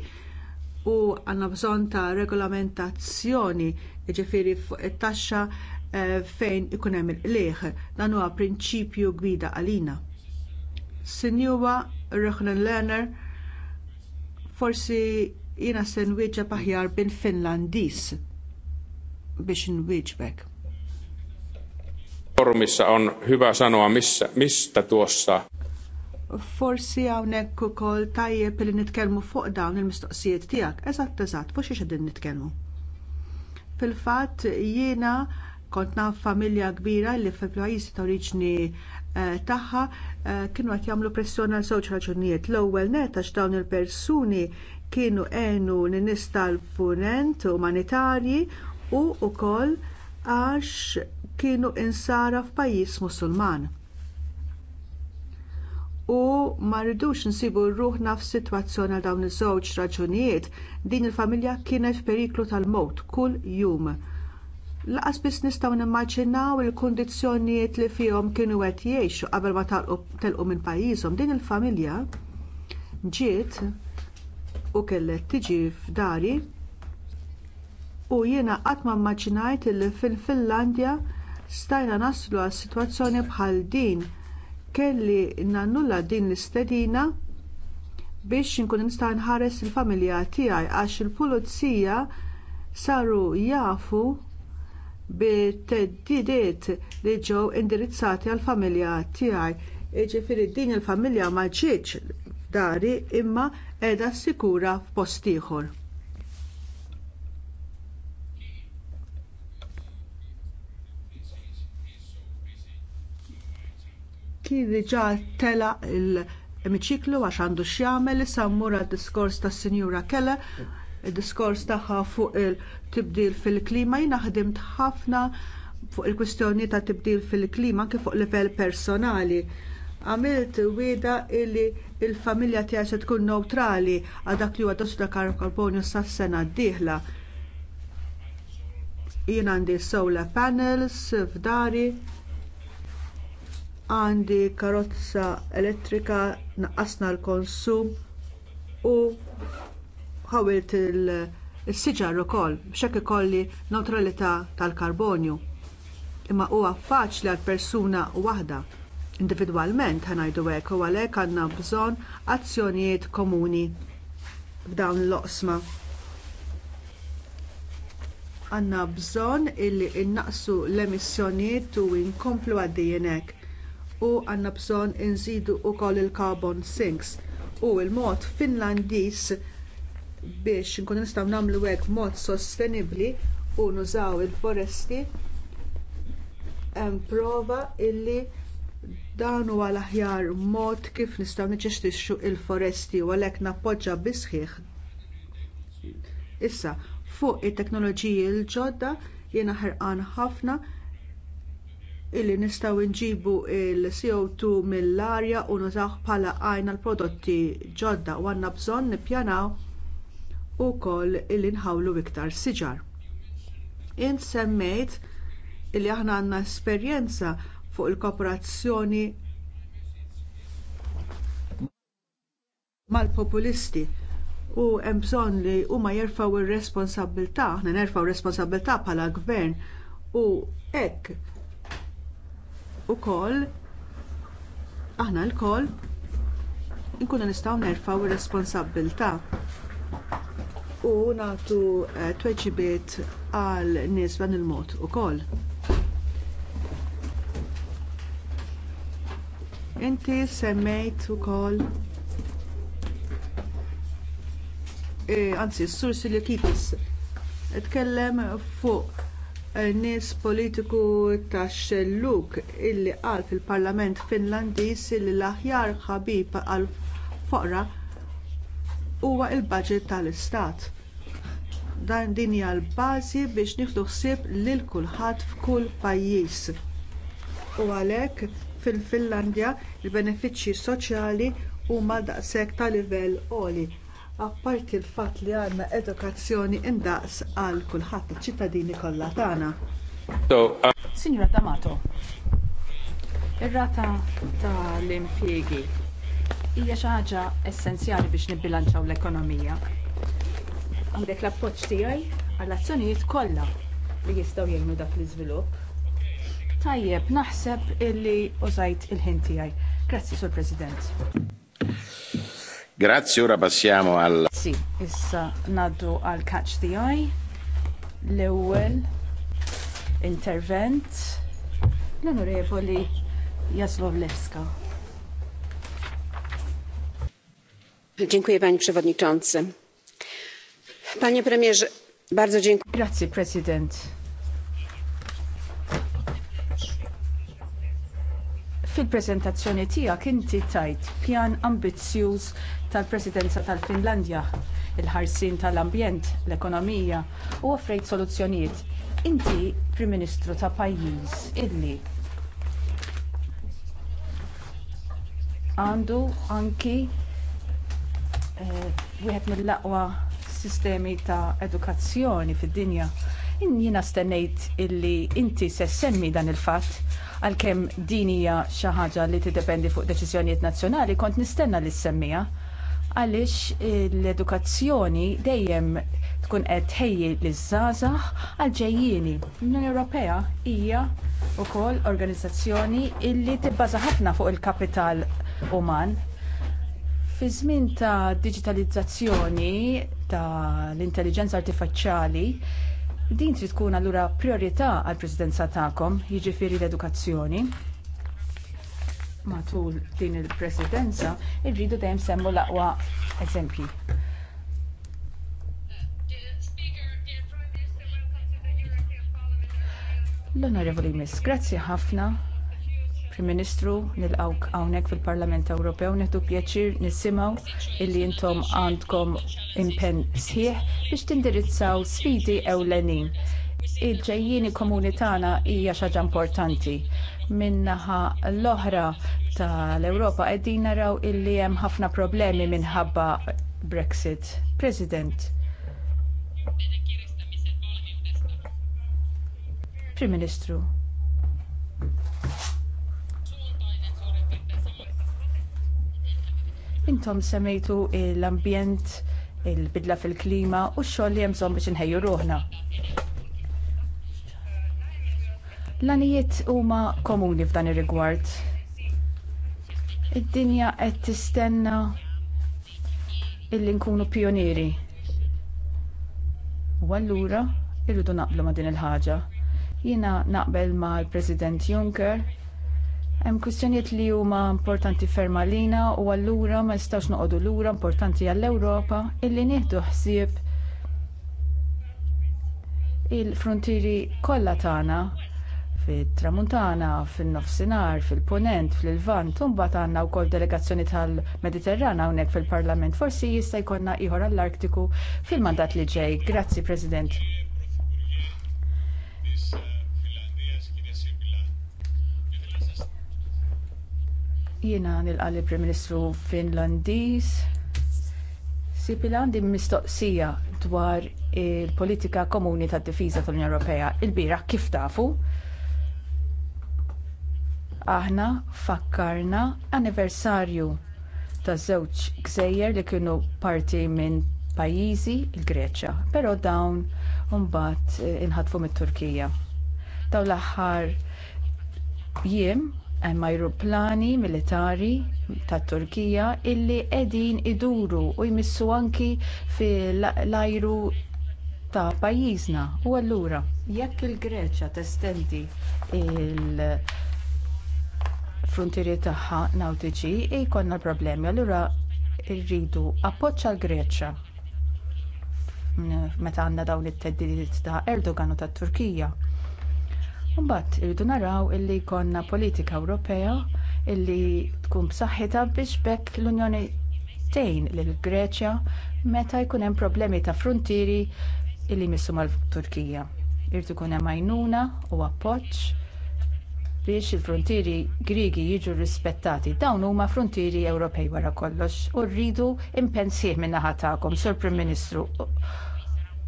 u għandna bżonn ta' regolamentazzjoni jiġifieri fuq it-taxxa eh, fejn ikun hemm il-qlieħ dan huwa prinċipju gwida għalina. Sinjuwa Rechnen Lerner forsi jiena se nwieġeb aħjar bil-Finlandiż biex nwieġbek. Formissa on hyvä sanoa missä, mistä tuossa forsi hawnhekk ukoll tajjeb li nitkellmu fuq dawn il-mistoqsijiet tiegħek, eżatt eżatt fuq xiex qegħdin nitkellmu. Fil-fatt jiena kont naf familja kbira li fil-pajjiżi ta' oriġni eh, tagħha eh, kienu qed jagħmlu pressjoni għal żewġ raġunijiet. L-ewwel netax dawn il-persuni kienu għenu n-nies tal-punent umanitarji u wkoll għax kienu insara f'pajjiż Musulman u ma rridux nsibu rruħna f'sitwazzjoni għal dawn iż-żewġ raġunijiet din il-familja kienet f'periklu tal-mowt kull jum. Laqas biss nistgħu nimmaġinaw il-kundizzjonijiet li fihom kienu qed jgħixu qabel ma telqu minn pajjiżhom din il-familja ġiet u kellet tiġi f'dari u jiena qatt ma mmaġinajt li fil-Finlandja stajna naslu għal sitwazzjoni bħal din kelli nannulla din l-istedina biex inkun nista' nħares il-familja tiegħi għax il-pulizija saru jafu bit-theddidiet li ġew indirizzati għall familja tiegħi. Jiġifieri din il-familja ma ġietx dari imma qiegħda sikura f'post ieħor. kien diġa tela l-emiċiklu għax għandu x'jamel li sammura diskors tas-Sinjura Keller, id-diskors tagħha fuq il-tibdil fil-klima jiena ħdimt ħafna fuq il-kwistjoni ta' tibdil fil-klima kif fuq livell personali. Għamilt wieda illi il familja tiegħek se tkun neutrali għal dak li huwa dossu ta' karbonju sas-sena d-dieħla jien għandi solar panels f'dari għandi karozza elettrika naqqasna l-konsum u ħawilt il-siġar ukoll b'xekk ikolli newtralità tal-karbonju. Imma huwa faċli għal persuna waħda. Individwalment ħanajdu hekk u għalhekk għandna bżonn azzjonijiet komuni f'dawn l-oqsma għanna bżonn illi innaqsu l-emissjonijiet u nkomplu għaddejjin hekk u għandna bżonn inżidu wkoll il-carbon sinks u l-mod Finlandiż biex nkunu nistgħu nagħmlu hekk b'mod sostenibbli u nużaw il-foresti mprova prova illi dan huwa l-aħjar mod kif nistgħu niġġestixxu l foresti u għalhekk nappoġġa bi sħiħ. Issa, fuq it-teknoloġiji l-ġodda jiena ħerqan ħafna illi nistgħu nġibu l co 2 mill-arja u nużaw bħala għajna l-prodotti ġodda u għandna bżonn nippjanaw ukoll illi nħawlu iktar siġar. Int semmejt illi aħna għandna esperjenza fuq il-kooperazzjoni mal-populisti u hemm bżonn li huma jerfgħu r-responsabbiltà, aħna nerfgħu r-responsabbiltà bħala gvern u hekk ukoll aħna lkoll inkunu nistgħu nerfgħu ir u nagħtu eh, tweġibiet għal nies dan il-mod ukoll. Inti semmejt ukoll eh, anzi s-sursi li kif tkellem fuq nies politiku tax xelluk illi qal fil-Parlament Finlandiż illi l-aħjar ħabib għal foqra huwa l budget tal-Istat. Dan din hija l-bażi biex nieħdu ħsieb lil kulħadd f'kull pajjiż. U għalhekk fil-Finlandja il benefiċċji soċjali huma daqshekk ta' livell għoli apparti l-fatt li għandna edukazzjoni indaqs għal kulħadd iċ-ċittadini kollha tagħna. Uh, Signora D'Amato, ir-rata tal-impjiegi hija xi ħaġa essenzjali biex nibbilanċaw l-ekonomija. Għandek l-appoġġ tiegħi għall-azzjonijiet kollha li jistgħu jgħinu dak l-iżvilupp. Tajjeb, naħseb illi użajt il-ħin tiegħi. Grazzi, Sur President. Grazie, ora passiamo al... Sì, issa naddu għal Catch the Eye. L-ewwel intervent l-Onorevoli Dziękuję Panie Przewodniczący. Panie Premierze, bardzo dziękuję. Grazie Prezydent Fil-prezentazzjoni tiegħek inti tajt pjan ambizzjuż tal-Presidenza tal-Finlandja, il ħarsien tal-ambjent, l-ekonomija u offrejt soluzzjonijiet. Inti Prim Ministru ta' pajjiż illi għandu anki eh, wieħed mill-aqwa sistemi ta' edukazzjoni fid-dinja. In Jina stennejt illi inti se semmi dan il-fatt għalkemm din hija xi ħaġa li tiddependi fuq deċiżjonijiet nazzjonali kont nistenna li semmija għaliex l-edukazzjoni dejjem tkun qed ħejji liż-żgħażagħ għal ġejjieni. L-Unjoni Ewropea hija wkoll organizzazzjoni illi tibbaża ħafna fuq il-kapital uman. Fi żmien ta' digitalizzazzjoni ta' l-intelligenza artifiċjali Din trid tkun allura priorità għall presidenza tagħkom, jiġifieri l-edukazzjoni. Matul din il-presidenza, irridu dejjem semmu l-aqwa eżempji. L-Onorevoli Miss, grazzi ħafna Prim Ministru, nilqawk hawnhekk fil-Parlament Ewropew, nieħdu pjaċir nisimgħu illi intom għandkom impenn sħiħ biex tindirizzaw sfidi ewlenin. Il-ġejjini komuni tagħna hija xi ħaġa importanti. Min-naħa l-oħra tal-Ewropa qegħdin naraw illi hemm ħafna problemi minħabba Brexit. President. Prim Ministru. Intom semmejtu l-ambjent, il-bidla fil-klima u x-xogħol li jemżom biex inħejju ruħna. L-anijiet huma komuni f'dan ir-rigward. Id-dinja qed tistenna illi nkunu pioniri. U allura irridu naqblu ma' din il-ħaġa. Jiena naqbel mal president Juncker Hemm kwistjonijiet li huma importanti ferm għalina u allura ma nistax noqogħdu lura importanti għall-Ewropa illi nieħdu ħsieb il-frontieri kollha tagħna fit-tramuntana, fin-nofsinhar, fil-punent, fil-lvant, u mbagħad għandna wkoll delegazzjoni tal-Mediterrana hawnhekk fil-Parlament. Forsi jista' jkollna ieħor għall-Artiku fil-mandat li ġej. Grazzi, President. Jiena nilqa l prim Ministru Finlandiż. sipilandi mistoqsija dwar il-politika komuni tad difiża tal-Unjoni Ewropea. Il-bira kif tafu? Aħna fakkarna anniversarju taż żewġ gżejjer li kienu parti minn pajjiżi il-Greċja, però dawn mbagħad inħatfu mit-Turkija. Dawn l-aħħar jiem hemm ajruplani militari tat-Turkija illi qegħdin iduru u jmissu anki fil-ajru ta' pajjiżna. U allura jekk il-Greċja testendi l frontieri tagħha nawtiċi jkollna problemi allura rridu appoġġa l Greċja meta għandna dawn it-teddidiet ta' Erdogan u tat-Turkija. Mbagħad irridu naraw illi jkollna politika Ewropea illi tkun b'saħħitha biex bekk l-Unjoni tgħin lill Greċja meta jkun hemm problemi ta' frontieri illi missu mal-Turkija. Irtu kun hemm għajnuna u appoġġ biex il-frontieri Griegi jiġu rispettati. Dawn huma frontieri Ewropej wara kollox u rridu impensih min-naħa Sur Prim Ministru.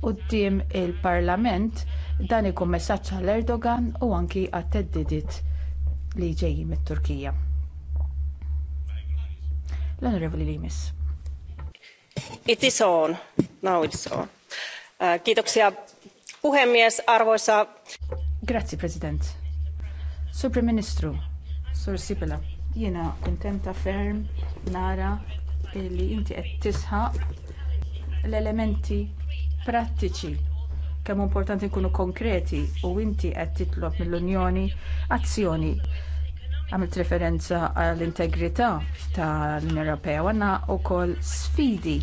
Quddiem il-Parlament Dan ikun messaġġ għal Erdogan u anki għat-teddidiet li ġejjin mit-Turkija. L-Onorevoli Limis. It is on. Now it's on. Uh, kiitoksia puhemies, arvoisa... Grazzi, President. Sur Prim Ministru, Sur Sibila, jiena kuntenta ferm nara li inti qed tisħaq l-elementi prattiċi kemm importanti nkunu konkreti u inti qed titlob mill-Unjoni azzjoni għamilt referenza għall-integrità tal-Unjoni Ewropea għandna wkoll sfidi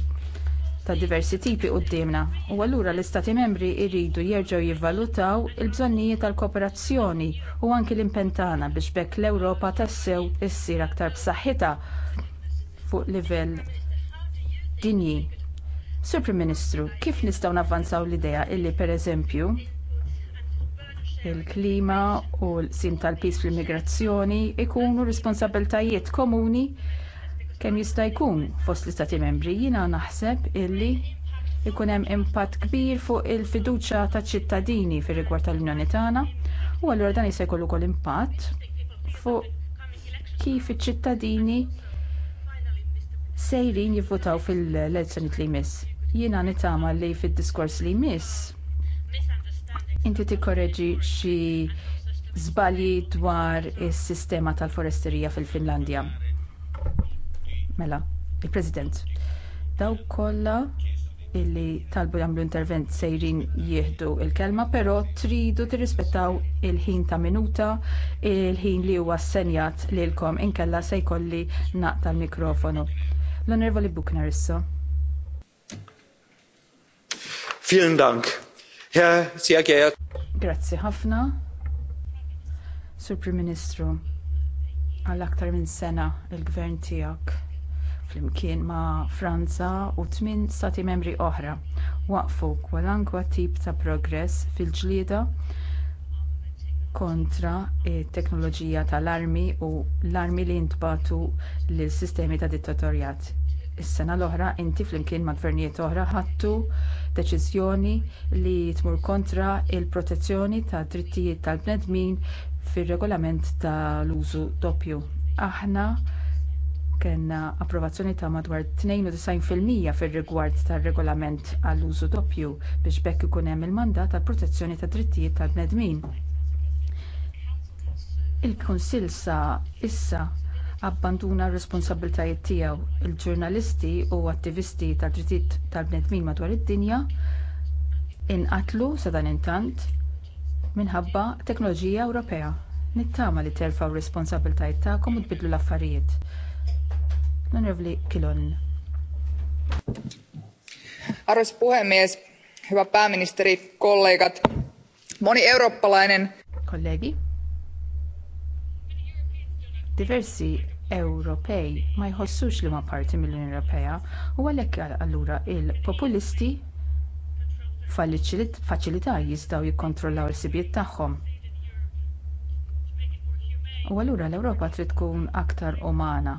ta' diversi tipi qudiemna u allura l-istati membri jridu jerġgħu jivvalutaw il-bżonnijiet tal-kooperazzjoni u anki l-impentana biex bekk l-Ewropa tassew issir aktar b'saħħitha fuq livell dinji. Sur Prim Ministru, kif nistgħu navvanzaw l-idea illi pereżempju il-klima u l-sim tal-pis fl-immigrazzjoni ikunu responsabiltajiet komuni kemm jista' jkun fost l-istati membri jiena naħseb illi ikun hemm impatt kbir fuq il-fiduċja taċ-ċittadini fir-rigward tal-Unjoni tagħna u allura dan jista' jkollu wkoll impatt fuq kif iċ-ċittadini sejrin jivvotaw fil-elezzjoni li jmiss. Jiena nitama li fid-diskors li jmiss inti tikkoreġi xi żbalji dwar is-sistema tal-foresterija fil-Finlandja. Mela, il-President, daw kollha illi talbu jagħmlu intervent sejrin jieħdu l kelma però tridu tirrispettaw il-ħin ta' minuta, il-ħin li huwa assenjat lilkom inkella se jkolli naqta' l-mikrofonu. L-Onorevoli Buchner issa. Vielen Dank. Herr Siagia. Grazzi ħafna. Sur Prim Ministru, għal aktar minn sena il-gvern tiegħek flimkien ma' Franza u tmien stati membri oħra waqfu kwalankwa tip ta' progress fil-ġlieda kontra t-teknoloġija tal-armi u l-armi li jintbatu l sistemi ta' dittatorjat is-sena l-oħra inti flimkien ma' gvernijiet oħra ħadtu deċiżjoni li tmur kontra l-protezzjoni tad drittijiet tal-bnedmin fir-regolament tal-użu doppju. Aħna kellna approvazzjoni ta' madwar 92% fir-rigward tar-regolament għall-użu doppju biex b'hekk ikun hemm il-mandat għall protezzjoni tad drittijiet tal-bnedmin. Il-Kunsill sa issa abbanduna r-responsabbiltajiet tiegħu. il-ġurnalisti u attivisti tad-drittijiet tal-bnedmin madwar id-dinja inqatlu sa dan intant minħabba teknoloġija Ewropea. Nittama li terfaw responsabbiltajiet tagħkom u tbiddlu l-affarijiet. Onorevoli Kilon. Arvoisa puhemies, hyvä pääministeri, kollegat. Moni eurooppalainen kollegi diversi Ewropej ma jħossux li huma parti mill-Unjoni Ewropea u għalhekk allura l populisti faċilità jistgħu jikkontrollaw il-sibiet tagħhom. U allura l-Ewropa trid tkun aktar umana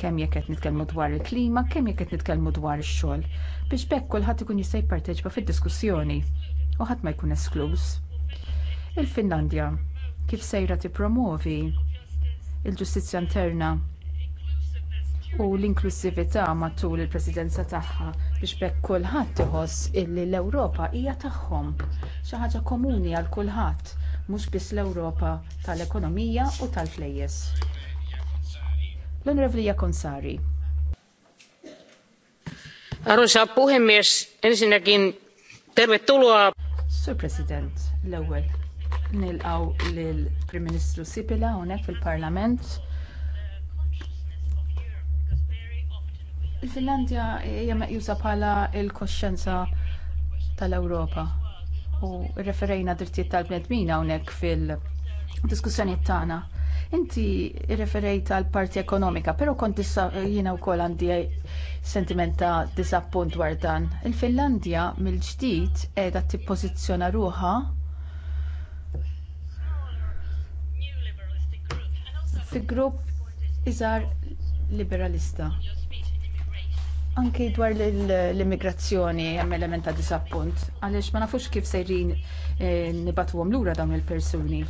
kemm jekk qed nitkellmu dwar il-klima, kemm jekk qed nitkellmu dwar ix-xogħol biex b'hekk kulħadd ikun jista' jipparteċipa fid-diskussjoni u ħadd ma jkun eskluż. Il-Finlandja kif sejra tippromovi il-ġustizzja interna u l inklużività matul il-presidenza tagħha biex b'hekk kulħadd iħoss illi l-Ewropa hija tagħhom xi ħaġa komuni għal kulħadd mhux biss l-Ewropa tal-ekonomija u tal-flejjes. L-Onorevoli Jakonsari. Arvoisa puhemies, Sur President, l-ewwel nilqgħu lill-Prim Ministru Sipila hawnhekk fil-Parlament. Il-Finlandja hija meqjusa bħala l-koxxenza tal-Ewropa u rreferejna drittijiet tal-bnedmin hawnhekk fil-diskussjonijiet tagħna. Inti rreferejt għall parti ekonomika, però kont jiena wkoll għandi sentiment ta' disappunt dwar dan. Il-Finlandja mill-ġdid qiegħda tippożizzjona ruha. fi grupp iżgħar liberalista anke dwar l-immigrazzjoni hemm element ta' disappunt għaliex ma nafux kif sejrin eh, nibatuhom lura dawn il-persuni.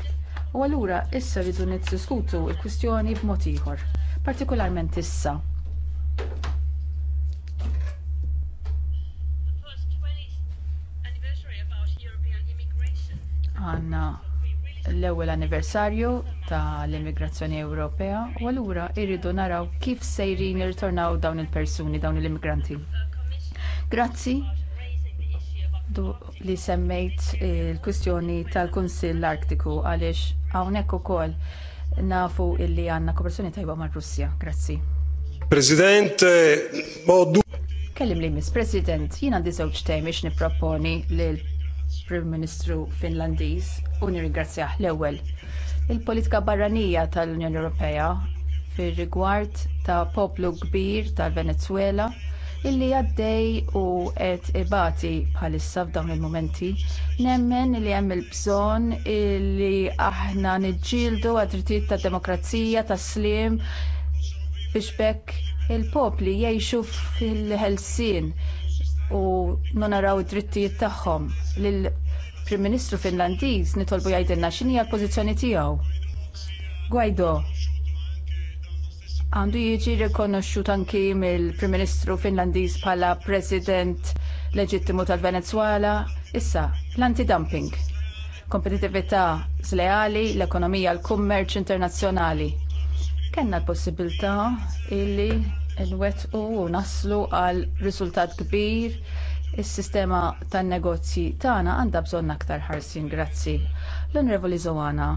U allura issa rridu niddiskutu l-kwistjoni b'mod ieħor, partikolarment issa. Għanna l-ewwel anniversarju tal-immigrazzjoni Ewropea u allura jridu naraw kif sejrin jirtornaw dawn il-persuni, dawn l-immigranti. Grazzi li semmejt il-kwistjoni tal-Kunsill Artiku għaliex hawnhekk ukoll nafu illi għandna kooperazzjoni tajba mar-Russja. Grazzi. President, eh, Kellim li miss President, jien għandi żewġ temi x'nipproponi lil prim Ministru Finlandiż u nirringrazzjah l-ewwel. Il-politika barranija tal-Unjoni Ewropea fir-rigward ta' poplu kbir tal-Venezwela illi għaddej u qed ibati bħalissa f'dawn il-momenti. Nemmen li hemm il-bżonn li aħna niġġieldu għad-drittijiet tad demokrazija tas-slim biex bekk il-popli jgħixu fil-ħelsien u nonaraw id-drittijiet tagħhom. Lill-Prim Ministru Finlandiż nitolbu jgħidilna x'inhi l-pożizzjoni tiegħu. Guaido għandu jiġi rikonoxxut anki mill-Prim Ministru Finlandiż bħala President leġittimu tal-Venezuela. Issa, l-antidumping, kompetitività sleali, l-ekonomija, l-kummerċ internazzjonali. Kenna l-possibilità illi il-wetqu u naslu għal riżultat kbir is-sistema tan-negozji tagħna għandha bżonn aktar ħarsin. grazzi. L-Onorevoli Zowana.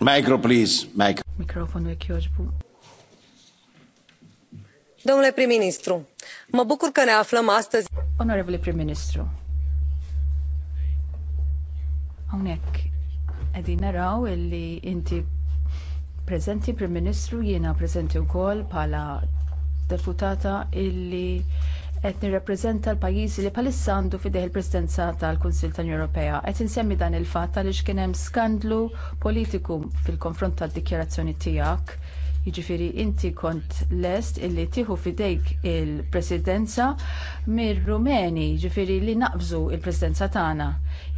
Micro, please. Micro. Mikrofonu jekk Domnule prim-ministru, ma bucur că ne aflăm astăzi. Onorevole prim-ministru, hawnhekk Qegħdin naraw illi inti prezenti Prim Ministru jiena preżenti wkoll bħala deputata illi qed nirrappreżenta l-pajjiżi li bħalissa għandu fideh il-Presidenza tal-Kunsill tal-Ewropea. Qed insemmi dan il-fatt għaliex kien hemm skandlu politiku fil-konfront tad-dikjarazzjoni tiegħek Jiġifieri inti kont lest illi tieħu fidejk il-presidenza mir-Rumeni, jiġifieri li naqbżu l presidenza tagħna.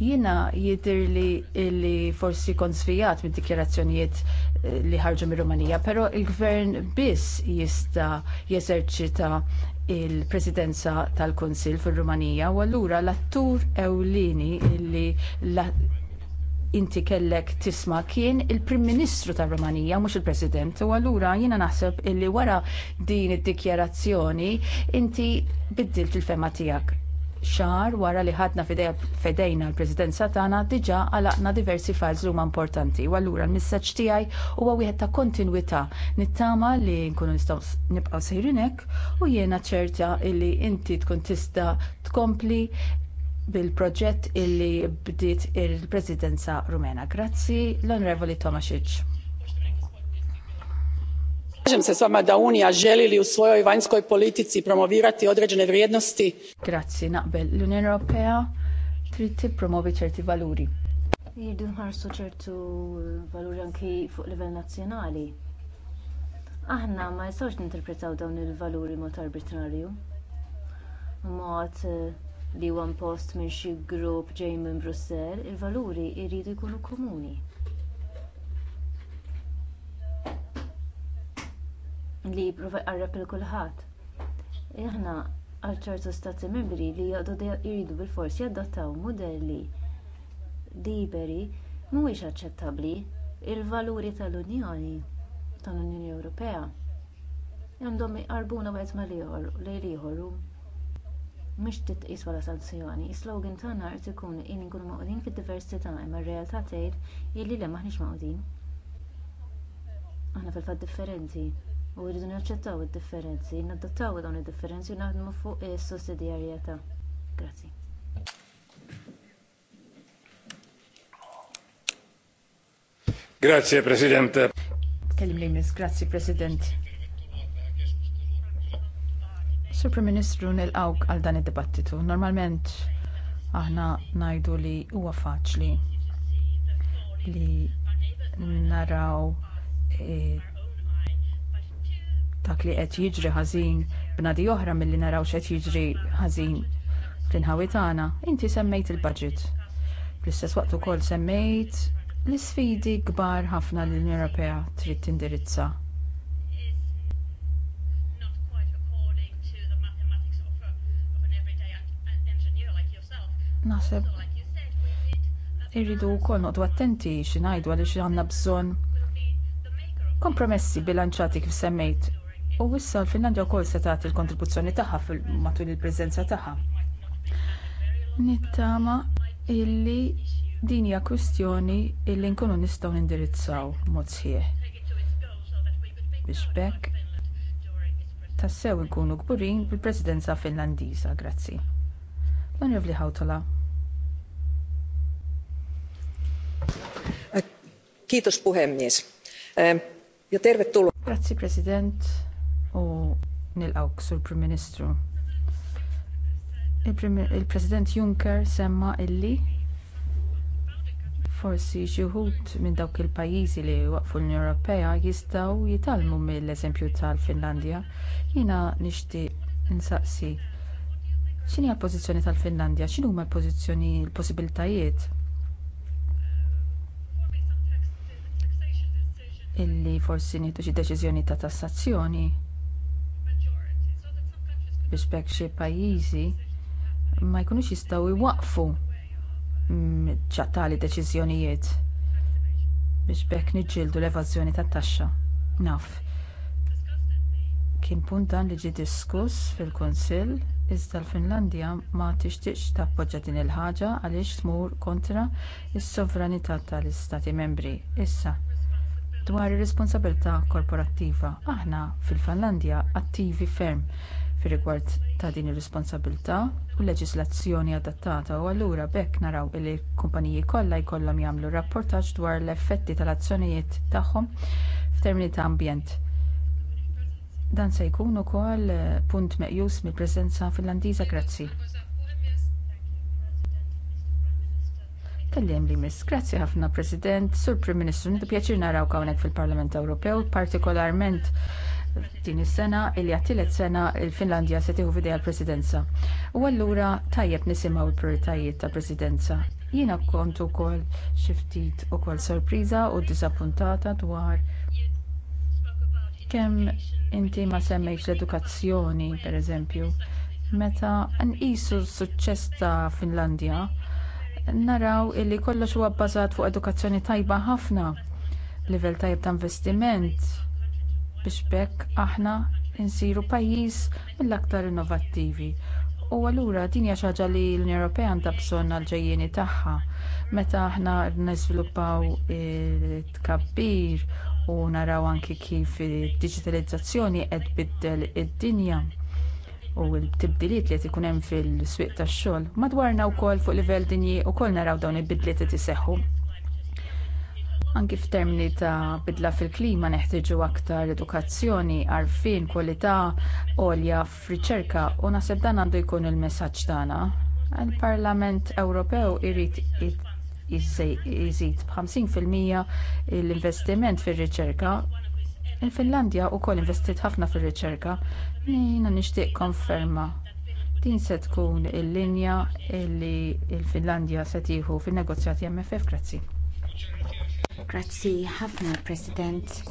Jiena jidhirli li forsi kont sfijat mid-dikjerazzjonijiet eh, li ħarġu mir-Rumanija, però il gvern biss jista' jeżerċita l presidenza tal-Kunsill fir-Rumanija u allura l-attur ewlieni illi inti kellek tisma kien il-Prim Ministru tar Rumanija mhux il-President u allura jiena naħseb illi wara din id-dikjarazzjoni inti biddilt il-fema tiegħek. Xahar wara li ħadna fedejna l-Presidenza tagħna diġà għalaqna diversi files li huma importanti u allura l missaġġ tiegħi huwa wieħed ta' kontinwità nittama li nkunu nistgħu nibqgħu sejrinek u jiena ċerta illi inti tkun tista' tkompli bil-proġett illi bdiet il-Presidenza Rumena. Grazzi l-Onorevoli Tomasic. Slažem se s vama da Unija želi li u svojoj vanjskoj politici promovirati određene vrijednosti. Grazzi, naqbel. L-Unjoni Ewropea trid tippromovi ċerti valuri. Jirdu nħarsu ċertu valuri anki fuq level nazjonali. Aħna ma jistawx ninterpretaw dawn il-valuri mod arbitrarju. Mod eh, li huwa impost minn xi grupp ġej minn Brussell, il-valuri jridu jkunu komuni. Li jipprova lil kulħadd. Aħna għal ċertu stati membri li jridu bilforsi jadattaw mudelli liberi mhuwiex aċċettabbli il-valuri tal-Unjoni tal-Unjoni Ewropea għandhom jqarbuna wieħed mal-ieħor lejn ieħor mhix titqis bħala sanzjoni is-slogan tagħna qed ikun illi nkunu mgħoqdin fid-diversità imma r-realtà tgħid illi le m'aħniex mgħoqdin aħna fil-fatt differenti u rridu naċċettaw id-differenzi nadattaw dawn id-differenzi u naħdmu fuq is-sussidjarjetà grazzi Grazie Presidente. Kellim li grazzi President. Sur Prim Ministru nilqawk għal dan id-dibattitu. Normalment aħna ngħidu li huwa faċli li naraw eh, dak li qed jiġri ħażin b'nadi oħra milli naraw x'qed jiġri ħażin fl-inħawi tagħna. Inti semmejt il-budget. Fl-istess waqt ukoll semmejt l-isfidi kbar ħafna li l-Unjoni Ewropea trid tindirizza Naħseb irridu wkoll noqgħdu attenti xi ngħidu għaliex għandna bżonn kompromessi bilanċati kif semmejt. U issa l-Finlandja wkoll se tagħti l-kontribuzzjoni tagħha matul il-preżenza tagħha. Nittama illi din hija kwistjoni illi nkunu nistgħu nindirizzaw b'mod sħiħ. Biex b'hekk tassew inkunu kburin bil-Presidenza Finlandiża, grazzi l-Onorevoli Hautala. Äh, kiitos puhemies. Ähm, ja tervetuloa. Grazzi President u nilqawk sur Prim Ministru. Il-President il Juncker semma illi forsi xi wħud minn dawk il-pajjiżi li waqfu l-Unjoni Ewropea jistgħu jitalmu mill-eżempju tal-Finlandja. Jiena nixtieq insaqsi X'inhi l-pożizzjoni tal-Finlandja? X'inhu l-pożizzjoni l-possibilitajiet? Illi forsi nieħdu xi deċiżjoni ta' tassazzjoni biex b'hekk xi pajjiżi ma jkunux jistgħu jwaqqfu mm, tali deċiżjonijiet biex b'hekk niġġieldu l-evażjoni tat-taxxa. Naf. Kien punt dan li ġie diskuss fil-Kunsill iżda l-finlandja ma tixtieqx tappoġġja din il-ħaġa għaliex tmur kontra s-sovranità tal-istati membri issa dwar ir-responsabbiltà korporattiva aħna fil-finlandja attivi ferm fir-rigward ta' din ir-responsabbiltà u l-leġiżlazzjoni adattata u allura b'hekk naraw li l-kumpaniji kollha jkollhom jagħmlu rapportaġġ dwar l-effetti tal-azzjonijiet tagħhom f'termini ta' ambjent Dan se jkun ukoll eh, punt meqjus mill-preżenza Finlandiża grazzi. Kelliem li miss, grazzi ħafna President, Sur Prim Ministru, nidu pjaċir naraw hawnhekk fil-Parlament Ewropew, partikolarment din is-sena illi għattilet sena l finlandja se tieħu fidejha l-Presidenza. U allura tajjeb nisimgħu l-prijoritajiet tal-Presidenza. Jiena kont ukoll xi ftit ukoll sorpriża u disappuntata dwar kemm inti ma semmejtx l-edukazzjoni pereżempju meta nqisu s-suċċess ta' finlandja naraw li kollox huwa bbażat fuq edukazzjoni tajba ħafna livell tajjeb ta' investiment biex b'hekk aħna nsiru pajjiż mill-aktar innovattivi u allura din hija xi ħaġa li l-Unjoni Ewropea għandha bżonn għall-ġejjieni tagħha meta aħna niżviluppaw it-tkabbir u naraw anki kif id-diġitalizzazzjoni qed tbiddel id-dinja u l-tibdiliet li qed ikun hemm fil-swieq tax-xogħol madwarna wkoll fuq livell dinji wkoll naraw dawn il-bidliet qed iseħħu. Anki f'termini ta' bidla fil-klima neħtieġu aktar edukazzjoni, għarfien, kwalità, għolja f'riċerka u naħseb dan għandu jkun il-messaġġ tagħna. għall parlament Ewropew irid jżid b'50% l-investiment fir-riċerka il-finlandja wkoll investit ħafna fir-riċerka jiena nixtieq konferma din se tkun il-linja li l-finlandja se tieħu fin-negozjati mff grazzi grazzi ħafna president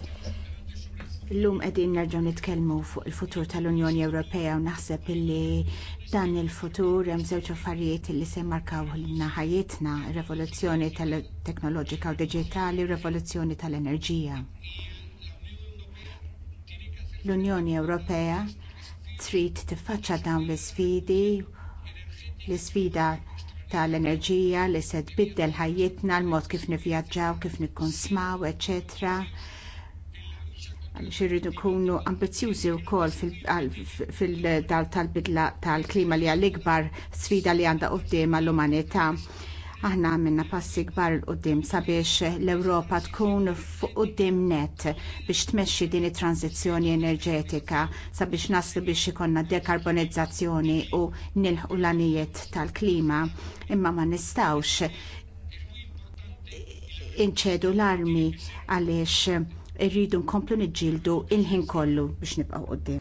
Illum qegħdin nerġgħu nitkellmu fuq il-futur tal-Unjoni Ewropea u naħseb illi dan il-futur hemm żewġ affarijiet li se markaw lilna ħajjitna, revoluzzjoni tal-teknoloġika u diġitali u revoluzzjoni tal-enerġija. L-Unjoni Ewropea trid tiffaċċa dawn l-isfidi, l-isfida tal-enerġija li se tbiddel ħajjitna l-mod kif nivvjaġġaw, kif nikkonsmaw, eċċetera xirridu kunu ambizjużi wkoll fil-dal tal-bidla tal-klima li għall-ikbar sfida li għandha quddiem għall-umanità. Aħna għamilna passi kbar il-qoddim sabiex l-Ewropa tkun fuq qoddim net biex tmexxi din it-tranzizzjoni enerġetika sabiex naslu biex ikonna dekarbonizzazzjoni u nilħu l-anijiet tal-klima. Imma ma nistawx inċedu l-armi għaliex irridu nkomplu niġġieldu il-ħin kollu biex nibqgħu quddiem.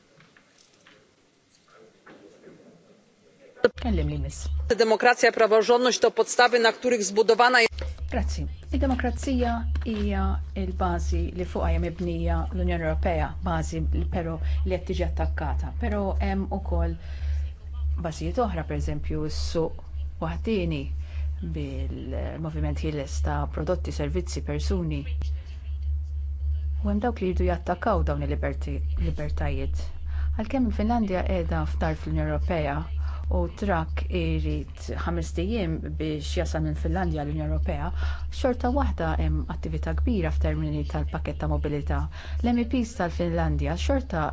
Kellim li miss. Demokrazja e praworządność to podstawy, na których zbudowana jest. Grazzi. il demokrazija hija l-bażi li fuqha hija mibnija l-Unjoni Ewropea, bażi però li qed tiġi attakkata. Però hemm ukoll bażijiet oħra, pereżempju s-suq waħdini bil-moviment l ta' prodotti, servizzi, persuni u hemm dawk li jridu jattakkaw dawn il-libertajiet. Għalkemm il-Finlandja qiegħda f'dar fl-Unjoni Ewropea u trakk irid ħames dejjem biex jasal minn Finlandja l-Unjoni Ewropea, xorta waħda hemm attività kbira f'termini tal-pakket ta' mobilità. L-MEPs tal-Finlandja xorta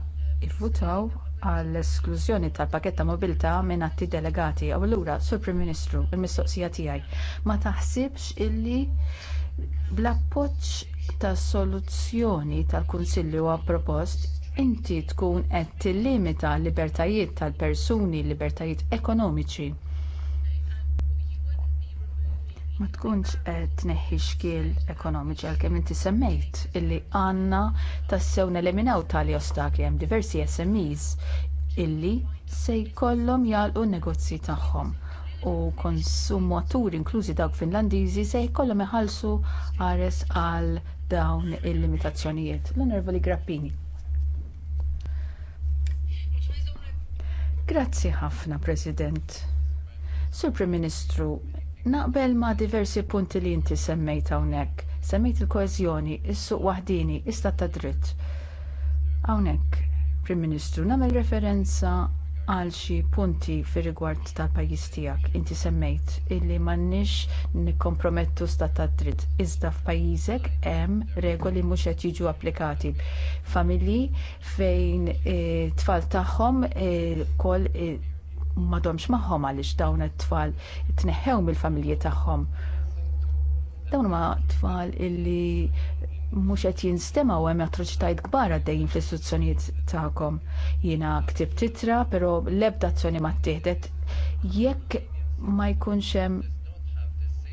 ivvutaw għall-esklużjoni tal-pakett ta' mobilità minn atti delegati u allura sur Prim Ministru il-mistoqsija tiegħi ma taħsibx illi bl-appoġġ tas-soluzzjoni tal-kunsill li huwa ppropost inti tkun qed tillimita l-libertajiet tal-persuni libertajiet ekonomiċi ma tkunx qed tneħħi xkiel ekonomiċi għalkemm inti semmejt illi għandna tassew neliminaw tali ostakli hemm diversi SMEs illi se jkollhom jagħlqu n-negozji tagħhom u konsumaturi inklużi dawk Finlandiżi se jkollhom iħallsu għares għal dawn il-limitazzjonijiet. l li Grappini. Grazzi ħafna, President. Sur Prim Ministru, naqbel ma' diversi punti li inti semmejt hawnhekk. Semmejt il-koeżjoni, is-suq waħdini, istat ta' dritt. Hawnhekk, Prim Ministru, nagħmel referenza għal xi punti fir-rigward tal-pajjiż tiegħek. Inti semmejt illi m'għandniex nikkompromettu stat tad dritt. Iżda f'pajjiżek hemm regoli mhux qed jiġu applikati. Familji fejn it-tfal eh, tagħhom eh, ukoll eh, m'għadhomx magħhom għaliex dawn it-tfal tneħħew mill-familji tagħhom dawn huma tfal illi mhux qed jinstema' hemm atroċitajiet kbar għaddejjin fl-istituzzjonijiet tagħkom. Jiena ktib titra, però l-ebda azzjoni ma ttieħdet jekk ma jkunx hemm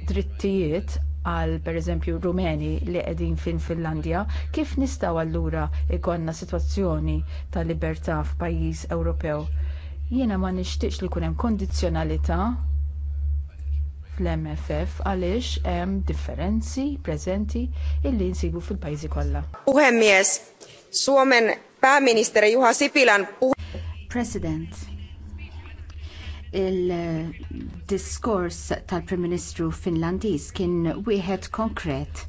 drittijiet għal pereżempju rumeni li qegħdin fin Finlandja, kif nistgħu allura jkollna sitwazzjoni ta' libertà f'pajjiż Ewropew? Jiena ma nixtieqx li jkun hemm kondizzjonalità fl-MFF għaliex hemm differenzi preżenti illi nsibu fil-pajjiżi kollha. Puhemies, Suomen Juha President, il-diskors tal-Prim Ministru Finlandiż kien wieħed konkret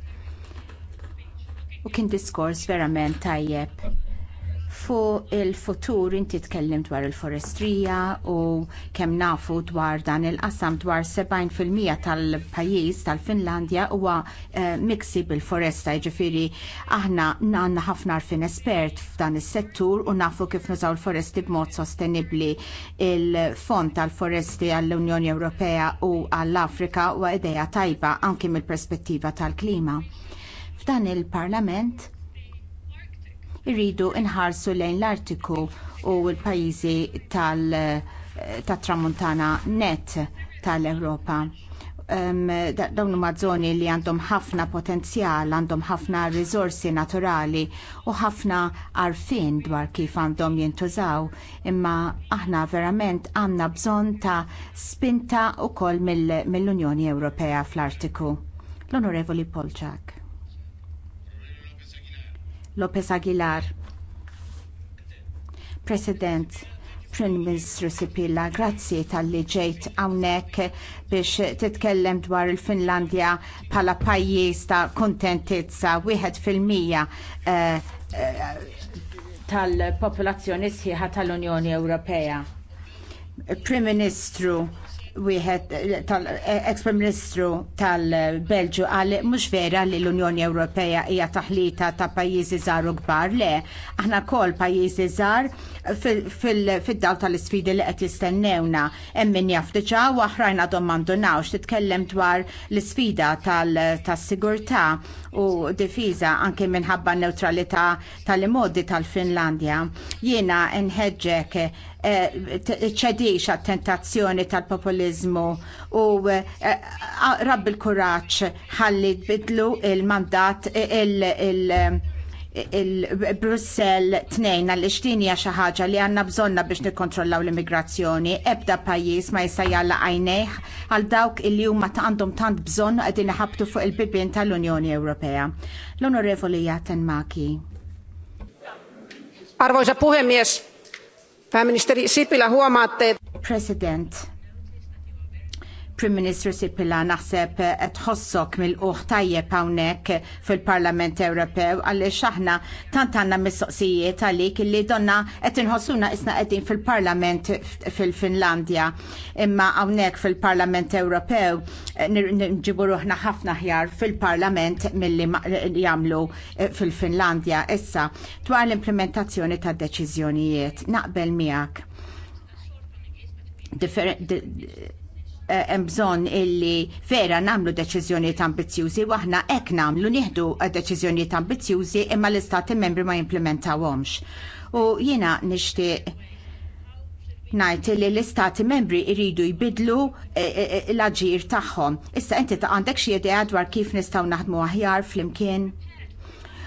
u kien diskors verament tajjeb Fuq il-futur inti tkellim dwar il-forestrija u kemm nafu dwar dan il-qasam dwar 70% tal-pajjiż tal-Finlandja huwa uh, miksi bil-foresta jiġifieri aħna għandna ħafna arfin espert f'dan is-settur u nafu kif nużaw il foresti b'mod sostenibbli. Il-fond tal-foresti għall-Unjoni Ewropea u għall-Afrika huwa idea tajba anke mill-perspettiva tal-klima. F'dan il-Parlament irridu nħarsu lejn l-Artiku u l-pajjiżi tat-Tramuntana eh, net tal-Ewropa. Um, dawn huma żoni li għandhom ħafna potenzjal, għandhom ħafna riżorsi naturali u ħafna arfin dwar kif għandhom jintużaw, imma aħna verament għandna bżonn ta' spinta wkoll mill-Unjoni mill Ewropea fl-Artiku. L-Onorevoli Polċak. Lopez Aguilar. President, Prim Ministru Sipilla, grazzi tal-li ġejt għawnek biex titkellem dwar il-Finlandja pala pajjiż ta' kontentizza wieħed fil-mija eh, eh, tal-popolazzjoni sħiħa tal-Unjoni Ewropea. Prim Ministru, wieħed tal-Ex Prim Ministru tal-Belġu għal mhux vera li l-Unjoni Ewropea hija taħlita ta' pajjiżi żgħar u kbar le, aħna wkoll pajjiżi żgħar fid-dawl tal-isfidi li qed jistennewna hemm min jaf diġà u oħrajn għadhom mandunawx titkellem dwar l-isfida tas-sigurtà u difiża anke minħabba neutralità tal-modi tal-Finlandja. Jiena nħeġġek eh, ċedix għat-tentazzjoni tal-populizmu u eh, rabbi l-kuraċ ħalli bidlu il-mandat il-, -il il-Brussel tnejn għall ixtinija hija xi ħaġa li għandna bżonna biex nikkontrollaw l-immigrazzjoni. Ebda pajjiż ma jista' jalla għajnejh għal dawk illi huma ta' għandhom tant bżonn qegħdin iħabtu fuq il-bibien tal-Unjoni Ewropea. L-Onorevoli Jaten Maki. Arvoisa puhemies, pääministeri Sipilä huomaatte, President, Prim Ministru Sipila naħseb tħossok mill-uħ tajjeb hawnhekk fil-Parlament Ewropew għaliex aħna tant għandna mistoqsijiet għalik li donna qed inħossuna isna qegħdin fil-Parlament fil-Finlandja. Imma hawnhekk fil-Parlament Ewropew eh, nġibu ruħna ħafna ħjar fil-Parlament milli jagħmlu eh, fil-Finlandja. Issa dwar l-implementazzjoni tad deċiżjonijiet naqbel miegħek Eh, hemm bżonn illi vera nagħmlu deċiżjonijiet ambizzjużi u aħna hekk nagħmlu nieħdu eh, deċiżjonijiet ambizzjużi imma l-istati membri ma jimplementawhomx. U jiena nixtieq najt li l-istati membri iridu jbidlu eh, l-aġir tagħhom. Issa inti ta' għandek xi idea dwar kif nistgħu naħdmu aħjar flimkien?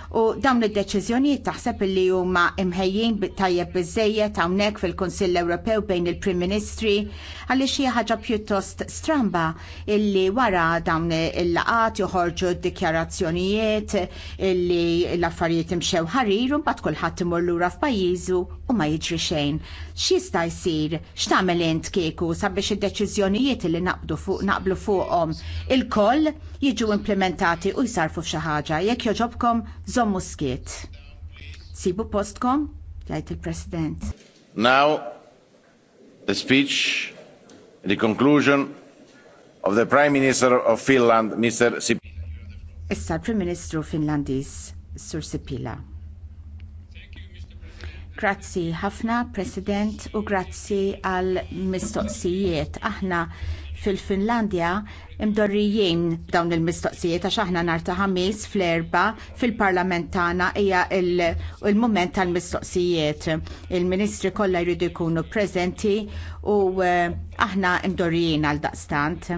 u dawn id-deċiżjonijiet taħseb li huma imħejjin tajjeb biżejjed hawnhekk fil-Kunsill Ewropew bejn il-Prim Ministri għaliex xi ħaġa pjuttost stramba illi wara dawn il-laqat joħorġu d-dikjarazzjonijiet illi l-affarijiet imxew ħarir u mbagħad kulħadd imur lura f'pajjiżu u ma jiġri xejn. X'jista' jsir? X'tagħmel int kieku sabiex id-deċiżjonijiet li naqbdu fuq naqblu fuqhom il-koll jiġu implementati u jsarfu f'xi ħaġa jekk joġobkom żommu skiet. Sibu postkom? jgħid il-President. Now the speech the conclusion of the Prime Minister of Finland, Mr. Sipila. Issa l-Prim Ministru Finlandiż, Sur Sipila. Grazzi ħafna, President, u grazzi għal mistoqsijiet. Aħna fil-Finlandja imdorrijin b'dawn il-mistoqsijiet għax aħna nhar ta' ħamis fl-erba fil-parlament tagħna hija l mument tal-mistoqsijiet. Il-ministri kollha jridu jkunu preżenti u eh, aħna imdorrijin għal daqstant.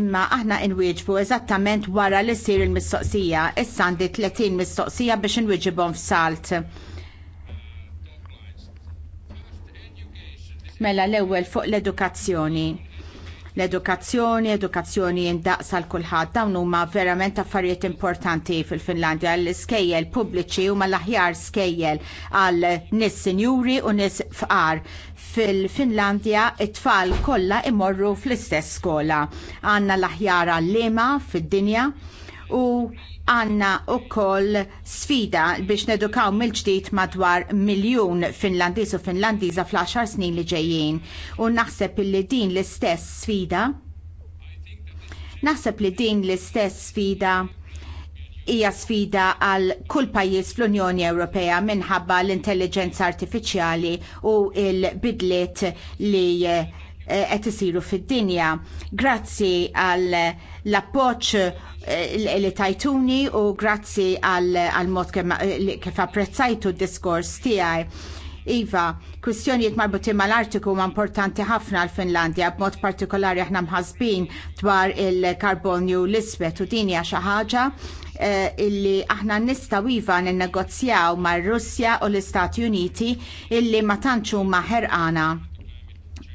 Imma aħna inwieġbu eżattament wara li ssir il-mistoqsija, issa għandi 30 mistoqsija biex inwieġibhom f'salt. Mela l-ewwel fuq l-edukazzjoni. L-edukazzjoni, edukazzjoni indaqsa l-kulħadd dawn huma verament affarijiet importanti fil-Finlandja l-iskejjel pubbliċi huma l-aħjar skejjel għal nis sinjuri u nis fqar fil-Finlandja it-tfal kollha imorru fl-istess skola. Għandna l-aħjar għal liema fid-dinja u għanna u koll sfida biex nedukaw mill-ġdid madwar miljon Finlandiż u Finlandiża fl-10 snin li ġejjin u naħseb li din l-istess sfida naħseb li din l-istess sfida hija sfida għal kull pajjiż fl-Unjoni Ewropea minħabba l-intelligenza artifiċjali u l-bidliet li qed isiru fid-dinja. Grazzi għall l-appoġġ eh, li tajtuni u grazzi għall mod kif apprezzajtu d-diskors tiegħi. Iva, kwistjonijiet marbuti mal-artiku ma importanti ħafna għal Finlandja, b'mod partikolari aħna mħazbin dwar il-karbonju l isbet u dini xi ħaġa eh, illi aħna nistaw iva ninnegozjaw mar russja u l-Istati Uniti illi ma tantx huma ħerqana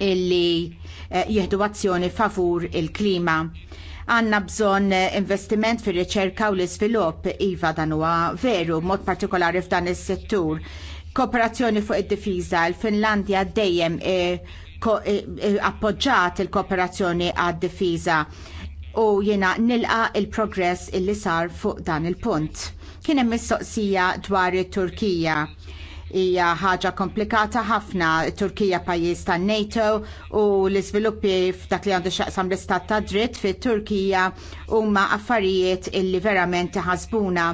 illi eh, jieħdu azzjoni favur il-klima. Għanna bżon eh, investiment fir riċerka u l isvilupp iva dan huwa veru, mod partikolari f'dan is-settur. Kooperazzjoni fuq id-difiża, il-Finlandja dejjem eh, appoġġat il-kooperazzjoni għad-difiża u jiena nilqa il-progress illi sar fuq dan il-punt. Kien hemm mistoqsija dwar it-Turkija hija ħaġa komplikata ħafna. Turkija pajjiż tan NATO u l-iżviluppi f'dak li għandu xaqsam l-istat ta' dritt fit Turkija huma affarijiet illi verament ħasbuna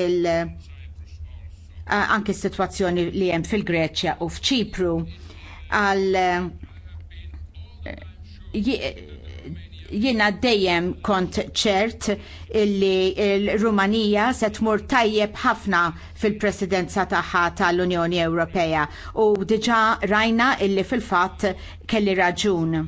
il- anke s-sitwazzjoni li hemm fil-Greċja u f'Ċipru għal eh, jina dejjem kont ċert illi l-Rumanija se tmur tajjeb ħafna fil-presidenza tagħha tal-Unjoni Ewropea u diġa rajna illi fil-fatt kelli raġun.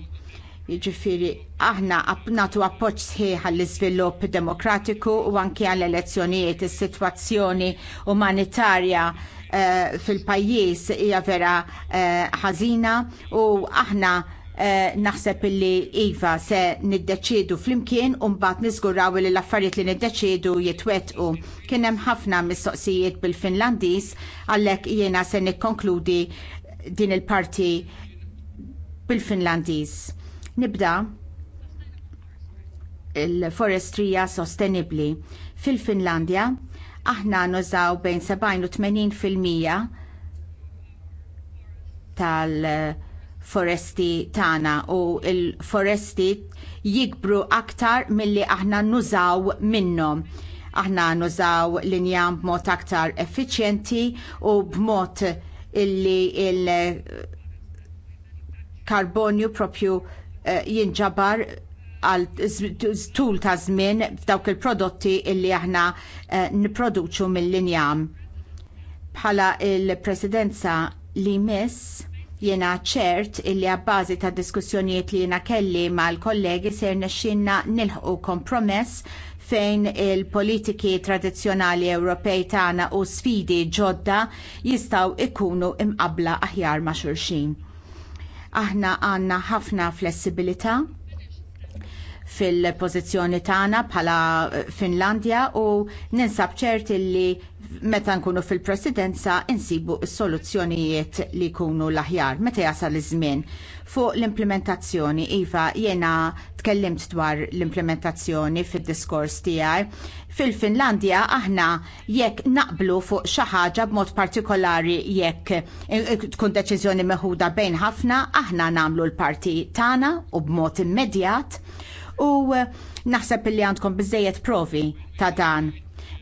Jiġifieri aħna nagħtu appoġġ sħiħ għall iżvilupp demokratiku u anke għall elezzjonijiet is-sitwazzjoni umanitarja eh, fil-pajjiż hija vera eh, ħażina u aħna Eh, naħseb illi Iva se niddeċiedu flimkien u mbagħad niżguraw li l-affarijiet li niddeċiedu jitwettqu. Kien hemm ħafna mistoqsijiet bil-Finlandiż għalhekk jiena se nikkonkludi din il-parti bil-Finlandiż. Nibda il-forestrija sostenibbli. Fil-Finlandja aħna nużaw bejn 70 u 80 fil-mija tal- foresti tagħna u l foresti jikbru aktar milli aħna nużaw minnhom aħna nużaw linjam b'mod aktar effiċjenti u b'mod illi il karbonju propju eh, jinġabar għal tul ta' żmien f'dawk il-prodotti illi aħna eh, nipproduċu mill-linjam. Bħala il-presidenza li miss Jiena ċert illi għabbażi ta' diskussjonijiet li jiena kelli mal-kollegi ser nesċinna nilħqu kompromess fejn il-politiki tradizzjonali Ewropej tagħna u sfidi ġodda jistgħu jkunu imqabla aħjar ma' xulxin. Aħna għandna ħafna flessibilità fil-pożizzjoni tagħna bħala Finlandja u ninsab ċert illi meta nkunu fil-presidenza insibu s-soluzzjonijiet li jkunu l-aħjar meta jasal iż-żmien. Fuq l-implementazzjoni, Iva, jena tkellimt dwar l-implementazzjoni fid-diskors tiegħi. Fil-Finlandja aħna jekk naqblu fuq xi ħaġa b'mod partikolari jekk eh, tkun deċiżjoni meħuda bejn ħafna, aħna nagħmlu l-parti tagħna u b'mod immedjat u eh, naħseb li għandkom biżejjed provi ta' dan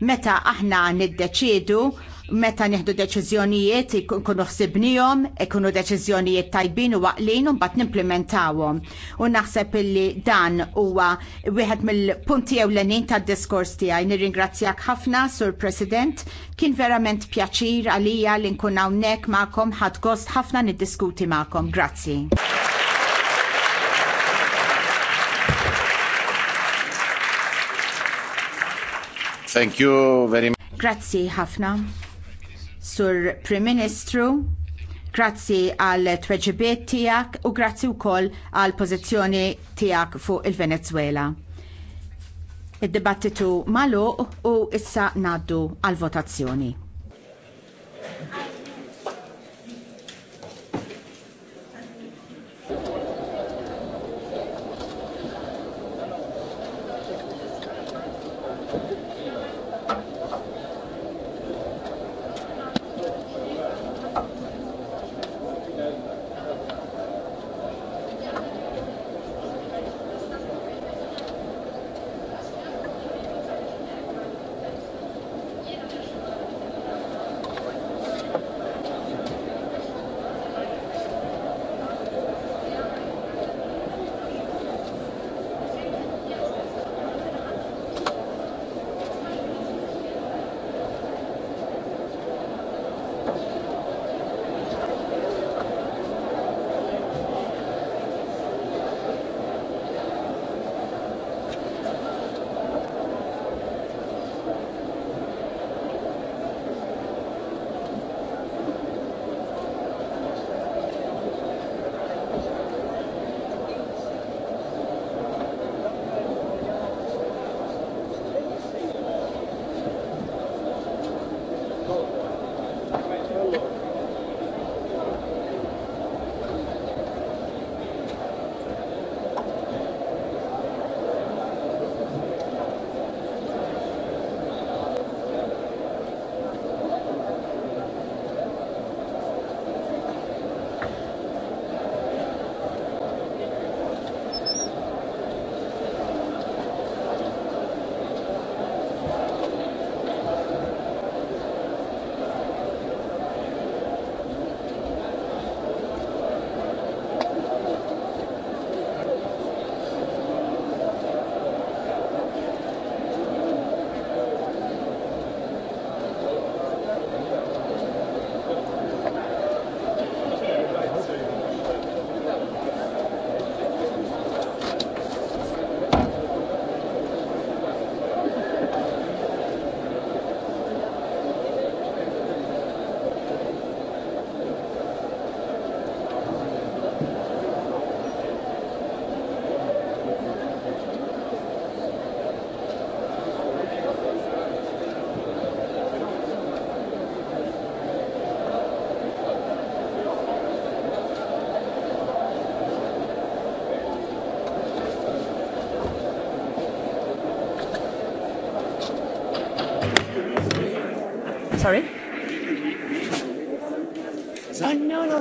meta aħna niddeċiedu meta nieħdu deċiżjonijiet ikunu ħsibnihom, ikunu deċiżjonijiet tajbin u waqlin u mbagħad nimplementawhom. U naħseb illi dan huwa wieħed mill-punti ewlenin tad-diskors tiegħi. Nirringrazzjak ħafna, Sur President, kien verament pjaċir għalija li nkun hawnhekk magħkom ħadd gost ħafna niddiskuti magħkom. Grazzi. Thank you very much. Grazzi ħafna. Sur Prim Ministru, grazzi għal tweġibiet tiegħek u grazzi wkoll għal pożizzjoni tiegħek fuq il-Venezuela. Id-dibattitu malu magħluq u issa ngħaddu għal votazzjoni.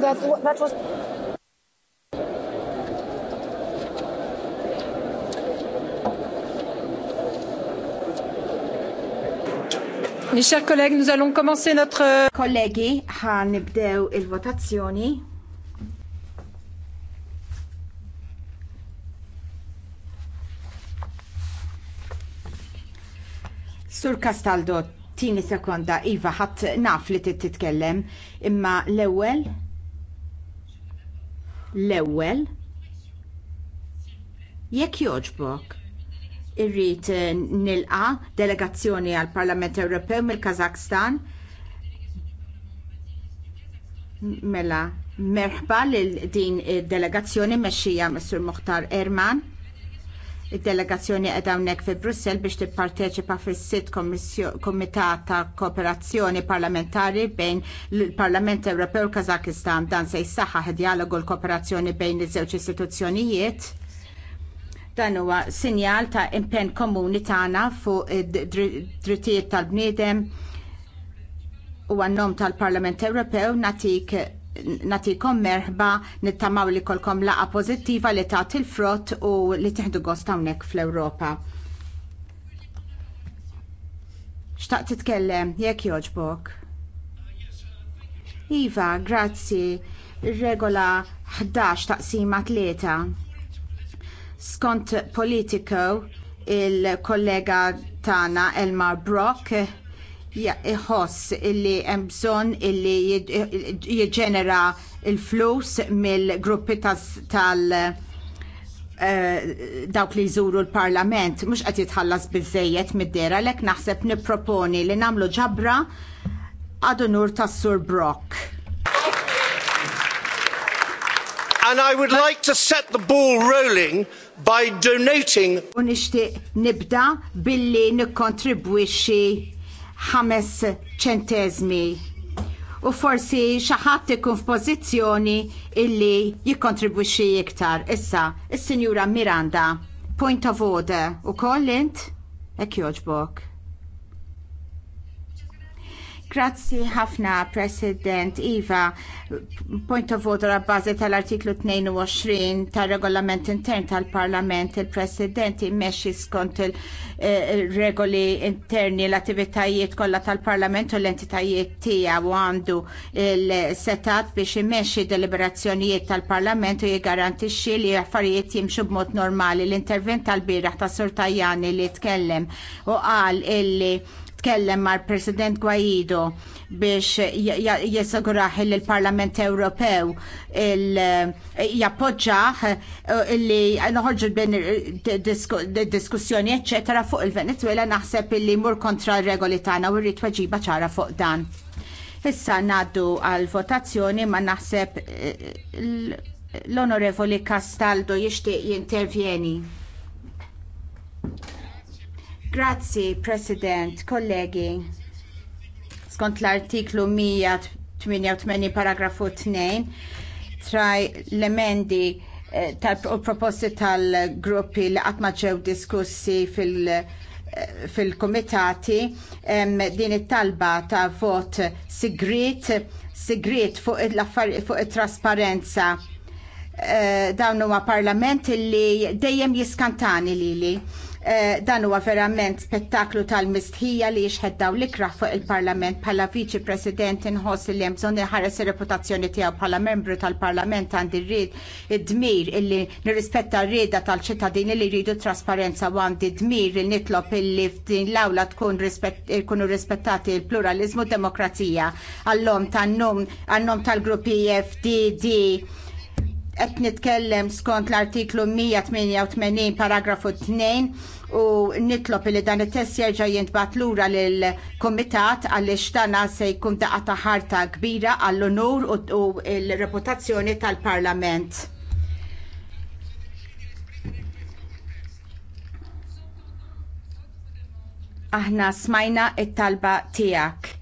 that, that was Mes chers collègues, nous allons commencer notre... Euh, Kollegi, ħan nibdew il-votazzjoni. Sur Castaldo, tini sekonda, Iva, ħat naf li titkellem, imma l-ewel? L-ewwel jekk jogħġbok, irrid eh, nilqa delegazzjoni għall Parlament Ewropew mill-Kazakstan mela merħba lil din id-delegazzjoni eh, mexxija Messur Moħtar Erman. Id-delegazzjoni qiegħda hawnhekk fi Brussell biex tipparteċipa fis-sitt Kumitat ta' Kooperazzjoni Parlamentari bejn il-Parlament Ewropew u Kazakistan dan se jsaħħaħ dialogu l-kooperazzjoni bejn iż-żewġ istituzzjonijiet. Dan huwa sinjal ta' impenn komuni tagħna fuq id-drittijiet tal-bniedem u għannom tal-Parlament Ewropew natik natikom merħba nittamaw li kolkom laqa pozittiva li ta' il-frott u li tiħdu gost hawnhekk fl-Ewropa. Xtaq titkellem, jekk joġbok. Iva, grazzi. Regola 11 taqsima 3. Skont politiko il-kollega tana Elmar Brock iħoss illi hemm bżonn illi jiġġenera il-flus mill-gruppi tal- eh, dawk li jżuru l-parlament mhux qed jitħallas biżżejjed mid-dera lek naħseb nipproponi li nagħmlu ġabra għadunur ta' tas-Sur Brock. And I would like to set the ball rolling by donating. U nixtieq nibda billi nikkontribwixxi ħames ċentezmi u forsi xi ħadd ikun f'pożizzjoni illi jikkontribwixxi iktar. Issa, is-Sinjura Miranda, point of order, ukoll int hekk jogħġbok. Grazzi ħafna, President Iva. Point of order għabbażi tal-artiklu 22 tal-regolament intern tal-Parlament, il-President immexxi skont il-regoli eh, interni l-attivitajiet kollha tal-Parlament u l-entitajiet tiegħu u għandu l-setat biex immexxi deliberazzjonijiet tal-Parlament u jiggarantixxi li affarijiet jimxu b'mod normali. L-intervent tal-bieraħ ta' Sur Tajani li tkellem u qal illi tkellem mal president Guaido biex jessaguraħ li l-Parlament Ewropew jappoġġaħ eh, li noħorġu bin diskussjoni eccetera fuq il-Venezuela naħseb illi mur kontra regoli tagħna u rrid weġiba ċara fuq dan. Issa naddu għal votazzjoni ma naħseb eh, l-Onorevoli Castaldo jixtieq jintervjeni. Grazzi, President, kollegi. Skont l-artiklu 188 paragrafu 2, traj l-emendi eh, tal-proposti tal-gruppi li qatt ma ġew diskussi fil- eh, fil-komitati din it-talba ta' vot sigrit sigrit fuq it-trasparenza fuq eh, it dawn huma parlamenti li dejjem jiskantani lili. Eh, dan huwa verament spettaklu tal-mistħija li jixħed daw l-ikra fuq il-Parlament bħala viċi President inħoss li jemżon bżonn iħares ir-reputazzjoni tiegħu bħala membru tal-Parlament għandi rrid id-dmir illi nirrispetta r-rieda tal-ċittadini li jridu trasparenza u għandi dmir li nitlob illi f'din l-awla tkun kunu rispettati il-pluralizmu demokrazija għallom tal-num tal-gruppi e FDD qed nitkellem skont l-artiklu 188 paragrafu 2 u nitlob li dan it-test jerġa' jintbagħat lura lil komitat għaliex dana se jkun daqa ta' ħarta kbira għall-onur u l-reputazzjoni tal-Parlament. Aħna smajna it-talba tiegħek.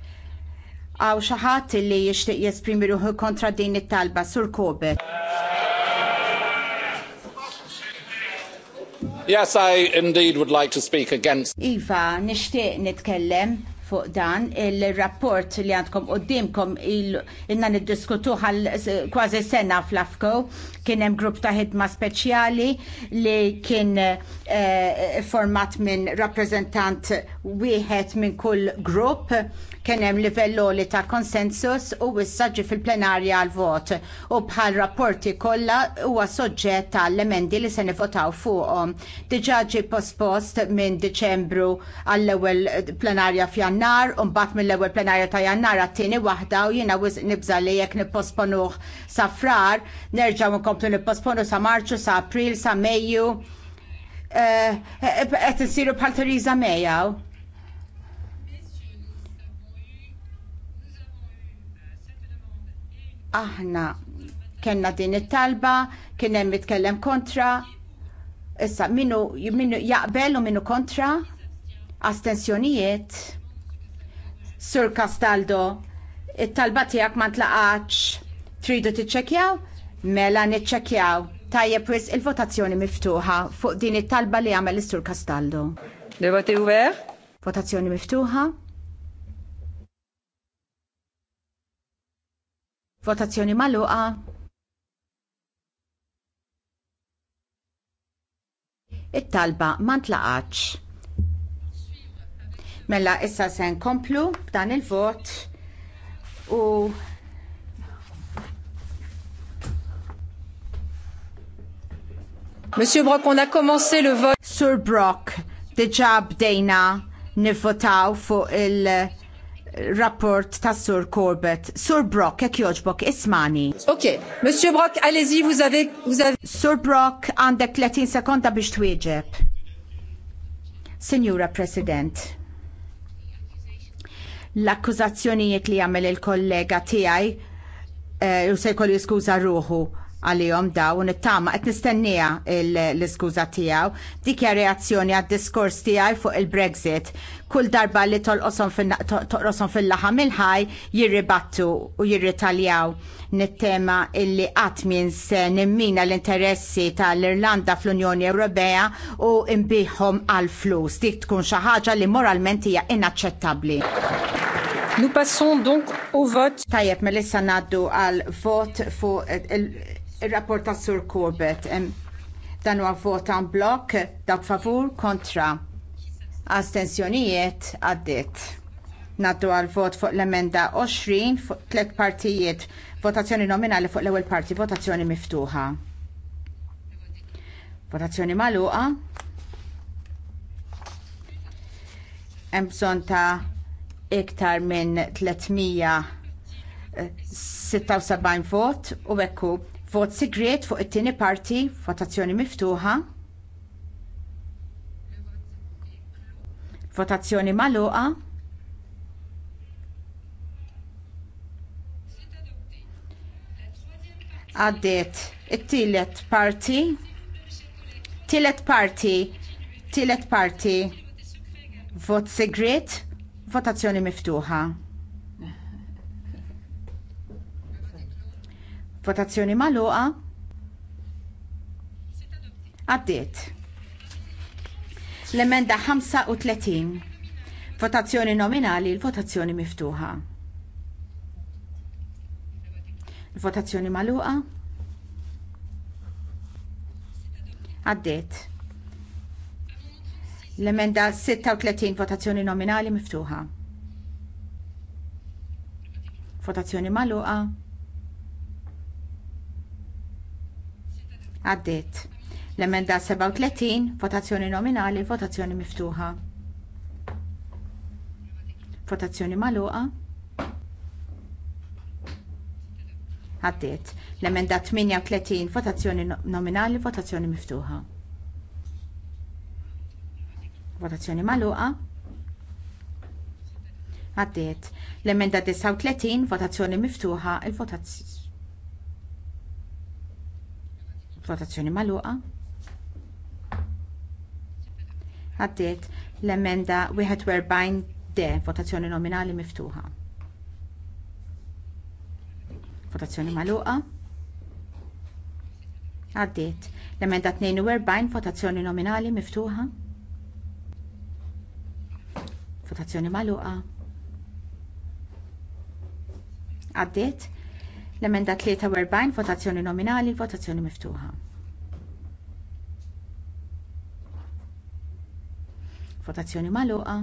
Għaw xaħat li jishtiq jesprimi ruħu kontra din it-talba sur Kobe. Yes, I indeed would like to speak against. Iva, nishtiq nitkellem fuq dan il-rapport li għandkom qoddimkom inna niddiskutu għal kważi sena fl-Afko kien hemm grupp ta' ħidma speċjali li kien eh, format minn rappreżentant wieħed minn kull grupp Kien hemm livelloli ta' konsensus u issa ġi fil-plenarja għal vot u bħal rapporti kollha huwa soġġett tal-emendi li se nivotaw fuqhom. Diġà ġie postpost minn Diċembru għall-ewwel plenarja f'Jannar u mbagħad mill-ewwel plenarja ta' Jannar għat-tieni waħda u jiena nibża li jekk nipposponuh sa' frar nerġgħu nkomplu nipposponu sa' Marċu, sa' April, sa' Mejju eh, eh, qed insiru bħal Theresa May hawn. aħna kena din it-talba, kien hemm jitkellem kontra, issa minu, minu jaqbel u minu kontra, astensjonijiet, Sur Castaldo, it-talba tiegħek ma tlaqax, tridu tiċċekkjaw? Mela niċċekkjaw. Tajje pres il-votazzjoni miftuħa fuq din it-talba li għamel is-Sur Castaldo. Le voti Votazzjoni miftuħa. Votazzjoni magħluqa. It-talba ma ntlaqatx. Mela issa se nkomplu b'dan il-vot u Monsieur Brock, on a commencé le vote. Sur Brock, diġà bdejna nivvotaw fuq il- rapport ta' Sur Corbett. Sur Brock, jekk joġbok, ismani. Ok, Monsieur Brock, allez-y, vous avez, vous avez... Sur Brock, għandek 30 sekonda biex twieġeb. Signora President, l-akkużazzjonijiet li għamel il-kollega tiegħi eh, u se jkollu skuża ruħu għalihom daw u tama qed nistennija l-iskuża tiegħu dik reazzjoni għad-diskors tiegħi fuq il-Brexit kull darba li tolqosom toqrosom fil-laħam il-ħaj jirribattu u jirritaljaw nit-tema nittema illi min se nimmina l-interessi tal-Irlanda fl-Unjoni Ewropea u imbiħom għal-flus. Dik tkun xi ħaġa li moralment hija inaċċettabbli. Nous passons donc au vote. Tajjeb, melissa naddu għal vot fuq ir rapport tas Sur Corbett. Dan huwa vot en blok, dak favur kontra astensjonijiet għaddiet. Ngħaddu għal vot fuq l-emenda 20 fuq tliet partijiet votazzjoni nominali fuq l-ewwel parti votazzjoni miftuħa. Votazzjoni magħluqa. Hemm bżonn ta' iktar minn 376 vot u hekk vot sigriet fuq it-tieni parti votazzjoni miftuħa. Votazzjoni magħluqa. Għaddiet it-tielet parti. Tielet parti. Tielet parti. Vot segret. Votazzjoni miftuħa. Votazzjoni magħluqa. Għaddiet. L-emenda 35. Votazzjoni nominali, l-votazzjoni miftuħa. Votazzjoni maluqa. Għaddiet. L-emenda 36 votazzjoni nominali miftuħa. Votazzjoni maluqa. Għaddiet L-emenda 37, votazzjoni nominali, votazzjoni miftuħa. Votazzjoni magħluqa. Għaddiet. L-emenda 38, votazzjoni nominali, votazzjoni miftuħa. Votazzjoni magħluqa. Għaddiet. L-emenda 39, votazzjoni miftuħa, il-votazzjoni. Votazzjoni magħluqa. Għaddiet l-emenda 41 D, votazzjoni nominali miftuħa. Votazzjoni magħluqa. Għaddiet l-emenda 42 votazzjoni nominali miftuħa. Votazzjoni magħluqa. Għaddiet l-emenda 43 votazzjoni nominali, votazzjoni miftuħa. Votazzjoni magħluqa.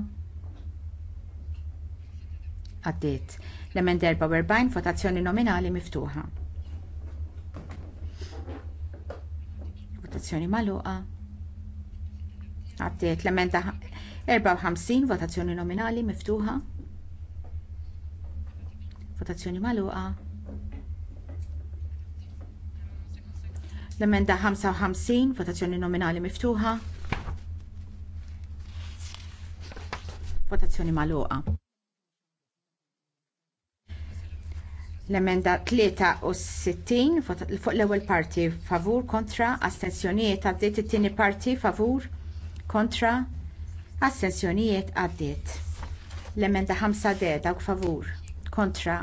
Għaddiet. L-emend 44 votazzjoni nominali miftuħa. Votazzjoni magħluqa. Għaddiet. L-emend 54 votazzjoni nominali miftuħa. Votazzjoni magħluqa. L-emenda 55 votazzjoni nominali miftuħa. Votazzjoni maluqa. L-emenda 63 fuq l-ewwel parti favur kontra astensjonijiet għaddiet it-tieni parti favur kontra astensjonijiet għaddiet. L-emenda 5 d dawk favur kontra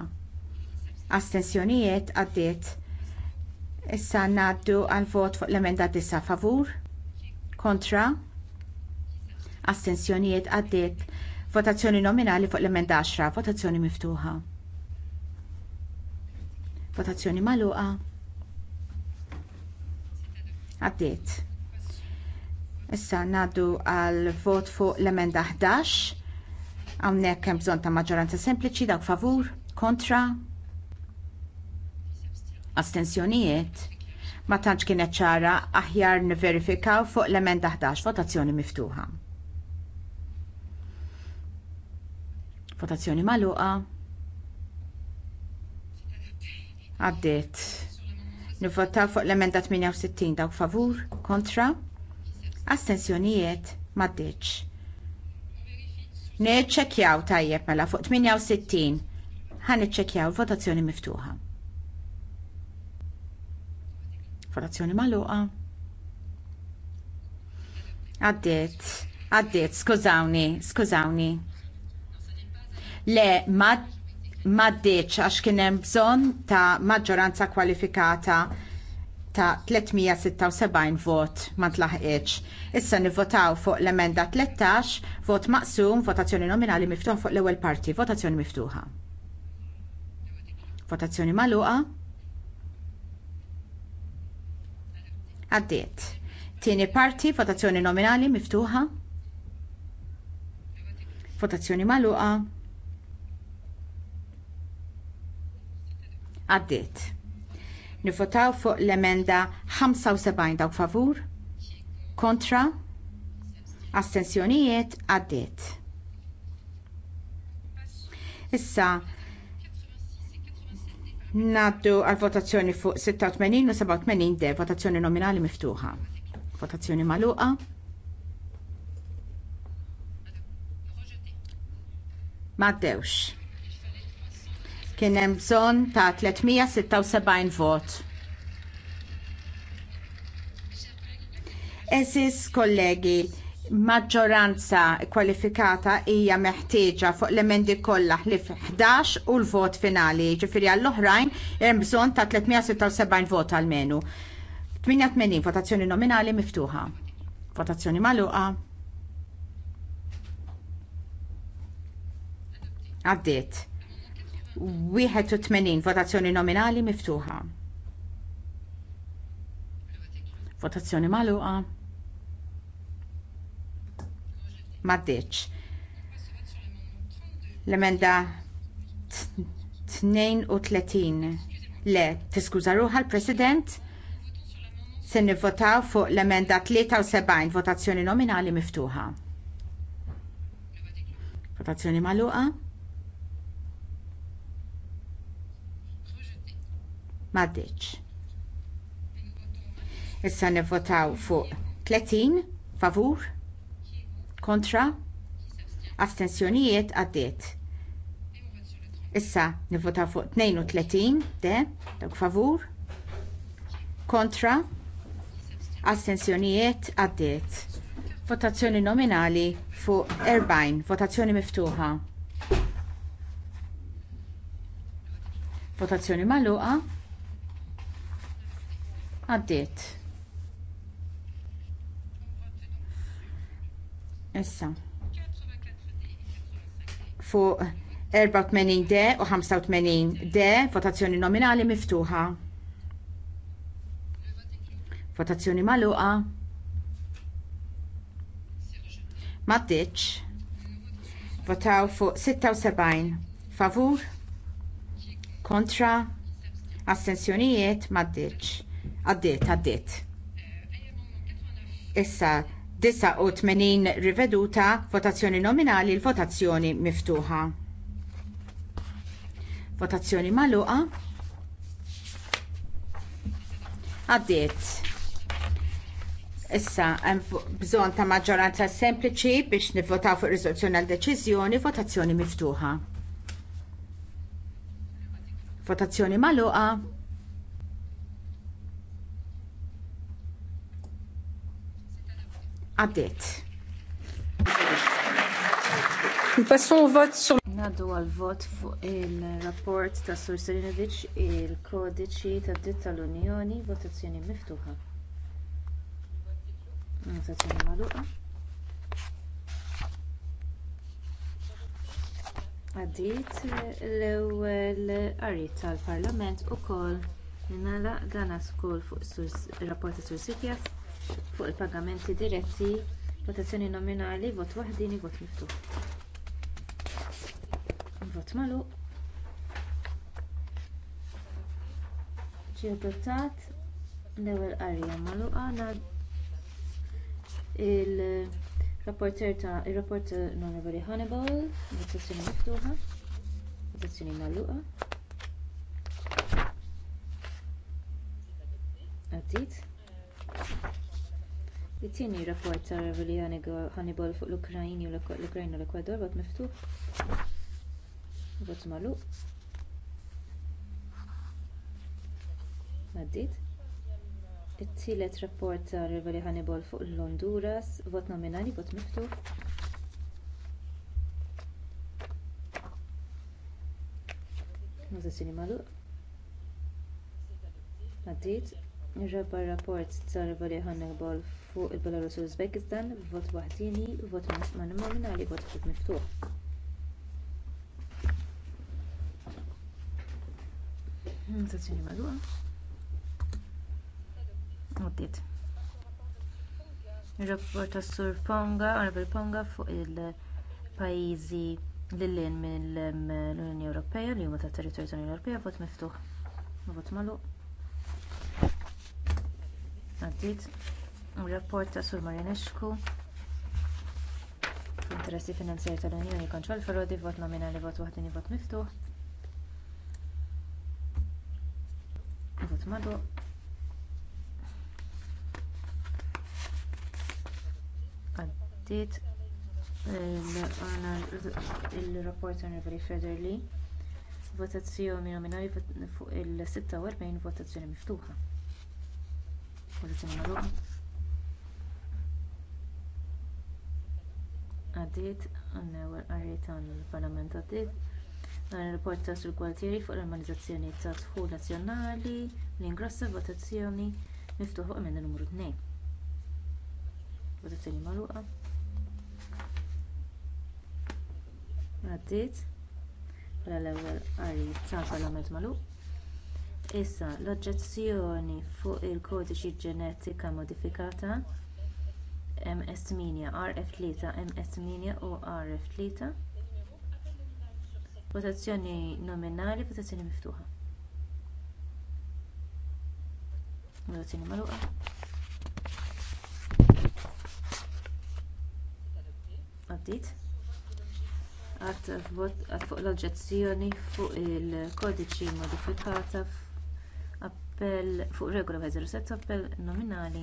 astensjonijiet għaddiet. Issa ngħaddu għal vot fuq l-emenda 9 favur kontra astensjonijiet għaddiet Votazzjoni nominali fuq l-emenda 10. Votazzjoni miftuħa. Votazzjoni magħluqa. Għaddiet. Issa naddu għal vot fuq l-emenda 11. Hawnhekk hemm bżonn ta' maġġoranza sempliċi dawk favur, kontra, astensjonijiet. Ma tantx kienet ċara aħjar niverifikaw fuq l-emenda 11 votazzjoni miftuħa. Votazzjoni magħluqa. Għaddiet. Nivvotaw fuq l-emenda 68 dawk favur, kontra, astensjonijiet m'għaddiex. Neċċekjaw tajjeb mela fuq 68. Ħan niċċekkjaw votazzjoni miftuħa. Votazzjoni magħluqa. Għaddiet, għaddiet, skużawni, skużawni le maddeċ għax kien hemm bżonn ta' maġġoranza kwalifikata ta' 376 vot ma tlaħqitx. Issa nivvotaw fuq l-emenda 13, vot maqsum, votazzjoni nominali miftuħ fuq l-ewwel parti, votazzjoni miftuħa. Votazzjoni magħluqa. Għaddiet. Tieni parti, votazzjoni nominali miftuħa. Votazzjoni magħluqa. għaddiet. Nivotaw fuq l-emenda 75 dawk favur, kontra, astensjonijiet għaddiet. Issa, Naddu għal votazzjoni fuq 86 u 87 de votazzjoni nominali miftuħa. Votazzjoni maluqa. Maddewx kien hemm bżonn ta' 376 vot. Eżis kollegi, maġġoranza kwalifikata hija meħtieġa fuq l-emendi kollha ħlif 11 u l-vot finali, ġifieri għall-oħrajn hemm bżonn ta' 376 vot almenu. 88 votazzjoni nominali miftuħa. Votazzjoni magħluqa. Għaddiet. 81 votazzjoni nominali miftuħa. Votazzjoni magħluqa. Maddiċ. L-emenda 32. Le, tiskuża skuza l-President. Se nivvotaw fuq l-emenda 73 votazzjoni nominali miftuħa. Votazzjoni magħluqa. Maddiċ. Issa nivvotaw fuq 30 favur kontra astensjonijiet għaddiet. Issa nivvotaw fuq 32 de dawk favur kontra astensjonijiet għaddiet. Votazzjoni nominali fuq 40 votazzjoni miftuħa. Votazzjoni magħluqa għaddiet. Issa. Fuq 84 d u 85 d votazzjoni nominali miftuħa. Votazzjoni magħluqa. Maddiċ. Votaw fuq 76 favur kontra astensjonijiet maddiċ. Għaddiet, għaddiet. Issa 89 riveduta votazzjoni nominali l-votazzjoni miftuħa. Votazzjoni magħluqa. Għaddiet. Issa, hemm bżonn ta' maġġoranza sempliċi biex nivvotaw fuq riżoluzzjoni għal deċiżjoni, votazzjoni miftuħa. Votazzjoni magħluqa. għaddiet. Passons au vote sur għal vot fuq il-rapport ta' Sur Serinovic il-kodiċi tad dritt tal-Unjoni votazzjoni miftuħa. Votazzjoni magħluqa. Għaddit l-ewwel qari tal-Parlament ukoll nagħlaq dan skull fuq ir rapport ta' Sur Sikjaf fuq il-pagamenti diretti votazzjoni nominali vot waħdini vot miftuħ vot magħluq ġie adottat l-ewwel qarrija magħluqa il-rapporter ta' ir-rapport l Hannibal, votazzjoni miftuħa, votazzjoni magħluqa. Għaddit it-tieni rapport ta' raviliani hannibal fuq l-ukrajna u l-ekwador vot miftuħ b'mod magħluq għaddiet it-tielet rapport ta' ravili hannibal fuq l-honduras b'mod nominali b'mod miftuħ votazzjoni magħluq għaddiet nirrepa r-rapport tal-onorevoli hannibal fuq il-belarus u l-użbekistan b'vot waħdini vot nominali vot ħsieb miftuħ hmm, votazzjoni ir-rapport tas-sur ponga onorevoli ponga fuq il-pajjiżi lil hinn mill-unjoni ewropea li huma tat-territorju tal-unjoni ewropea vot miftuħ vot magħluq għaddit ir-rapport ta' sur marinescu interessi finanzjarji tal-unjoni kontra l-frodi vot nominali vot waħdini vot miftuħ vot magħluq għaddiet il-rapport onorevoli federley votazzjoni nominali fuq il-46 votazzjoni miftuħa Għaddiet għan-ewwel qari tal-Parlament għaddiet dan ir-rapport ta' fuq l ta' dħul nazzjonali votazzjoni miftuħ fuq numru 2. Votazzjoni magħluqa. Għaddiet bħala mela l-ewwel qari tal-Parlament magħluq issa l-oġġezzjoni fuq il-kodiċi ġenetika modifikata ms8 rf3 ms8 u rf3 votazzjoni nominali votazzjoni miftuħa għad fuq l-oġġezzjoni fuq il-kodiċi modifikata appell fuq regola 07 appell nominali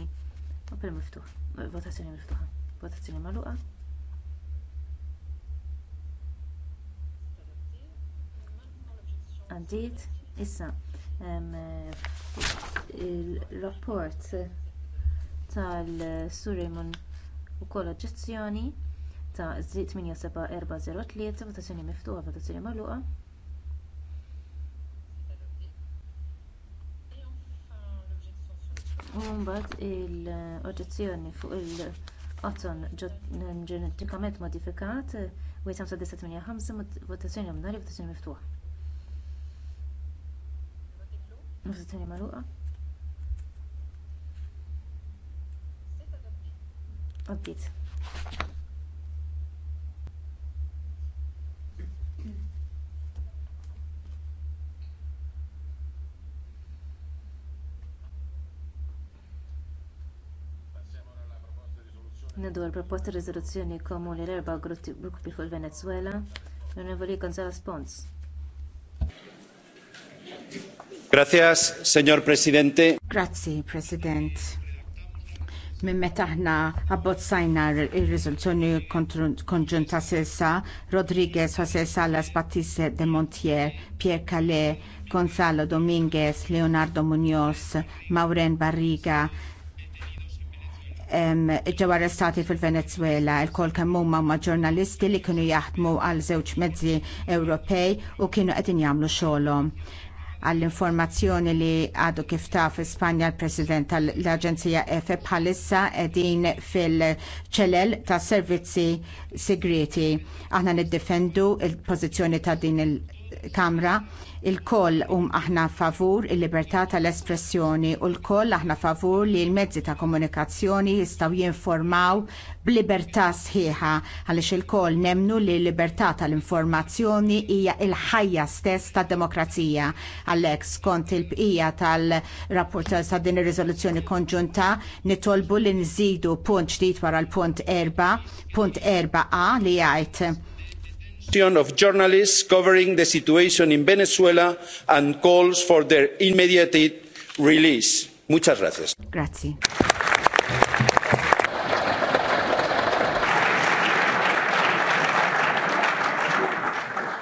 appell miftuħ votazzjoni miftuħa votazzjoni magħluqa għaddiet issa il-rapport tal-sur Raymond ukoll oġġezzjoni ta' 87403 votazzjoni miftuħa votazzjoni magħluqa u mbagħad il oġġezzjoni fuq il-qoton ġenetikament modifikat w-585 votazzjoni nominali votazzjoni miftuħa votazzjoni magħluqa għaddiet dwar proposta riżoluzzjoni komuni l-erba' gruppi fil il-venezwela l-onorevoli gonzales pons Signor Presidente. Grazie, President. Minn meta aħna abbozzajna r-riżoluzzjoni konġunta sessa, Rodriguez, Jose Salas, Batiste de Montier, Pierre Calais, Gonzalo Dominguez, Leonardo Munoz, Mauren Barriga, ġew arrestati fil-Venezuela il-kol kemm huma ma' ġurnalisti li kienu jaħdmu għal żewġ mezzi Ewropej u kienu qegħdin jagħmlu xogħolhom għall-informazzjoni li għadu kif taf Spanja l-President tal-Aġenzija EFE bħalissa edin fil-ċelel ta' servizzi segreti. Aħna niddefendu il-pozizjoni ta' din il- kamra il-koll um aħna favur il-libertà tal-espressjoni u l-koll aħna favur li l-mezzi ta' komunikazzjoni jistaw jinformaw b'libertà sħiħa għaliex il-koll nemnu li l-libertà tal-informazzjoni hija il-ħajja stess tad-demokrazija. Għalhekk skont il-bqija tal-rapport ta' din ir-riżoluzzjoni konġunta nitolbu li nżidu punt ġdid wara l-punt erba' punt erba' a li jgħid of journalists covering the situation in venezuela and calls for their immediate release. muchas gracias. grazie.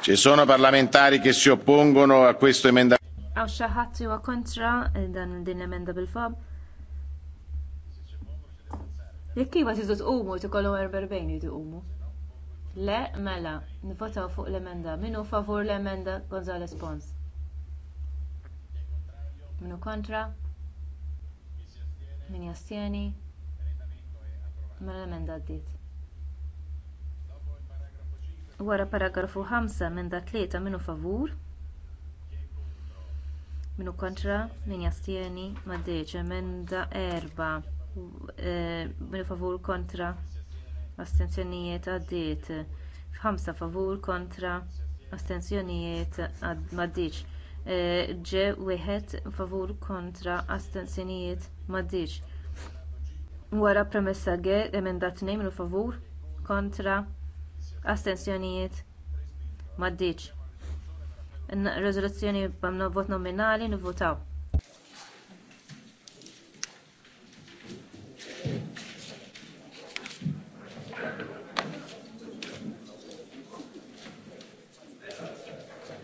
Ci sono parlamentari che si oppongono a questo emendamento. Le, mela, nivotaw fuq l-emenda. Minu favur l-emenda Gonzales Pons. Minu kontra? Min jastieni? Mela l-emenda għaddit. Wara paragrafu 5 minn da 3 minu favur? Minu kontra, min jastieni, maddeċ, emenda erba, eh, minu favur kontra, astensjonijiet għaddiet f'ħamsa favur kontra astensjonijiet m'għaddiex ġe wieħed favur kontra astensjonijiet m'għaddiex wara premessa g emenda tnejn il favur kontra astensjonijiet ir riżoluzzjoni b'vot nominali nivvotaw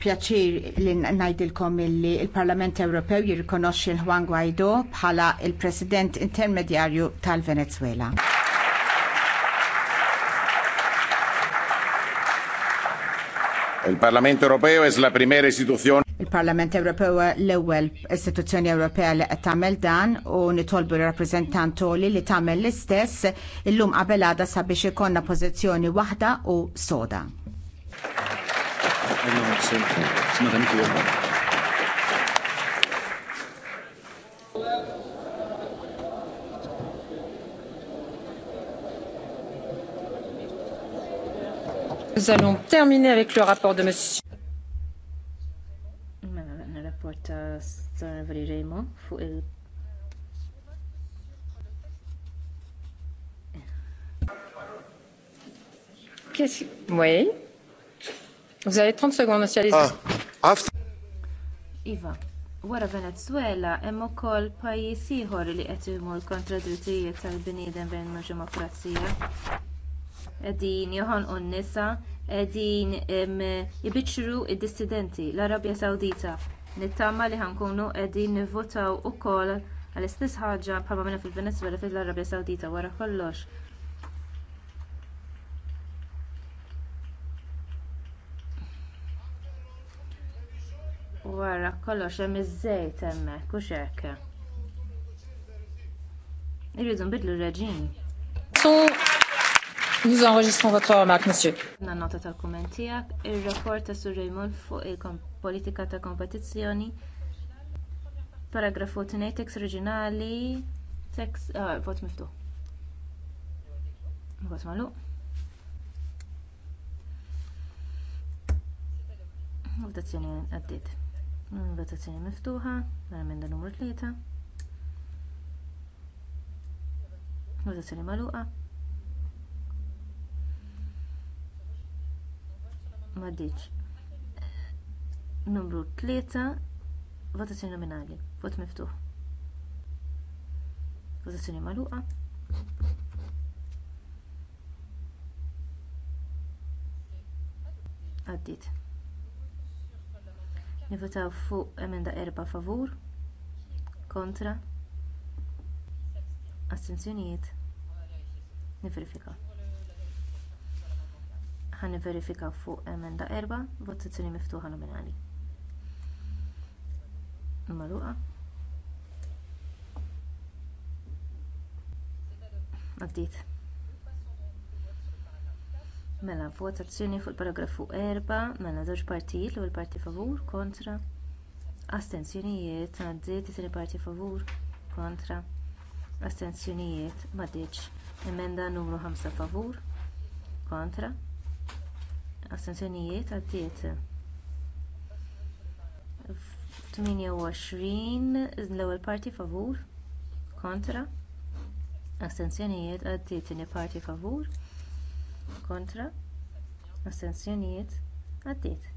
pjaċir li najdilkom illi il-Parlament Ewropew jirrikonoxxi l-Juan Guaido bħala il-President intermedjarju tal-Venezuela. Il-Parlament Ewropew es la primera istituzzjoni Il-Parlament Ewropew l-ewwel istituzzjoni Ewropea li qed tagħmel dan u nitolbu r-rappreżentant li li tagħmel l-istess illum qabel għada sabiex ikollna pożizzjoni waħda u soda. Nous allons terminer avec le rapport de Monsieur. Mela, Qu'est-ce que... Oui. 30 ah, iva, wara Venezuela hemm ukoll pajjiż ieħor li qed imur l drittijiet tal-bniedem bejn demokrazija. Qegħdin joħonqu n-nisa, qegħdin ibiċċru d-dissidenti l-Arabja Sawdita. Nittama li ħankunu qegħdin nivvotaw ukoll għall-istess ħaġa bħalma minna fil-Venezuela fil-Arabja Sawdita wara kollox wara mela, kollox hemm iż-żejt hemmhekk u hekk. Irridu nbidlu r-reġim. Nous enregistrons votre remarque, monsieur. Na nota tal-kumment tiegħek, ir-rapport ta' Sur Raymond fuq il-politika ta' kompetizzjoni paragrafu 2 tekst oriġinali tekst ah, vot miftu. Vot malu. Votazzjoni għaddit. Votazzjoni miftuħa, l-emenda numru 3. Votazzjoni magħluqa. Maddiċ. Numru 3, votazzjoni nominali, vot miftuħ. Votazzjoni magħluqa. Għaddit nivvutaw fuq emenda 4 favur kontra astensjonijiet nivverifika ħa nivverifika fuq emenda 4 votazzjoni miftuħa nominali mela votazzjoni fuq il-paragrafu 4 mela żewġ partijiet l-ewwel parti favur kontra astensjonijiet għaddiet it-tieni parti favur kontra astensjonijiet m'għaddietx emenda numru 5 favur kontra astensjonijiet għaddiet 28 l-ewwel parti favur kontra astensjonijiet għaddiet it-tieni parti favur kontra astensjonijiet għaddiet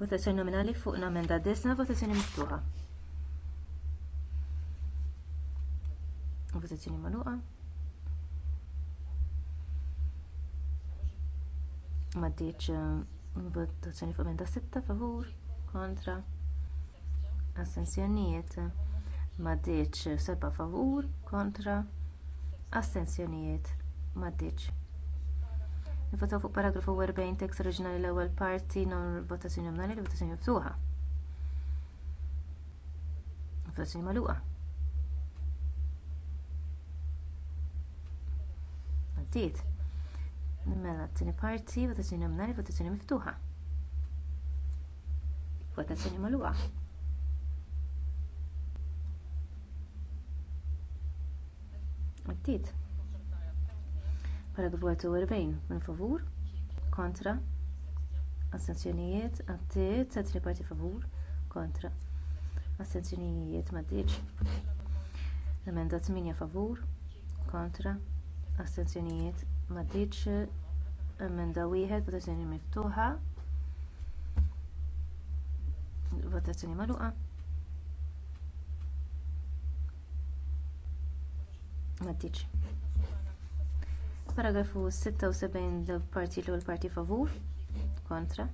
votazzjoni nominali fuq l-emenda 10 votazzjoni miftuħa votazzjoni magħluqa m'għaddiex uh, votazzjoni fuq emenda 6 favur kontra astensjonijiet uh, m'għaddiex uh, seba' favur kontra astensjonijiet m'għaddietx nivvotaw fuq paragrafu 40 tekst oriġinali l-ewwel parti nhar votazzjoni nominali il votazzjoni miftuħa votazzjoni magħluqa għaddiet mela t-tieni parti votazzjoni nominali votazzjoni miftuħa votazzjoni magħluqa għaddiet Paragrafu 40 minn favur kontra astenzjonijiet għaddiet ta' tri parti favur kontra astenzjonijiet l Emenda 8 favur kontra astenzjonijiet m'għaddiex. Emenda wieħed votazzjoni miftuħa. Votazzjoni magħluqa. M'għaddiex. Paragrafu 76 del parti l ewwel parti favur kontra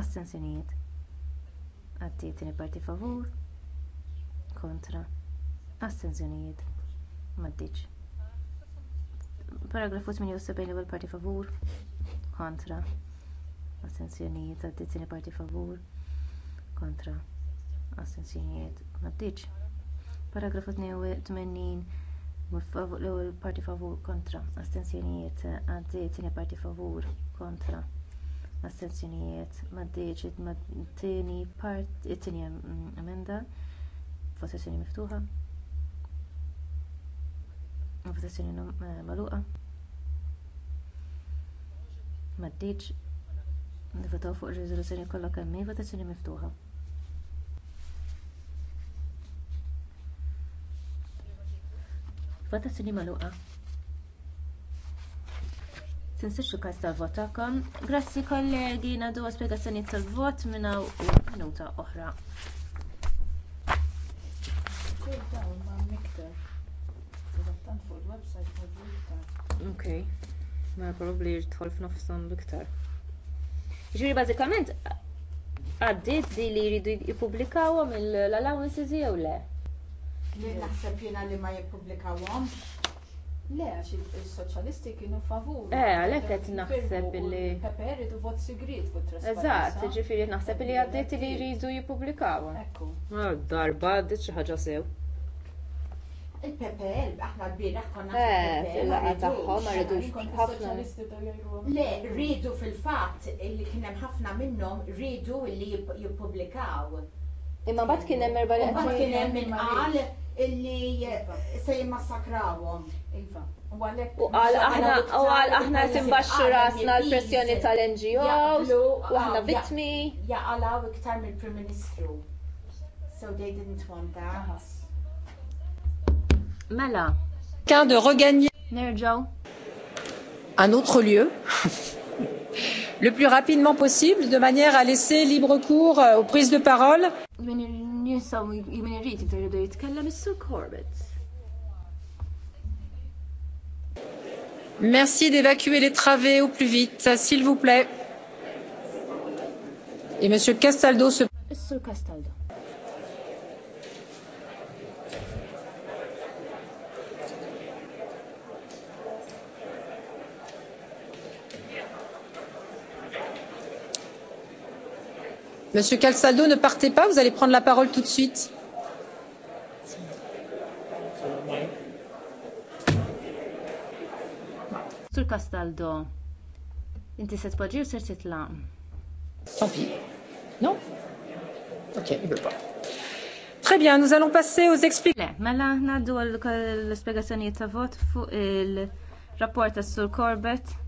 astensjonijiet. għaddiet tieni parti favur kontra astensjonijiet. Maddiċ. Paragrafu 78 l ewwel parti favur kontra astensjonijiet. għaddiet tieni parti favur kontra astensjonijiet. Maddiċ. Paragrafu 82 l-ewwel parti favur kontra astensjonijiet għad it-tieni parti favur kontra astensjonijiet m'għaddiex it-tieni parti it-tieni emenda votazzjoni miftuħa votazzjoni eh, magħluqa mad-deheb m'għaddiex nivvotaw fuq ir-riżoluzzjoni kollha kemm hi votazzjoni miftuħa Votazzjoni magħluqa. Tinsistu każ tal-votakom. Grazzi kollegi, nadu spjegazzjoni tal-vot minna u minuta oħra. Ok, ma probabli jirtħol f'nofsom biktar. Ġiri bazikament, għaddit di li jridu jipublikaw mill-allowances jew le? li naħseb jiena li ma jippubblikawhom. Le, għax il-soċjalisti kienu favur. Eh, għalhekk qed jiġifieri naħseb li. Peper tu vot sigrit fuq Eżatt, ġifiri naħseb li għaddiet li jridu jippubblikawhom. Ekku. Darba għaddiet xi ħaġa sew. Il-PPL, aħna eh, l konna fil-laqqa tagħhom ma ħafna. Le, rridu fil-fatt li kien hemm ħafna minnhom rridu li jippubblikaw. Imma bat kien hemm erba' li kien hemm illi eh, se jimmassakrawhom. Iva. U għal aħna u għal aħna timbaxxu rasna l-pressjoni tal-NGOs u aħna iktar mill-Prim Ministru. So they didn't want that. Mela. de regagner. Nerġaw. Un autre lieu. le plus rapidement possible, de manière à laisser libre cours euh, aux prises de parole jinsaw jimin irrit jibda jitkellem is-Sur Corbett. Merci d'évacuer les travées au plus vite, s'il vous plaît. Et Monsieur Castaldo se... Monsieur Castaldo. Monsieur Calçado, ne partez pas, vous allez prendre la parole tout de suite. Sur Castaldo, inti se tpoġġi u ser titlaq? Tant pis. Non Ok, il veut pas. Très bien, nous allons passer aux explications. Mela, naddu l-spiegazzjoni ta' vot fuq il-rapport Sur Corbett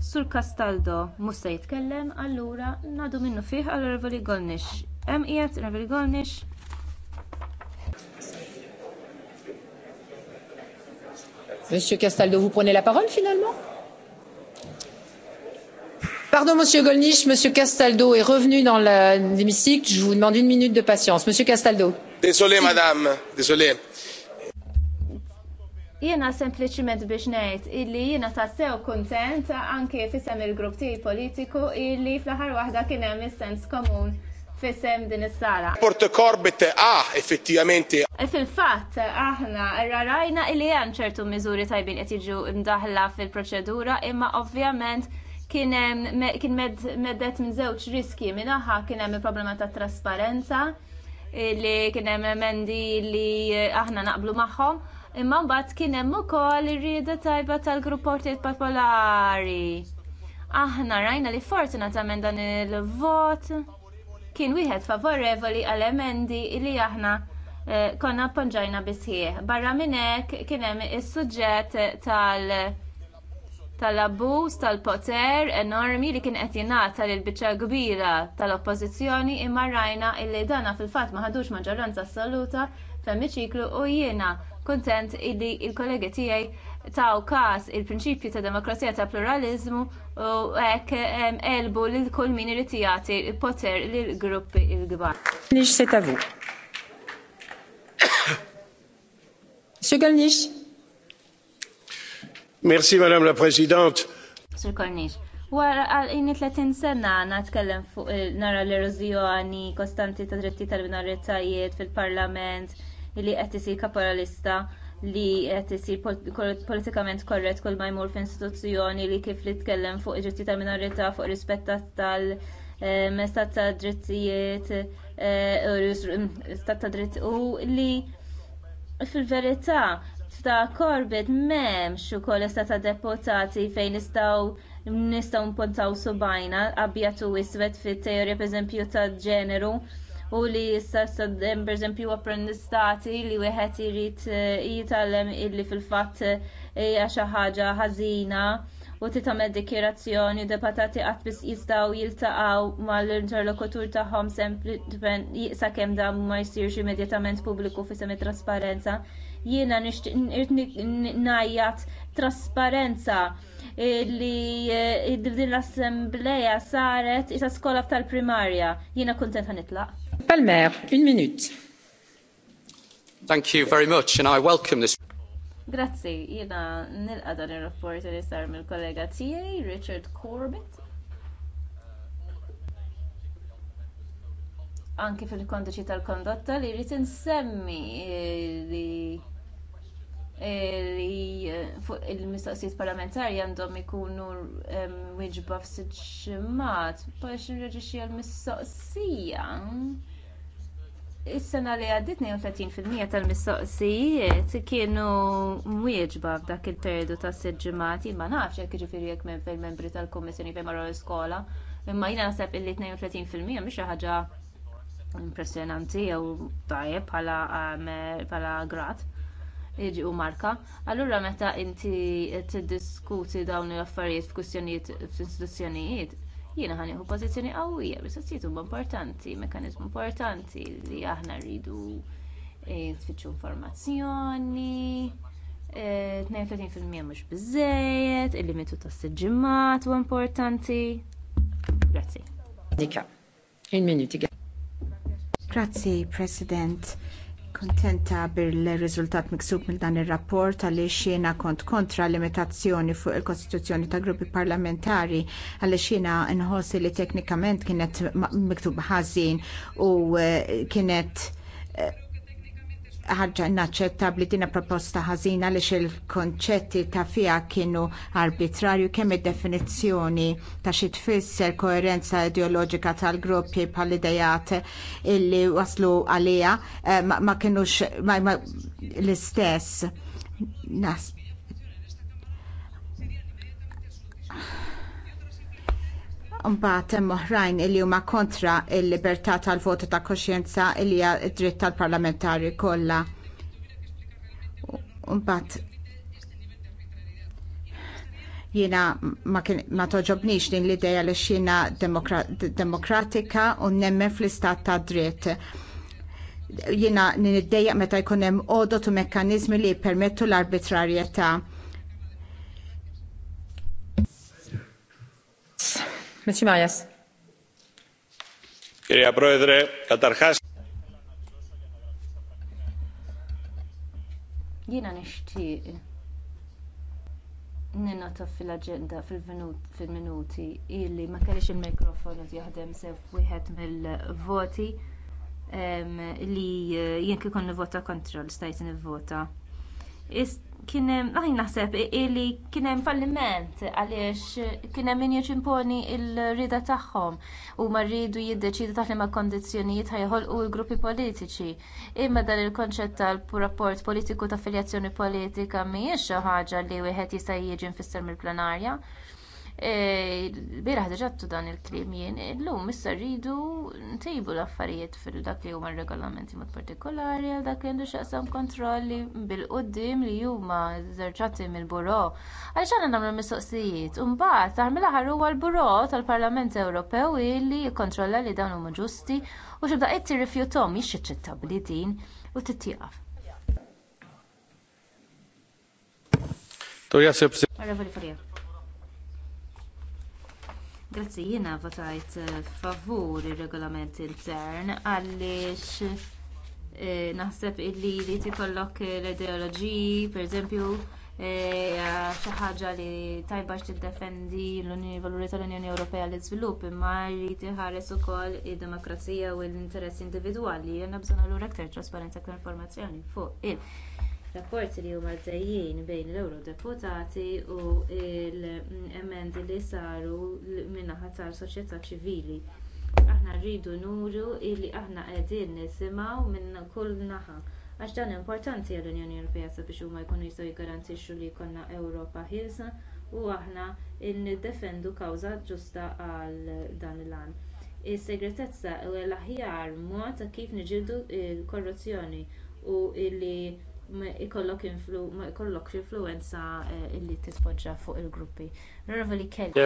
Sur Castaldo mhux se jitkellem, allura ngħaddu minnu fih għal Revoli Golnish. Hemm qiegħed Revoli Golnish. Monsieur Castaldo, vous prenez la parole finalement Pardon, Monsieur Golnisch, Monsieur Castaldo est revenu dans l'hémicycle. Je vous demande une minute de patience. Monsieur Castaldo. Désolé, Madame. Désolé Jiena sempliciment biex ngħid illi jiena tassew kuntent anke fisem il-grupp tiegħi politiku illi fl-aħħar waħda kien hemm is-sens komun fissem din is-sala. Porto Corbett ah effettivamente. E fil-fatt aħna rarajna illi hemm ċertu miżuri tajbin qed jiġu mdaħla fil-proċedura imma ovvjament kien kien meddet minn żewġ riski minn aħħa kien hemm il-problema tat trasparenza li kien hemm emendi li aħna naqblu magħhom imma mbagħad kien hemm ukoll ir-rieda tajba tal-Grupp Partit Popolari. Aħna rajna li fortunatament dan il-vot kien wieħed favorevoli għal emendi li aħna eh, konna ponġajna bisħieħ. Barra minn hekk kien hemm is-suġġett tal- tal-abbuż tal-poter enormi li kien qed jingħata lil biċċa kbira tal-oppożizzjoni imma rajna illi dana fil-fatt ma ħadux maġġoranza assoluta f'emiċiklu u jiena kuntent illi il-kollegi tiegħi taw każ il-prinċipju ta' demokrazija ta' pluralizmu u hekk elbu lil kull min irid jagħti poter lil gruppi il-gbar. Nix se tavu. Sugalnix. Merci Madame la Présidente. Sur Corniche. Wara għal-inni 30 sena natkellem fuq nara l-erozjoni kostanti ta' dritti tal-minoritajiet fil-parlament, li qed isir kaporalista li qed isir politikament korrett kull ma jmur f'istituzzjoni li kif li tkellem fuq id-dritti tal-minorità fuq rispett tal- eh, stat ta' drittijiet eh, stat ta' dritt u li fil-verità ta' korbet m'hemmx ukoll istat ta' deputati fejn nistgħu nistgħu npuntaw subajna abjatu iswed fit-teorija pereżempju ta' ġeneru u li jista' saddem perżempju apprendistati li wieħed irid eh, jitgħallem illi fil-fatt eh, hija xi ħaġa ħażina u titgħamel dikjerazzjoni deputati qatt biss jistgħu jiltaqgħu mal-interlokutur tagħhom sakemm dan ma jsirx immedjatament pubbliku fi semi trasparenza. Jiena nixtieq najjat trasparenza eh, li din l-assembleja saret isa skola tal-primarja. Jiena kuntent ħanitlaq. Thank you very much and I welcome this. Grazzi, jina nilqa dan il-rapport li sar mill-kollega tiegħi Richard Corbett. Anki fil-kondiċi tal-kondotta li rrid insemmi eh, li eh, li eh, fuq il-mistoqsijiet parlamentari għandhom ikunu wieġba f'siġ ġimgħat biex nirreġixxi l mistoqsija Is-sena li għaddit 32% tal-mistoqsijiet kienu mwieġba f'dak il-periodu ta' s-sġimati, ma nafx jekk ġifiri jekk minn fil-membri tal-Kommissjoni fejn marru l-iskola, imma jina naħseb illi 32% mhix ħaġa impressjonanti jew tajjeb bħala ehm, grat jiġi u marka. Allura meta inti tiddiskuti dawn l-affarijiet f'kwistjonijiet f'istituzzjonijiet, jiena ħanieħu pożizzjoni qawwija bis-sassijiet huma importanti, mekkaniżmu importanti li aħna rridu eh, nfittxu informazzjoni. 32% eh, mhux biżejjed, il-limitu tas-siġġimat huwa importanti. Grazzi. Nika, il-minuti. Grazzi, President Kontenta bil-riżultat miksub mill dan ir-rapport għaliex jiena kont kontra limitazzjoni fuq il-kostituzzjoni ta' gruppi parlamentari għaliex jiena nħossi li teknikament kienet miktub ħażin u eh, kienet eh, ħarġa naċċettabli dina proposta ħażina li il-konċetti ta' fiha kienu arbitrarju kemm id-definizzjoni ta' xi tfisser koerenza ideoloġika tal-gruppi bħal-idejat illi waslu għalija eh, ma, ma kienux l-istess Mbagħad hemm oħrajn li huma kontra l-libertà tal-votu ta' koxjenza li hija d-dritt tal-parlamentari kollha. Mbagħad jiena ma toġobnix din l-idea li xina demokratika u nemmen fl-istat ta' dritt. Jiena niddejjaq meta jkun hemm għodot u mekkaniżmi li jippermettu l-arbitrarjetà. Κυρία Πρόεδρε, καταρχάς... Jina nishtiq nina ta' fil-agenda fil-minuti illi ma kellix il-mikrofonu jaħdem sew wieħed mill-voti li jien kikun nivota kontra l-istajt nivvota kien hemm naħseb illi kien hemm falliment għaliex kien hemm min jimponi il rida tagħhom huma rridu jiddeċidu taħt liema kondizzjonijiet ħajħolqu l-gruppi politiċi. Imma dan il-konċett tal-rapport politiku ta' affiljazzjoni politika mhijiex xi ħaġa li wieħed jista' jiġi nfisser mill-plenarja. Eh, biraħ deġattu dan il-klim jien, l-lum issa rridu ntejbu l-affarijiet fil-dak li huma regolamenti mod partikolari għal dak li għandu xaqsam kontrolli bil-qoddim li huma żerċati mill-buro. Għaliex għandna nagħmlu mistoqsijiet, u mbagħad taħmilha ħarru l buro tal-Parlament Ewropew li jikkontrolla li dawn huma ġusti u xibda qed tirrifjutom mhix iċċettabbli din u tittieqaf. Torja sebsi. Grazzi jiena votajt eh, favur ir-regolament intern għaliex eh, naħseb illi li tikollok l-ideoloġiji, pereżempju, eh, xi ħaġa li tajba tiddefendi l-valuri tal-Unjoni Ewropea li iżvilupp imma jrid iħares ukoll id-demokrazija u l-interess individwali. Jiena bżonn allura aktar trasparenza aktar informazzjoni fuq il- rapporti li huma għaddejjin bejn l-Eurodeputati u l-emendi li saru min-naħa tas-soċjetà ċivili. Aħna rridu nuru li aħna qegħdin nisimgħu minn kull naħa għax dan importanti għall-Unjoni Ewropea sabiex huma jkunu jistgħu jiggarantixxu li jkollna Ewropa ħielsa u aħna niddefendu kawża ġusta għal dan l għan Is-segretezza u l-aħjar mod ta' kif niġildu l-korruzzjoni u illi ma ikollok influ ma ikollok influenza eh, illi tispoġġa fuq il-gruppi. Ravali Kelly.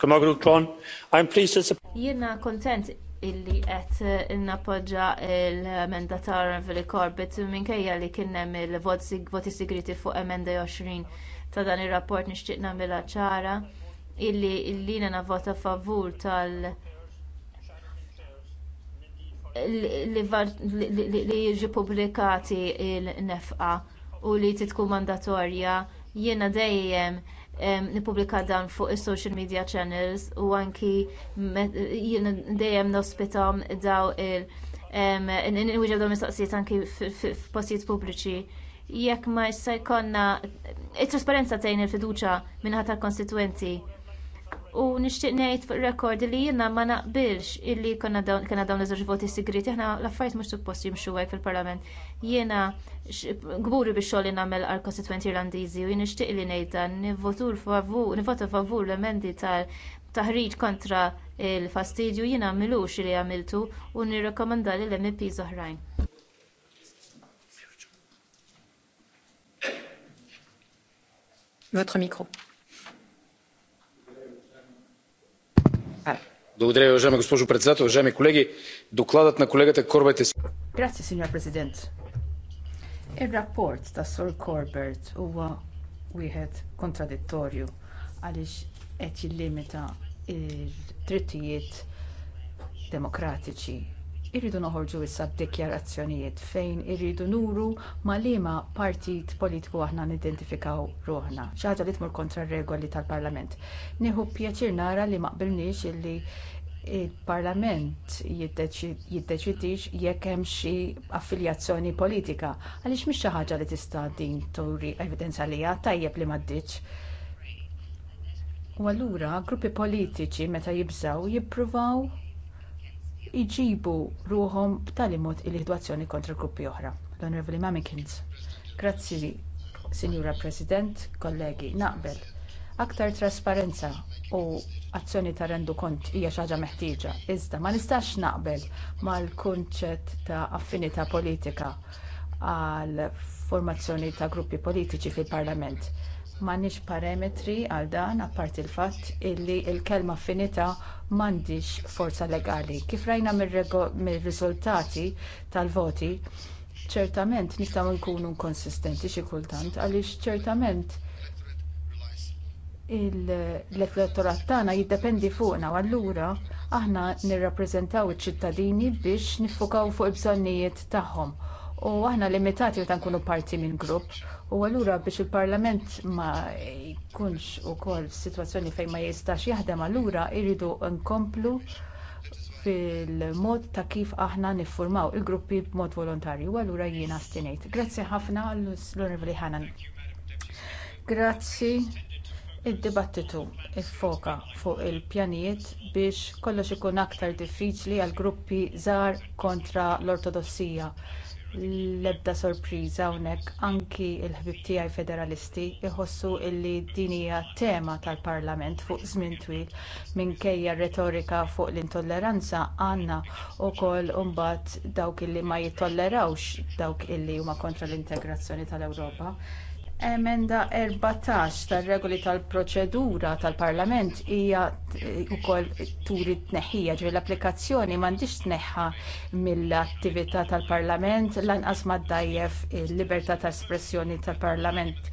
Kamaru eh, Tron, I'm pleased to Jena kontent illi qed eh, nappoġġa l-emenda ta' Ravali Corbett minkejja li kien hemm il-voti segreti fuq emenda 20 ta' dan ir-rapport nixtieq nagħmilha ċara illi l-lina vota favur tal- li jiġi pubblikati il-nefqa u li titkun mandatorja jiena dejjem nippubblika dan fuq is-social media channels u anki jiena dejjem nospitom daw il- Nwiġab dawn mistaqsijiet anki f'postijiet pubbliċi jekk ma jissa jkollna it-trasparenza tgħin il-fiduċja tal konstituenti u nixtieq ngħid fuq rekord li jiena ma naqbilx illi konna dawn kena dawn iż-żewġ voti sigrit aħna l-affarijiet mhux suppost jimxu hekk fil-Parlament. Jiena gburi biex xogħol li nagħmel għal kostitwenti Irlandiżi u jien nixtieq li ngħid dan nivvotur favur nivvota favur l-emendi tal-taħriġ kontra l fastidju jiena milux li għamiltu u nirrakkomanda li l-MPs oħrajn. Votre micro. Благодаря, уважаема госпожо председател. Уважаеми колеги, докладът на колегата Корбет е... Grazie, signor President. Il-rapport ta' Sir Corbett huwa wieħed kontradittorju għaliex qed лимита l третият demokratiċi irridu noħorġu issa d-dikjarazzjonijiet fejn irridu nuru ma' liema partit politiku aħna nidentifikaw ruħna. Xi ħaġa li tmur kontra r-regoli tal-Parlament. Nieħu pjaċir nara li ma qbilniex illi il-Parlament jiddeċidix jekk hemm xi affiljazzjoni politika għaliex mhix xi ħaġa li tista' din turi evidenza li tajjeb li m'għaddiċ. U allura gruppi politiċi meta jibżgħu jippruvaw jġibu ruhom b'tali mod il azzjoni kontra gruppi oħra. L-Onorevoli Mamikins. Grazzi, Sinjura President, kollegi, naqbel. Aktar trasparenza u azzjoni ta' rendu kont hija xi ħaġa meħtieġa, iżda ma nistax naqbel mal-kunċett ta' affinità politika għal formazzjoni ta' gruppi politiċi fil-Parlament m'għandniex parametri għal dan apparti l-fatt illi l-kelma finita affinità m'għandix forza legali. Kif rajna mir-riżultati tal-voti, ċertament nistgħu nkunu konsistenti xi kultant għaliex ċertament l-elettorat tagħna jiddependi fuqna u allura aħna nirrappreżentaw iċ-ċittadini biex niffukaw fuq il bżonnijiet tagħhom u aħna limitati meta nkunu parti minn grupp U allura biex il-Parlament ma jkunx ukoll f'sitwazzjoni fejn ma jistax jaħdem allura jridu nkomplu fil-mod ta' kif aħna niffurmaw il-gruppi b'mod volontarju u allura jiena stinejt. Grazzi ħafna l-Onorevoli Hanan. Grazzi id-dibattitu iffoka fuq il-pjanijiet biex kollox ikun aktar diffiċli għal gruppi żgħar kontra l-ortodossija l-ebda sorpriża hawnhekk anki l-ħbib tiegħi federalisti jħossu li din hija tema tal-Parlament fuq żmien twil minkejja r retorika fuq l-intolleranza għandna wkoll imbagħad dawk illi ma jitollerawx dawk illi huma kontra l-integrazzjoni tal-Ewropa. Emenda 14 tar-regoli tal-proċedura tal-Parlament hija wkoll turi tneħħija ġifier l-applikazzjoni m'għandix tneħħa mill-attività tal-Parlament lanqas ma ddajjef il-libertà ta' espressjoni tal-Parlament.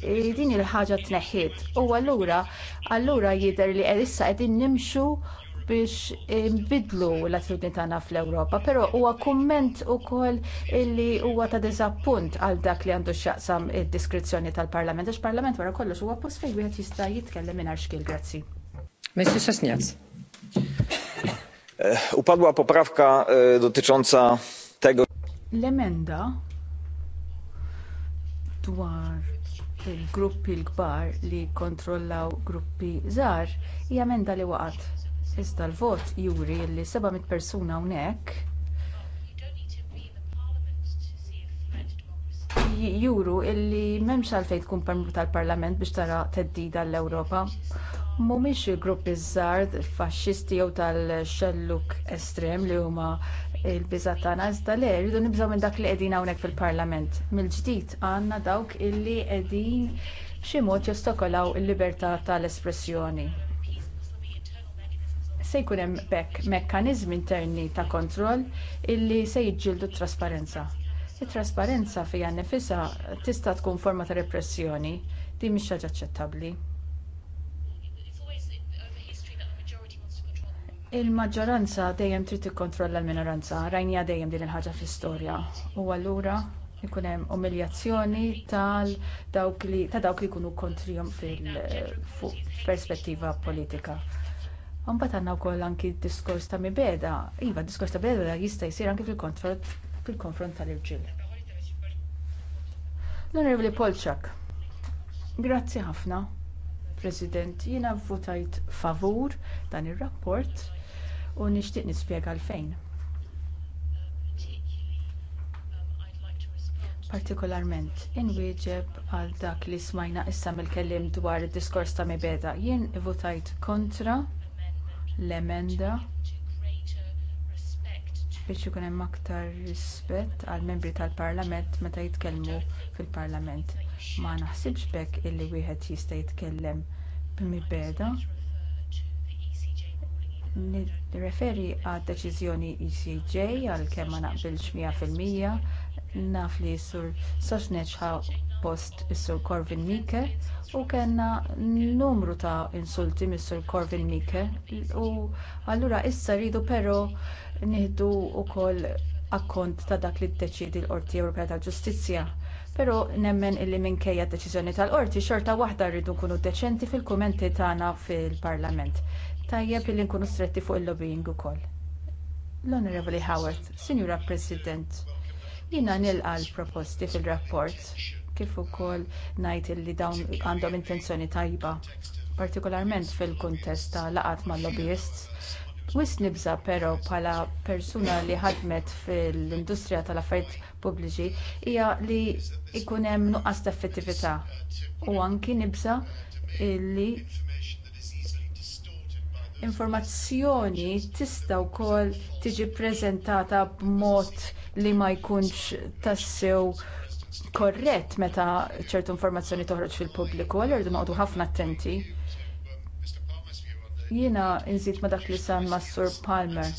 Din il-ħaġa tneħħiet u allura allura jidher li issa qegħdin nimxu biex nbidlu l-attitudni tagħna fl-Ewropa, però huwa kumment ukoll illi huwa ta' diżappunt għal dak li għandu x'jaqsam id-diskrizzjoni tal-Parlament għax Parlament wara kollox huwa post fejn wieħed jista' jitkellem mingħajr xkil grazzi. Mr. Sasnjaz. Eh, upadła poprawka eh, dotycząca tego. L-emenda dwar il-gruppi l-kbar li kontrollaw gruppi żgħar hija emenda li waqgħet Iżda l-vot juri li 700 persuna hawnhekk juru li m'hemmx għalfejn tkun membru tal-Parlament biex tara theddida l-Ewropa. Mhumiex il-gruppi żgħar faxxisti jew tal xellug estrem li huma l-biża' tagħna iżda le rridu nibżgħu minn dak li qegħdin hawnhekk fil-Parlament. Mill-ġdid għandna dawk illi qegħdin b'xi mod jostakolaw il-libertà tal-espressjoni se jkun hemm bekk mekkaniżmi interni ta' kontroll illi se jiġġieldu t-trasparenza. It-trasparenza fiha nnifisha tista' tkun forma ta' repressjoni di mhix ħaġa aċċettabbli. Il-maġġoranza dejjem trid tikkontrolla l-minoranza, rajnija dejjem din il-ħaġa fl-istorja. U allura ikun hemm umiljazzjoni tal dawk li ta' dawk li jkunu kontrihom fil-perspettiva politika. Mbagħad għandna wkoll anki diskors ta' mibeda, iva diskors ta' mibeda jista' jsir anki fil-konfront tal-irġiel. L-Onorevoli Polchak, grazzi ħafna, President, jiena vvutajt favur dan ir-rapport u nixtieq nispjega għalfejn. partikolarment inwieġeb għal dak li smajna issa mill-kelliem dwar id-diskors ta' mibeda jien votajt kontra l-emenda biex ikun hemm aktar rispett għall-membri tal-parlament meta jitkellmu fil-parlament ma naħsibx b'hekk illi wieħed jista' jitkellem mibeda nirreferi għad-deċiżjoni ecj għalkemm ma naqbilx mija fil-mija naf li sur sosneċ post is-Sur Corvin Mike u kellna numru ta' insulti mis-Sur Corvin Mike u allura issa rridu però nieħdu wkoll akkont ta' dak li ddeċiedi l-Qorti Ewropea tal-Ġustizzja. Però nemmen illi minkejja d deċiżjoni tal-qorti xorta waħda rridu nkunu deċenti fil-kumenti tagħna fil-Parlament. Tajjeb illi nkunu stretti fuq il-lobbying ukoll. L-Onorevoli Howard, Sinjura President, jiena nilqa l-proposti fil-rapport kif ukoll ngħid li dawn għandhom intenzjoni tajba, partikolarment fil-kuntest ta' laqgħat mal-lobbyists. Wis nibża però bħala persuna li ħadmet fl industrija tal-affarijiet pubbliċi hija li jkun hemm nuqqas ta' effettività u anki nibża li informazzjoni tista' wkoll tiġi ppreżentata b'mod li ma jkunx tassew korrett meta ċertu informazzjoni toħroġ fil-pubbliku, għal irdu noqdu ħafna attenti. Jiena nżid ma dak li san Massur Palmer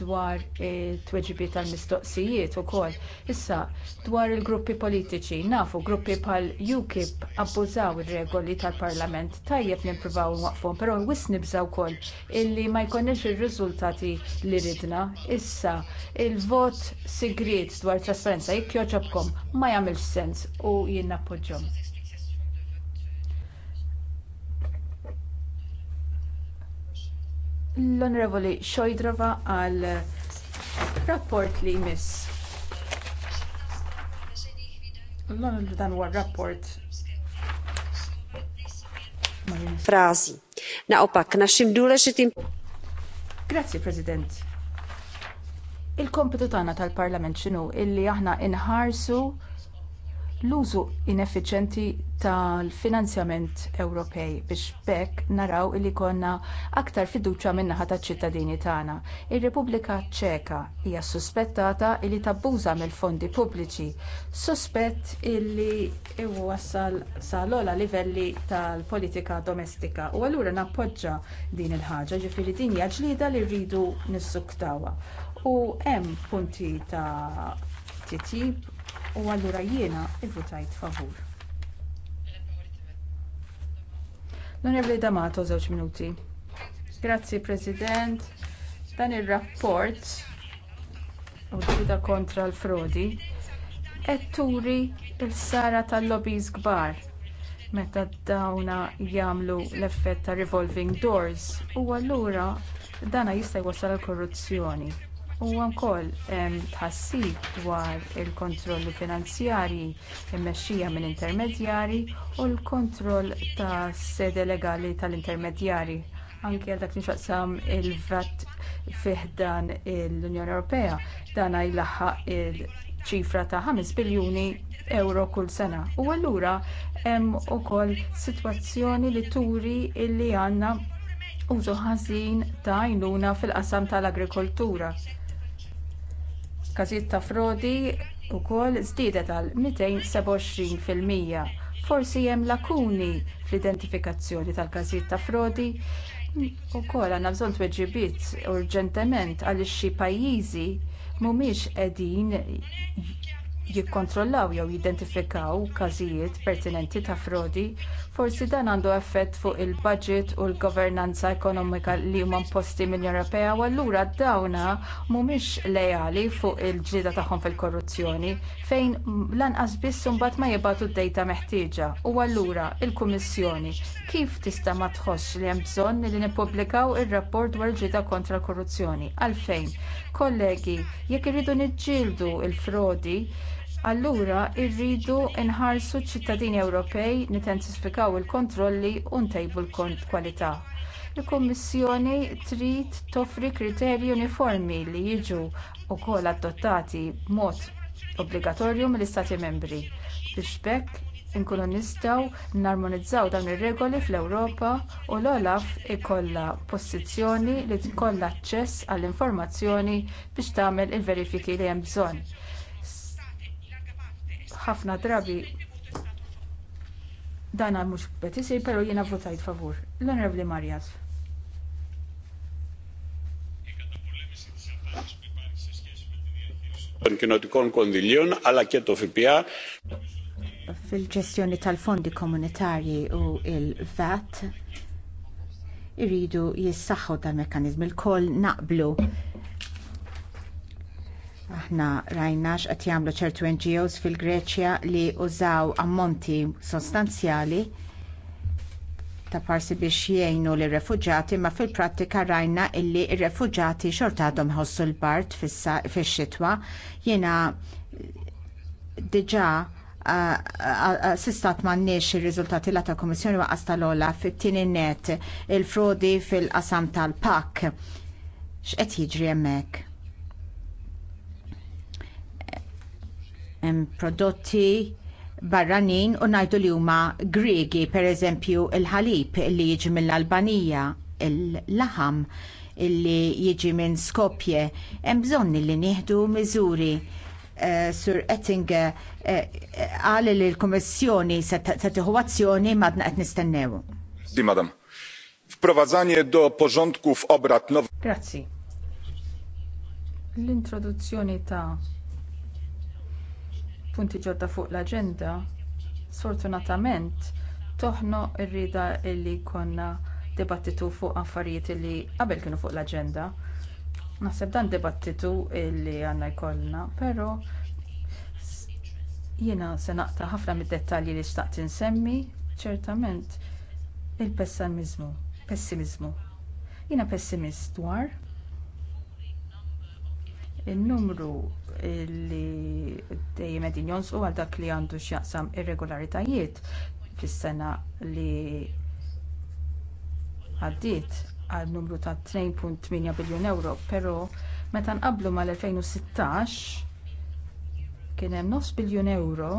dwar it-tweġibi tal-mistoqsijiet ukoll. Issa, dwar il-gruppi politiċi, nafu gruppi bħal UKIP abbużaw ir regoli tal-parlament tajjeb nippruvaw waqfhom, però wis nibża wkoll illi ma jkollniex ir-riżultati li ridna. Issa, il-vot sigriet dwar trasparenza jekk jogħġobkom ma jagħmilx sens u jien nappoġġhom. l-Onorevoli Xojdrova għal rapport li jmiss. dan huwa rapport. Frażi. Naopak, naxxim dura xitim. Grazie, President. Il-kompetu tagħna tal-Parlament x'inhu illi aħna inħarsu l-użu ineffiċjenti tal-finanzjament Ewropej biex b'hekk naraw li jkollna aktar fiduċja min-naħa taċ-ċittadini tagħna. Ir-Repubblika Ċeka hija suspettata li tabbuża mill-fondi pubbliċi, suspett illi iwassal sa l-ogħla livelli tal-politika domestika u allura nappoġġa din il-ħaġa, ġifieri din hija ġlieda li rridu nissuktawha. U hemm punti ta' titjib u allura jiena ivvutajt favur. L-Onorevoli Damato, żewġ minuti. Grazzi, President. Dan ir-rapport u ġida kontra l-frodi qed turi l-sara tal-lobbies kbar meta dawna jagħmlu l-effett ta' revolving doors u allura dana jista' jwassal għal korruzzjoni huwa wkoll hemm tħassib dwar il-kontrolli finanzjarji immexxija minn intermedjarji u l-kontroll tas-sede legali tal-intermedjarji anke għal dak li il-vat fih dan l-Unjoni Ewropea dan jlaħħaq il-ċifra ta' 5 biljuni euro kull sena. U allura hemm ukoll sitwazzjoni li turi li għandna użu ħażin ta' għajnuna fil-qasam tal-agrikoltura każijiet ta' frodi wkoll żdiedet għal 227% forsi hemm lakuni fl-identifikazzjoni tal-każijiet ta' frodi wkoll għandna bżonn tweġibiet urġentement għaliex xi pajjiżi mhumiex qegħdin jikkontrollaw jew jidentifikaw każijiet pertinenti ta' frodi forsi dan għandu effett fuq il-baġit u l-governanza ekonomika li huma imposti mill-unjoni ewropea u allura dawn mhumiex lejali fuq il-ġlieda tagħhom fil-korruzzjoni fejn lanqas biss imbagħad ma jibgħatu d-dejta meħtieġa u allura l-kummissjoni kif tista' ma tħoss li hemm bżonn li nippubblikaw ir-rapport dwar il-ġlieda kontra l-korruzzjoni għalfejn kollegi jekk irridu niġġieldu l-frodi allura rridu nħarsu ċ-ċittadini ewropej nintensifikaw il-kontrolli u ntejbu l-kwalità il-kummissjoni trid toffri kriterji uniformi li jiġu wkoll adottati b'mod obbligatorju mill-istati membri biex b'hekk inkunu nistgħu narmonizzaw dawn ir-regoli fl-ewropa u l-olaf ikollha pożizzjoni li tkollha aċċess għall-informazzjoni biex tagħmel il-verifiki li hemm bżonn ħafna drabi dan mhux qed isir però jiena votajt favur. L-Onorevli Marjas. των κοινοτικών κονδυλίων αλλά και το Fil-ġestjoni tal-fondi komunitarji u il-VAT irridu jissaħħu dal-mekkanizmi l-koll naqblu Aħna rajnax qed jagħmlu ċertu NGOs fil-Greċja li użaw ammonti sostanzjali ta' parsi biex jgħinu lir refuġati ma fil-prattika rajna illi r refuġati xortadhom ħossu l-bart fix-xitwa jiena diġà sistat mannix riżultati rizultati la ta' Kummissjoni waqqas tal-ola fit tieni net il-frodi fil-qasam tal-pak. X'qed jiġri hemmhekk? prodotti barranin u ngħidu li huma Griegi, pereżempju l ħalib li jiġi mill-Albanija, il-laħam li jiġi minn Skopje, hemm bżonn li nieħdu miżuri. Uh, Sur Ettinger eh, qal uh, li l-Kummissjoni se tieħu azzjoni madna qed nistennew. Di madam. Wprowadzanie do porządków obrad nowych. Grazzi. L-introduzzjoni ta' punti ġodda fuq l-aġenda sfortunatament toħloq ir-rieda li jkollna dibattitu fuq affarijiet li qabel kienu fuq l-aġenda naħseb dan dibattitu li għandna jkollna però jiena se naqta' ħafna mid-dettalji li xtaqt insemmi ċertament il pessimiżmu jiena pessimist dwar in-numru li dejjem qegħdin jonqsu għal dak li għandu x'jaqsam irregolaritajiet fis-sena li għaddiet għal numru ta' 2.8 biljun euro, però meta nqabblu mal-2016 kien hemm nofs biljun euro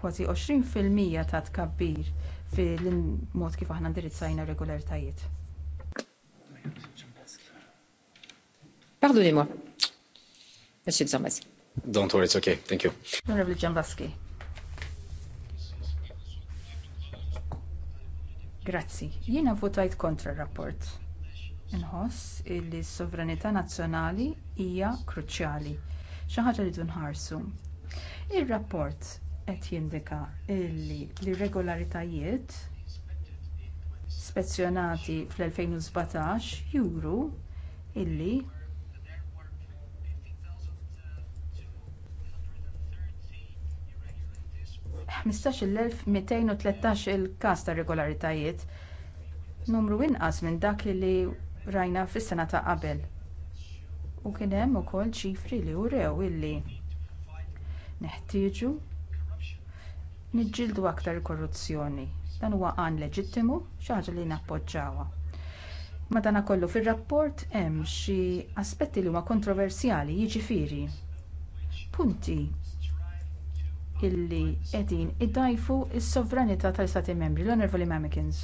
kważi 20% ta' tkabbir fil-mod kif aħna r regolaritajiet. Mr. Zomers. Don't worry, it's okay. Thank you. Honorable Jambaski. Grazzi. Jiena votajt kontra r-rapport. Inħoss li s-sovranità nazzjonali hija kruċjali. Xi ħaġa li nħarsu. Ir-rapport qed jindika li l-irregolaritajiet spezzjonati fl-2017 juru illi 15,213 il-każ ta' regolaritajiet numru inqas minn dak li rajna fis-sena ta' qabel u kien hemm ukoll ċifri li wrew illi neħtieġu niġġieldu aktar korruzzjoni dan huwa qal leġittimu xi ħaġa li nappoġġjawha madankollu fir-rapport hemm xi aspetti li huma kontroversjali jiġifieri punti illi qegħdin iddajfu s-sovranità tal-istati membri l-onorevoli mamikins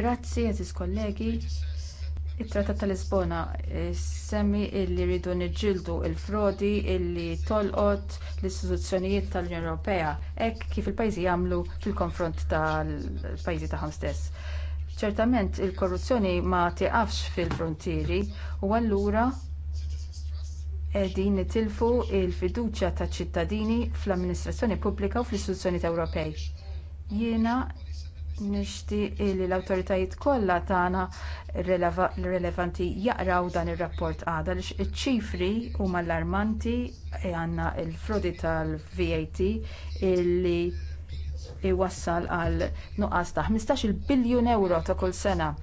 grazzi eżis kollegi it-trattat ta' lisbona eh, semmi li rridu niġġieldu l-frodi li tolqot l-istituzzjonijiet tal-unjoni ewropea hekk kif il-pajjiżi jagħmlu fil-konfront tal-pajjiżi tagħhom stess ċertament il-korruzzjoni ma tieqafx fil-fruntieri u allura qegħdin nitilfu l-fiduċja taċ-ċittadini fl-amministrazzjoni pubblika u fl-istituzzjonijiet Ewropej. Jiena nixtieq li l-awtoritajiet kollha tagħna rilevanti jaqraw dan ir-rapport għada għaliex iċ-ċifri huma allarmanti e għandna l-frodi tal-VAT li iwassal għal nuqqas ta' 15-il biljun euro ta' kull sena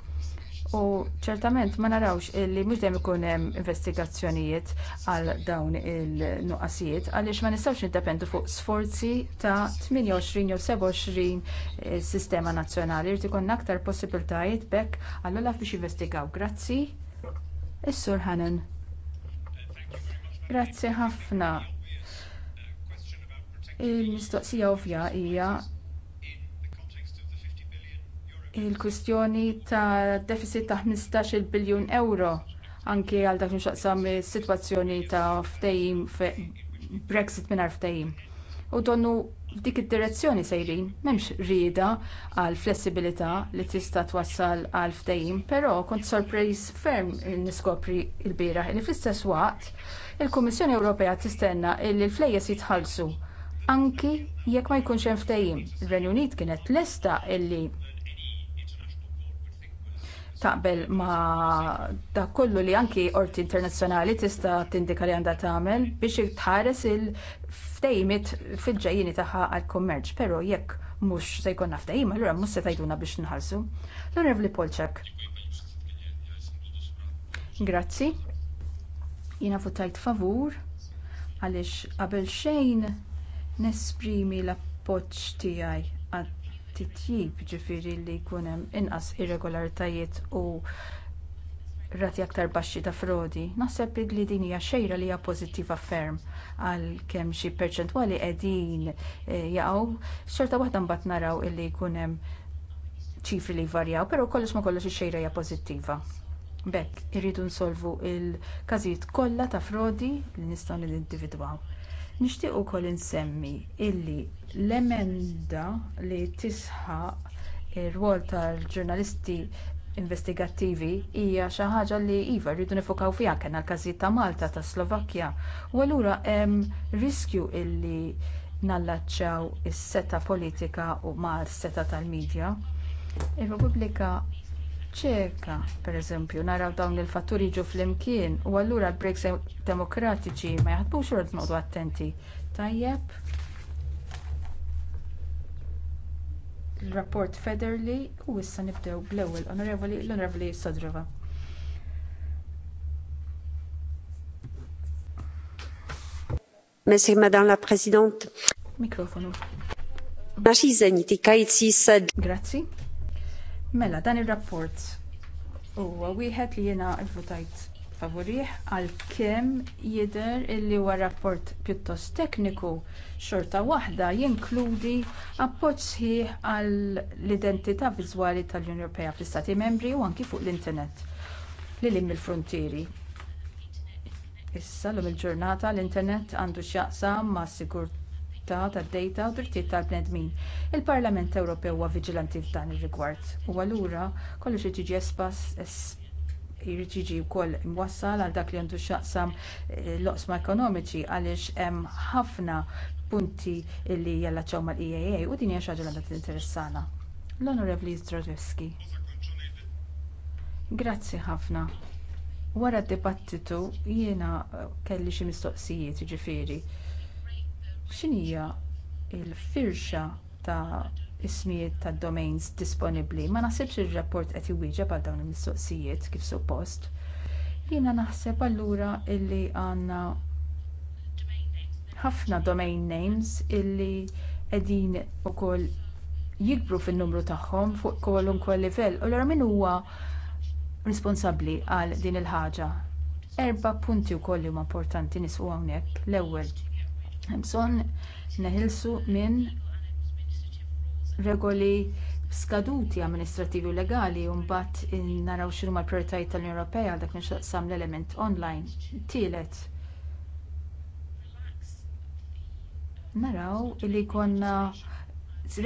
U ċertament ma narawx illi mhux dejjem ikun hemm investigazzjonijiet għal dawn il-nuqqasijiet għaliex ma nistgħux niddependu fuq sforzi ta' 28 jew 27 eh, sistema nazzjonali irid ikun aktar possibiltajiet b'hekk għall biex investigaw. Grazzi. Is-Sur Hannan. Grazzi ħafna. Il-mistoqsija ovvja hija il-kwistjoni ta' deficit ta' 15 biljun euro anke għal dak xaqsam is-sitwazzjoni ta' ftehim Brexit mingħajr ftehim. U donnu f'dik id-direzzjoni sejrin, m'hemmx rieda għal flessibilità li tista' twassal għal ftehim, però kont sorpreż ferm niskopri l-bieraħ li fl-istess waqt il-Kummissjoni Ewropea tistenna li l-flejjes jitħallsu anki jekk ma jkunx hemm ftehim. Ir-Renju Unit kienet lesta illi taqbel ma da kollu li anki orti internazzjonali tista' tindika li għandha tagħmel biex tħares il-ftejmit fil-ġejjini tagħha għall-kummerċ, però jekk mhux se jkun ftehim, allura mhux se tgħiduna biex nħallsu. L-Onorevoli Polczak. Grazzi. Jiena tajt favur għaliex qabel xejn nesprimi l-appoġġ tiegħi għad titjib ġifiri li jkun hemm inqas irregolaritajiet u rati aktar baxxi ta' frodi. Naħseb li din hija xejra li hija pożittiva ferm għalkemm xi perċentwali qegħdin eh, jaqgħu xorta waħda mbagħad naraw illi jkun hemm ċifri li jvarjaw, però kollox ma kollox ix-xejra hija pożittiva. B'hekk irridu nsolvu l każijiet kollha ta' frodi li nistgħu nindividwaw nixtieq ukoll insemmi illi l-emenda li tisħaq ir-rwol tal-ġurnalisti investigattivi hija xi ħaġa li iva rridu nifokaw fiha kemm għall każijiet ta' malta tas-slovakkja u allura hemm riskju li nallaċċjaw is-seta' politika u s seta' tal-midja ir-repubblika ċeka pereżempju naraw dawn il-fatturi jiġu flimkien u allura l-breaks demokratiċi ma jaħdmux u rrid attenti tajjeb ir-rapport federali u issa nibdew bl-ewwel onorevoli l-onorevoli sodrova Merci Madame la Présidente. Mikrofonu. Naxi zeniti kajt Grazzi Mela, dan ir-rapport huwa wieħed li jiena votajt favorih għalkemm jidher li huwa rapport pjuttost tekniku xorta waħda jinkludi appoġġ sħiħ għall-identità viżwali tal-Unjoni Ewropea fl-Istati Membri u anki fuq l-Internet li lim mill frontieri Issa l-lum il-ġurnata l-Internet għandu x'jaqsam ma' sigurt proprjetà tad-dejta u drittijiet tal-bnedmin. Il-Parlament Ewropew huwa viġilanti f'dan ir-rigward u allura kollox irid jiġi jrid jiġi wkoll imwassal għal dak li għandu x'jaqsam eh, l-oqsma ekonomiċi għaliex hemm ħafna punti li jallaċċaw mal-EAA u din hija xi ħaġa li għandha tinteressana. L-Onorevli Zdrojewski. Grazzi ħafna. Wara d-dibattitu jiena eh, kelli xi mistoqsijiet jiġifieri x'inhija l-firxa ta' ismijiet tad-domains disponibbli ma naħsibx ir-rapport qed iwieġeb għal dawn il-mistoqsijiet kif suppost jiena naħseb allura li għandna ħafna domain names illi qegħdin ukoll jikbru fin-numru tagħhom fuq kwalunkwe livell u allura min huwa responsabbli għal din il-ħaġa. Erba' punti wkoll huma importanti nisqu hawnhekk. L-ewwel hemm bżonn neħilsu minn regoli skaduti amministrattivi u legali u mbagħad naraw x'huma l-prijoritajiet tal-unjoni ewropea għal dak li x'taqsam l-element online tielet naraw li jkollna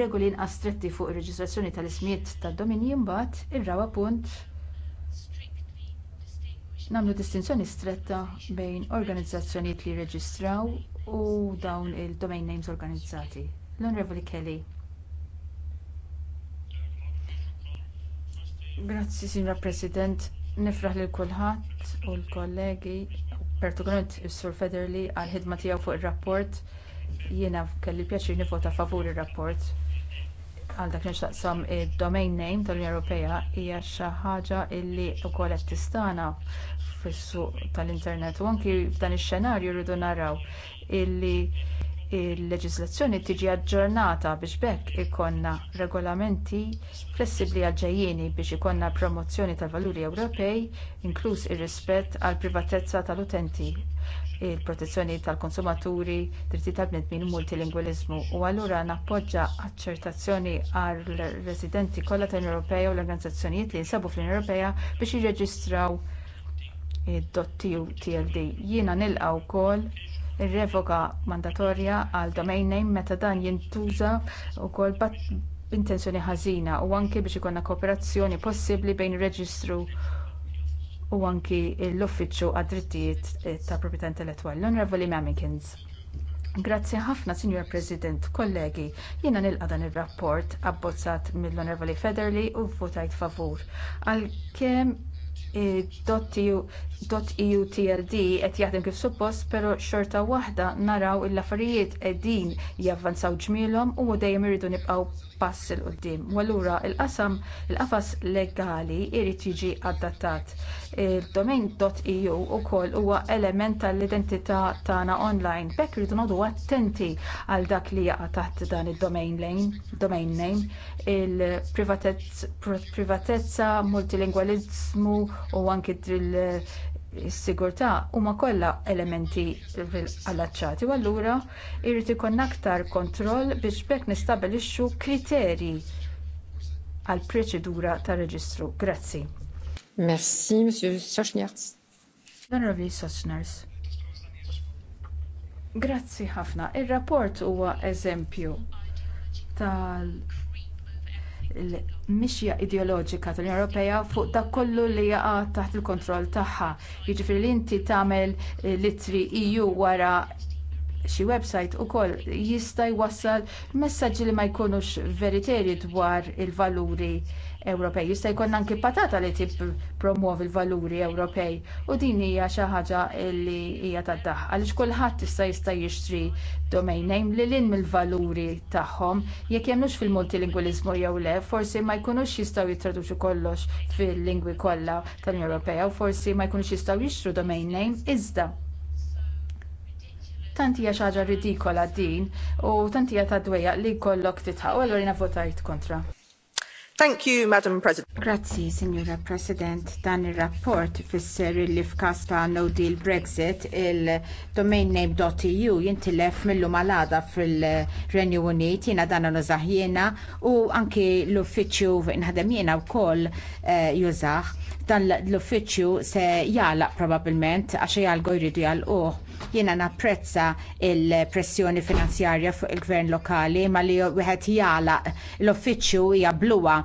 regoli inqas stretti fuq ir-reġistrazzjoni tal-ismijiet tad-dominji mbagħad ir-raba' punt nagħmlu distinzjoni stretta bejn organizzazzjonijiet li jirreġistraw u dawn il-domain names organizzati. L-Onorevoli Kelly. Grazzi, Signor President. Nifraħ lil kulħadd u l-kollegi, partikolarment is-Sur Federli għall-ħidma tiegħu fuq ir-rapport. Jiena kelli pjaċir nivvota favur ir-rapport għal dak nixtaqsam id-domain name tal-Unjoni Ewropea hija xi ħaġa li wkoll qed tistana fis-suq tal-internet u anki f'dan ix-xenarju rridu naraw illi il-leġiżlazzjoni tiġi aġġornata biex b'hekk ikollna regolamenti flessibbli għal ġejjieni biex ikollna promozzjoni tal-valuri Ewropej inkluż ir-rispett għall privatezza tal-utenti il-protezzjoni tal-konsumaturi, drittijiet tal-bnedmin u multilingwiliżmu u allura nappoġġa aċċertazzjoni għar-residenti kollha tal-Unjoni Ewropea u l-organizzazzjonijiet li jinsabu fl-Unjoni Ewropea biex jirreġistraw id-tld. Jiena nilqa' wkoll ir-revoka mandatorja għal domain name meta dan jintuża wkoll b'intenzjoni ħażina u anke biex ikollna kooperazzjoni possibbli bejn ir-reġistru u anki l-Uffiċċju għad-Drittijiet eh, tal-Proprjetà Intellettwali, l-Onorevoli Mamikins. Grazzi ħafna, sinjur President, kollegi. Jiena nilqa dan ir-rapport abbozzat mill-Onorevoli Federley u vvutajt favur. Għalkemm eh, tld e qed jaħdem kif suppost, però xorta waħda naraw il-affarijiet qegħdin javvanzaw ġmielhom u dejjem iridu nibqgħu pass il qudiem U allura il-qasam il-qafas legali jrid jiġi adattat. Il-domain.eu ukoll huwa element tal-identità tagħna online. B'hekk irid nodu attenti għal dak li jaqa' taħt dan id-domain domain name, il-privatezza, multilingwaliżmu u anki il is sigurtà huma kollha elementi allaċċati u allura jrid ikun aktar kontroll biex b'hekk nistabbilixxu kriterji għall proċedura tar-reġistru. Grazzi. Merci, Monsieur Sachnerz. L-Onorevoli Sachnerz. Grazzi ħafna. Ir-rapport huwa eżempju tal- l-mixja ideoloġika tal-Unjoni Ewropea fuq dak kollu li jaqa' taħt il-kontroll tagħha. Jiġifieri li inti tagħmel eh, litri EU wara xi website ukoll jista' jwassal messaġġi li ma jkunux veriterji dwar il-valuri Ewropej. Jista' jkun anki patata li tippromuovi l-valuri Ewropej u din hija xi ħaġa li hija tad-daħ għaliex kulħadd jista' jista' jixtri domain name li lin mill-valuri tagħhom jekk jemnux fil-multilingualizmu jew le, forsi ma jkunux jistgħu jittraduċu kollox fil-lingwi kollha tal-Unjoni Ewropea u forsi ma jkunux jistgħu jixtru domain name iżda tant hija xi ħaġa ridikola din u tant hija tad dwejja li jkollok titħaq u allura votajt kontra. Thank you, Madam President. Grazzi, Signora President. Dan il-rapport fisser li f'kas ta' no deal Brexit il-domain name.eu jintilef millu malada fil-Renju Unit jina dan nużahjena u anki l-uffiċju inħadem jina u koll uh, eh, Dan l-uffiċju se jala probabilment għaxe jgħal jridu jgħal uħ Jiena napprezza il-pressjoni finanzjarja fuq il-gvern lokali ma li wieħed jalaq l-uffiċċju hija bluwa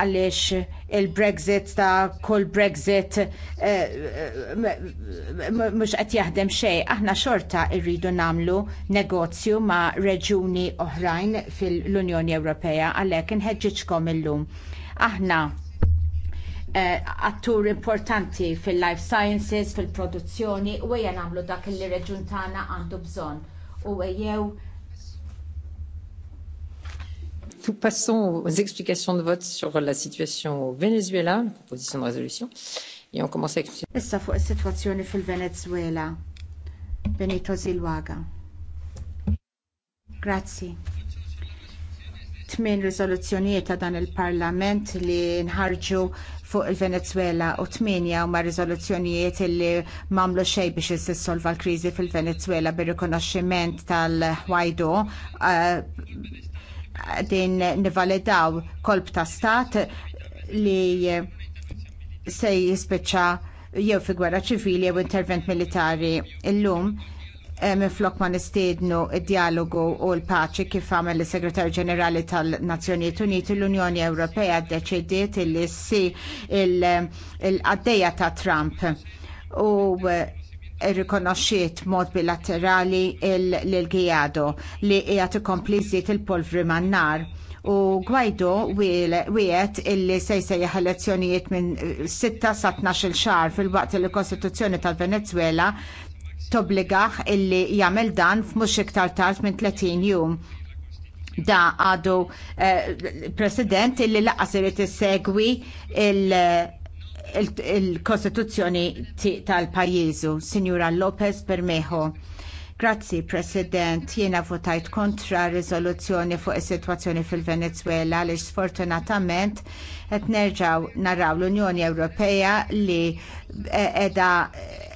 għaliex il-Brexit ta' kull Brexit eh, eh, mhux qed jaħdem xejn. Aħna xorta rridu nagħmlu negozju ma' reġuni oħrajn fil-Unjoni Ewropea għalhekk inħeġġiġkom illum. Aħna eh, attur importanti fil-life sciences, fil-produzzjoni u ejja nagħmlu dak li reġun tagħna għandu bżonn u ejjew Nous passons aux explications de vote sur la situation au Venezuela, proposition de résolution, et on commence avec... Issa fuq is fil-Venezuela. Benito Zilwaga. Grazzi tmien riżoluzzjonijiet ta' dan il-Parlament li nħarġu fuq il-Venezuela u tminja huma riżoluzzjonijiet li m'għamlu xejn biex jissolva l-kriżi fil-Venezuela bir-rikonoxximent tal-Ħwajdo eh, din nivalidaw kolb ta' stat li se jispiċċa jew fi gwerra ċivili jew intervent militari. Illum Eh, flok ma nistiednu d-dialogu u l-paċi kif għamel is segretarju ġenerali tal-Nazzjonijiet Uniti l-Unjoni Ewropea ddeċidiet illi ssi l-għaddejja ta' Trump u irrikonoxxiet eh, mod bilaterali l-Gijado li jgħat ikompli il-polvri man-nar u Guaido wieħed illi sejse jsejjaħ elezzjonijiet minn 6 sa 12 xahar fil-waqt il kostituzzjoni tal-Venezuela Tobbligah illi jagħmel dan f'mhux iktar tard minn 30 jum da għadu eh, president illi laqas irid isegwi il-Kostituzzjoni tal-pajjiżu, Sinjura Lopez Bermejo. Grazzi, President. Jiena votajt kontra riżoluzzjoni fuq is-sitwazzjoni fil-Venezuela għaliex sfortunatament qed nerġgħu naraw l-Unjoni Ewropea li qiegħda eh,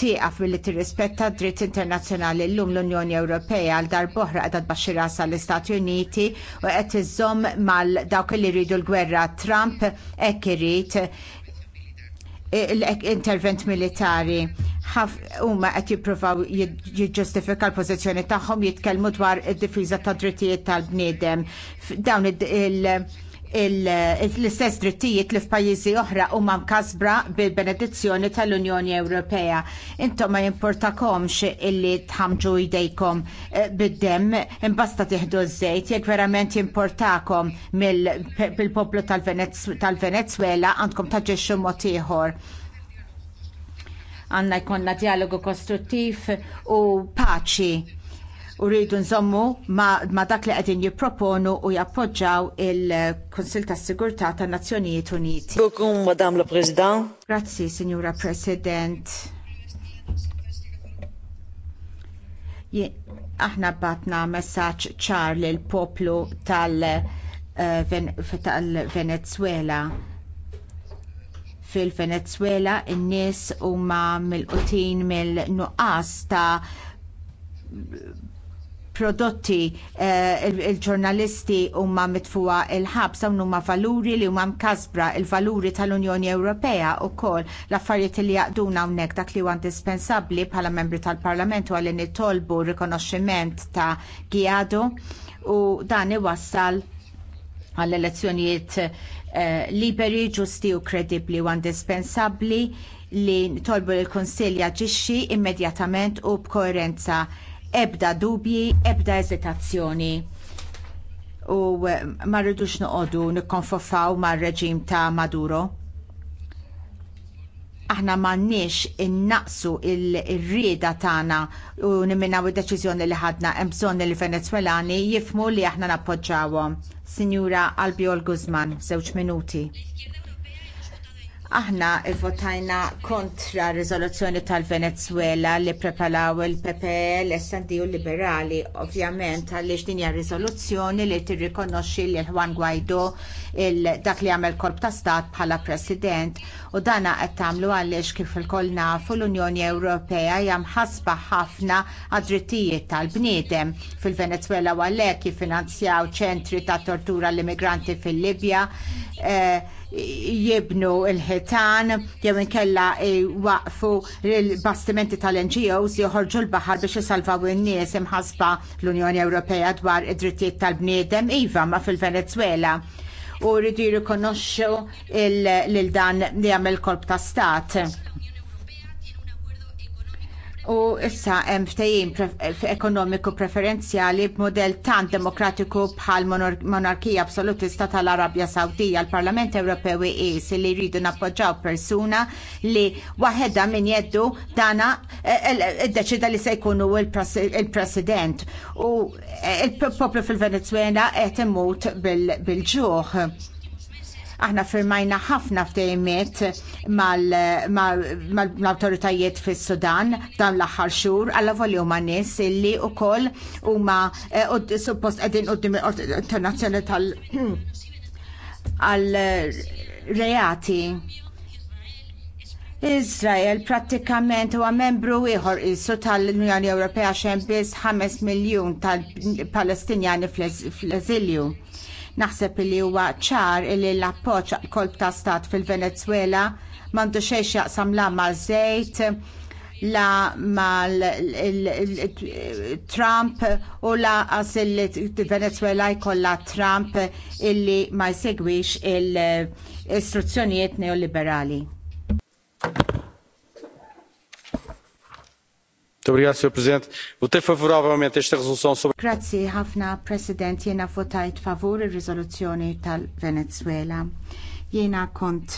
tieqaf billi tirrispetta d-dritt internazzjonali llum l-Unjoni Ewropea għal darboħra qiegħda tbaxxi rasa l-Istati Uniti u qed iżomm mal dawk li jridu l-gwerra Trump hekk irid l-intervent militari huma qed jippruvaw jiġġustifika l-pożizzjoni tagħhom jitkellmu dwar id-difiża tad drittijiet tal-bniedem. Dawn il- l-istess drittijiet li f'pajjiżi oħra huma mkasbra bil-benedizzjoni tal-Unjoni Ewropea. Intom ma jimportakomx illi tħamġu jdejkom eh, bid-dem imbasta tieħdu ż-żejt jekk verament jimportakom mill-poplu tal-Venezuela għandkom taġġexxu mod ieħor għanna jkollna dialogu kostruttiv u paċi u rridu nżommu ma, ma dak li qegħdin jipproponu u jappoġġaw il konsil tas-Sigurtà tan-Nazzjonijiet Uniti. Bukum, Madam la President. Grazzi, Signora President. Aħna batna messaġġ ċar l poplu eh, tal-Venezuela. Fil-Venezuela in-nies huma mill-qutin mill-nuqqas ta' prodotti eh, il-ġurnalisti huma mitfuwa il-ħabs hawn huma valuri li huma mkasbra il-valuri tal-Unjoni Ewropea wkoll l-affarijiet li jaqduna hawnhekk dak li huwa indispensabbli bħala membri tal-Parlament u għalli nitolbu rikonoxximent ta' Giado u dan iwassal għall-elezzjonijiet eh, liberi, ġusti u kredibbli u indispensabbli li tolbu lill konsilja jaġixxi immedjatament u b'koerenza ebda dubji, ebda eżitazzjoni u eh, ma rridux noqogħdu nikkonfofaw mar-reġim ta' Maduro aħna m'għandniex innaqsu l rieda tagħna u nimminaw id-deċiżjoni li ħadna hemm bżonn li Venezwelani jifmu li aħna nappoġġawhom. Sinjura Albiol Guzman, żewġ minuti. Aħna votajna kontra r-riżoluzzjoni tal-Venezuela li prepalaw il ppl l-SND u liberali, ovvjament għaliex din hija riżoluzzjoni li tirrikonoxxi li Juan Guaido dak li għamel korp ta' stat bħala president u dana qed tagħmlu għaliex kif il nafu l-Unjoni Ewropea jam ħasba ħafna għadrittijiet tal-bniedem fil-Venezuela u għalhekk jiffinanzjaw ċentri ta' tortura l-immigranti fil-Libja. Eh, jibnu il-ħitan jew inkella eh, waqfu l-bastimenti tal-NGOs joħorġu l-baħar biex isalvaw in-nies imħasba l-Unjoni Ewropea dwar id-drittijiet tal-bniedem iva ma fil-Venezuela u rridu jirrikonoxxu lil dan li għamil kolb ta' stat U issa hemm ftehim eh, ekonomiku preferenzjali b'modell tant demokratiku bħal monarkija absolutista tal-Arabja Sawdija. L-Parlament Ewropew is li jridu nappoġġaw persuna li waħedha min jeddu dana iddeċida eh, eh, li se jkunu il-president. U il-poplu fil-Venezuela qed imut bil-ġuħ. Aħna firmajna ħafna ftejmiet mal-autoritajiet mal, mal fis sudan dan l-aħħar xhur għalla volju ma' nies illi wkoll huma eh, suppost qegħdin qudiem internazzjonali tal għal reati Izrael prattikament huwa membru ieħor isu tal-Unjoni Ewropea xejn biss 5 miljun tal-Palestinjani fl-eżilju. Fl Naħseb li huwa ċar li l-appoġġ kolb ta' stat fil-Venezuela m'għandux xejn jaqsam la mal-żejt la mal Trump u la għas il-Venezuela jkollha Trump illi ma jsegwix il-istruzzjonijiet neoliberali. Sr. President, Grazie ħafna, President, jena votajt favur ir-riżoluzzjoni tal-Venezuela. Jena kont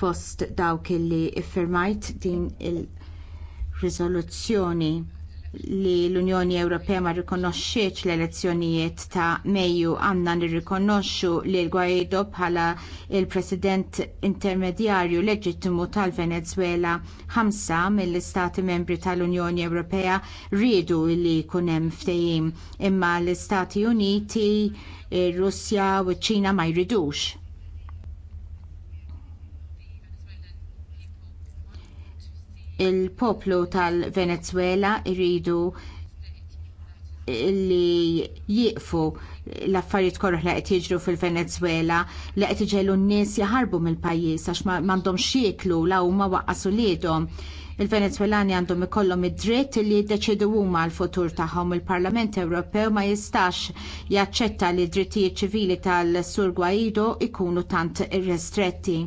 fost dawk illi iffirmajt din il-riżoluzzjoni li l-Unjoni Ewropea ma rrikonoxxietx l-elezzjonijiet ta' Mejju għandna nirrikonoxxu li l-Guaido bħala il-President intermedjarju leġittimu tal-Venezuela ħamsa mill-Istati membri tal-Unjoni Ewropea rridu li jkun hemm ftehim imma l-Istati Uniti, eh, Russja u ċ-Ċina ma jridux il-poplu tal-Venezuela jridu li jieqfu l-affarijiet korruħ li qed jiġru fil-Venezuela li qed iġelu n-nies jaħarbu mill-pajjiż għax m'għandhomx jieklu la huma waqqasu lidhom. Il-Venezwelani għandhom ikollhom id-dritt li jiddeċidu huma l-futur tagħhom. Il-Parlament Ewropew ma jistax jaċċetta li d-drittijiet ċivili tal-Sur Guaido ikunu tant irrestretti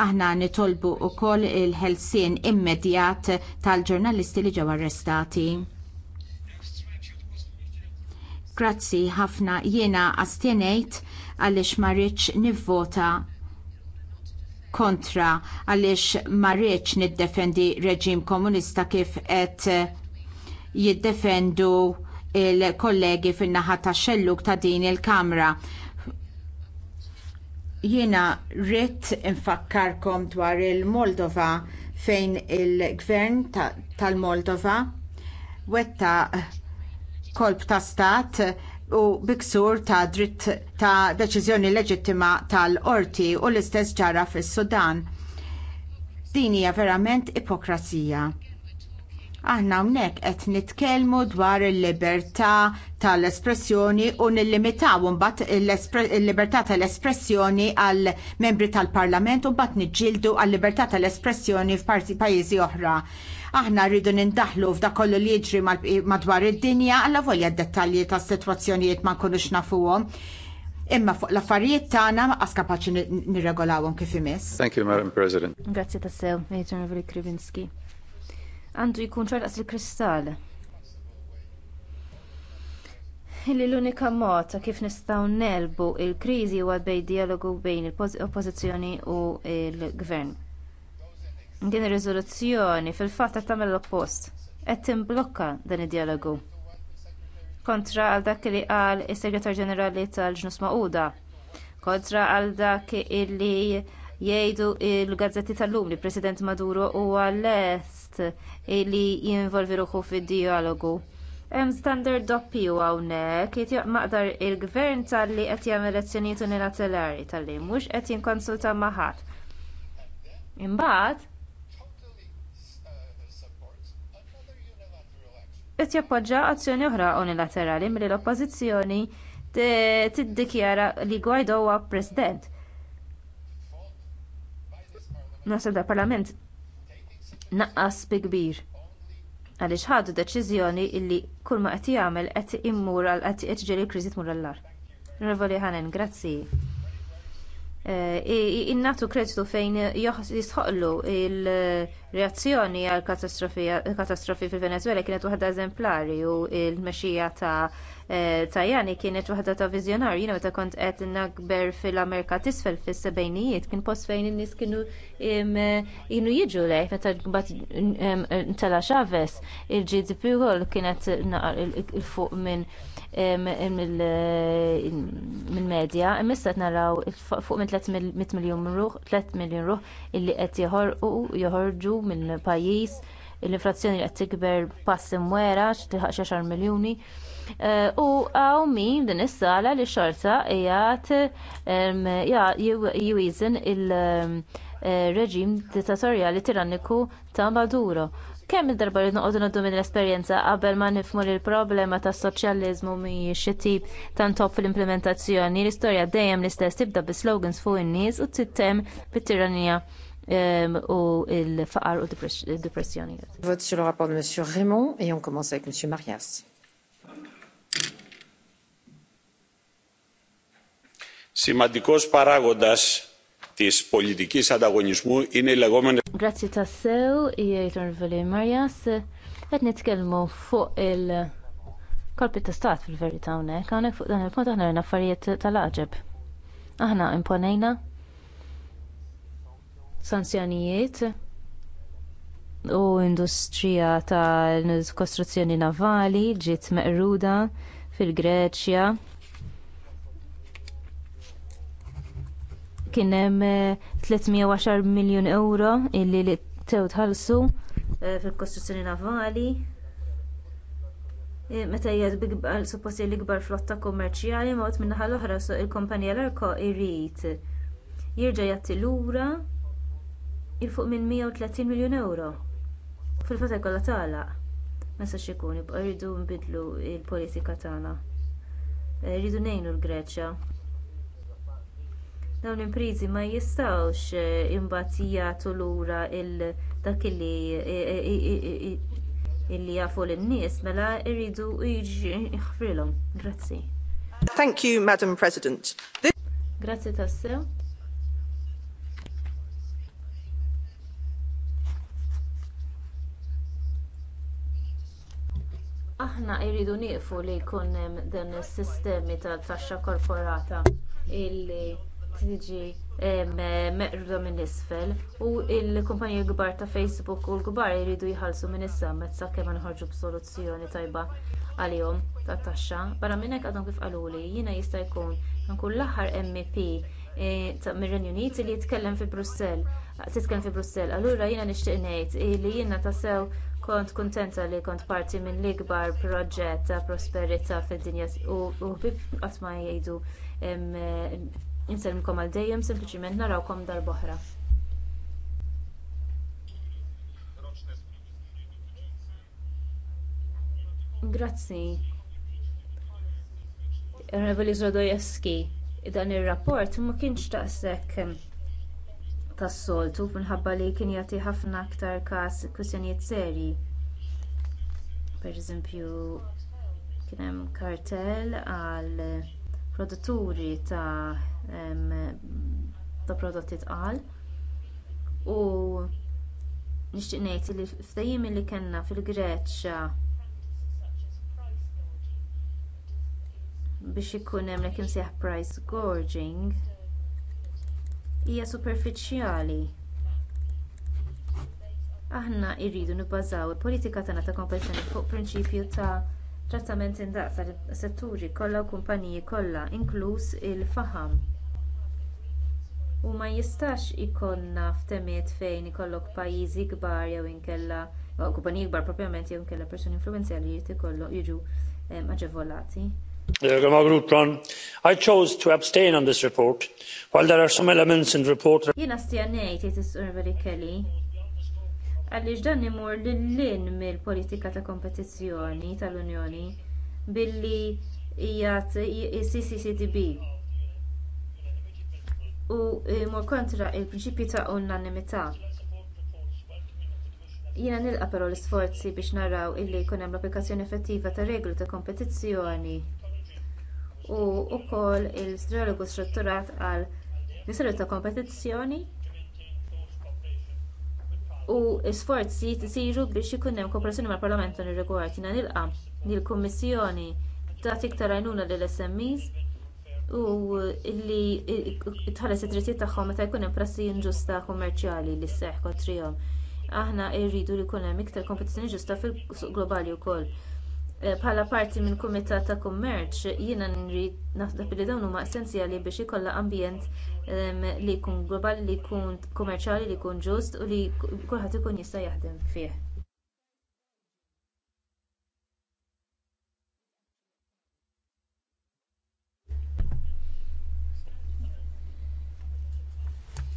Aħna nitolbu wkoll il-ħelsien immedjat tal-ġurnalisti li ġew arrestati. Grazzi ħafna jiena astenejt għaliex ma rridx nivvota kontra għaliex ma rridx niddefendi reġim komunista kif qed jiddefendu il-kollegi fin-naħa tax xelluk ta' din il-Kamra Jiena rrit infakkarkom dwar il-Moldova fejn il-gvern tal-Moldova wetta kolb ta' stat u biksur ta' dritt ta' deċiżjoni leġittima tal-qorti u l-istess ġara fis-Sudan. Din hija verament ipokrazija. Aħna hawnhekk qed nitkellmu dwar il-libertà tal-espressjoni u nillimitaw mbagħad il-libertà tal-espressjoni għal membri tal-Parlament u mbagħad niġġieldu għal-libertà tal-espressjoni f'parti pajjiżi oħra aħna rridu nindaħlu f'dakollu kollu li jiġri madwar id-dinja alla volja d-dettalji ta' situazzjonijiet ma' nkunux nafuhom. Imma fuq l-affarijiet tagħna qas kapaċi nirregolawhom kif imiss. Thank you, Madam President. Grazzi tassew, Major Krivinski għandu jkun ċarqas il-kristall. Illi l-unika mod ta' kif nistgħu nelbu l kriżi huwa bejn dialogu bejn il-oppożizzjoni u l-gvern. Din ir-riżoluzzjoni fil-fatt qed tagħmel l-oppost qed timblokka dan id-dialogu kontra għal dak li qal is-Segretar Ġenerali tal-Ġnus Magħquda, kontra għal dak illi jgħidu l-gazzetti tal-lum li President Maduro huwa les lest eh, li jinvolvi ruħu fid-dialogu. Hemm standard u hawnhekk qed maqdar il-gvern talli qed jagħmel elezzjonijiet unilaterali tal-li mhux qed jinkonsulta ma' ħadd. Imbagħad qed jappoġġa azzjoni oħra unilaterali milli l-oppożizzjoni tiddikjara li Guaido huwa president. Nasa da parlament naqqas bi kbir għaliex ħadu deċiżjoni li kull ma qed jagħmel qed immur għal qed jiġġieli l-kriżi tmur l għar Onorevoli Ħanen, grazzi. Eh, innatu kreditu fejn jisħoqlu il-reazzjoni għal katastrofi fil-Venezuela kienet waħda eżemplari u l mexija ta' Eh, Tajani kienet waħda ta' vizjonar, jina ta' kont qed nagber fil-Amerika tisfel fis-sebejnijiet, kien post fejn in-nies kienu kienu jiġu lej meta mbagħad tela xaves, il-GDP għol kienet il-fuq minn minn medja imissa qed naraw fuq minn 300 miljon ruħ, 3 miljun ruħ illi qed jħorqu joħorġu minn pajjiż l-inflazzjoni qed tikber pass imwera xi 10 miljuni Eh, u għaw min din is-sala li xorta jgħat jwizen il-reġim eh, dittatorjali tiranniku ta' Maduro. Kemm il-darba li noqogħdu noddu minn l-esperjenza qabel ma nifmu li l-problema tas soċjaliżmu mhijiex xi tip ta' ntop fil-implementazzjoni, l-istorja dejjem l-istess tibda bi slogans fuq in-nies u tittem bit-tiranija u il-faqar u depressjoni. Vote sur le rapport de M. Raymond et on commence avec M. Marias. Σημαντικός παράγοντας της πολιτικής ανταγωνισμού είναι οι λεγόμενες... Grazie tassew, jgħajtun e Vili Marjas, għed nitkelmu fuq il- kolpi ta' stat fil verita hawnhekk, hawnhekk fuq dan il-punt aħna rajna affarijiet tal-aġeb. Aħna imponejna sanzjonijiet u industrija tal-kostruzzjoni navali ġiet meqruda fil-Greċja kien hemm 310 eh, miljun euro illi li tew tħallsu eh, fil-kostruzzjoni navali. Eh, meta jgħid bigbar suppost l-ikbar flotta kummerċjali mod min-naħa l-oħra so il-kumpanija l-arko irrid jirġa' jagħti lura il fuq minn 130 miljun euro. Fil-fatta jkollha tagħlaq. Ma sax ikun, jibqa' jridu nbidlu l politika tagħna. Rridu ngħinu l-Greċja dawn l-impriżi ma jistgħux eh, imbagħad jagħtu lura dak illi jafu lin-nies mela jridu jħfrilhom. Grazzi. Thank you, Madam President. Grazzi tassew. aħna jridu nieqfu li jkun hemm dan is-sistemi ta' taxxa korporata illi tiġi meqruda minn isfel u l-kumpaniji kbar ta' Facebook u l-kbar jridu jħallsu minn issa mezza sakemm ma nħorġu b'soluzzjoni tajba għalihom tat-taxxa. Barra minn hekk għadhom kif qaluli jiena jista' jkun nkun l-aħħar MEP e, mir-Renju Unit li jitkellem fi Brussell. Titkellem fi Brussell, allura jiena nixtieq ngħid li jiena tassew kont kuntenta li kont parti minn l-ikbar proġett ta' prosperità fid-dinja u ħbib qatt ma jgħidu Inselmkom għal dejjem sempliċiment narawkom darb'oħra. Grazzi. Reveli Zodojewski, dan ir-rapport ma kienx taqsek tas-soltu minħabba li kien jagħti ħafna aktar każ kwistjonijiet serji pereżempju kien hemm kartell għal produtturi ta' ta' prodotti tqal u nixtieq ngħid li l li kellna fil greċja biex ikun hemm hekk imsejjaħ price gouging hija superfiċjali aħna rridu nibbażaw il-politika tagħna ta' kompetizzjoni fuq prinċipju ta' trattament indaqs għas-setturi kollha u kumpaniji kollha inkluż il-faħam u ma jistax ikollna ftehimiet fejn ikollok pajjiżi kbar jew inkella kumpaniji kbar proprjament jew inkella persuni influwenzjali li jkollhom jiġu aġevolati eh, i chose to abstain on this report while there are some elements in the report is kelly għaliex dan imur lil-lin mill-politika ta' kompetizzjoni tal-Unjoni billi hija CCCDB. u imur kontra l prinċipju ta' unanimità jiena nilqa però l-isforzi biex naraw illi jkun hemm l-applikazzjoni effettiva tar regoli ta' kompetizzjoni u wkoll il-dialogu strutturat għal nisru ta' kompetizzjoni u sforzi jsiru biex ikun hemm kooperazzjoni mal-Parlament dan ir-rigward. Jiena nilqa' li l-Kummissjoni tagħti iktar għajnuna lill-SMEs u li tħares it-drittijiet tagħhom meta jkun hemm prassi inġusta kummerċjali li sseħħ kontrihom. Aħna rridu li jkun hemm iktar kompetizzjoni ġusta fil-globali wkoll Eh, bħala parti minn kumitat ta' kummerċ jiena nrid naħseb li dawn huma essenzjali biex ikollha ambjent li jkun globali li jkun kummerċjali li jkun ġust u li kulħadd ikun jista' jaħdem fih.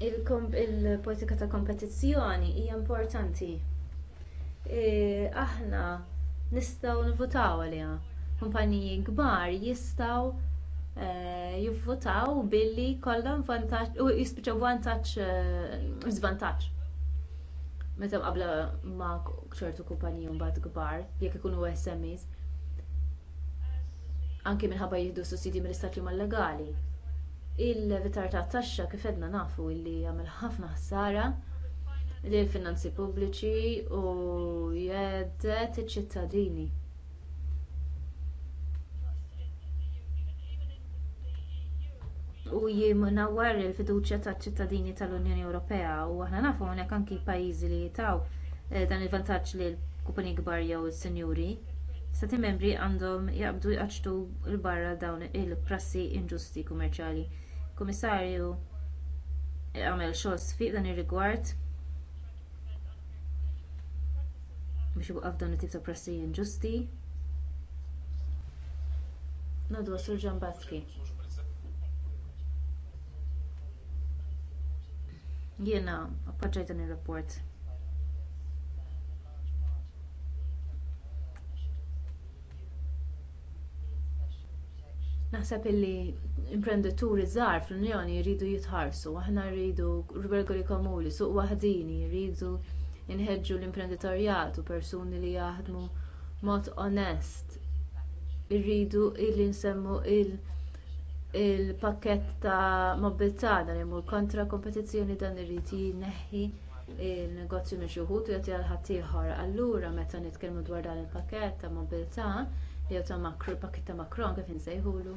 il-politika ta' kompetizzjoni hija importanti. Eh, aħna nistgħu nivvotaw għaliha. Kumpaniji kbar jistgħu eh, jivvotaw billi kollhom vantaġġ u jispiċċaw vantaġġ eh, żvantaġġ. Meta qabla ma' ċertu kumpaniji mbagħad kbar jekk ikunu SMEs anke minħabba jieħdu sussidji mill istati li huma legali. il vitar ta' taxxa kif edna nafu li jagħmel ħafna ħsara lill finanzi pubbliċi u jgħedet iċ-ċittadini. u jimunawwar il-fiduċja taċ-ċittadini tal-Unjoni Ewropea u aħna nafu hawnhekk anki pajjiżi li jitaw eh, dan il-vantaġġ li l-kupani kbar jew is-sinjuri. Stati membri għandhom jaqbdu jqaċtu l-barra dawn il-prassi inġusti kummerċjali. Kummissarju għamel xogħol sfiq dan ir-rigward biex ibuqa f'dawn it-tip ta' prassi inġusti. Nodwa Sur Ġambatski. Jiena appoġġajt dan ir-rapport. naħseb illi imprenditori żgħar fl-Unjoni jridu jitħarsu, aħna rridu regoli komuni, suq waħdini, jridu inħeġġu l-imprenditorjat u persuni li jaħdmu b'mod onest. Irridu illi nsemmu il-pakkett ta' mobilità dan imur kontra kompetizzjoni dan irrid jneħħi il-negozju minn xi wħud u jagħti ħadd ħaddieħor. Allura meta nitkellmu dwar dan il-pakkett ta' mobilità jew ta' makro pakkett ta' makron kif insejħulu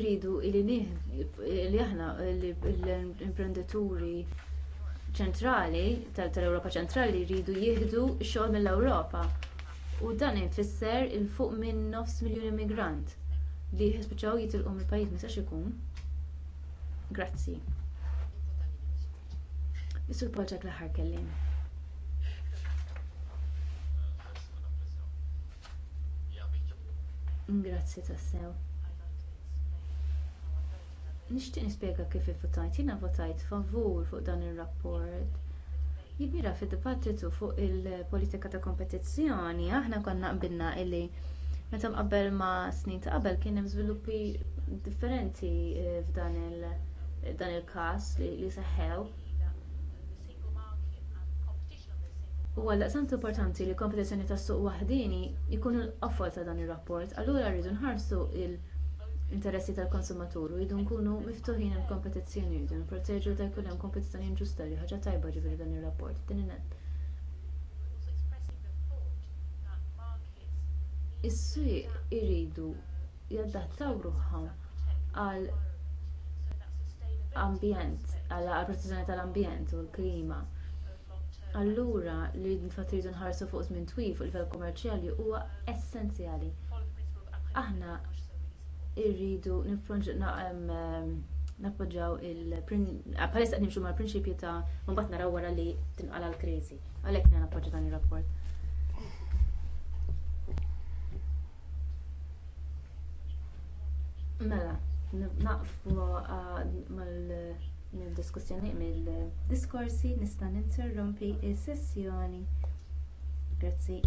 irridu li aħna l imprendituri ċentrali tal-ewropa ċentrali jridu jieħdu x-xogħol mill-ewropa u dan ifisser il fuq minn nofs miljun immigrant li jispiċċaw jitilqu mill-pajjiż ma sax ikun. Grazzi. Issu l-poġġak l-aħħar kelliem. Grazzi tassew. Nixtieq nispjega kif ivvutajt Jiena votajt favur fuq dan ir-rapport. Jibira fid-dibattitu fuq il-politika ta' kompetizzjoni, aħna konna qbilna illi meta mqabbel ma' snin ta' qabel kien hemm żviluppi differenti eh, f'dan il-każ il li, li seħħew. U għalla importanti li kompetizzjoni tas suq waħdini jkunu l qaffol ta' dan ir-rapport, allura rridu nħarsu il- interessi tal-konsumatur u rridu nkunu miftuħin għal kompetizzjoni u rridu nipproteġu meta jkun hemm kompetizzjoni ġusta li ħaġa tajba ġifieri dan ir-rapport tieni nett is-swieq iridu jadattaw ruħhom għal ambjent għal protezzjoni tal-ambjent u l-klima allura li nfatt iridu nħarsu fuq żmien twil fuq livell kummerċjali huwa essenzjali aħna irridu nappoġġaw il palestra qed nimxu mal prinċipju ta' mbagħad naraw wara li tinqala l-kriżi. Għalhekk jiena nappoġġa dan ir-rapport. Mela, naqfu mal-diskussjoni mill-diskorsi nista' ninterrompi s-sessjoni. Grazzi.